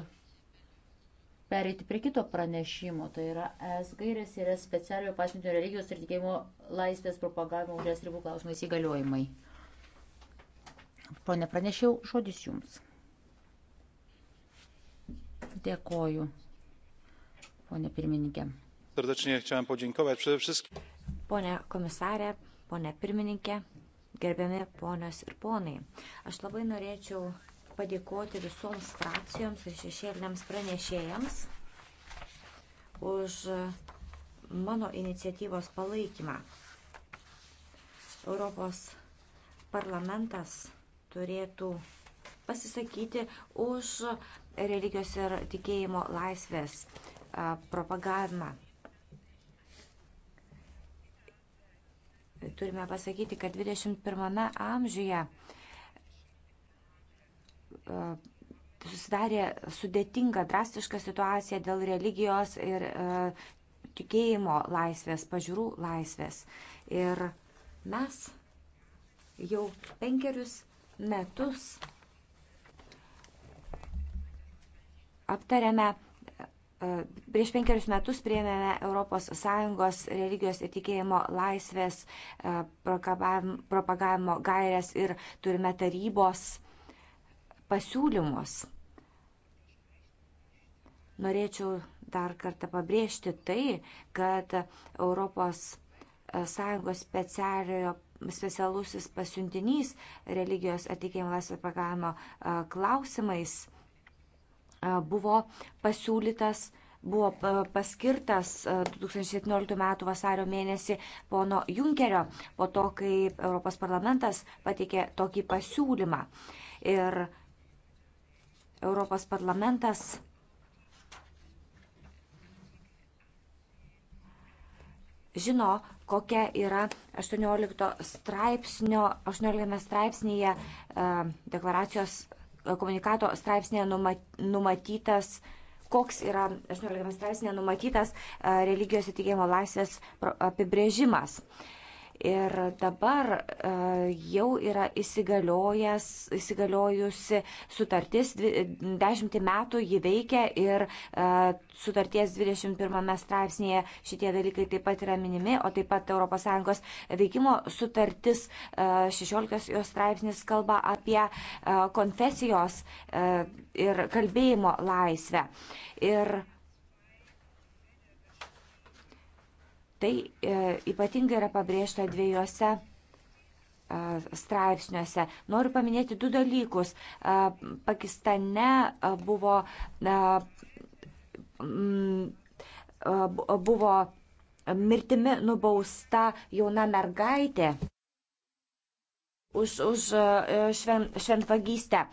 pereiti prie kito pranešimo, tai yra es gairės ir es specialiojo pašventinio religijos ir tikėjimo laisvės propagavimo už es ribų klausimais įgaliojimai. Pone pranešiau, žodis jums. Dėkoju ponė pirmininkė. Pone komisarė, ponė pirmininkė, gerbiami ponios ir ponai. Aš labai norėčiau padėkoti visoms frakcijoms ir šešėliniams pranešėjams už mano iniciatyvos palaikymą. Europos parlamentas turėtų pasisakyti už religijos ir tikėjimo laisvės propagavimą. Turime pasakyti, kad 21 amžiuje susidarė sudėtinga, drastiška situacija dėl religijos ir tikėjimo laisvės, pažiūrų laisvės. Ir mes jau penkerius metus aptarėme Prieš penkerius metus prieėmėme ES religijos ir tikėjimo laisvės e, propagavimo gairias ir turime tarybos pasiūlymus. Norėčiau dar kartą pabrėžti tai, kad ES e, specialiojo specialusis pasiuntinys religijos ir tikėjimo laisvės propagavimo e, klausimais buvo pasiūlytas buvo paskirtas 2017 m. vasario mėnesį pono Junkerio po to, kai Europos parlamentas pateikė tokį pasiūlymą. Ir Europos parlamentas žino, kokia yra 18 straipsnio, 18 straipsnėje deklaracijos komunikato straipsnėje numatytas koks yra 18 straipsnė numatytas religijos įtikėjimo laisvės apibrėžimas. Uh, Ir dabar e, jau yra įsigaliojusi sutartis, dešimtį metų jį veikia ir e, sutarties 21 straipsnėje šitie dalykai taip pat yra minimi, o taip pat ES veikimo sutartis 16 e, jos straipsnis kalba apie konfesijos ir kalbėjimo laisvę. Ir Tai e, ypatingai yra pabrėžta dviejose e, straipsniuose. Noriu paminėti du dalykus. E, Pakistane buvo, buvo mirtimi nubausta jauna mergaitė už, už šven, šventvagystę.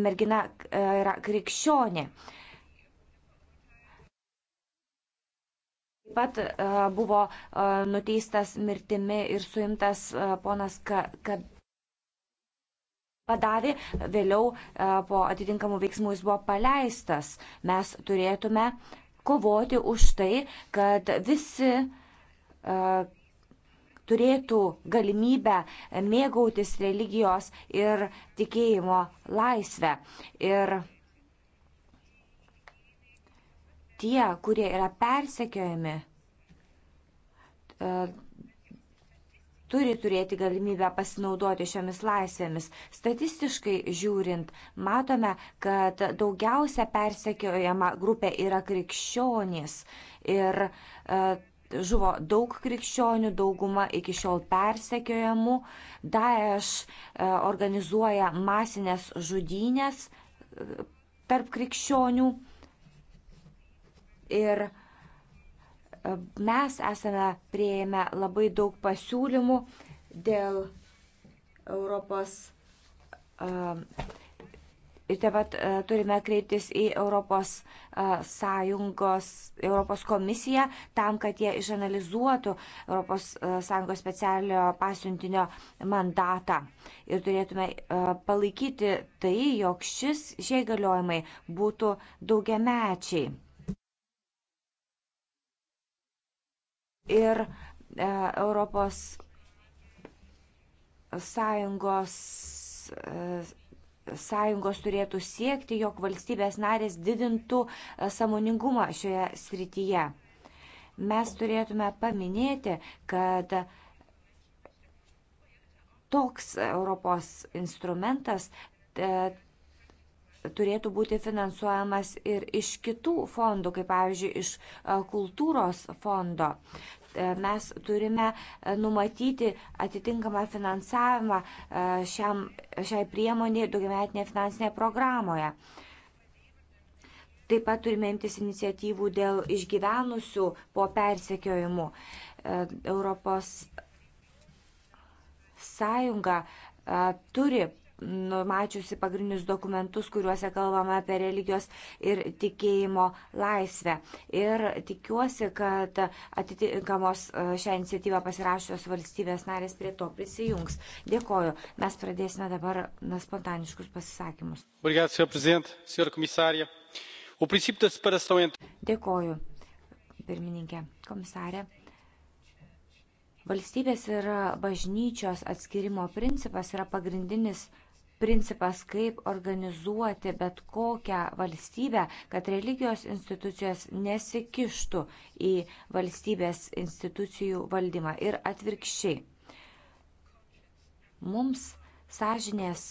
Mergina yra krikščionė. Taip pat e, buvo e, nuteistas mirtimi ir suimtas e, ponas Padavi, vėliau po atitinkamų veiksmų jis buvo paleistas. Mes turėtume kovoti už tai, kad visi turėtų galimybę mėgautis religijos ir tikėjimo laisvę. Ir tie, kurie yra persekiojami, e, turi turėti galimybę pasinaudoti šiomis laisvėmis. Statistiškai žiūrint, matome, kad daugiausia persekiojama grupė yra krikščionys. Ir e, žuvo daug krikščionių, dauguma iki šiol persekiojamų. Daesh e, organizuoja masinės žudynės tarp krikščionių ir e, mes esame prieėmę labai daug pasiūlymų dėl Europos. E, ir taip pat e, turime kreiptis į Europos Sąjungos, Europos komisiją tam, kad jie išanalizuotų Europos Sąjungos specialio pasiuntinio mandatą. Ir turėtume palaikyti tai, jog šis šie įgaliojimai būtų daugiamečiai. ir e, Europos Sąjungos e, sąjungos turėtų siekti, jog valstybės narės didintų e, samoningumą šioje srityje. Mes turėtume paminėti, kad toks Europos instrumentas turėtų būti finansuojamas ir iš kitų fondų, kaip pavyzdžiui, iš e, kultūros fondo. E, mes turime e, numatyti atitinkamą finansavimą šiam, šiai priemonė daugiametinėje finansinėje programoje. Taip pat turime imtis iniciatyvų dėl išgyvenusių po persekiojimų. Europos Sąjunga turi numačiusi pagrindinius dokumentus, kuriuose kalbama apie religijos ir tikėjimo laisvę. Ir tikiuosi, kad atitinkamos e, šią iniciatyvą pasirašusios valstybės narės prie to prisijungs. Dėkoju. Mes pradėsime dabar na, spontaniškus pasisakymus. Dėkoju, pirmininkė, komisarė. Valstybės ir bažnyčios atskirimo principas yra pagrindinis principas, kaip organizuoti bet kokią valstybę, kad religijos institucijos nesikištų į valstybės institucijų valdymą ir atvirkščiai. Mums sąžinės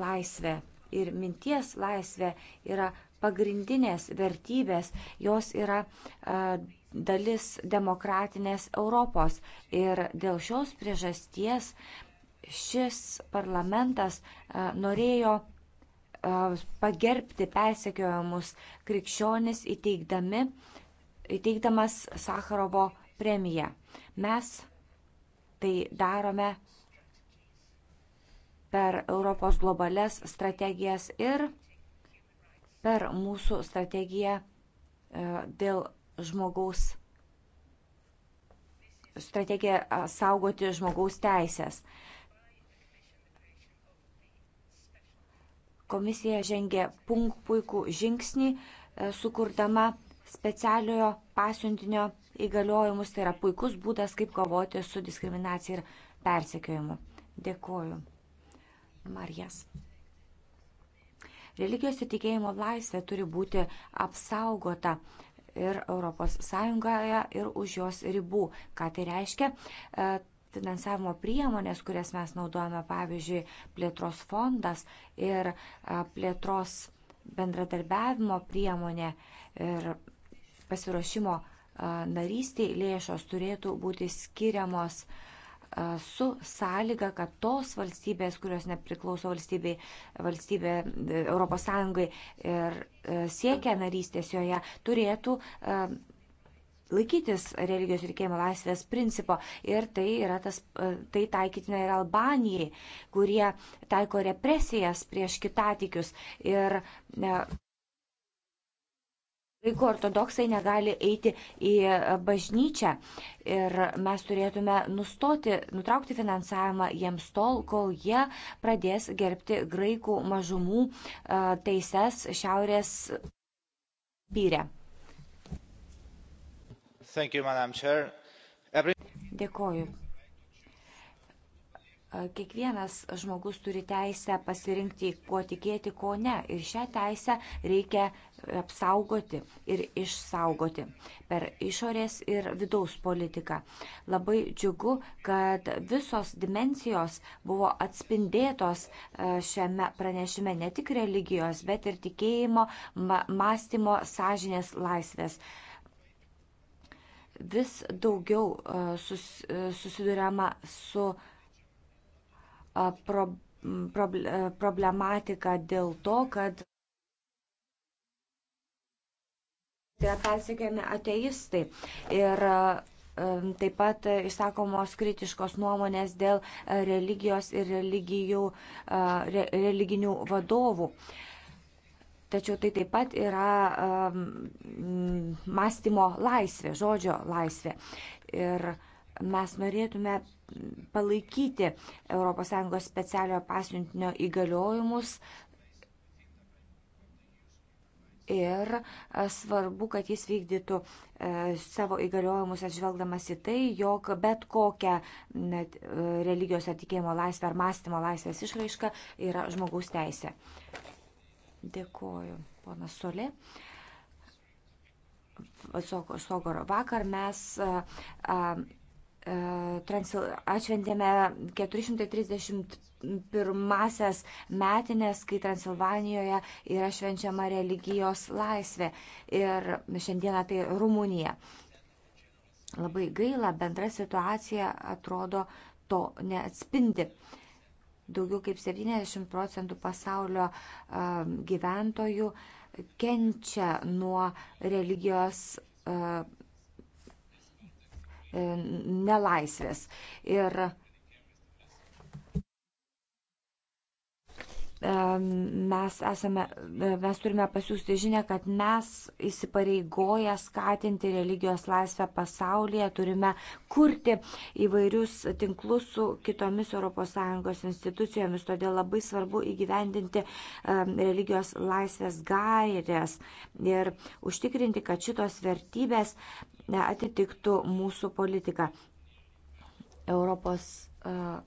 laisvė ir minties laisvė yra pagrindinės vertybės, jos yra a, dalis demokratinės Europos. Ir dėl šios priežasties šis parlamentas e, norėjo e, pagerbti persekiojamus krikščionis įteikdami, įteikdamas Sakarovo premiją. Mes tai darome per Europos globales strategijas ir per mūsų strategiją e, dėl žmogaus strategija saugoti žmogaus teisės. Komisija žengė punk puikų žingsnį, e, sukurdama specialiojo pasiuntinio įgaliojimus. Tai yra puikus būdas, kaip kovoti su diskriminacija ir persekiojimu. Dėkoju. Marijas. Religijos ir tikėjimo laisvė turi būti apsaugota ir ES ir už jos ribų. Ką tai reiškia? E, finansavimo priemonės, kurias mes naudojame, pavyzdžiui, plėtros fondas ir plėtros bendradarbiavimo priemonė ir pasiruošimo narystiai lėšos turėtų būti skiriamos su sąlyga, kad tos valstybės, kurios nepriklauso valstybei, valstybė e, Europos Sąjungai ir e, siekia narystės joje, turėtų laikytis religijos ir tikėjimo laisvės principo. Ir tai, yra tas, e, tai taikytina ir Albanijai, kurie taiko represijas prieš kitatikius. Ir ne, Graikų ortodoksai negali eiti į e, bažnyčią ir mes turėtume nustoti, nutraukti finansavimą jiems tol, kol jie pradės gerbti graikų mažumų e, teises šiaurės pyrę. Dėkoju. Kiekvienas žmogus turi teisę pasirinkti, kuo tikėti, ko ne. Ir šią teisę reikia apsaugoti ir išsaugoti per išorės ir vidaus politiką. Labai džiugu, kad visos dimensijos buvo atspindėtos šiame pranešime ne tik religijos, bet ir tikėjimo, mąstymo, sąžinės laisvės vis daugiau e, sus, e, susiduriama su e, pro, pro, problematika dėl to, kad yra persikėjami ateistai. Ir taip pat išsakomos kritiškos nuomonės dėl religijos ir religijų, religinių vadovų. Tačiau tai taip pat yra um, mąstymo laisvė, žodžio laisvė. Ir mes norėtume palaikyti ES specialiojo pasiuntinio įgaliojimus. Ir e, svarbu, kad jis vykdytų e, savo įgaliojimus atžvelgdamas į tai, jog bet kokia net, e, religijos atikėjimo laisvė ar mąstymo laisvės išraiška yra žmogaus teisė. Dėkuoju, pana Solė. Sogoro. Vakar mes a, a, transil, atšventėme 431-asias metinės, kai Transilvanijoje yra švenčiama religijos laisvė. Ir šiandieną tai Rumunija. Labai gaila, bendra situacija atrodo to neatspindi. Uh, Daugiau kaip 70 procentų pasaulio gyventojų kenčia nuo religijos nelaisvės. Ir mes, esame, e, mes turime pasiūsti žinę, kad mes įsipareigoję skatinti religijos laisvę pasaulyje, turime kurti įvairius tinklus su kitomis ES institucijomis, todėl labai svarbu įgyvendinti religijos laisvės gairės ir užtikrinti, kad šitos vertybės e, atitiktų mūsų politiką. Europos uh,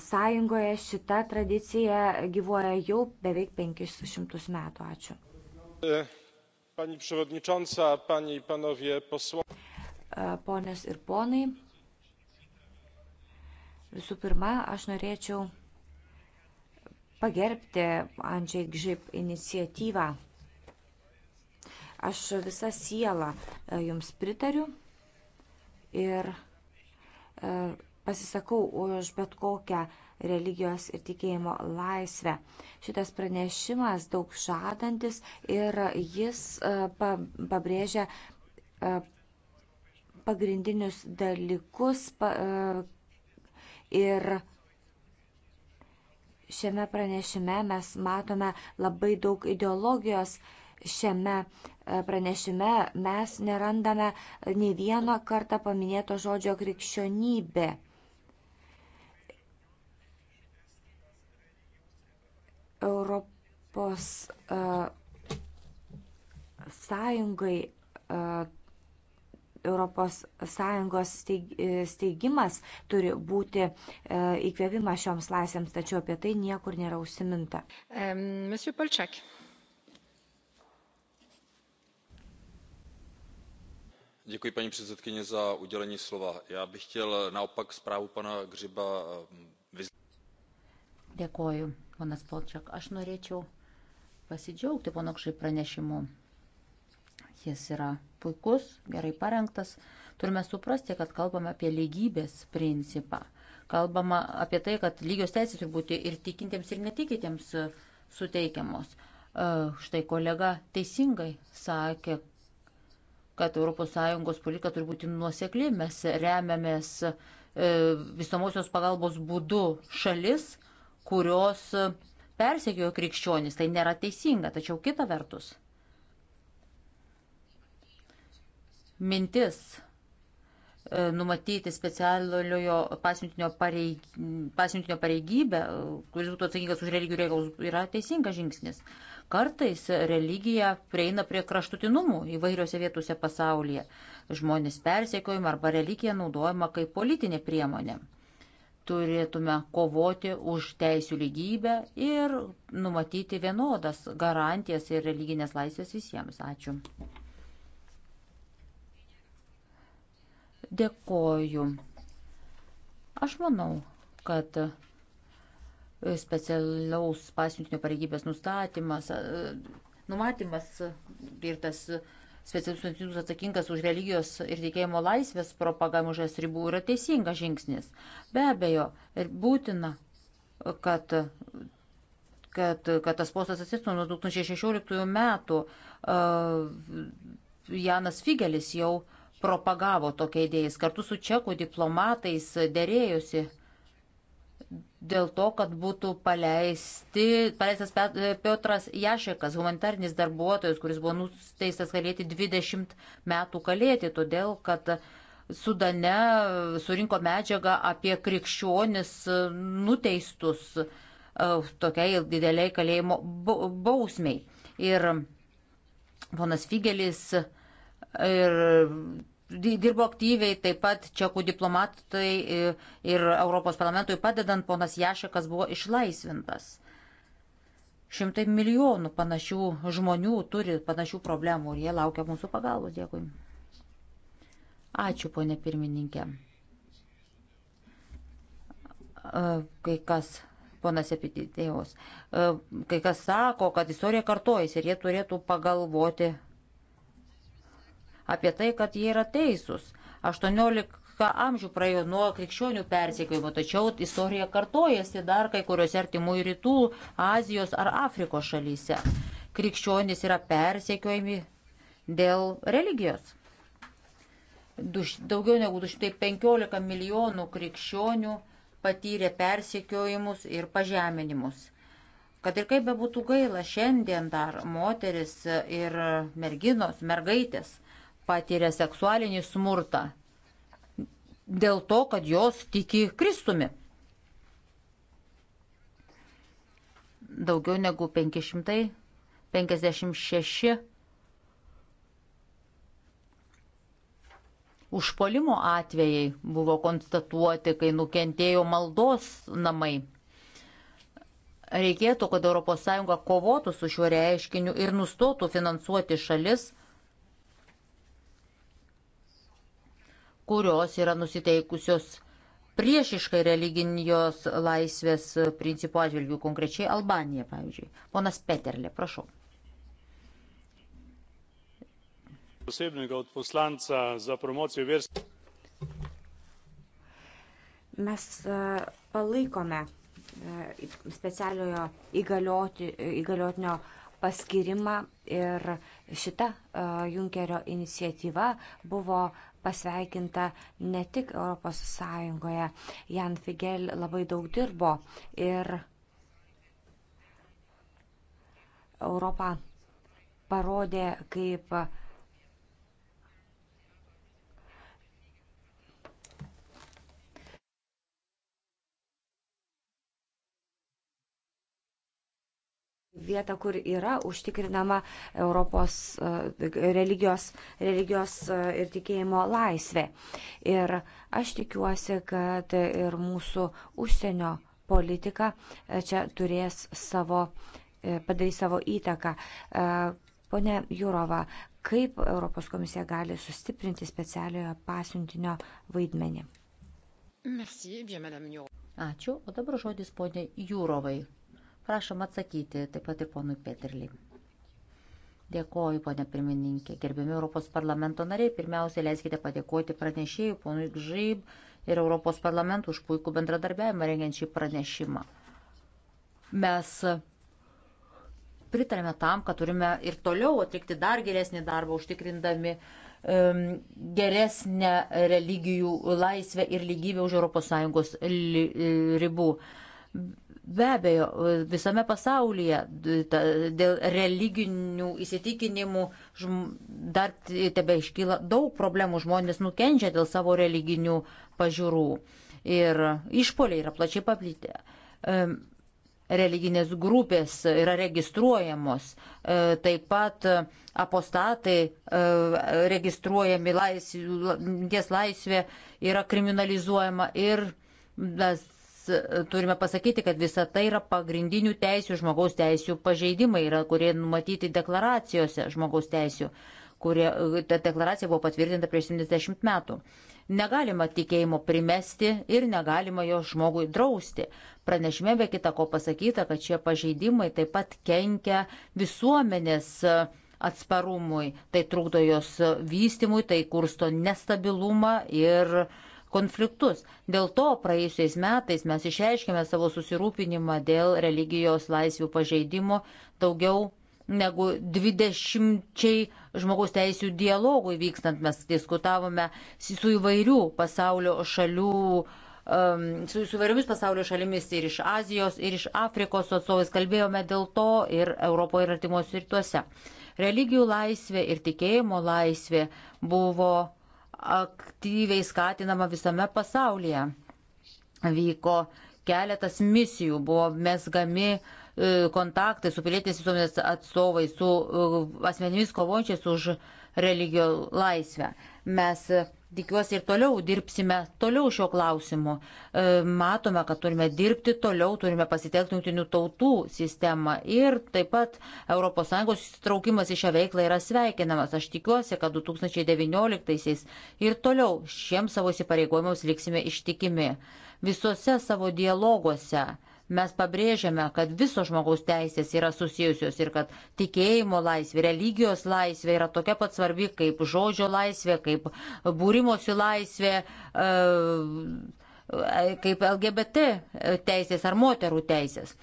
Sąjungoje šita tradicija gyvuoja jau beveik 500 metų. Ačiū. E, pani przewodnicząca, pani i panowie posłowie. E, ponios ir ponai, visų pirma, aš norėčiau pagerbti Andžiai Gžip iniciatyvą. Aš visą sielą e, jums pritariu ir pasisakau už bet kokią religijos ir tikėjimo laisvę. Šitas pranešimas daug žadantis ir jis e, pabrėžia e, pagrindinius dalykus e, ir šiame pranešime mes matome labai daug ideologijos šiame pranešime mes nerandame nei vieno kartą paminėto žodžio krikščionybė. Europos uh, Sąjungai uh, e, ES e, steigimas turi būti įkvėpimas šioms laisvėms, tačiau apie tai niekur nėra užsiminta. Monsieur Polčiak. Děkuji paní předsedkyně za udělení slova. Já bych chtěl naopak zprávu pana Gřiba vyzvat. Děkuji. Ponas Polčiak, aš norėčiau pasidžiaugti ponokšai pranešimu. Jis yra puikus, gerai parengtas. Turime suprasti, kad kalbame apie lygybės principą. Kalbama apie tai, kad lygios teisės turi būti ir tikintiems, ir netikintiems e, suteikiamos. E, štai kolega teisingai sakė, kad ES politika turi būti nuosekli. Mes remiamės e, visomosios pagalbos būdu šalis kurios persekiojo krikščionis, tai nėra teisinga, tačiau kita vertus. Mintis e, numatyti specialiojo pasiuntinio, pareig... pasiuntinio pareigybę, kuris būtų atsakingas už religijų reikalus, yra teisingas žingsnis. Kartais religija prieina prie kraštutinumų įvairiose vietose pasaulyje. Žmonės persekiojama arba religija naudojama kaip politinė priemonė turėtume kovoti už teisų lygybę ir numatyti vienodas garantijas ir religinės laisvės visiems. Ačiū. Dėkoju. Aš manau, kad specialiaus pasiuntinio pareigybės nustatymas, numatymas ir tas specialus institutas atsakingas už religijos ir tikėjimo laisvės propagavimo žas ribų yra teisingas žingsnis. Be abejo, ir būtina, kad, kad, kad tas postas atsistų nuo 2016 metų. Uh, Janas Figelis jau propagavo tokią idėją. Jis kartu su čekų diplomatais dėrėjosi uh, dėl to, kad būtų paleisti, paleistas Piotras Jašekas, humanitarnis darbuotojas, kuris buvo nusteistas kalėti 20 metų kalėti, todėl kad Sudane surinko medžiagą apie krikščionis nuteistus e, tokiai dideliai kalėjimo bausmiai. Ir ponas Figelis ir dirbo aktyviai, taip pat čekų diplomatai e, ir Europos parlamentui padedant ponas Jašekas buvo išlaisvintas. Šimtai milijonų panašių žmonių turi panašių problemų ir jie laukia mūsų pagalbos. Dėkui. Ačiū, ponė pirmininkė. E, kai kas, ponas Epitėjos, e, kai kas sako, kad istorija kartojasi ir jie turėtų pagalvoti apie tai, kad jie yra teisūs. 18 amžių praėjo nuo krikščionių persekiojimo, tačiau istorija kartojasi dar kai kuriuose artimųjų rytų, Azijos ar Afrikos šalyse. Krikščionys yra persekiojami dėl religijos. Daugiau negu 215 milijonų krikščionių patyrė persekiojimus ir pažeminimus. Kad ir kaip be būtų gaila, šiandien dar moteris ir merginos, mergaitės patiria seksualinį smurtą dėl to, kad jos tiki Kristumi. Daugiau negu 556 užpolimo atvejai buvo konstatuoti, kai nukentėjo maldos namai. Reikėtų, kad ES kovotų su šiuo reiškiniu ir nustotų finansuoti šalis, kurios yra nusiteikusios priešiškai religijos laisvės principų atžvilgių, konkrečiai Albanija, pavyzdžiui. Ponas Peterlė, prašau. Posebnega od poslanca za promocijo verskih. Mes e, palaikome e, specialiojo įgalioti, įgaliotinio paskirimą ir šita e, Junkerio iniciatyva buvo pasveikinta ne tik ES. Jan Figel labai daug dirbo ir Europa parodė, kaip vietą, kur yra užtikrinama Europos e, religijos, religijos e, ir tikėjimo laisvė. Ir aš tikiuosi, kad ir mūsų užsienio politika e, čia turės savo, padarys savo įtaką. Pone Jūrova, kaip Europos komisija gali sustiprinti specialiojo pasiuntinio vaidmenį? Merci, bien, Ačiū, o dabar žodis ponė Jūrovai. Prašom atsakyti taip pat ir ponui Peterliui. Dėkoju, ponė pirmininkė. Gerbiami Europos parlamento nariai, pirmiausia, leiskite padėkoti pranešėjui, ponui Gžyb ir Europos parlamentų už puikų bendradarbiavimą rengiant šį pranešimą. Mes pritarėme tam, kad turime ir toliau atlikti dar geresnį darbą, užtikrindami um, geresnę religijų laisvę ir lygybę už ES li, e, ribų Be abejo, visame pasaulyje ta, dėl religinių įsitikinimų žm, dar tebe iškyla daug problemų, žmonės nukenčia dėl savo religinių pažiūrų ir išpoliai yra plačiai paplitę. Religinės grupės yra registruojamos, e, taip pat apostatai e, registruojami, laisvė, ties laisvė yra kriminalizuojama ir mes turime pasakyti, kad visa tai yra pagrindinių teisių, žmogaus teisių pažeidimai, yra, kurie numatyti deklaracijose žmogaus teisių, kurie, ta deklaracija buvo patvirtinta prieš 70 metų. Negalima tikėjimo primesti ir negalima jo žmogui drausti. Pranešime be kita ko pasakyta, kad šie pažeidimai taip pat kenkia visuomenės atsparumui, tai trukdo jos vystimui, tai kursto nestabilumą ir uh, konfliktus. Dėl to praėjusiais metais mes išreiškėme savo susirūpinimą dėl religijos laisvių pažeidimo daugiau negu 20 žmogaus teisų dialogui vykstant. Mes diskutavome su įvairių pasaulio šalių um, su, su variomis pasaulio šalimis ir iš Azijos, ir iš Afrikos su atstovais kalbėjome dėl to ir Europoje, ir artimuose rytuose. Religijų laisvė ir tikėjimo laisvė buvo aktyviai skatinama visame pasaulyje. Vyko keletas misijų, buvo mesgami e, kontaktai su pilietinės visuomenės atstovai, su e, asmenimis kovojančiais už religijos laisvę. Mes tikiuosi ir toliau dirbsime toliau šio klausimu. E, matome, kad turime dirbti toliau, turime pasitelkti jungtinių tautų sistemą ir taip pat ES įsitraukimas į šią veiklą yra sveikinamas. Aš tikiuosi, kad 2019-aisiais ir toliau šiems savo įsipareigojimams liksime ištikimi. Visose savo dialoguose Mes pabrėžiame, kad visos žmogaus teisės yra susijusios ir kad tikėjimo laisvė, religijos laisvė yra tokia pat svarbi kaip žodžio laisvė, kaip būrimosi laisvė, e, kaip LGBT teisės ar moterų teisės.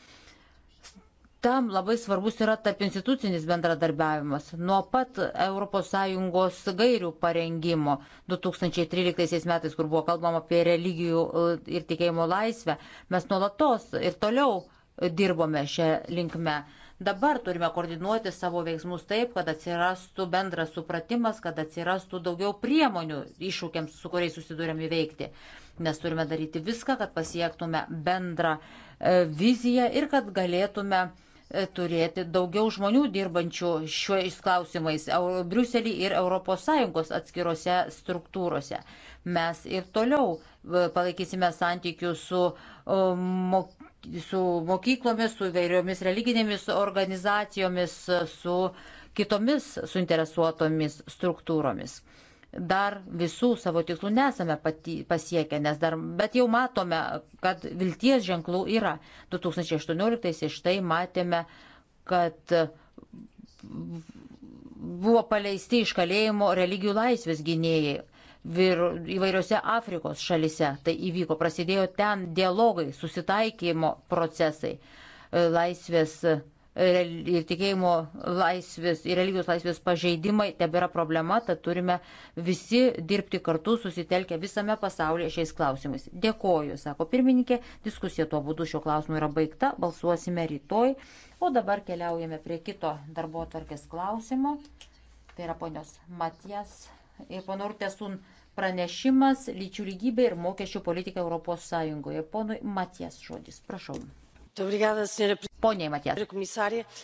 Tam labai svarbus yra tarp institucinis bendradarbiavimas. Nuo pat ES gairių parengimo 2013 metais, kur buvo kalbama apie religijų e, ir tikėjimo laisvę, mes nuolatos ir toliau dirbome šią linkmę. Dabar turime koordinuoti savo veiksmus taip, kad atsirastų bendras supratimas, kad atsirastų daugiau priemonių iššūkiams, su kuriais susidurėm įveikti. Nes turime daryti viską, kad pasiektume bendrą e, viziją ir kad galėtume uh, E, turėti daugiau žmonių dirbančių šiais klausimais Briuselį ir ES atskirose struktūrose. Mes ir toliau e, palaikysime santykių su, e, su mokyklomis, su vairiomis religinėmis organizacijomis, su kitomis suinteresuotomis struktūromis dar visų savo tikslų nesame pasiekę, nes dar, bet jau matome, kad vilties ženklų yra. 2018 štai matėme, kad buvo paleisti iš kalėjimo religijų laisvės gynėjai. Ir įvairiose Afrikos šalise tai įvyko, prasidėjo ten dialogai, susitaikymo procesai, laisvės ir tikėjimo laisvės ir religijos laisvės pažeidimai tebėra problema, tad turime visi dirbti kartu, susitelkę visame pasaulyje šiais klausimais. Dėkoju, sako pirmininkė, diskusija tuo būdu šio klausimu yra baigta, balsuosime rytoj, o dabar keliaujame prie kito darbo atvarkės klausimo. Tai yra ponios Matijas ir ponortės un pranešimas lyčių lygybė ir mokesčių politika Europos Sąjungoje. Ponui Matijas žodis, prašau. Pone Matės.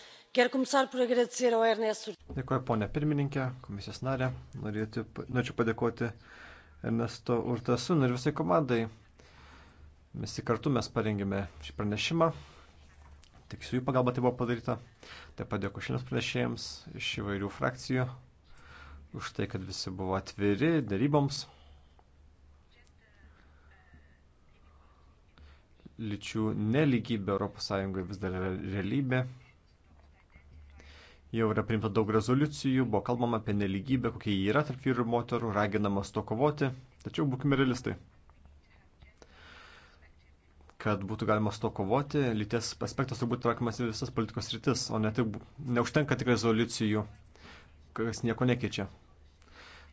Dėkuoju, ponė pirmininkė, komisijos narė. Norėčiau, norėčiau padėkoti Ernesto Urtasun ir visai komandai. Visi kartu mes parengėme šį pranešimą. Tik su jų pagalba tai buvo padaryta. Taip pat dėkuoju šiandienos pranešėjams iš įvairių frakcijų už tai, kad visi buvo atviri daryboms. lyčių neligybė ES vis dar yra realybė. Jau yra priimta daug rezoliucijų, buvo kalbama apie neligybę, kokia jį yra tarp vyrų ir moterų, raginamas to kovoti, tačiau būkime realistai. Kad būtų galima su to kovoti, lyties aspektas turbūt traukiamas į visas politikos rytis, o ne taip, neužtenka tik rezoliucijų, kas nieko nekeičia.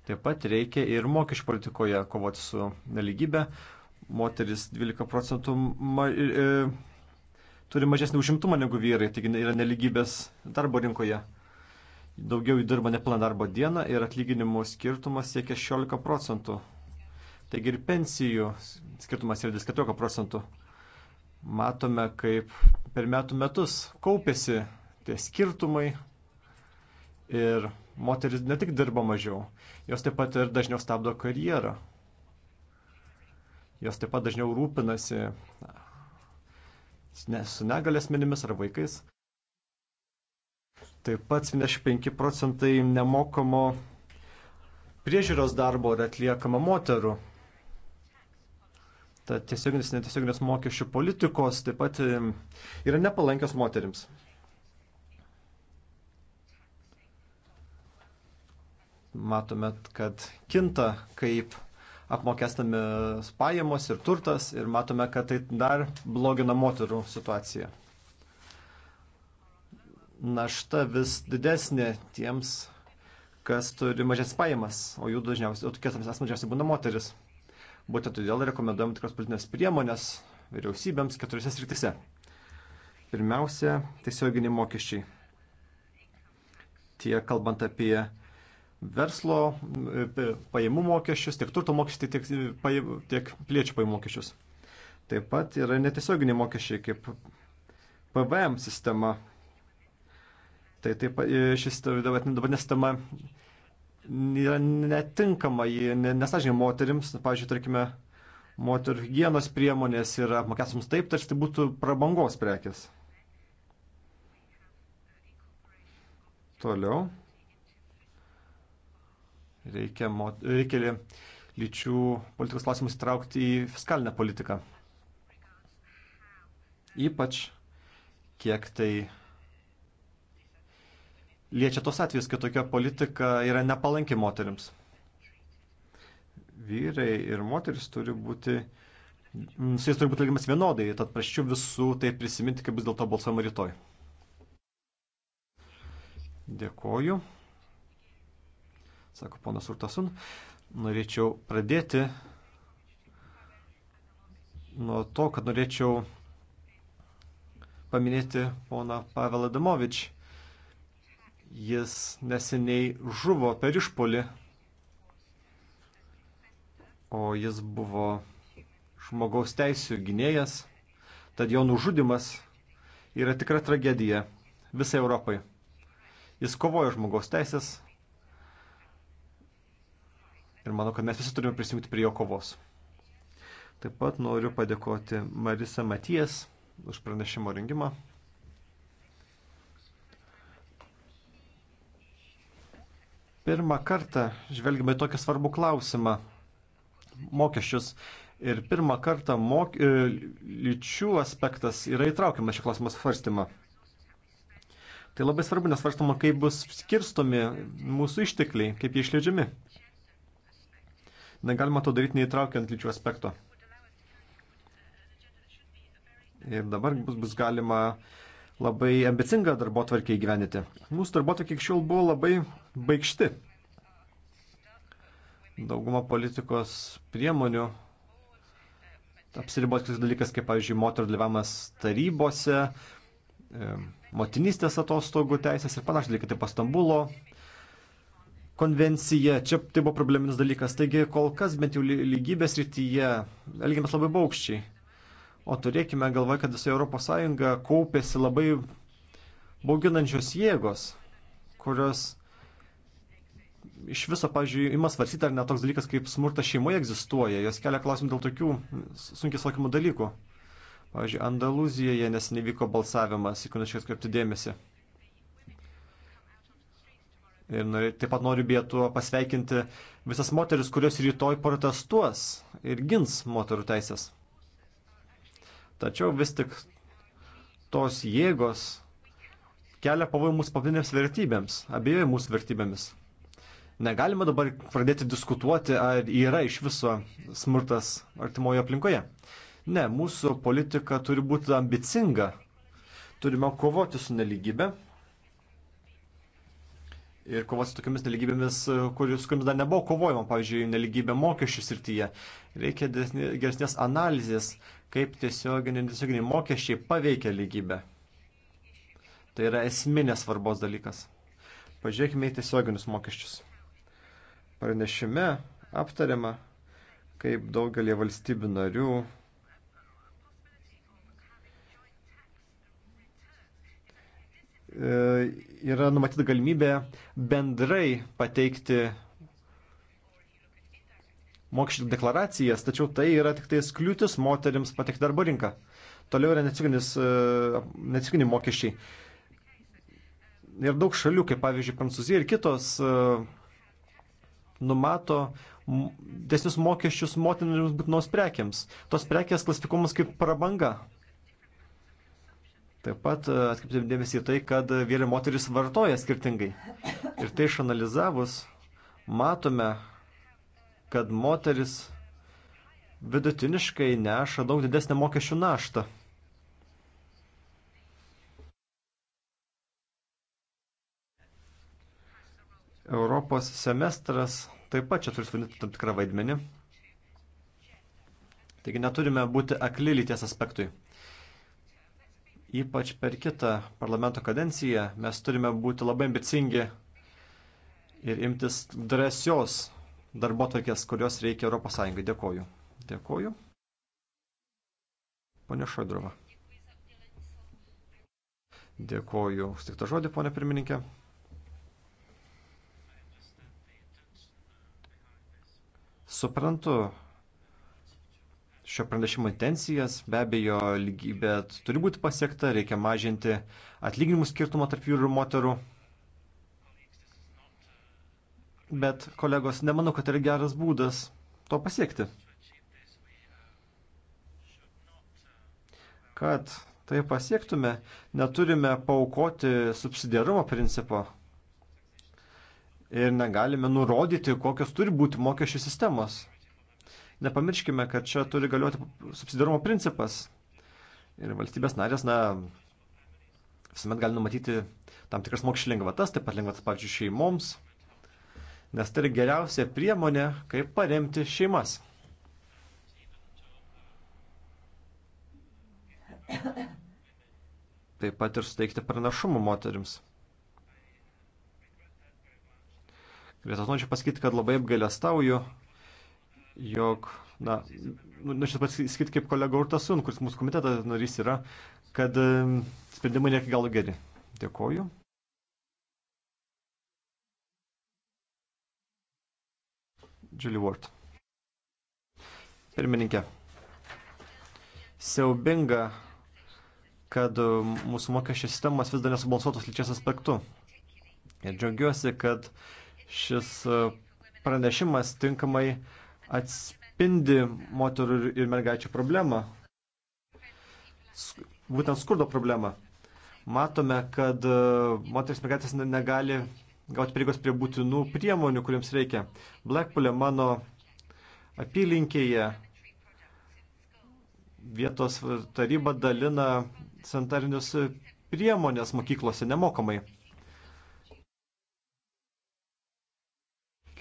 Taip pat reikia ir mokesčių politikoje kovoti su neligybė, moteris 12 procentų ma, e, turi mažesnį užimtumą negu vyrai, taigi yra neligybės darbo rinkoje. Daugiau įdirba nepilną darbo dieną ir atlyginimų skirtumas siekia 16 procentų. Taigi ir pensijų skirtumas yra 14 procentų. Matome, kaip per metų metus kaupėsi tie skirtumai ir moteris ne tik dirba mažiau, jos taip pat ir dažniau stabdo karjerą. Jos taip pat dažniau rūpinasi su negalės minimis ar vaikais. Taip pat 75 procentai nemokamo priežiūros darbo yra atliekama moterų. Ta tiesioginis, netiesioginis mokesčių politikos taip pat yra nepalankios moterims. Matome, kad kinta, kaip apmokestamis pajamos ir turtas ir matome, kad tai dar blogina moterų situaciją. Našta vis didesnė tiems, kas turi mažesnės pajamas, o jų dažniausiai, o tokiesiams asmenims dažniausiai būna moteris. Būtent todėl rekomenduojam tikras politinės priemonės vyriausybėms keturiose srityse. Pirmiausia, tiesioginiai mokesčiai. Tie kalbant apie verslo e, pajamų mokesčius, tiek turto mokestį, tiek, e, pajamų, tiek piliečių pajamų mokesčius. Taip pat yra netiesioginiai mokesčiai, kaip PVM sistema. Tai taip pat e, šis dabartinė sistema yra netinkama, nesažinė moterims, pavyzdžiui, tarkime, moterų hygienos priemonės yra apmokestamos taip, tarsi tai būtų prabangos prekis. Toliau. Reikia, mot... reikia lyčių politikos klausimus įtraukti į fiskalinę politiką. Ypač kiek tai liečia tos atvejus, kai tokia politika yra nepalanki moteriams. Vyrai ir moteris turi būti, mm, su jais turi būti lygimas vienodai, tad praščiau visų tai prisiminti, kaip bus dėl to balsuojama rytoj. Dėkoju sako ponas Urtasun. Norėčiau pradėti nuo to, kad norėčiau paminėti poną Pavelą Damovič. Jis neseniai žuvo per išpolį, o jis buvo žmogaus teisų gynėjas, tad jo nužudimas yra tikra tragedija visai Europai. Jis kovojo žmogaus teisės, ir manau, kad mes visi turime prisijungti prie jo kovos. Taip pat noriu padėkoti Marisa Matijas už pranešimo rengimą. Pirmą kartą žvelgime į tokį svarbų klausimą - mokesčius. Ir pirmą kartą mok... E, lyčių aspektas yra įtraukiamas šį klausimą svarstymą. Tai labai svarbu, nes svarstama, kaip bus skirstomi mūsų ištekliai, kaip jie išleidžiami. Negalima to daryti neįtraukiant lyčių aspekto. Ir dabar bus, bus galima labai ambicingą darbo tvarkį įgyvenyti. Mūsų darbo tvarkė iki šiol buvo labai baigšti. Dauguma politikos priemonių apsiribos kitas dalykas, kaip, pavyzdžiui, moterų dalyvavimas tarybose, e, motinystės atostogų teisės ir panašiai dalykai, tai pastambulo konvencija. Čia tai buvo probleminis dalykas. Taigi kol kas bent jau lygybės rytyje elgiamės labai baukščiai. O turėkime galvoje, kad visoje Europos Sąjunga kaupėsi labai bauginančios jėgos, kurios iš viso, pažiūrėjau, ima svarstyti, ar netoks dalykas kaip smurtas šeimoje egzistuoja. Jos kelia klausimų dėl tokių sunkiai sakymų dalykų. Pavyzdžiui, Andaluzijoje nesnevyko balsavimas, į kurį čia atkreipti dėmesį. Ir taip pat noriu bėtų pasveikinti visas moteris, kurios rytoj protestuos ir gins moterų teisės. Tačiau vis tik tos jėgos kelia pavojų mūsų pagrindinėms vertybėms, abiejų mūsų vertybėmis. Negalime dabar pradėti diskutuoti, ar yra iš viso smurtas artimoje aplinkoje. Ne, mūsų politika turi būti ambicinga. Turime kovoti su neligybė, ir kovos su tokiamis neligybėmis, kuris, e, kuriamis dar nebuvo kovojama, pavyzdžiui, neligybė mokesčių srityje. Reikia geresnės analizės, kaip tiesioginiai netiesioginiai mokesčiai paveikia lygybę. Tai yra esminės svarbos dalykas. Pažiūrėkime į tiesioginius mokesčius. Pranešime aptariama, kaip daugelį valstybių narių E, yra numatyta galimybė bendrai pateikti mokesčių deklaracijas, tačiau tai yra tik tais kliūtis moteriams patekti darbo rinką. Toliau yra neatsiskiniai e, mokesčiai. Ir daug šalių, kaip pavyzdžiui Prancūzija ir kitos, e, numato desnius mokesčius moteriams būtinos prekiams. Tos prekės klasifikuomas kaip prabanga. Taip pat e, atkreiptėm dėmesį į tai, kad vyrai moteris vartoja skirtingai. Ir tai išanalizavus, matome, kad moteris vidutiniškai neša daug didesnę mokesčių naštą. Europos semestras taip pat čia turi suvaidinti tam tikrą vaidmenį. Taigi neturime būti akli lyties aspektui ypač per kitą parlamento kadenciją, mes turime būti labai ambicingi ir imtis drąsios darbo tokias, kurios reikia ES. Dėkoju. Dėkoju. Pone Šodrova. Dėkoju už tik tą žodį, ponė pirmininkė. Suprantu, šio pranešimo intencijas. Be abejo, lygybė turi būti pasiekta, reikia mažinti atlyginimų skirtumą tarp vyrų ir moterų. Bet, kolegos, nemanau, kad yra geras būdas to pasiekti. Kad tai pasiektume, neturime paukoti subsidiarumo principo ir negalime nurodyti, kokios turi būti mokesčių sistemos. Nepamirškime, kad čia turi galioti subsidiarumo principas. Ir valstybės narės, na, visuomet gali numatyti tam tikras mokesčių lengvatas, taip pat lengvatas, pavyzdžiui, šeimoms, nes tai yra geriausia priemonė, kaip paremti šeimas. Taip pat ir suteikti pranašumų moteriams. Greta, aš noriu pasakyti, kad labai apgailestauju, jog, na, norėčiau nu, pasakyti kaip kolega Urtasun, kuris mūsų komiteto narys yra, kad sprendimai nėra iki galo geri. Dėkoju. Julie Ward. Pirmininkė. Siaubinga, kad mūsų mokesčio sistemas vis dar nesubalansuotos lyčias aspektu. Ir džiaugiuosi, kad šis pranešimas tinkamai uh, atspindi moterų ir mergaičių problemą, būtent skurdo problemą. Matome, kad e, moteris mergaitės negali gauti prieigos prie būtinų priemonių, kuriems reikia. Blackpool'e mano apylinkėje vietos taryba dalina sanitarinius priemonės mokyklose nemokamai.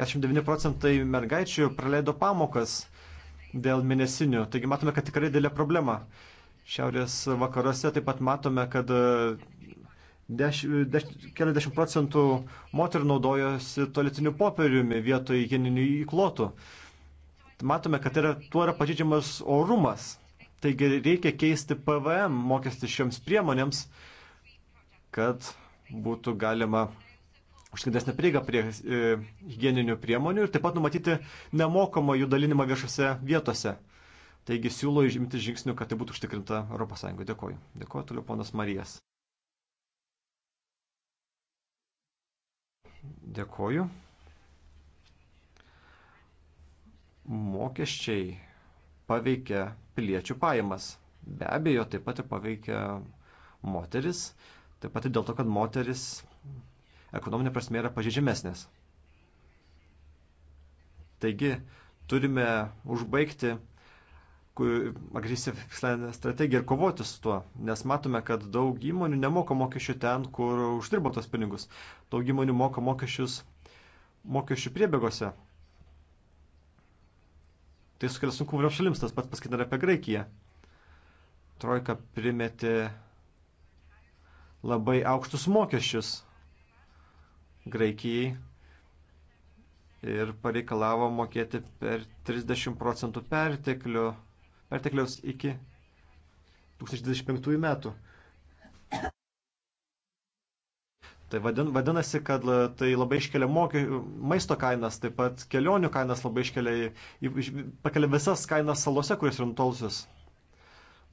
49 procentai mergaičių praleido pamokas dėl mėnesinių. Taigi matome, kad tikrai dėlė problema. Šiaurės vakaruose taip pat matome, kad e, deš, deš, keliasdešimt procentų moterų naudojosi toletiniu popieriumi vietoj hieninių įklotų. Matome, kad yra, tuo yra pažydžiamas orumas. Taigi reikia keisti PVM mokestį šioms priemonėms, kad būtų galima užtikdesnę prieigą prie e, hygieninių priemonių ir taip pat numatyti nemokamą jų dalinimą viešose vietose. Taigi siūlo įžymti žingsnių, kad tai būtų užtikrinta ES. Dėkoju. Dėkoju toliau ponas Marijas. Dėkoju. Mokesčiai paveikia piliečių pajamas. Be abejo, taip pat ir paveikia moteris. Taip pat ir dėl to, kad moteris ekonominė prasme yra pažeidžiamesnės. Taigi turime užbaigti agresyvę strategiją ir kovoti su tuo, nes matome, kad daug įmonių nemoka mokesčių ten, kur uždirba tos pinigus. Daug įmonių moka mokesčius mokesčių priebėgose. Tai sukelia sunkumų ir apšalims, tas pats paskaitar apie Graikiją. Trojka primeti labai aukštus mokesčius Graikijai ir pareikalavo mokėti per 30 procentų perteklių, pertekliaus iki 2025 metų. Tai vadin, vadinasi, kad tai labai iškelia mokė, maisto kainas, taip pat kelionių kainas labai iškelia, pakelia visas kainas salose, kuris yra nutolusios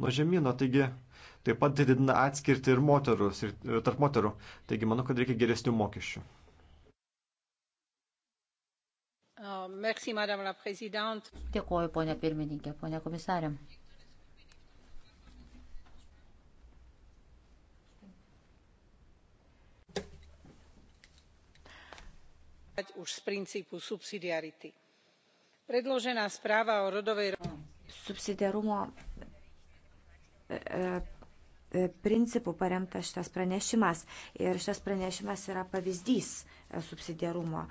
nuo žemyno. Taigi taip pat didina atskirti ir moterus, ir, ir tarp moterų. Taigi manau, kad reikia geresnių mokesčių. Euh, merci, madame la prezident. Dėkuoju, ponia pirmininkė, ponia komisarė. už z princípu subsidiarity. Predložená správa o rodovej subsidiarumo e, e, principų paremtas šitas pranešimas ir šitas pranešimas yra pavyzdys e, subsidiarumo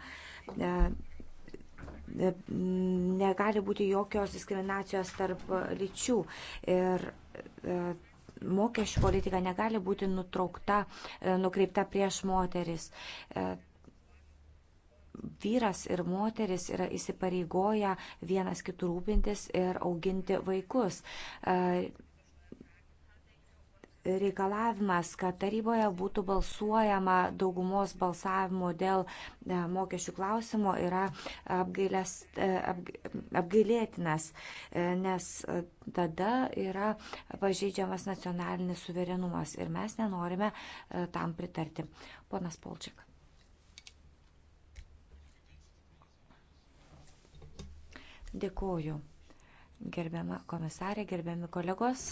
negali būti jokios diskriminacijos tarp lyčių. Ir e, mokesčių politika negali būti nutraukta, e, nukreipta prieš moteris. E, vyras ir moteris yra įsipareigoję vienas kitų rūpintis ir auginti vaikus reikalavimas, kad taryboje būtų balsuojama daugumos balsavimu dėl e, mokesčių klausimo, yra apgailės, e, apgailėtinas, e, nes tada yra pažeidžiamas nacionalinis suverenumas ir mes nenorime tam pritarti. Ponas Polčiak. Dėkuoju. Gerbiama komisarė, gerbiami kolegos.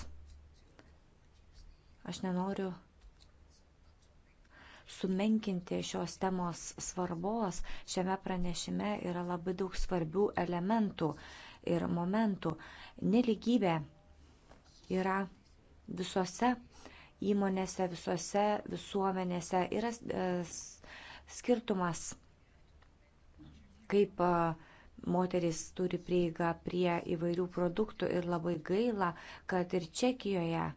Aš nenoriu sumenkinti šios temos svarbos. Šiame pranešime yra labai daug svarbių elementų ir momentų. Neligybė yra visose įmonėse, visose visuomenėse. Yra e, skirtumas, kaip e, moteris turi prieigą prie įvairių produktų ir labai gaila, kad ir Čekijoje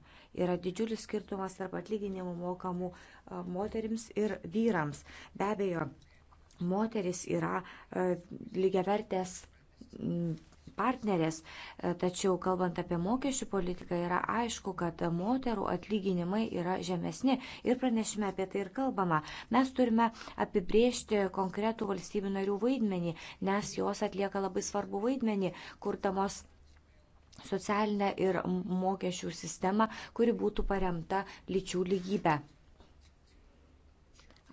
Yra didžiulis skirtumas tarp atlyginimų mokamų e, moterims ir vyrams. Be abejo, moteris yra e, lygiavertės partnerės, e, tačiau kalbant apie mokesčių politiką yra aišku, kad moterų atlyginimai yra žemesni ir pranešime apie tai ir kalbama. Mes turime apibriežti konkretų valstybių narių vaidmenį, nes jos atlieka labai svarbu vaidmenį, kurtamos socialinę ir mokesčių sistemą, kuri būtų paremta lyčių lygybę.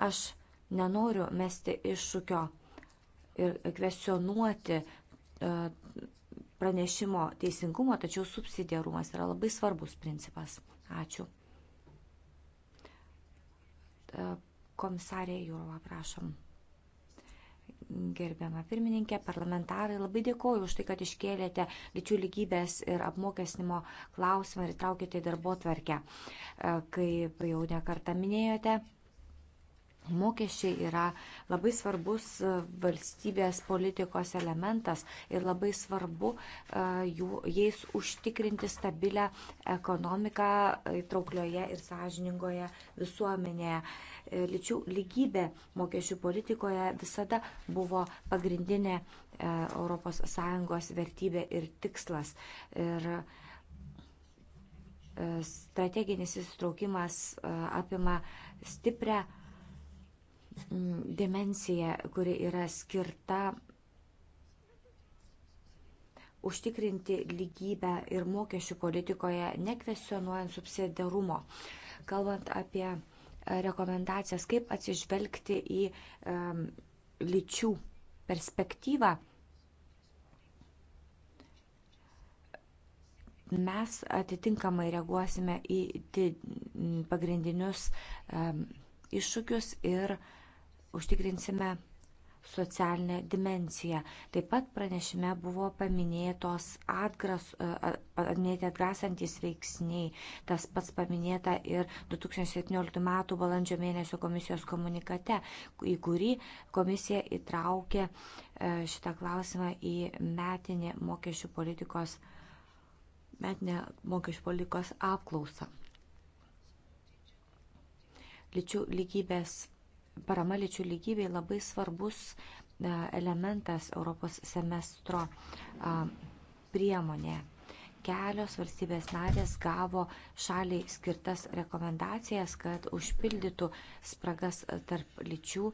Aš nenoriu mesti iššūkio ir kvesionuoti e, pranešimo teisingumo, tačiau subsidiarumas yra labai svarbus principas. Ačiū. E, komisarė Jūrova, prašom. Gerbiama pirmininkė, parlamentarai, labai dėkoju už tai, kad iškėlėte lyčių lygybės ir apmokesnimo klausimą ir traukite į darbo tvarkę. E, kaip jau nekartą minėjote, Mokesčiai yra labai svarbus e, valstybės politikos elementas ir labai svarbu e, jų, jais užtikrinti stabilę ekonomiką įtrauklioje ir sąžiningoje visuomenėje. E, lyčių lygybė mokesčių politikoje visada buvo pagrindinė ES vertybė ir tikslas. Ir strateginis įsitraukimas apima stiprią Mm, dimensiją, kuri yra skirta užtikrinti lygybę ir mokesčių politikoje, nekvesionuojant subsidiarumo. Kalbant apie e, rekomendacijas, kaip atsižvelgti į um, lyčių perspektyvą, mes atitinkamai reaguosime į pagrindinius um, iššūkius ir uh, užtikrinsime socialinę dimenciją. Taip pat pranešime buvo paminėtos atgras, e, paminėti atgrasantis veiksniai. Tas pats paminėta ir 2017 m. balandžio mėnesio komisijos komunikate, į kurį komisija įtraukė e, šitą klausimą į metinį mokesčių politikos, metinę mokesčių politikos apklausą. Lyčių lygybės parama lyčių lygybei labai svarbus e, elementas Europos semestro priemonė. Kelios valstybės narės gavo šaliai skirtas rekomendacijas, kad užpildytų spragas tarp lyčių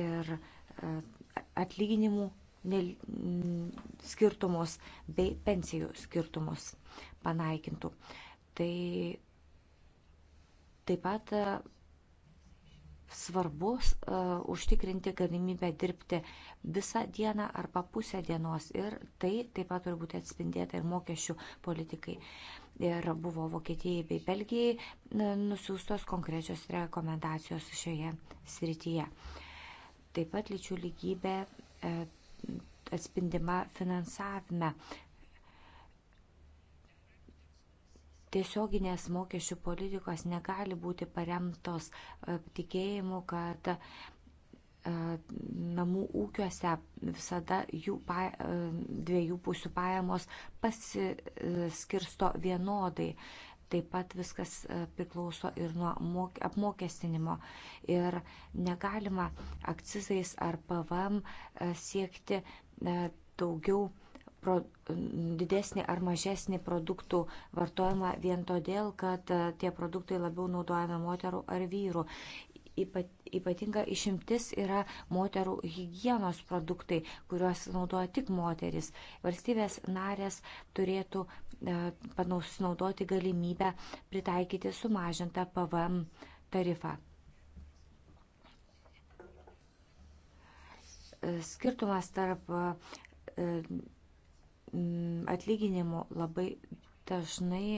ir e, atlyginimų skirtumus bei pensijų skirtumus panaikintų. Tai taip pat svarbus uh, e, užtikrinti galimybę dirbti visą dieną arba pusę dienos ir tai taip pat turi būti atspindėta ir mokesčių politikai. Ir buvo Vokietijai bei Belgijai e, nusiųstos konkrečios rekomendacijos šioje srityje. Taip pat lyčių lygybė uh, atspindima finansavime. tiesioginės mokesčių politikos negali būti paremtos e, tikėjimu, kad e, namų ūkiuose visada jų pa, e, dviejų pusių pajamos pasiskirsto vienodai. Taip pat viskas priklauso ir nuo mok, apmokestinimo. Ir negalima akcizais ar PVM siekti daugiau pro, didesnį ar mažesnį produktų vartojimą vien todėl, kad e, tie produktai labiau naudojami moterų ar vyrų. Ypat, ypatinga išimtis yra moterų hygienos produktai, kuriuos naudoja tik moteris. Valstybės narės turėtų e, panausinaudoti galimybę pritaikyti sumažintą PVM tarifą. E, skirtumas tarp e, Mm, atlyginimų labai dažnai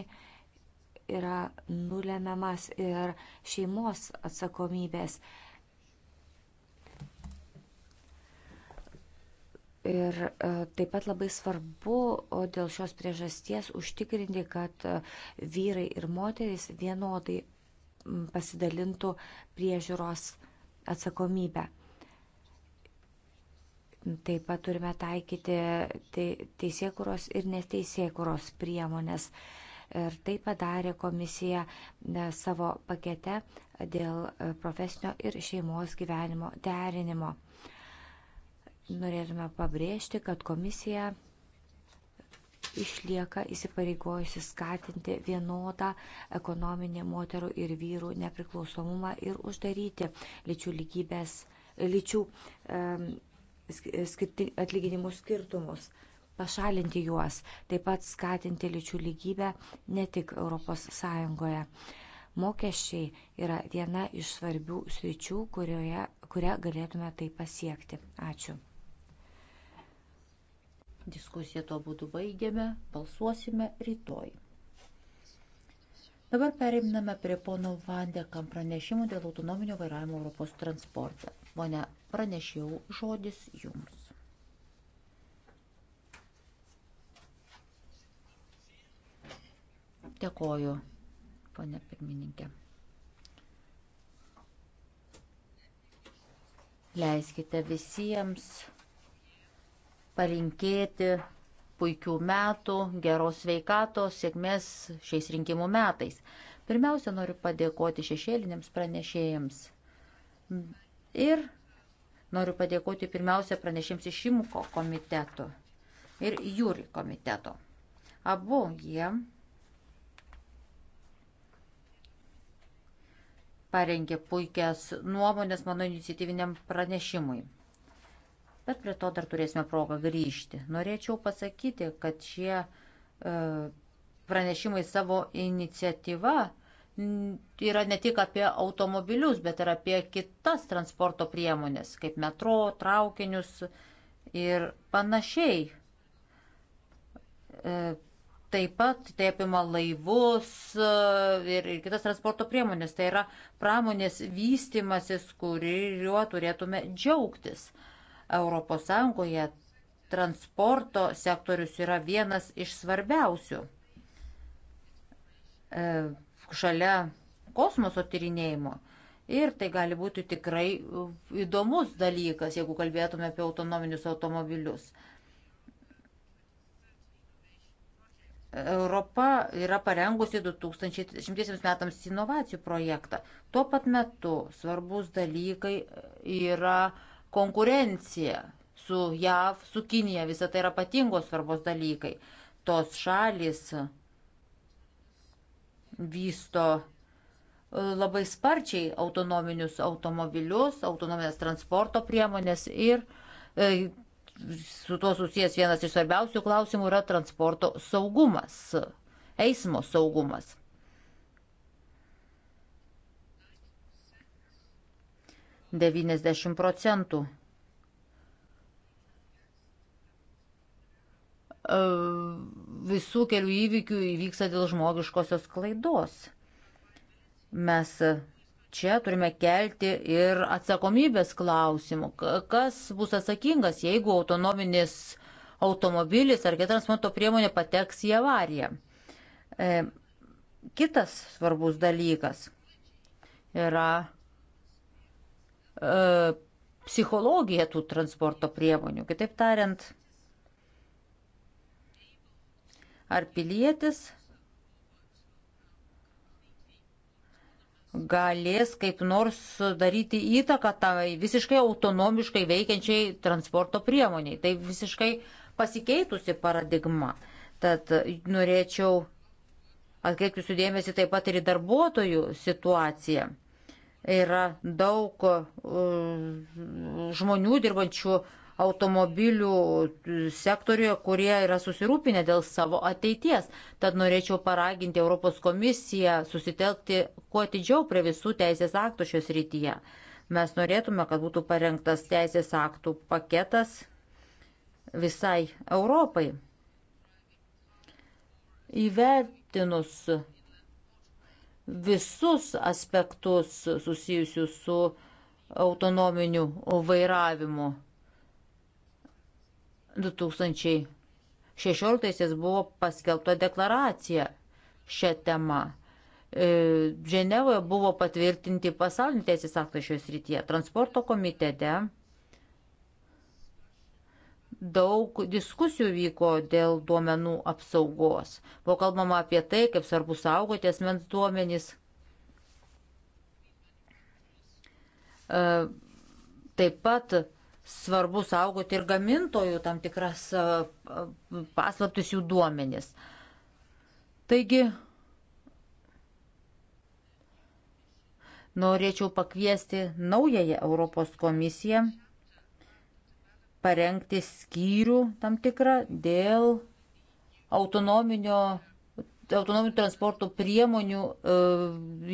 yra nulemiamas ir šeimos atsakomybės. Ir e, taip pat labai svarbu dėl šios priežasties užtikrinti, kad e, vyrai ir moterys vienodai pasidalintų priežiūros atsakomybę. Taip pat turime taikyti teisėkuros ir neteisėkuros priemonės. Ir tai padarė komisija e, savo pakete dėl e, profesinio ir šeimos gyvenimo derinimo. Norėtume pabrėžti, kad komisija išlieka įsipareigojusi skatinti vienodą ekonominį moterų ir vyrų nepriklausomumą ir uždaryti lyčių lygybės lyčių skirti, atlyginimų skirtumus, pašalinti juos, taip pat skatinti lyčių lygybę ne tik ES. Mokesčiai yra viena iš svarbių sričių, kurioje, kurią galėtume tai pasiekti. Ačiū. Diskusiją tuo būdu baigiame, balsuosime rytoj. Dabar perimname prie pono Vandekamp pranešimų dėl autonominio vairavimo Europos transporte. Pone pranešiau žodis jums. Dėkoju, ponė pirmininkė. Leiskite visiems palinkėti puikių metų, geros veikatos, sėkmės šiais rinkimų metais. Pirmiausia, noriu padėkoti šešėliniams pranešėjams ir Noriu padėkoti pirmiausia pranešėms iš Šimko komiteto ir Jūri komiteto. Abu jie parengė puikias nuomonės mano iniciatyviniam pranešimui. Bet prie to dar turėsime progą grįžti. Norėčiau pasakyti, kad šie e, pranešimai savo iniciatyva yra ne tik apie automobilius, bet ir apie kitas transporto priemonės, kaip metro, traukinius ir panašiai. E, taip pat tai apima laivus e, ir, ir kitas transporto priemonės. Tai yra pramonės vystimasis, kuriuo turėtume džiaugtis. ES transporto sektorius yra vienas iš svarbiausių. E, šalia kosmoso tyrinėjimo. Ir tai gali būti tikrai įdomus dalykas, jeigu kalbėtume apie autonominius automobilius. Europa yra parengusi 2010 metams inovacijų projektą. Tuo pat metu svarbus dalykai yra konkurencija su JAV, su Kinija. Visą tai yra patingos svarbos dalykai. Tos šalis vysto e, labai sparčiai autonominius automobilius, autonominės transporto priemonės ir e, su tuo susijęs vienas iš svarbiausių klausimų yra transporto saugumas, eismo saugumas. Devyniasdešimt procentų e, visų kelių įvykių įvyksta dėl žmogiškosios klaidos. Mes čia turime kelti ir atsakomybės klausimų. Kas bus atsakingas, jeigu autonominis automobilis ar kita transporto priemonė pateks į avariją? E, kitas svarbus dalykas yra e, psichologija tų transporto priemonių. Kitaip tariant, ar pilietis galės kaip nors daryti įtaką tai visiškai autonomiškai veikiančiai transporto priemoniai. Tai visiškai pasikeitusi paradigma. Tad norėčiau atkreipti sudėmėsi taip pat ir į darbuotojų situaciją. Yra daug uh, žmonių dirbančių automobilių sektoriuje, kurie yra susirūpinę dėl savo ateities. Tad norėčiau paraginti Europos komisiją susitelkti kuo atidžiau prie visų teisės aktų šios rytyje. Mes norėtume, kad būtų parengtas teisės aktų paketas visai Europai. Įvertinus visus aspektus susijusius su autonominiu vairavimu 2016 buvo paskelbta deklaracija šią temą. E, Ženevoje buvo patvirtinti pasaulinį teisės aktą šios rytyje. Transporto komitete daug diskusijų vyko dėl duomenų apsaugos. Buvo kalbama apie tai, kaip svarbu saugoti asmens duomenys. E, Taip pat svarbu saugoti ir gamintojų tam tikras paslaptis jų duomenis. Taigi, norėčiau pakviesti naująją Europos komisiją parengti skyrių tam tikrą dėl autonominio autonominių transporto priemonių e,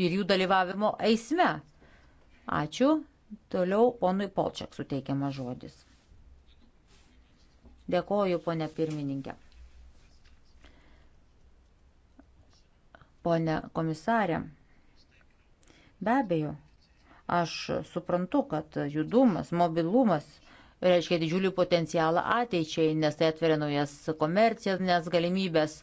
ir jų dalyvavimo eisme. Ačiū. Toliau ponui Polčiak suteikiamas žodis. Dėkoju, ponė pirmininkė. Pone komisarė, be abejo, aš suprantu, kad judumas, mobilumas reiškia didžiulį potencialą ateičiai, nes tai atveria naujas komercijas, nes galimybės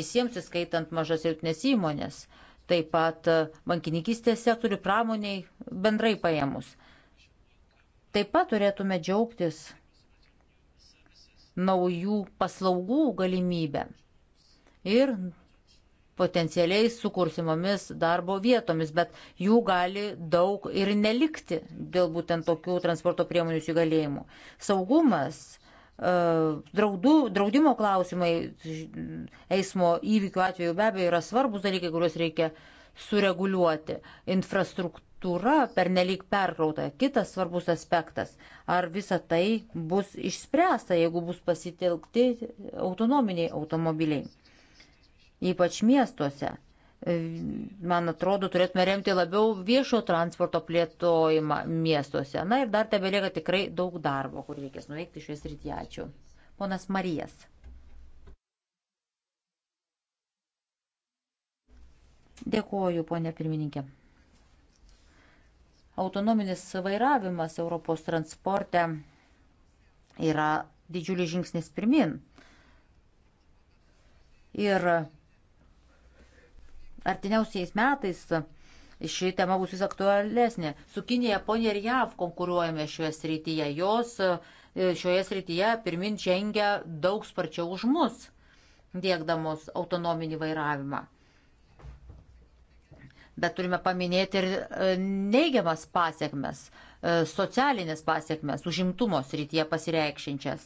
visiems, įskaitant mažas ir jungtinės įmonės. Uh, taip pat e, bankininkystės sektorių pramoniai bendrai paėmus. Taip pat turėtume džiaugtis naujų paslaugų galimybę ir potencialiai sukursimomis darbo vietomis, bet jų gali daug ir nelikti dėl būtent tokių transporto priemonių įsigalėjimų. Saugumas Draudų, draudimo klausimai eismo įvykių atveju be abejo yra svarbus dalykai, kuriuos reikia sureguliuoti. Infrastruktūra pernelyg perkrauta, kitas svarbus aspektas. Ar visa tai bus išspręsta, jeigu bus pasitelkti autonominiai automobiliai, ypač miestuose man atrodo, turėtume remti labiau viešo transporto plėtojimą miestuose. Na ir dar tebelieka tikrai daug darbo, kur reikės nuveikti šioje srityje. Ačiū. Ponas Marijas. Dėkuoju, ponė pirmininkė. Autonominis vairavimas Europos transporte yra didžiulis žingsnis pirmin. Ir artimiausiais metais ši tema bus vis aktualesnė. Su Kinija, Japonija ir JAV konkuruojame šioje srityje. Jos e, šioje srityje pirmin žengia daug sparčiau už mus, dėkdamos autonominį vairavimą. Bet turime paminėti ir e, neigiamas pasiekmes, e, socialinės pasiekmes, užimtumo srityje pasireikšinčias.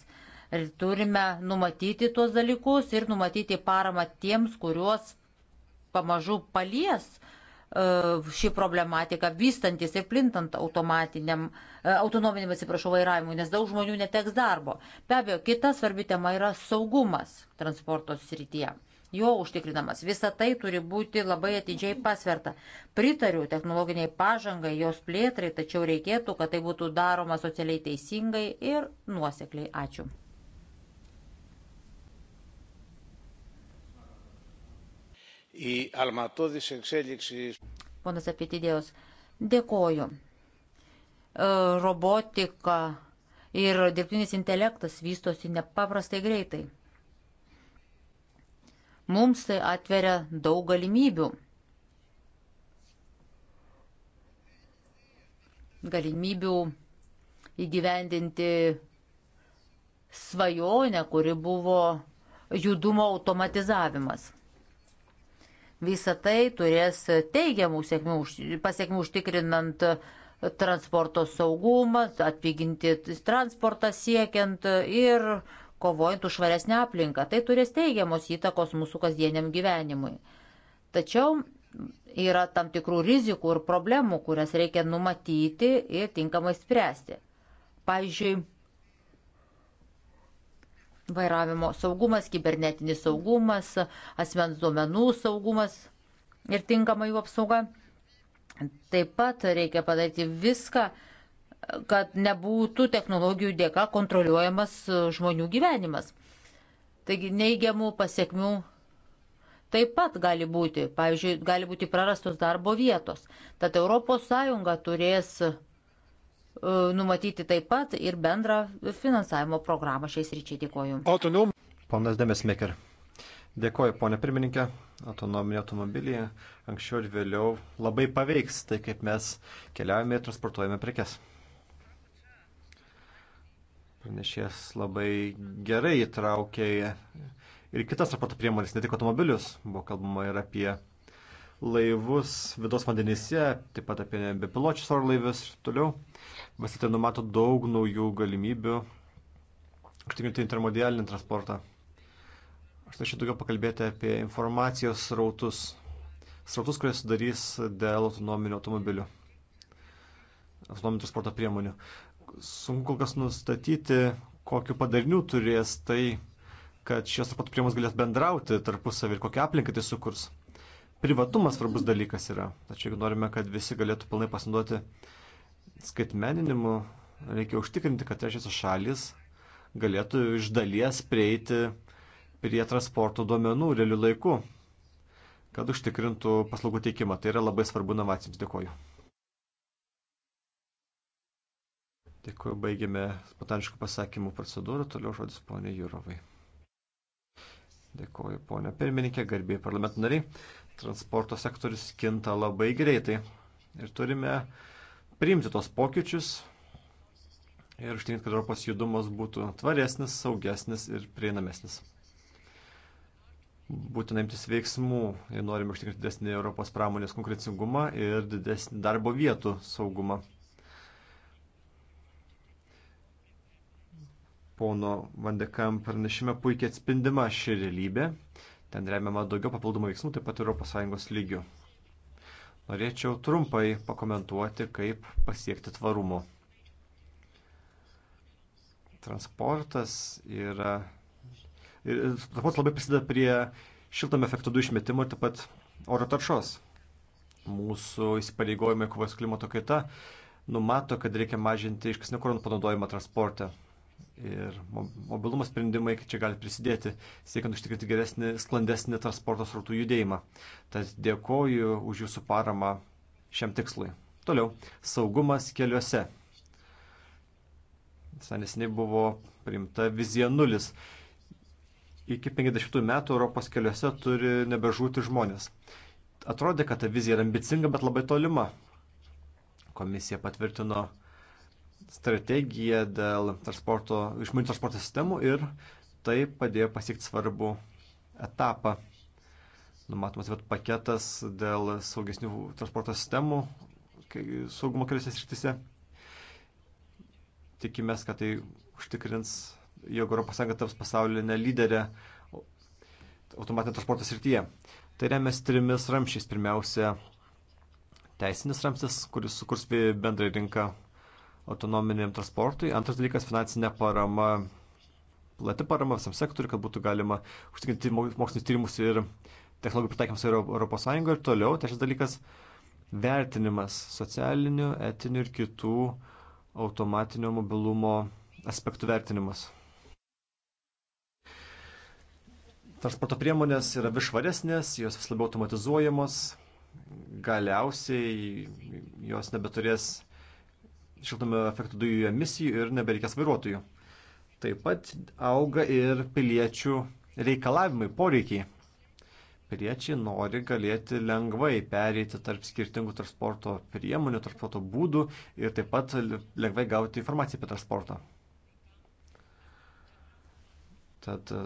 Ir turime numatyti tuos dalykus ir numatyti paramą tiems, kuriuos pamažu palies e, šį problematiką, vystantis ir plintant automatiniam, e, autonominiam atsiprašau vairavimui, nes daug žmonių neteks darbo. Be abejo, kita svarbi tema yra saugumas transporto srityje. Jo užtikrinamas. Visa tai turi būti labai atidžiai pasverta. Pritariu technologiniai pažangai, jos plėtrai, tačiau reikėtų, kad tai būtų daroma socialiai teisingai ir nuosekliai. Ačiū. į Almatodis Exelixis. Ponas Apitidėjos, dėkoju. E, robotika ir dirbtinis intelektas vystosi nepaprastai greitai. Mums tai atveria daug galimybių. Galimybių įgyvendinti svajonę, kuri buvo judumo automatizavimas. Visą tai turės teigiamų sėkmių, pasiekmių užtikrinant transporto saugumą, atpiginti transportą siekiant ir kovojant už švaresnę aplinką. Tai turės teigiamos įtakos mūsų kasdieniam gyvenimui. Tačiau yra tam tikrų rizikų ir problemų, kurias reikia numatyti ir tinkamai spręsti. Pavyzdžiui, vairavimo saugumas, kibernetinis saugumas, asmens duomenų saugumas ir tinkama jų apsauga. Taip pat reikia padaryti viską, kad nebūtų technologijų dėka kontroliuojamas žmonių gyvenimas. Taigi neigiamų pasiekmių taip pat gali būti, pavyzdžiui, gali būti prarastos darbo vietos. Tad ES turės E, numatyti taip pat ir bendrą finansavimo programą šiais ryčiai. Dėkoju. Autonom. Ponas Demesmeker. Dėkoju, ponė pirmininkė. Autonominė automobilija anksčiau ir vėliau labai paveiks tai, kaip mes keliaujame ir transportuojame prekes. Pranešės labai gerai įtraukė ir kitas transporto priemonės, ne tik automobilius. Buvo kalbama ir apie laivus vidaus vandenyse, taip pat apie bepiločius orlaivius ir toliau. Vasitė numato daug naujų galimybių užtikrinti intermodialinį transportą. Aš norėčiau daugiau pakalbėti apie informacijos srautus. Srautus, kurie sudarys dėl autonominių automobilių. Autonominių transporto priemonių. Sunku kol kas nustatyti, kokiu padarniu turės tai, kad šios transporto priemonės galės bendrauti tarpusavį ir kokią aplinką tai sukurs. Privatumas svarbus dalykas yra. Tačiau jeigu norime, kad visi galėtų pilnai pasinaudoti uh, skaitmeninimu reikia užtikrinti, kad trečiosios šalis galėtų iš dalies prieiti prie transporto duomenų realiu laiku, kad užtikrintų paslaugų teikimą. Tai yra labai svarbu inovacijams. Dėkoju. Dėkoju, baigėme spontaniškų pasakymų procedūrą. Toliau žodis ponė Jūrovai. Dėkoju, ponė pirmininkė, garbiai parlamento nariai. Transporto sektorius kinta labai greitai. Ir turime uh, priimti tos pokyčius ir užtikrinti, kad Europos judumas būtų tvaresnis, saugesnis ir prieinamesnis. Būtina imtis veiksmų, jei norime užtikrinti didesnį Europos pramonės konkurencingumą ir didesnį darbo vietų saugumą. Pono Vandekam pranešime puikiai atspindima ši realybė. Ten remiama daugiau papildomų veiksmų, taip pat ES lygių. Norėčiau trumpai pakomentuoti, kaip pasiekti tvarumo. Transportas yra. Ir transportas labai prisideda prie šiltame efektų dujų išmetimo ir taip pat oro taršos. Mūsų įsipareigojimai kovos klimato kaita numato, kad reikia mažinti iškasnio kūro panaudojimą transporte ir mobilumo sprendimai čia gali prisidėti, siekiant užtikrinti geresnį, sklandesnį transporto srautų judėjimą. Tad dėkoju už jūsų paramą šiam tikslui. Toliau, saugumas keliuose. Senesniai buvo priimta vizija nulis. Iki 50 metų Europos keliuose turi nebežūti žmonės. Atrodė, kad ta vizija yra ambicinga, bet labai tolima. Komisija patvirtino strategiją dėl transporto, išmanių transporto sistemų ir tai padėjo pasiekti svarbų etapą. Numatomas bet paketas dėl saugesnių transporto sistemų saugumo keliose srityse. Tikimės, kad tai užtikrins, jog ES taps pasaulinė lyderė automatinio transporto srityje. Tai remiasi trimis ramšiais. Pirmiausia, teisinis ramstis, kuris sukurs bendrą rinką autonominiam transportui. Antras dalykas - finansinė parama, plati parama visam sektoriu, kad būtų galima užtikrinti mokslinius tyrimus ir technologijų pritaikymus Europos Sąjungoje. Ir toliau, trečias dalykas - vertinimas socialinių, etinių ir kitų automatinio mobilumo aspektų vertinimas. transporto priemonės yra vis švaresnės, jos vis labiau automatizuojamos, galiausiai jos nebeturės šiltame efektų dujų emisijų ir nebereikės vairuotojų. Taip pat auga ir piliečių reikalavimai, poreikiai. Piliečiai nori galėti lengvai perėti tarp skirtingų transporto priemonių, transporto būdų ir taip pat lengvai gauti informaciją apie transportą. Tad e,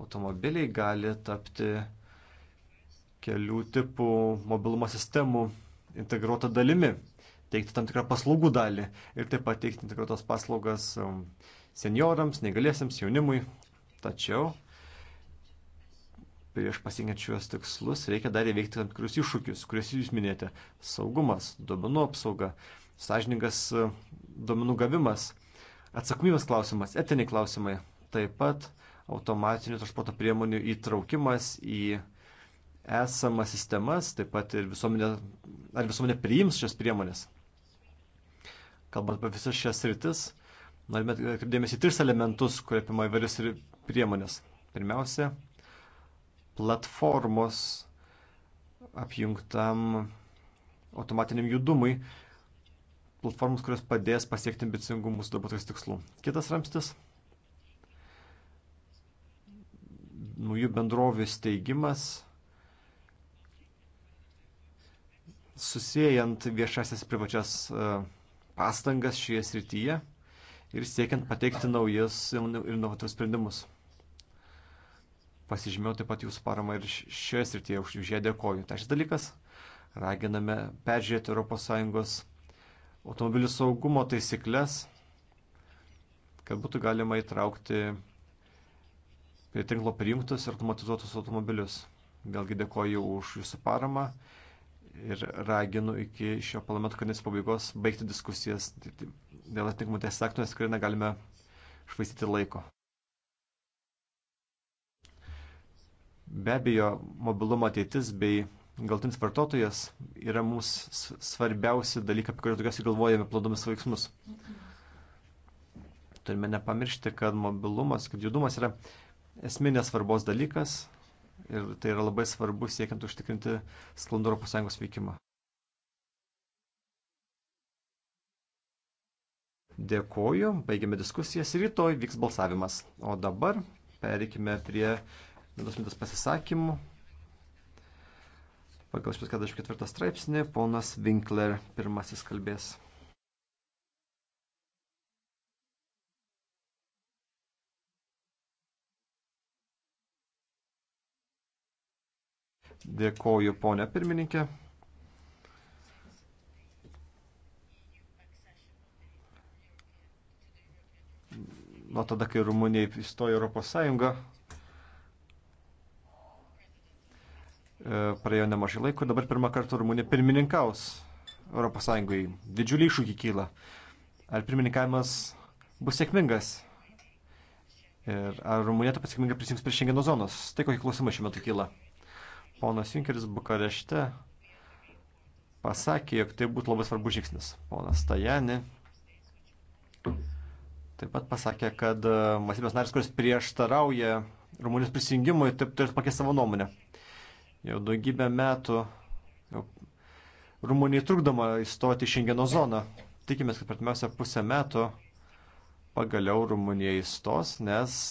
automobiliai gali tapti kelių tipų mobilumo sistemų integruota dalimi teikti tam tikrą paslaugų dalį ir taip pat teikti integruotas paslaugas um, senjorams, negalėsiams, jaunimui. Tačiau prieš pasiekiant šiuos tikslus reikia dar įveikti tam tikrus iššūkius, kuriuos jūs minėjote - saugumas, duomenų apsauga, sąžiningas uh, duomenų gavimas, atsakomybės klausimas, etiniai klausimai, taip pat automatinių transporto priemonių įtraukimas į esamas sistemas, taip pat ir visuomenė, ar visuomenė priims šias priemonės kalbant apie visas šias rytis, norime atkreipdėmėsi tris elementus, kurie apima įvairias priemonės. Pirmiausia, platformos apjungtam automatiniam judumui, platformos, kurios padės pasiekti ambicingumus darbuotojus tikslų. Kitas ramstis - naujų bendrovių steigimas, susijęjant viešasias privačias uh, pastangas šioje srityje ir siekiant pateikti naujus ir inovatyvius sprendimus. Pasižymėjau taip pat jūsų paramą ir šioje srityje, už ją dėkoju. Tai šis dalykas raginame peržiūrėti ES automobilių saugumo taisyklės, kad būtų galima įtraukti prie tinklo prijungtus ir automatizuotus automobilius. Vėlgi dėkoju už jūsų paramą ir raginu iki šio parlamento kadencijos pabaigos baigti diskusijas dėl atitinkamų teisės aktų, nes tikrai negalime švaistyti laiko. Be abejo, mobilumo ateitis bei galtinis vartotojas yra mums svarbiausi dalykai, apie kuriuos daugiausiai galvojame plodomis veiksmus. Turime nepamiršti, kad mobilumas, kad judumas yra esminės svarbos dalykas ir tai yra labai svarbu siekiant užtikrinti sklandų ES veikimą. Dėkoju, baigiame diskusijas ir rytoj vyks balsavimas. O dabar pereikime prie vienos minutės pasisakymų. Pagal 44 straipsnį ponas Winkler pirmasis kalbės. Dėkoju, ponė pirmininkė. Nuo tada, kai Rumunija įstojo Europos Sąjungą, e, praėjo nemažai laiko, dabar pirmą kartą Rumunija pirmininkaus Europos Sąjungai. Didžiuliai iššūkiai kyla. Ar pirmininkavimas bus sėkmingas? Ir ar Rumunija tą pasėkmingą prisijungs prie Šengeno zonos? Tai kokie klausimai šiuo metu kyla? Ponas Junkeris Bukarešte pasakė, jog tai būtų labai svarbus žingsnis. Ponas Tajani taip pat pasakė, kad e, valstybės narės, kuris prieštarauja Rumunijos prisijungimui, taip turėtų pakeisti savo nuomonę. Jau daugybę metų jau Rumunijai trukdoma įstoti į Šengeno zoną. Tikimės, kad per pirmiausia pusę metų pagaliau Rumunija įstos, nes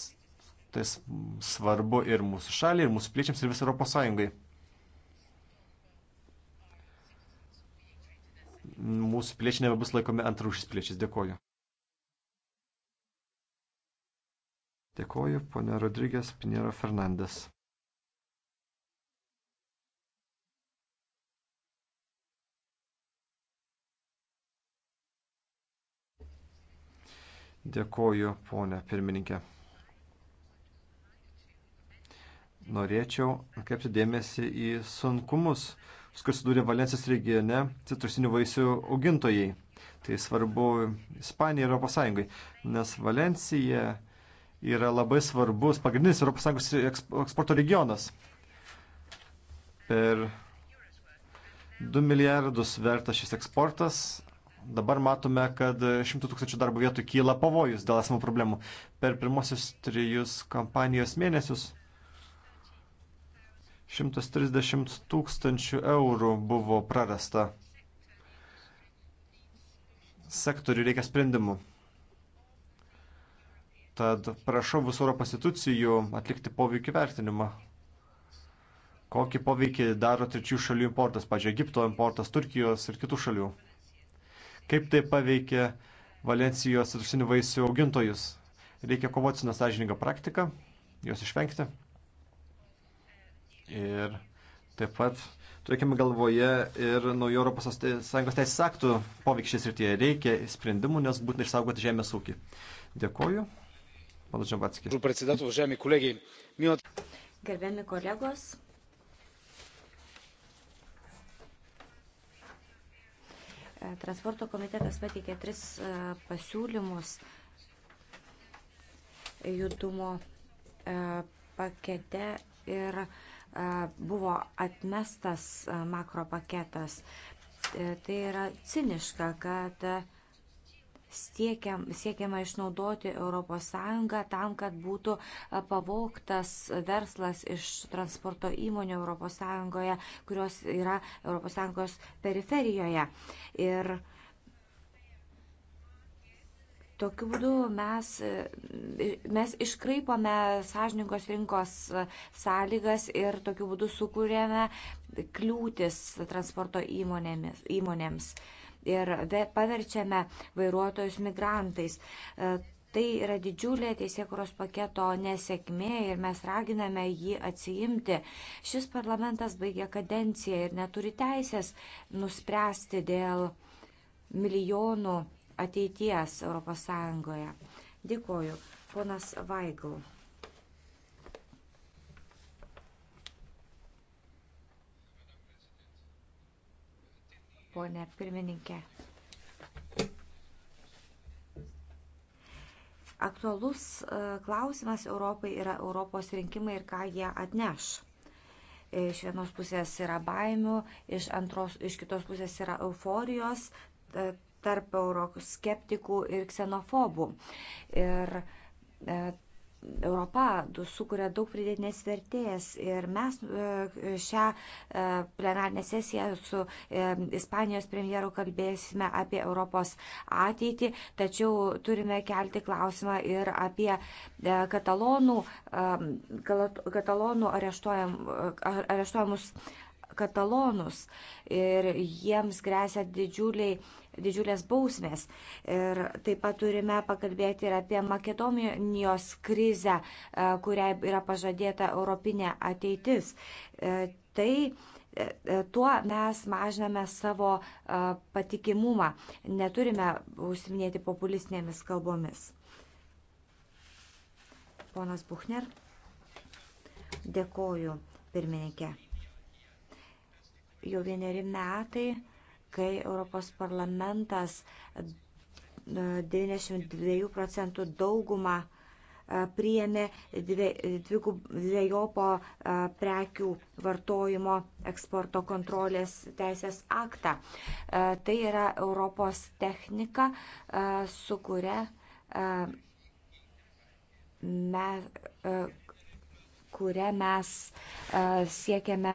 tai svarbu ir mūsų šaliai, ir mūsų pliečiams, ir visai Europos Sąjungai. mūsų piliečiai nebebus laikomi antrūšis piliečiais. Dėkoju. Dėkoju, ponia Rodrygės Pinero Fernandes. Dėkoju, ponia pirmininkė. Norėčiau atkreipti dėmesį į sunkumus, su kuo sudūrė Valencijos regione citrusinių vaisių augintojai. Tai svarbu Ispanijai ir Europos Sąjungai, nes Valencija yra labai svarbus pagrindinis Europos Sąjungos eksporto regionas. Per 2 milijardus vertas šis eksportas, Dabar matome, kad šimtų tūkstančių darbo vietų kyla pavojus dėl esamų problemų. Per pirmosius trijus kampanijos mėnesius 130 tūkstančių eurų buvo prarasta. Sektoriui reikia sprendimų. Tad prašau visų Europos institucijų atlikti poveikį vertinimą. Kokį poveikį daro trečių šalių importas, pažiūrėjau, Egipto importas, Turkijos ir kitų šalių. Kaip tai paveikia Valencijos ir užsienio vaisių augintojus. Reikia kovoti su nesažininga praktika, jos išvengti. Ir taip pat turėkime galvoje ir naujo Europos Sąjungos teisės aktų poveikšės rytyje. Reikia sprendimų, nes būtina išsaugoti žemės ūkį. Dėkoju. Pana Džambatskis. Gerbiami kolegos, Transporto komitetas pateikė tris e, pasiūlymus judumo e, pakete ir E, buvo atmestas e, makro paketas. E, tai yra ciniška, kad siekiam, siekiama išnaudoti ES tam, kad būtų pavoktas verslas iš transporto įmonių ES, kurios yra ES periferijoje. Ir Tokiu būdu mes, e, mes iškraipome sąžininkos rinkos sąlygas ir tokiu būdu sukūrėme kliūtis transporto įmonėmis, įmonėms ir paverčiame vairuotojus migrantais. E, tai yra didžiulė teisėkuros paketo nesėkmė ir mes raginame jį atsiimti. Šis parlamentas baigė kadenciją ir neturi teisės nuspręsti dėl milijonų ateities ES. Dėkoju, ponas Vaigl. Pone pirmininkė. Aktualus e, klausimas Europai yra Europos rinkimai ir ką jie atneš iš vienos pusės yra baimių, iš, antros, iš kitos pusės yra euforijos tarp euroskeptikų ir ksenofobų. Ir e, Europa sukuria daug pridėtinės vertės ir mes e, šią e, plenarinę sesiją su e, Ispanijos premjeru kalbėsime apie Europos ateitį, tačiau turime kelti klausimą ir apie katalonų, katalonų areštuojam, areštuojamus katalonus ir jiems grėsia didžiuliai didžiulės bausmės. Ir taip pat turime pakalbėti ir apie Makedonijos krizę, e, kuriai yra pažadėta europinė ateitis. E, tai e, Tuo mes mažiname savo patikimumą, neturime užsiminėti populistinėmis kalbomis. Ponas Buchner, dėkoju pirmininkė. Jau vieneri metai kai Europos parlamentas 92 e, procentų daugumą e, priėmė dviejopo e, prekių vartojimo eksporto kontrolės teisės aktą. Tai yra Europos technika, su kuria me, kuria mes siekiame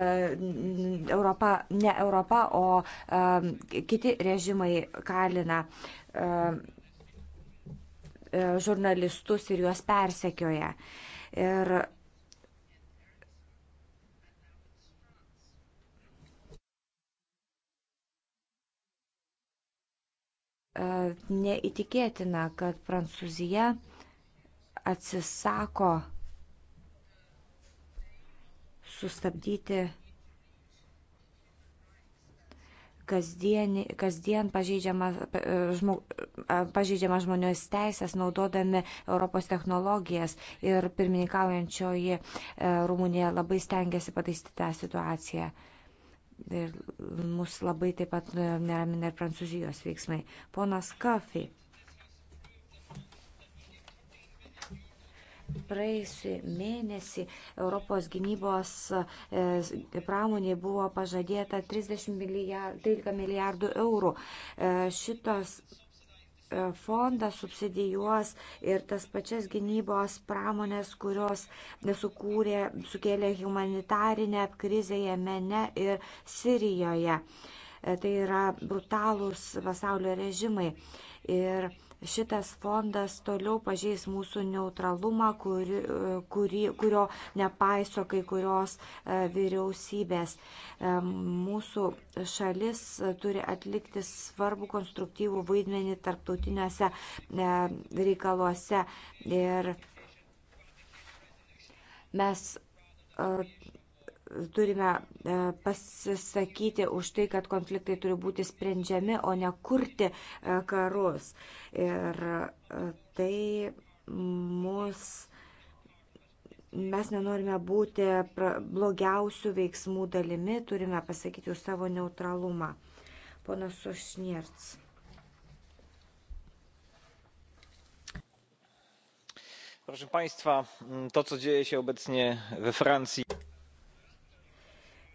E, Europa, ne Europa, o e, kiti režimai kalina e, žurnalistus ir juos persekioja. Ir neįtikėtina, kad Prancūzija atsisako sustabdyti kasdien, kasdien pažeidžiama, žmog, pažeidžiama žmonės teisės naudodami Europos technologijas ir pirmininkaujančioji e, Rumunija labai stengiasi pataisyti tą situaciją. Ir mus labai taip pat e, neramina ir prancūzijos veiksmai. Ponas Kafi. Praėjusį mėnesį Europos gynybos e, pramoniai buvo pažadėta 30 milijardų, 13 milijardų eurų. E, šitos e, fondas subsidijuos ir tas pačias gynybos pramonės, kurios sukūrė, sukėlė humanitarinę krizę Jemene ir Sirijoje. Tai yra brutalūs pasaulio režimai. Ir Šitas fondas toliau pažeis mūsų neutralumą, kuri, kuri, kurio nepaiso kai kurios e, vyriausybės. E, mūsų šalis turi atlikti svarbų konstruktyvų vaidmenį tarptautiniuose e, reikaluose. Ir mes turime e, pasisakyti už tai, kad konfliktai turi būti sprendžiami, o ne kurti e, karus. Ir e, tai mus. Mes nenorime būti blogiausių veiksmų dalimi, turime pasakyti už savo neutralumą. Ponas Sušnierts. Proszę Państwa, to co dzieje się obecnie we Francji.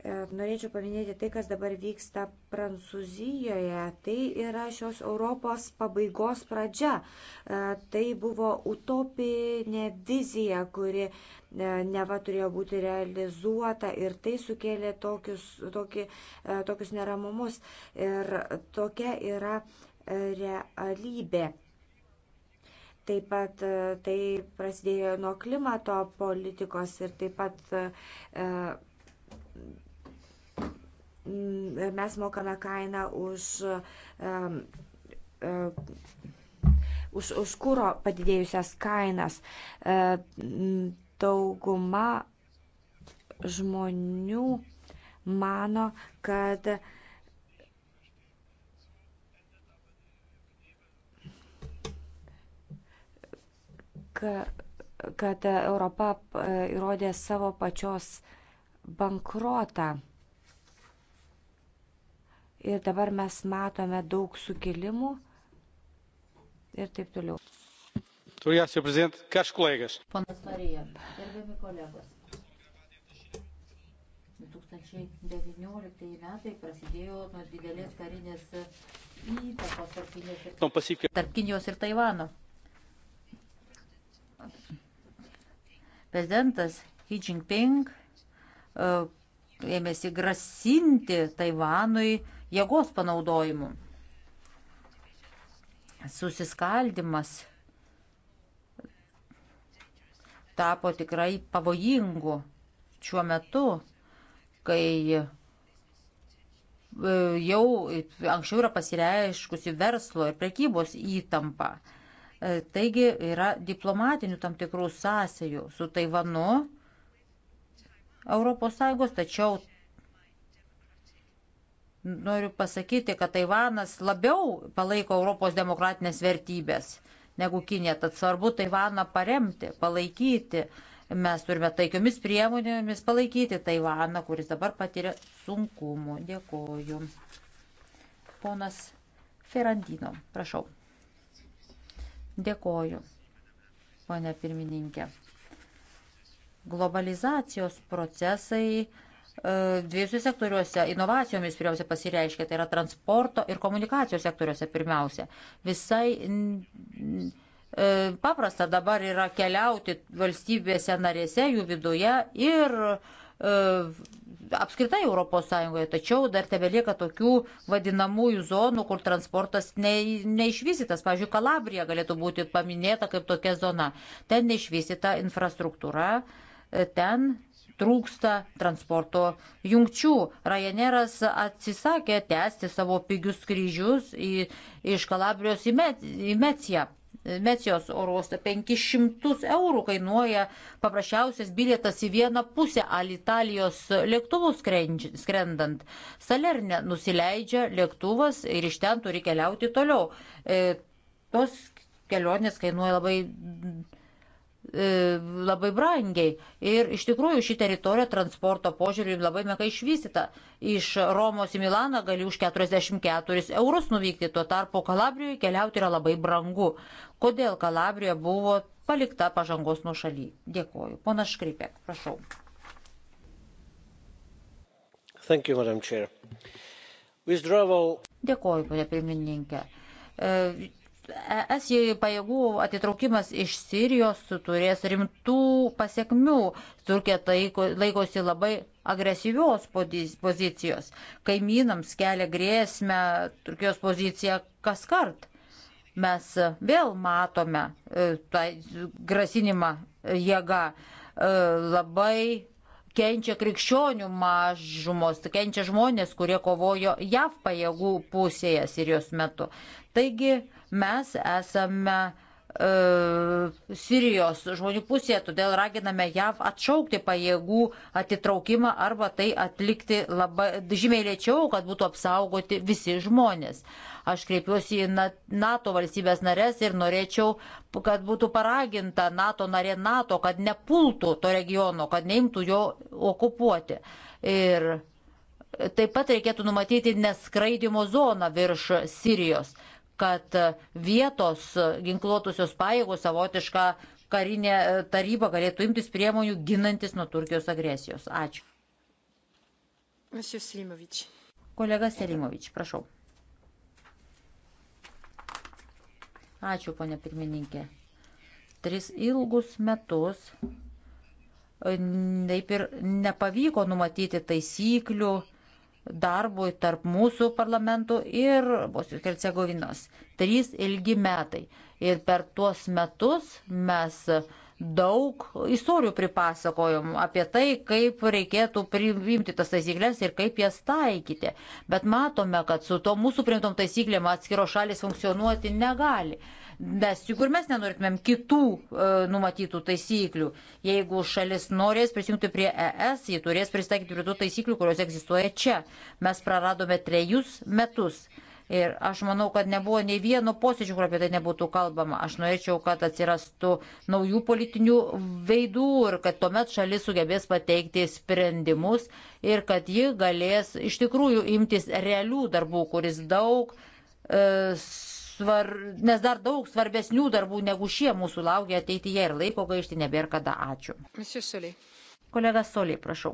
E, norėčiau paminėti tai, kas dabar vyksta Prancūzijoje. Tai yra šios Europos pabaigos pradžia. E, tai buvo utopinė vizija, kuri e, neva turėjo būti realizuota ir tai sukėlė tokius, tokį, tokius neramumus. Ir tokia yra realybė. Taip pat tai prasidėjo nuo klimato politikos ir taip pat Mm, mes mokame kainą už, um, um, už, už kūro padidėjusias kainas. Um, dauguma žmonių mano, kad kad Europa e, įrodė savo pačios bankrotą ir dabar mes matome daug sukilimų ir taip toliau. Turėjau, Sr. Prezident, kaž kolegas. Ponas Marija, gerbiami kolegos. 2019 metai prasidėjo nuo didelės karinės įtakos tarp Kinijos ir, tarp Kinijos ir Taivano. Prezidentas Xi Jinping uh, ėmėsi grasinti Taivanui jėgos panaudojimu. Susiskaldimas tapo tikrai pavojingu šiuo metu, kai e, jau anksčiau yra pasireiškusi verslo ir prekybos įtampa. E, taigi yra diplomatinių tam tikrų sąsajų su Taivanu ES, tačiau Noriu pasakyti, kad Taivanas labiau palaiko Europos demokratinės vertybės negu Kinė. Tad svarbu Taivaną paremti, palaikyti. Mes turime taikiomis priemonėmis palaikyti Taivaną, kuris dabar patiria sunkumų. Dėkoju. Ponas Ferandino, prašau. Dėkoju, ponė pirmininkė. Globalizacijos procesai dviejose sektoriuose inovacijomis pirmiausia pasireiškia, tai yra transporto ir komunikacijos sektoriuose pirmiausia. Visai e, paprasta dabar yra keliauti valstybėse narėse, jų viduje ir e, apskritai ES, tačiau dar tebelieka tokių vadinamųjų zonų, kur transportas ne, neišvystytas. Pavyzdžiui, Kalabrija galėtų būti paminėta kaip tokia zona. Ten neišvystyta infrastruktūra, e, ten trūksta transporto jungčių. Rajaneras atsisakė tęsti savo pigius skrydžius į, iš Kalabrijos į, Met, į Meciją. Mecijos orostą 500 eurų kainuoja paprasčiausias bilietas į vieną pusę Alitalijos lėktuvų skrendant. Salerne nusileidžia lėktuvas ir iš ten turi keliauti toliau. E, tos kelionės kainuoja labai E, labai brangiai. Ir iš tikrųjų ši teritorija transporto požiūrį labai mekai išvystyta. Iš Romos į Milaną gali už 44 eurus nuvykti, tuo tarpu Kalabrijoje keliauti yra labai brangu. Kodėl Kalabrija buvo palikta pažangos nuo šaly? Dėkoju. Pona Škripek, prašau. Thank you, Madam Chair. Withdrawal... Dėkoju, ponia pirmininkė e, ES pajėgų atitraukimas iš Sirijos turės rimtų pasiekmių. Turkija taiko, laikosi labai agresyvios pozicijos. Kaimynams kelia grėsmę Turkijos pozicija kas kart. Mes vėl matome e, tą grasinimą e, jėgą e, labai kenčia krikščionių mažumos, kenčia žmonės, kurie kovojo JAV pajėgų pusėje Sirijos metu. Taigi Mes esame e, Sirijos žmonių pusėje, todėl raginame JAV atšaukti pajėgų atitraukimą arba tai atlikti labai, žymiai lėčiau, kad būtų apsaugoti visi žmonės. Aš kreipiuosi į NATO valstybės narės ir norėčiau, kad būtų paraginta NATO narė NATO, kad nepultų to regiono, kad neimtų jo okupuoti. Ir taip pat reikėtų numatyti neskraidimo zoną virš Sirijos kad vietos ginkluotusios pajėgos savotišką karinę e, tarybą galėtų imtis priemonių ginantis nuo Turkijos agresijos. Ačiū. Selimovič. Kolega Selimovič, prašau. Ačiū, ponė pirmininkė. Tris ilgus metus e, taip ir nepavyko numatyti taisyklių, darbui tarp mūsų parlamentų ir Bosnijos ir Hercegovinos. Trys ilgi metai. Ir per tuos metus mes daug istorijų pripasakojom apie tai, kaip reikėtų priimti tas taisyklės ir kaip jas taikyti. Bet matome, kad su to mūsų priimtom taisyklėm atskiros šalis funkcionuoti negali mes juk ir mes nenorėtumėm kitų e, numatytų taisyklių. Jeigu šalis norės prisijungti prie ES, ji turės pristaikyti prie tų taisyklių, kurios egzistuoja čia. Mes praradome trejus metus. Ir aš manau, kad nebuvo nei vieno posėdžio, kur apie tai nebūtų kalbama. Aš norėčiau, kad atsirastų naujų politinių veidų ir kad tuomet šalis sugebės pateikti sprendimus ir kad ji galės iš tikrųjų imtis realių darbų, kuris daug e, svar, nes dar daug svarbesnių darbų negu šie mūsų laukia ateityje ir laiko gaišti nebėra kada. Ačiū. Soli. Kolega Solė, prašau.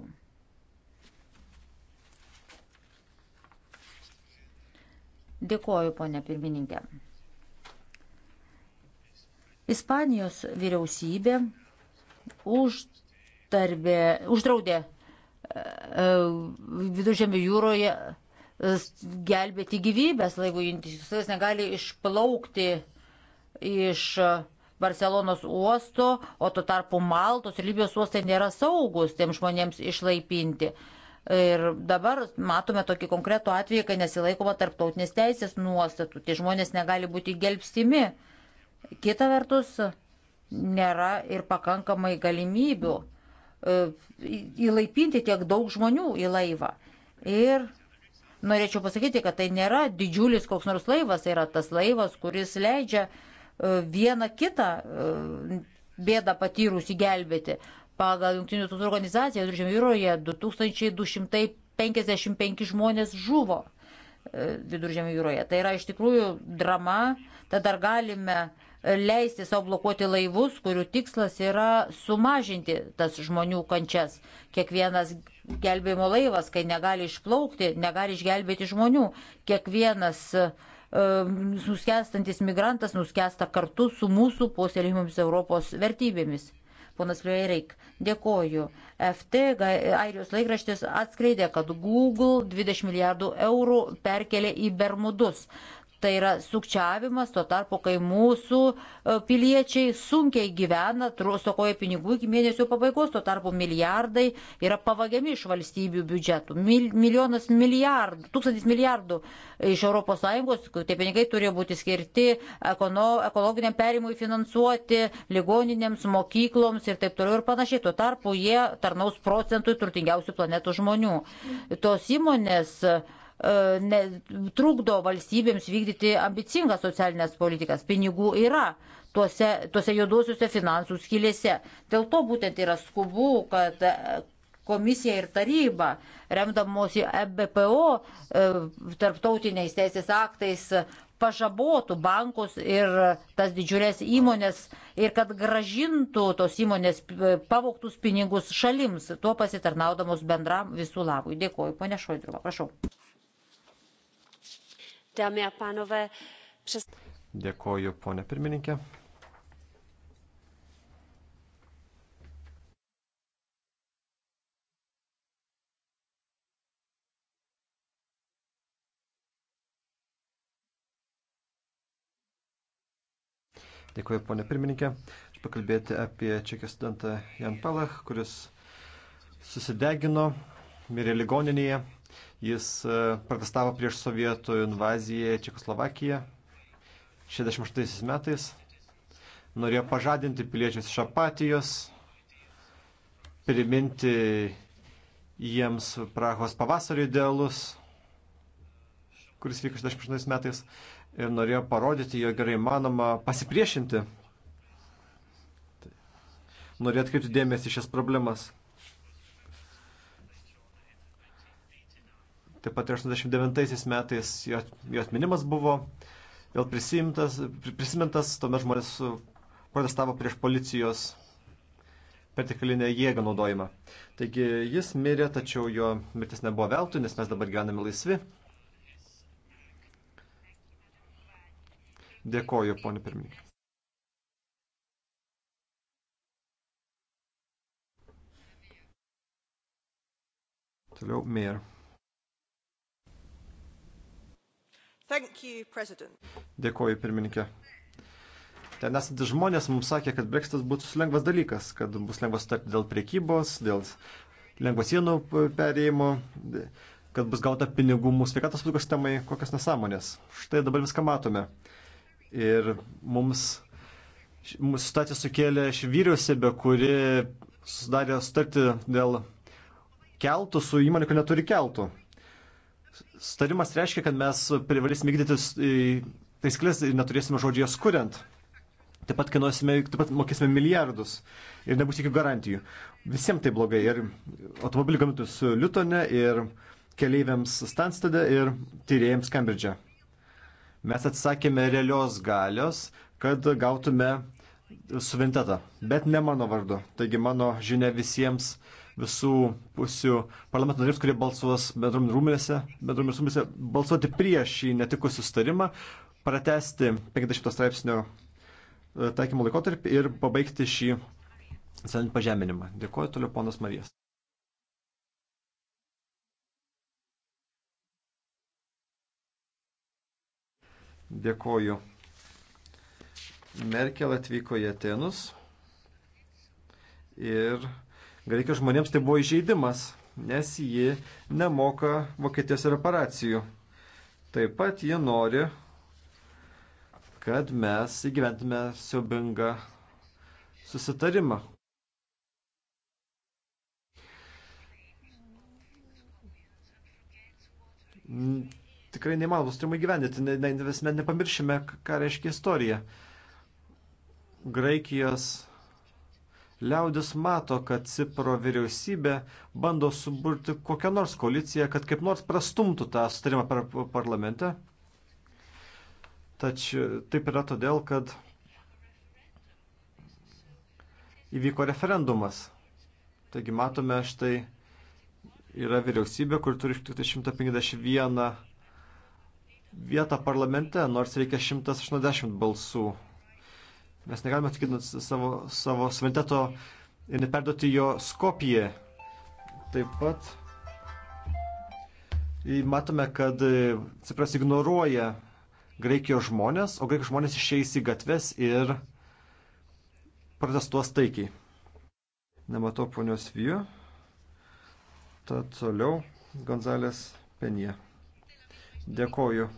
Dėkoju, ponė pirmininkė. Ispanijos vyriausybė uždarbė, uždraudė e, e, viduržėmio jūroje gelbėti gyvybės laivų indijos. Jis negali išplaukti iš Barcelonos uosto, o tuo tarpu Maltos ir Libijos uostai nėra saugus tiem žmonėms išlaipinti. Ir dabar matome tokį konkretų atvejį, kai nesilaikoma tarptautinės teisės nuostatų. Tie žmonės negali būti gelbstimi. Kita vertus, nėra ir pakankamai galimybių e, įlaipinti tiek daug žmonių į laivą. Ir Norėčiau pasakyti, kad tai nėra didžiulis koks nors laivas, tai yra tas laivas, kuris leidžia e, vieną kitą e, bėdą patyrusį gelbėti. Pagal Junktinių tautų organizaciją Viduržėmio jūroje 2255 žmonės žuvo e, Viduržėmio jūroje. Tai yra iš tikrųjų drama, tad ar galime leisti savo blokuoti laivus, kurių tikslas yra sumažinti tas žmonių kančias. Kiekvienas gelbėjimo laivas, kai negali išplaukti, negali išgelbėti žmonių. Kiekvienas e, nuskestantis migrantas nuskesta kartu su mūsų puoselėjimus Europos vertybėmis. Ponas Liuereik, dėkoju. FT, Airijos laikraštis atskleidė, kad Google 20 milijardų eurų perkelė į Bermudus. E, Tai yra sukčiavimas, tuo tarpu, kai mūsų e, piliečiai sunkiai gyvena, stokoja pinigų iki mėnesio pabaigos, tuo tarpu milijardai yra pavagiami iš valstybių biudžetų. Mil, milijonas milijardų, tūkstantis milijardų iš ES, tie pinigai turėjo būti skirti ekono, ekologiniam perimui finansuoti, ligoninėms, mokykloms ir taip toliau ir panašiai. Tuo tarpu jie tarnaus procentui turtingiausių planetų žmonių. Tos įmonės uh, E, ne, trukdo valstybėms vykdyti ambicingas socialinės politikas. Pinigų yra tuose, tuose juoduosiuose finansų skilėse. Dėl to būtent yra skubu, kad komisija ir taryba, remdamosi EBPO e, tarptautiniais teisės aktais, pažabotų bankus ir tas didžiulės įmonės ir kad gražintų tos įmonės pavoktus pinigus šalims, tuo pasitarnaudamos bendram visų labui. Dėkuoju, ponė Šoidrova, prašau. Dámy a pánové, přes... Dėkoju, ponė pirmininkė. Dėkuoju, ponė pirmininkė. Aš pakalbėti apie čekijos studentą Jan Palach, kuris susidegino, mirė ligoninėje Jis e, protestavo prieš sovietų invaziją į Čekoslovakiją 68 metais. Norėjo pažadinti piliečius iš apatijos, priminti jiems Prahos pavasario idealus, kuris vyko 68 metais, ir norėjo parodyti, jog gerai manoma pasipriešinti. Norėjo atkreipti dėmesį šias problemas. Taip pat 89 metais jo, jo atminimas buvo vėl prisimintas, prisimintas tuomet žmonės protestavo prieš policijos perteklinę jėgą naudojimą. Taigi jis mirė, tačiau jo mirtis nebuvo veltui, nes mes dabar gyvename laisvi. Dėkoju, ponė pirmininkė. Toliau, Meir. You, Dėkuoju, pirmininkė. Ten esantys žmonės mums sakė, kad breksitas bus lengvas dalykas, kad bus lengvas sutarti dėl priekybos, dėl lengvo sienų perėjimo, kad bus gauta pinigų mūsų sveikatos apsaugos temai, kokias nesąmonės. Štai dabar viską matome. Ir mums mūsų statė sukėlė ši vyriausybė, kuri sudarė sutartį dėl keltų su įmonė, kuri neturi keltų. Starimas reiškia, kad mes privalėsime vykdyti taisyklės ir neturėsime žodžio jas kuriant. Taip pat kainuosime, taip pat mokėsime milijardus ir nebus jokių garantijų. Visiems tai blogai. Ir automobilių gamintus Liutone, ir keleiviams Stanstede, ir tyrėjams Cambridge'e. Mes atsisakėme realios galios, kad gautume suvintetą, bet ne mano vardu. Taigi mano žinia visiems visų pusių parlamento narius, kurie balsuos bendromis rūmėse, bendromis rūmėse balsuoti prieš šį netikusį sustarimą, pratesti 50 straipsnio e, taikymo laikotarpį ir pabaigti šį socialinį pažeminimą. Dėkuoju toliau ponas Marijas. Dėkoju. Merkel atvyko į Atenus ir Graikijos žmonėms tai buvo įžeidimas, nes ji nemoka Vokietijos reparacijų. Taip pat ji nori, kad mes įgyventume siubingą susitarimą. Tikrai neįmanoma, turime įgyvendinti, ne, ne, mes nepamiršime, ką reiškia istorija. Graikijos Liaudis mato, kad Cipro vyriausybė bando suburti kokią nors koaliciją, kad kaip nors prastumtų tą sutarimą par parlamente. Tačiau taip yra todėl, kad įvyko referendumas. Taigi matome, štai yra vyriausybė, kur turi tik 151 tai vietą parlamente, nors reikia 180 balsų Mes negalime atsakyti savo, savo suvereniteto ir neperduoti jo Skopijai. Taip pat matome, kad Cipras ignoruoja Graikijos žmonės, o graikijos žmonės išeis į gatves ir protestuos taikiai. Nematau ponios Vijų. Tad toliau Gonzalės Penija. Dėkoju.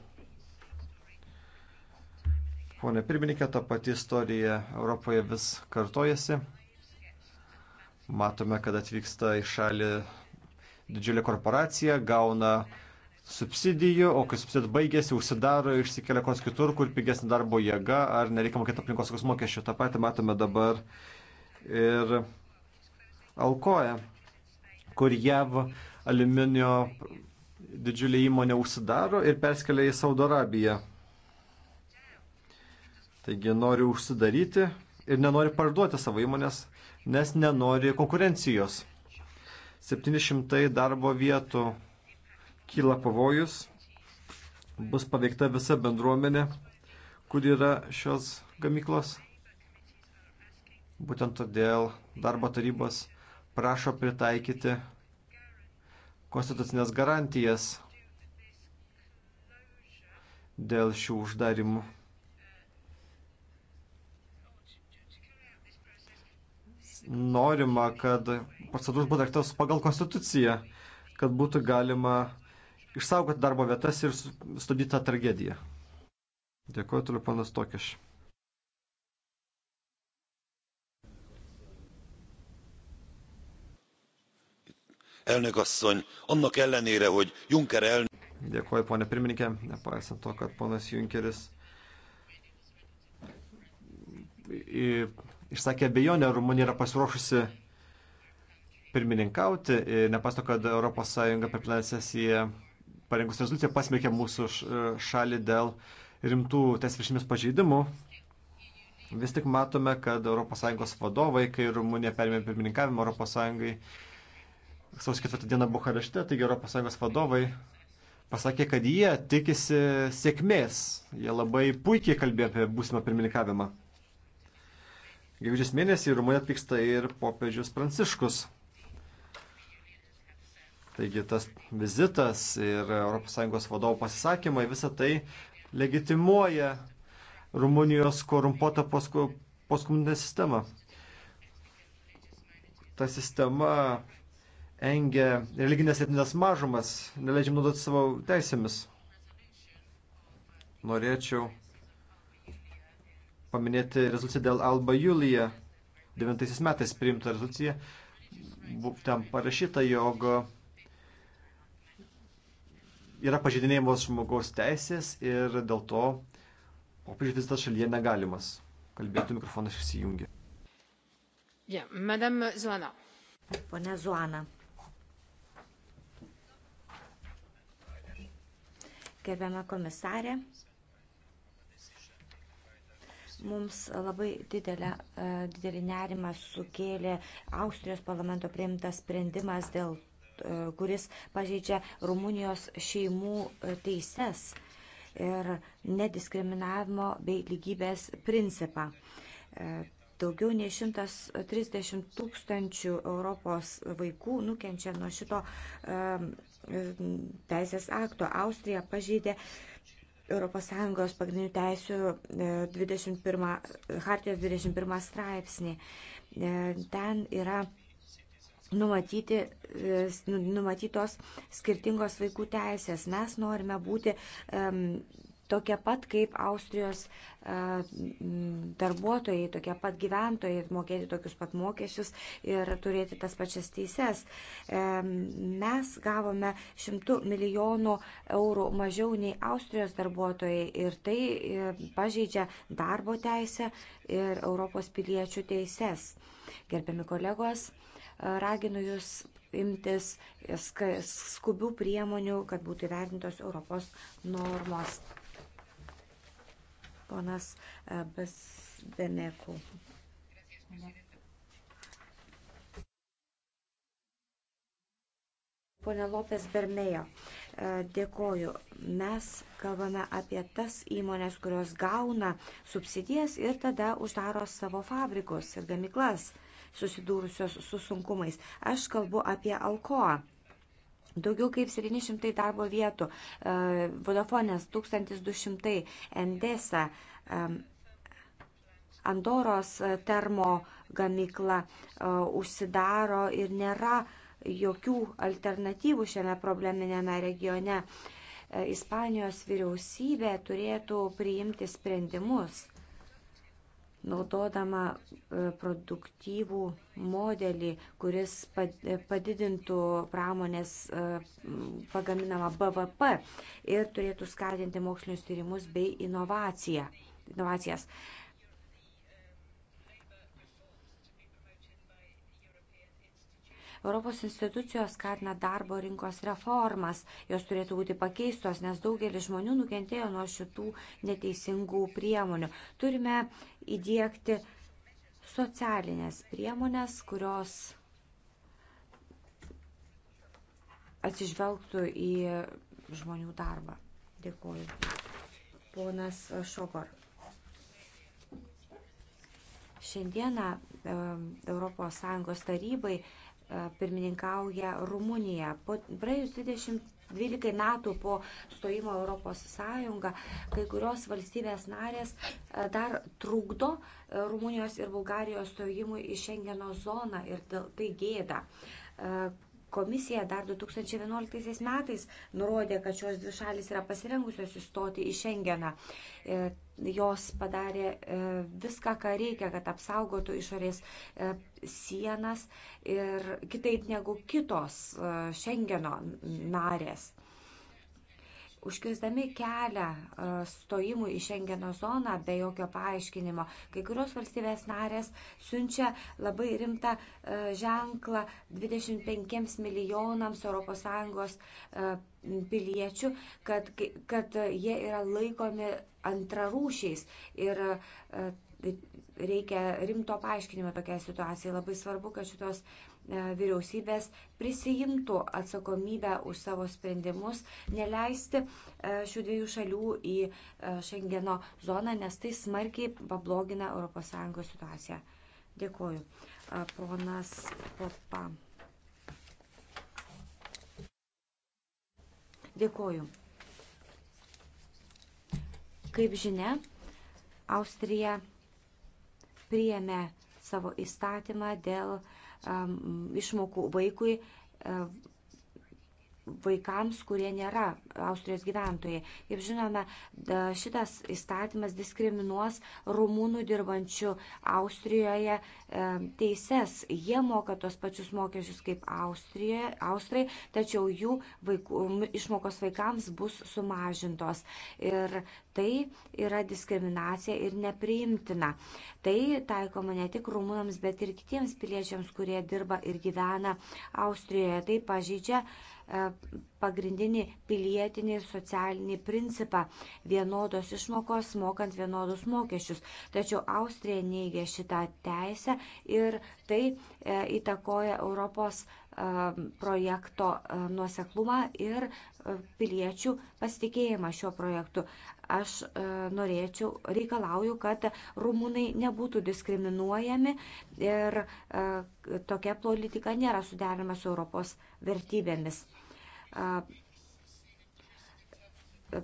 Pone pirmininkė, ta pati istorija Europoje vis kartojasi. Matome, kad atvyksta į šalį didžiulė korporacija, gauna subsidijų, o kai subsidijos baigėsi, užsidaro ir išsikelia kos kitur, kur pigesnė darbo jėga ar nereikia mokėti aplinkos saugos mokesčių. Ta pati matome dabar ir Alkoje, kur jav aliuminio didžiulė įmonė užsidaro ir perskelia į Saudo Arabiją Taigi nori užsidaryti ir nenori parduoti savo įmonės, nes nenori konkurencijos. 700 darbo vietų kyla pavojus, bus paveikta visa bendruomenė, kur yra šios gamyklos. Būtent todėl darbo tarybos prašo pritaikyti konstitucinės garantijas dėl šių uždarimų. norima, kad procedūros būtų atliktos pagal konstituciją, kad būtų galima išsaugoti darbo vietas ir stabdyti tą tragediją. Dėkuoju, toliau panas Tokiš. Elnök asszony, annak ellenére, hogy Juncker elnök... Dėkuoju, ponė pirmininkė, nepaisant to, kad ponas Junkeris išsakė abejonę, ar Rumunija yra pasiruošusi pirmininkauti, e, nepasto, kad ES per pleną sesiją parengus rezoliuciją pasmėkė mūsų e, šalį dėl rimtų tiesviršimis pažeidimų. Vis tik matome, kad ES vadovai, kai Rumunija perėmė pirmininkavimą ES, sausio ketvirtą dieną Bukarešte, taigi ES vadovai pasakė, kad jie tikisi sėkmės. Jie labai puikiai kalbėjo apie būsimą pirmininkavimą. Gegužės mėnesį į Rumuniją atvyksta ir popiežius Pranciškus. Taigi tas vizitas ir ES vadovo pasisakymai visą tai legitimuoja Rumunijos korumpuotą poskuminę sistemą. Ta sistema engia religinės etinės mažumas, neleidžiam naudoti savo teisėmis. Norėčiau paminėti rezoliuciją dėl Alba Julija. 9 metais priimta rezoliucija. Ten parašyta, jog yra pažydinėjimos žmogaus teisės ir dėl to popiežių vizitas šalyje negalimas. Kalbėtų mikrofonas įsijungia. Ja, Madame Zuana. Pone Zuana. Gerbiama komisarė, Mums labai didelę, e, didelį nerimą sukėlė Austrijos parlamento priimtas sprendimas, dėl, e, kuris pažeidžia Rumunijos šeimų e, teises ir nediskriminavimo bei lygybės principą. Daugiau nei 130 tūkstančių Europos vaikų nukenčia nuo šito teisės akto. Austrija pažeidė ES pagrindinių teisių 21, e, Hartijos 21 straipsnį. E, ten yra numatyti, e, numatytos skirtingos vaikų teisės. Mes norime būti um, tokia pat kaip Austrijos e, darbuotojai, tokie pat gyventojai, mokėti tokius pat mokesčius ir turėti tas pačias teises. E, mes gavome 100 milijonų eurų mažiau nei Austrijos darbuotojai ir tai e, pažeidžia darbo teisę ir Europos piliečių teises. Gerbiami kolegos, raginu Jūs imtis skubių priemonių, kad būtų įvertintos Europos normos ponas e, Bezdenekų. Pone Lopės Bermejo, e, dėkoju. Mes kalbame apie tas įmonės, kurios gauna subsidijas ir tada uždaro savo fabrikus ir gamiklas susidūrusios su sunkumais. Aš kalbu apie Alkoa. Daugiau kaip 700 darbo vietų, e, Vodafonės 1200, Endesa, e, Andoros e, termo gamykla užsidaro ir nėra jokių alternatyvų šiame probleminėme regione. Ispanijos vyriausybė turėtų priimti sprendimus naudodama e, produktyvų modelį, kuris e, padidintų pramonės e, pagaminamą BVP ir turėtų skatinti mokslinius tyrimus bei inovaciją, inovacijas. Europos institucijos skatina darbo rinkos reformas. Jos turėtų būti pakeistos, nes daugelis žmonių nukentėjo nuo šitų neteisingų priemonių. Turime įdėkti socialinės priemonės, kurios atsižvelgtų į žmonių darbą. Dėkuoju. Ponas Šokor. Šiandieną ES tarybai pirmininkauja Rumunija. Po praėjus 20 12 metų po stojimo Europos Sąjungą, kai kurios valstybės narės e, dar trukdo e, Rumunijos ir Bulgarijos stojimui į Šengeno zoną ir tai gėda. E, Komisija dar 2011 metais nurodė, kad šios dvi šalis yra pasirengusios įstoti į Šengeną. E, jos padarė e, viską, ką reikia, kad apsaugotų išorės e, sienas ir kitaip negu kitos Šengeno narės. Užkirsdami kelią e, stojimui į Schengeno zoną be jokio paaiškinimo, kai kurios valstybės narės siunčia labai rimtą e, ženklą 25 milijonams ES e, piliečių, kad, kad jie yra laikomi antrarūšiais. Ir reikia rimto paaiškinimo tokiai situacijai. Labai svarbu, kad šitos E, vyriausybės prisijimtų atsakomybę už savo sprendimus, neleisti e, šių dviejų šalių į e, Šengeno zoną, nes tai smarkiai pablogina ES situaciją. Dėkuoju. Ponas Popa. Dėkuoju. Kaip žinia, Austrija priėmė savo įstatymą dėl uh, Um, išmokų vaikui uh, vaikams, kurie nėra Austrijos gyventojai. Kaip žinome, šitas įstatymas diskriminuos rumūnų dirbančių Austrijoje e, teises. Jie moka tos pačius mokesčius kaip Austrijoje, Austrai, tačiau jų vaikų, išmokos vaikams bus sumažintos. Ir tai yra diskriminacija ir nepriimtina. Tai taikoma ne tik rumūnams, bet ir kitiems piliečiams, kurie dirba ir gyvena Austrijoje. Tai pažydžia E, pagrindinį pilietinį socialinį principą - vienodos išmokos mokant vienodus mokesčius. Tačiau Austrija neigia šitą teisę ir tai e, įtakoja Europos e, projekto nuoseklumą ir piliečių pasitikėjimą šiuo projektu. Aš norėčiau, reikalauju, kad rumūnai nebūtų diskriminuojami ir tokia politika nėra suderinama su Europos vertybėmis.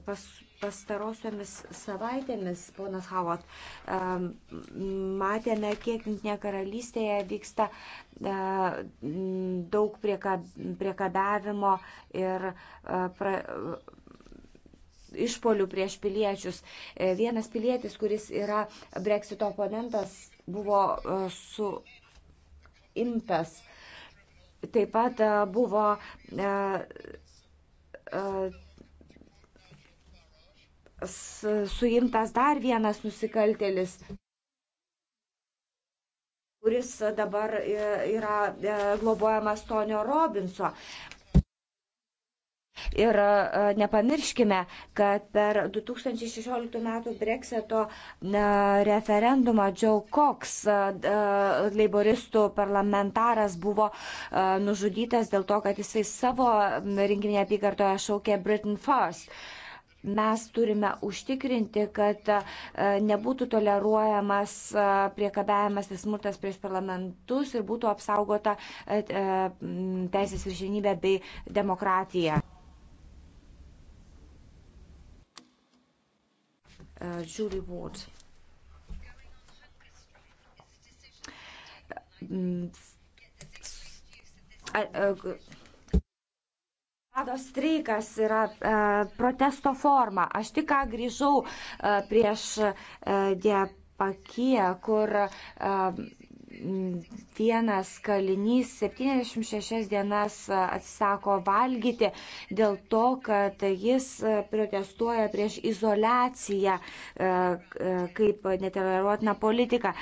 Pas, pastarosiomis savaitėmis, ponas Havot, matėme, kiek Junktinė karalystėje vyksta daug priekabiavimo ir pra, išpolių prieš piliečius. E, vienas pilietis, kuris yra Brexito oponentas, buvo suimtas Taip pat e, buvo e, e, suimtas dar vienas nusikaltėlis kuris dabar yra globojamas Tonio Robinso. Ir e, nepamirškime, kad per 2016 metų Brexito e, referendumą Joe Cox, e, leiboristų parlamentaras, buvo nužudytas dėl to, kad jisai savo rinkiminėje apygardoje šaukė Britain First mes turime užtikrinti, kad nebūtų toleruojamas priekabiavimas ir smurtas prieš parlamentus ir būtų apsaugota teisės viršinybė bei demokratija. uh, Julie Ward. Mm, a, a, Bado streikas yra e, protesto forma. Aš tik ką grįžau e, prieš e, Diepakiją, kur e, vienas kalinys 76 dienas atsisako valgyti dėl to, kad jis protestuoja prieš izolaciją e, e, kaip netoleruotiną politiką.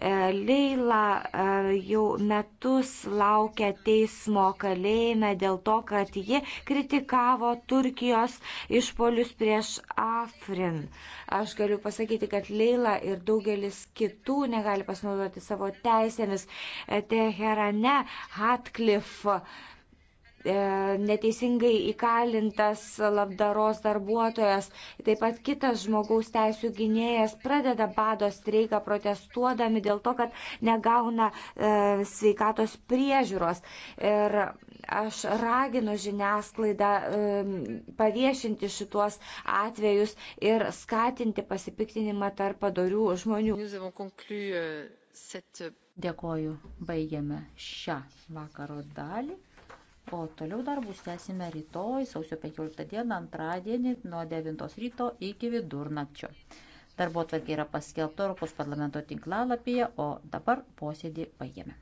E, Leila jau metus laukia teismo kalėjime dėl to, kad ji kritikavo Turkijos išpolius prieš Afrin. Aš galiu pasakyti, kad Leila ir daugelis kitų negali pasinaudoti savo teisę teisėmis. E, Teherane Hatcliffe e, neteisingai įkalintas labdaros darbuotojas, taip pat kitas žmogaus teisų gynėjas pradeda bado streiką protestuodami dėl to, kad negauna e, sveikatos priežiūros. Ir aš raginu žiniasklaidą e, paviešinti šituos atvejus ir skatinti pasipiktinimą tarp padorių žmonių. Uh, Dėkoju, baigiame šią vakaro dalį. O toliau darbus tęsime rytoj, sausio 15 dieną, antradienį nuo 9 ryto iki vidurnakčio. Darbo tvarkė yra paskelbta Europos parlamento tinklalapyje, o dabar posėdį baigiame.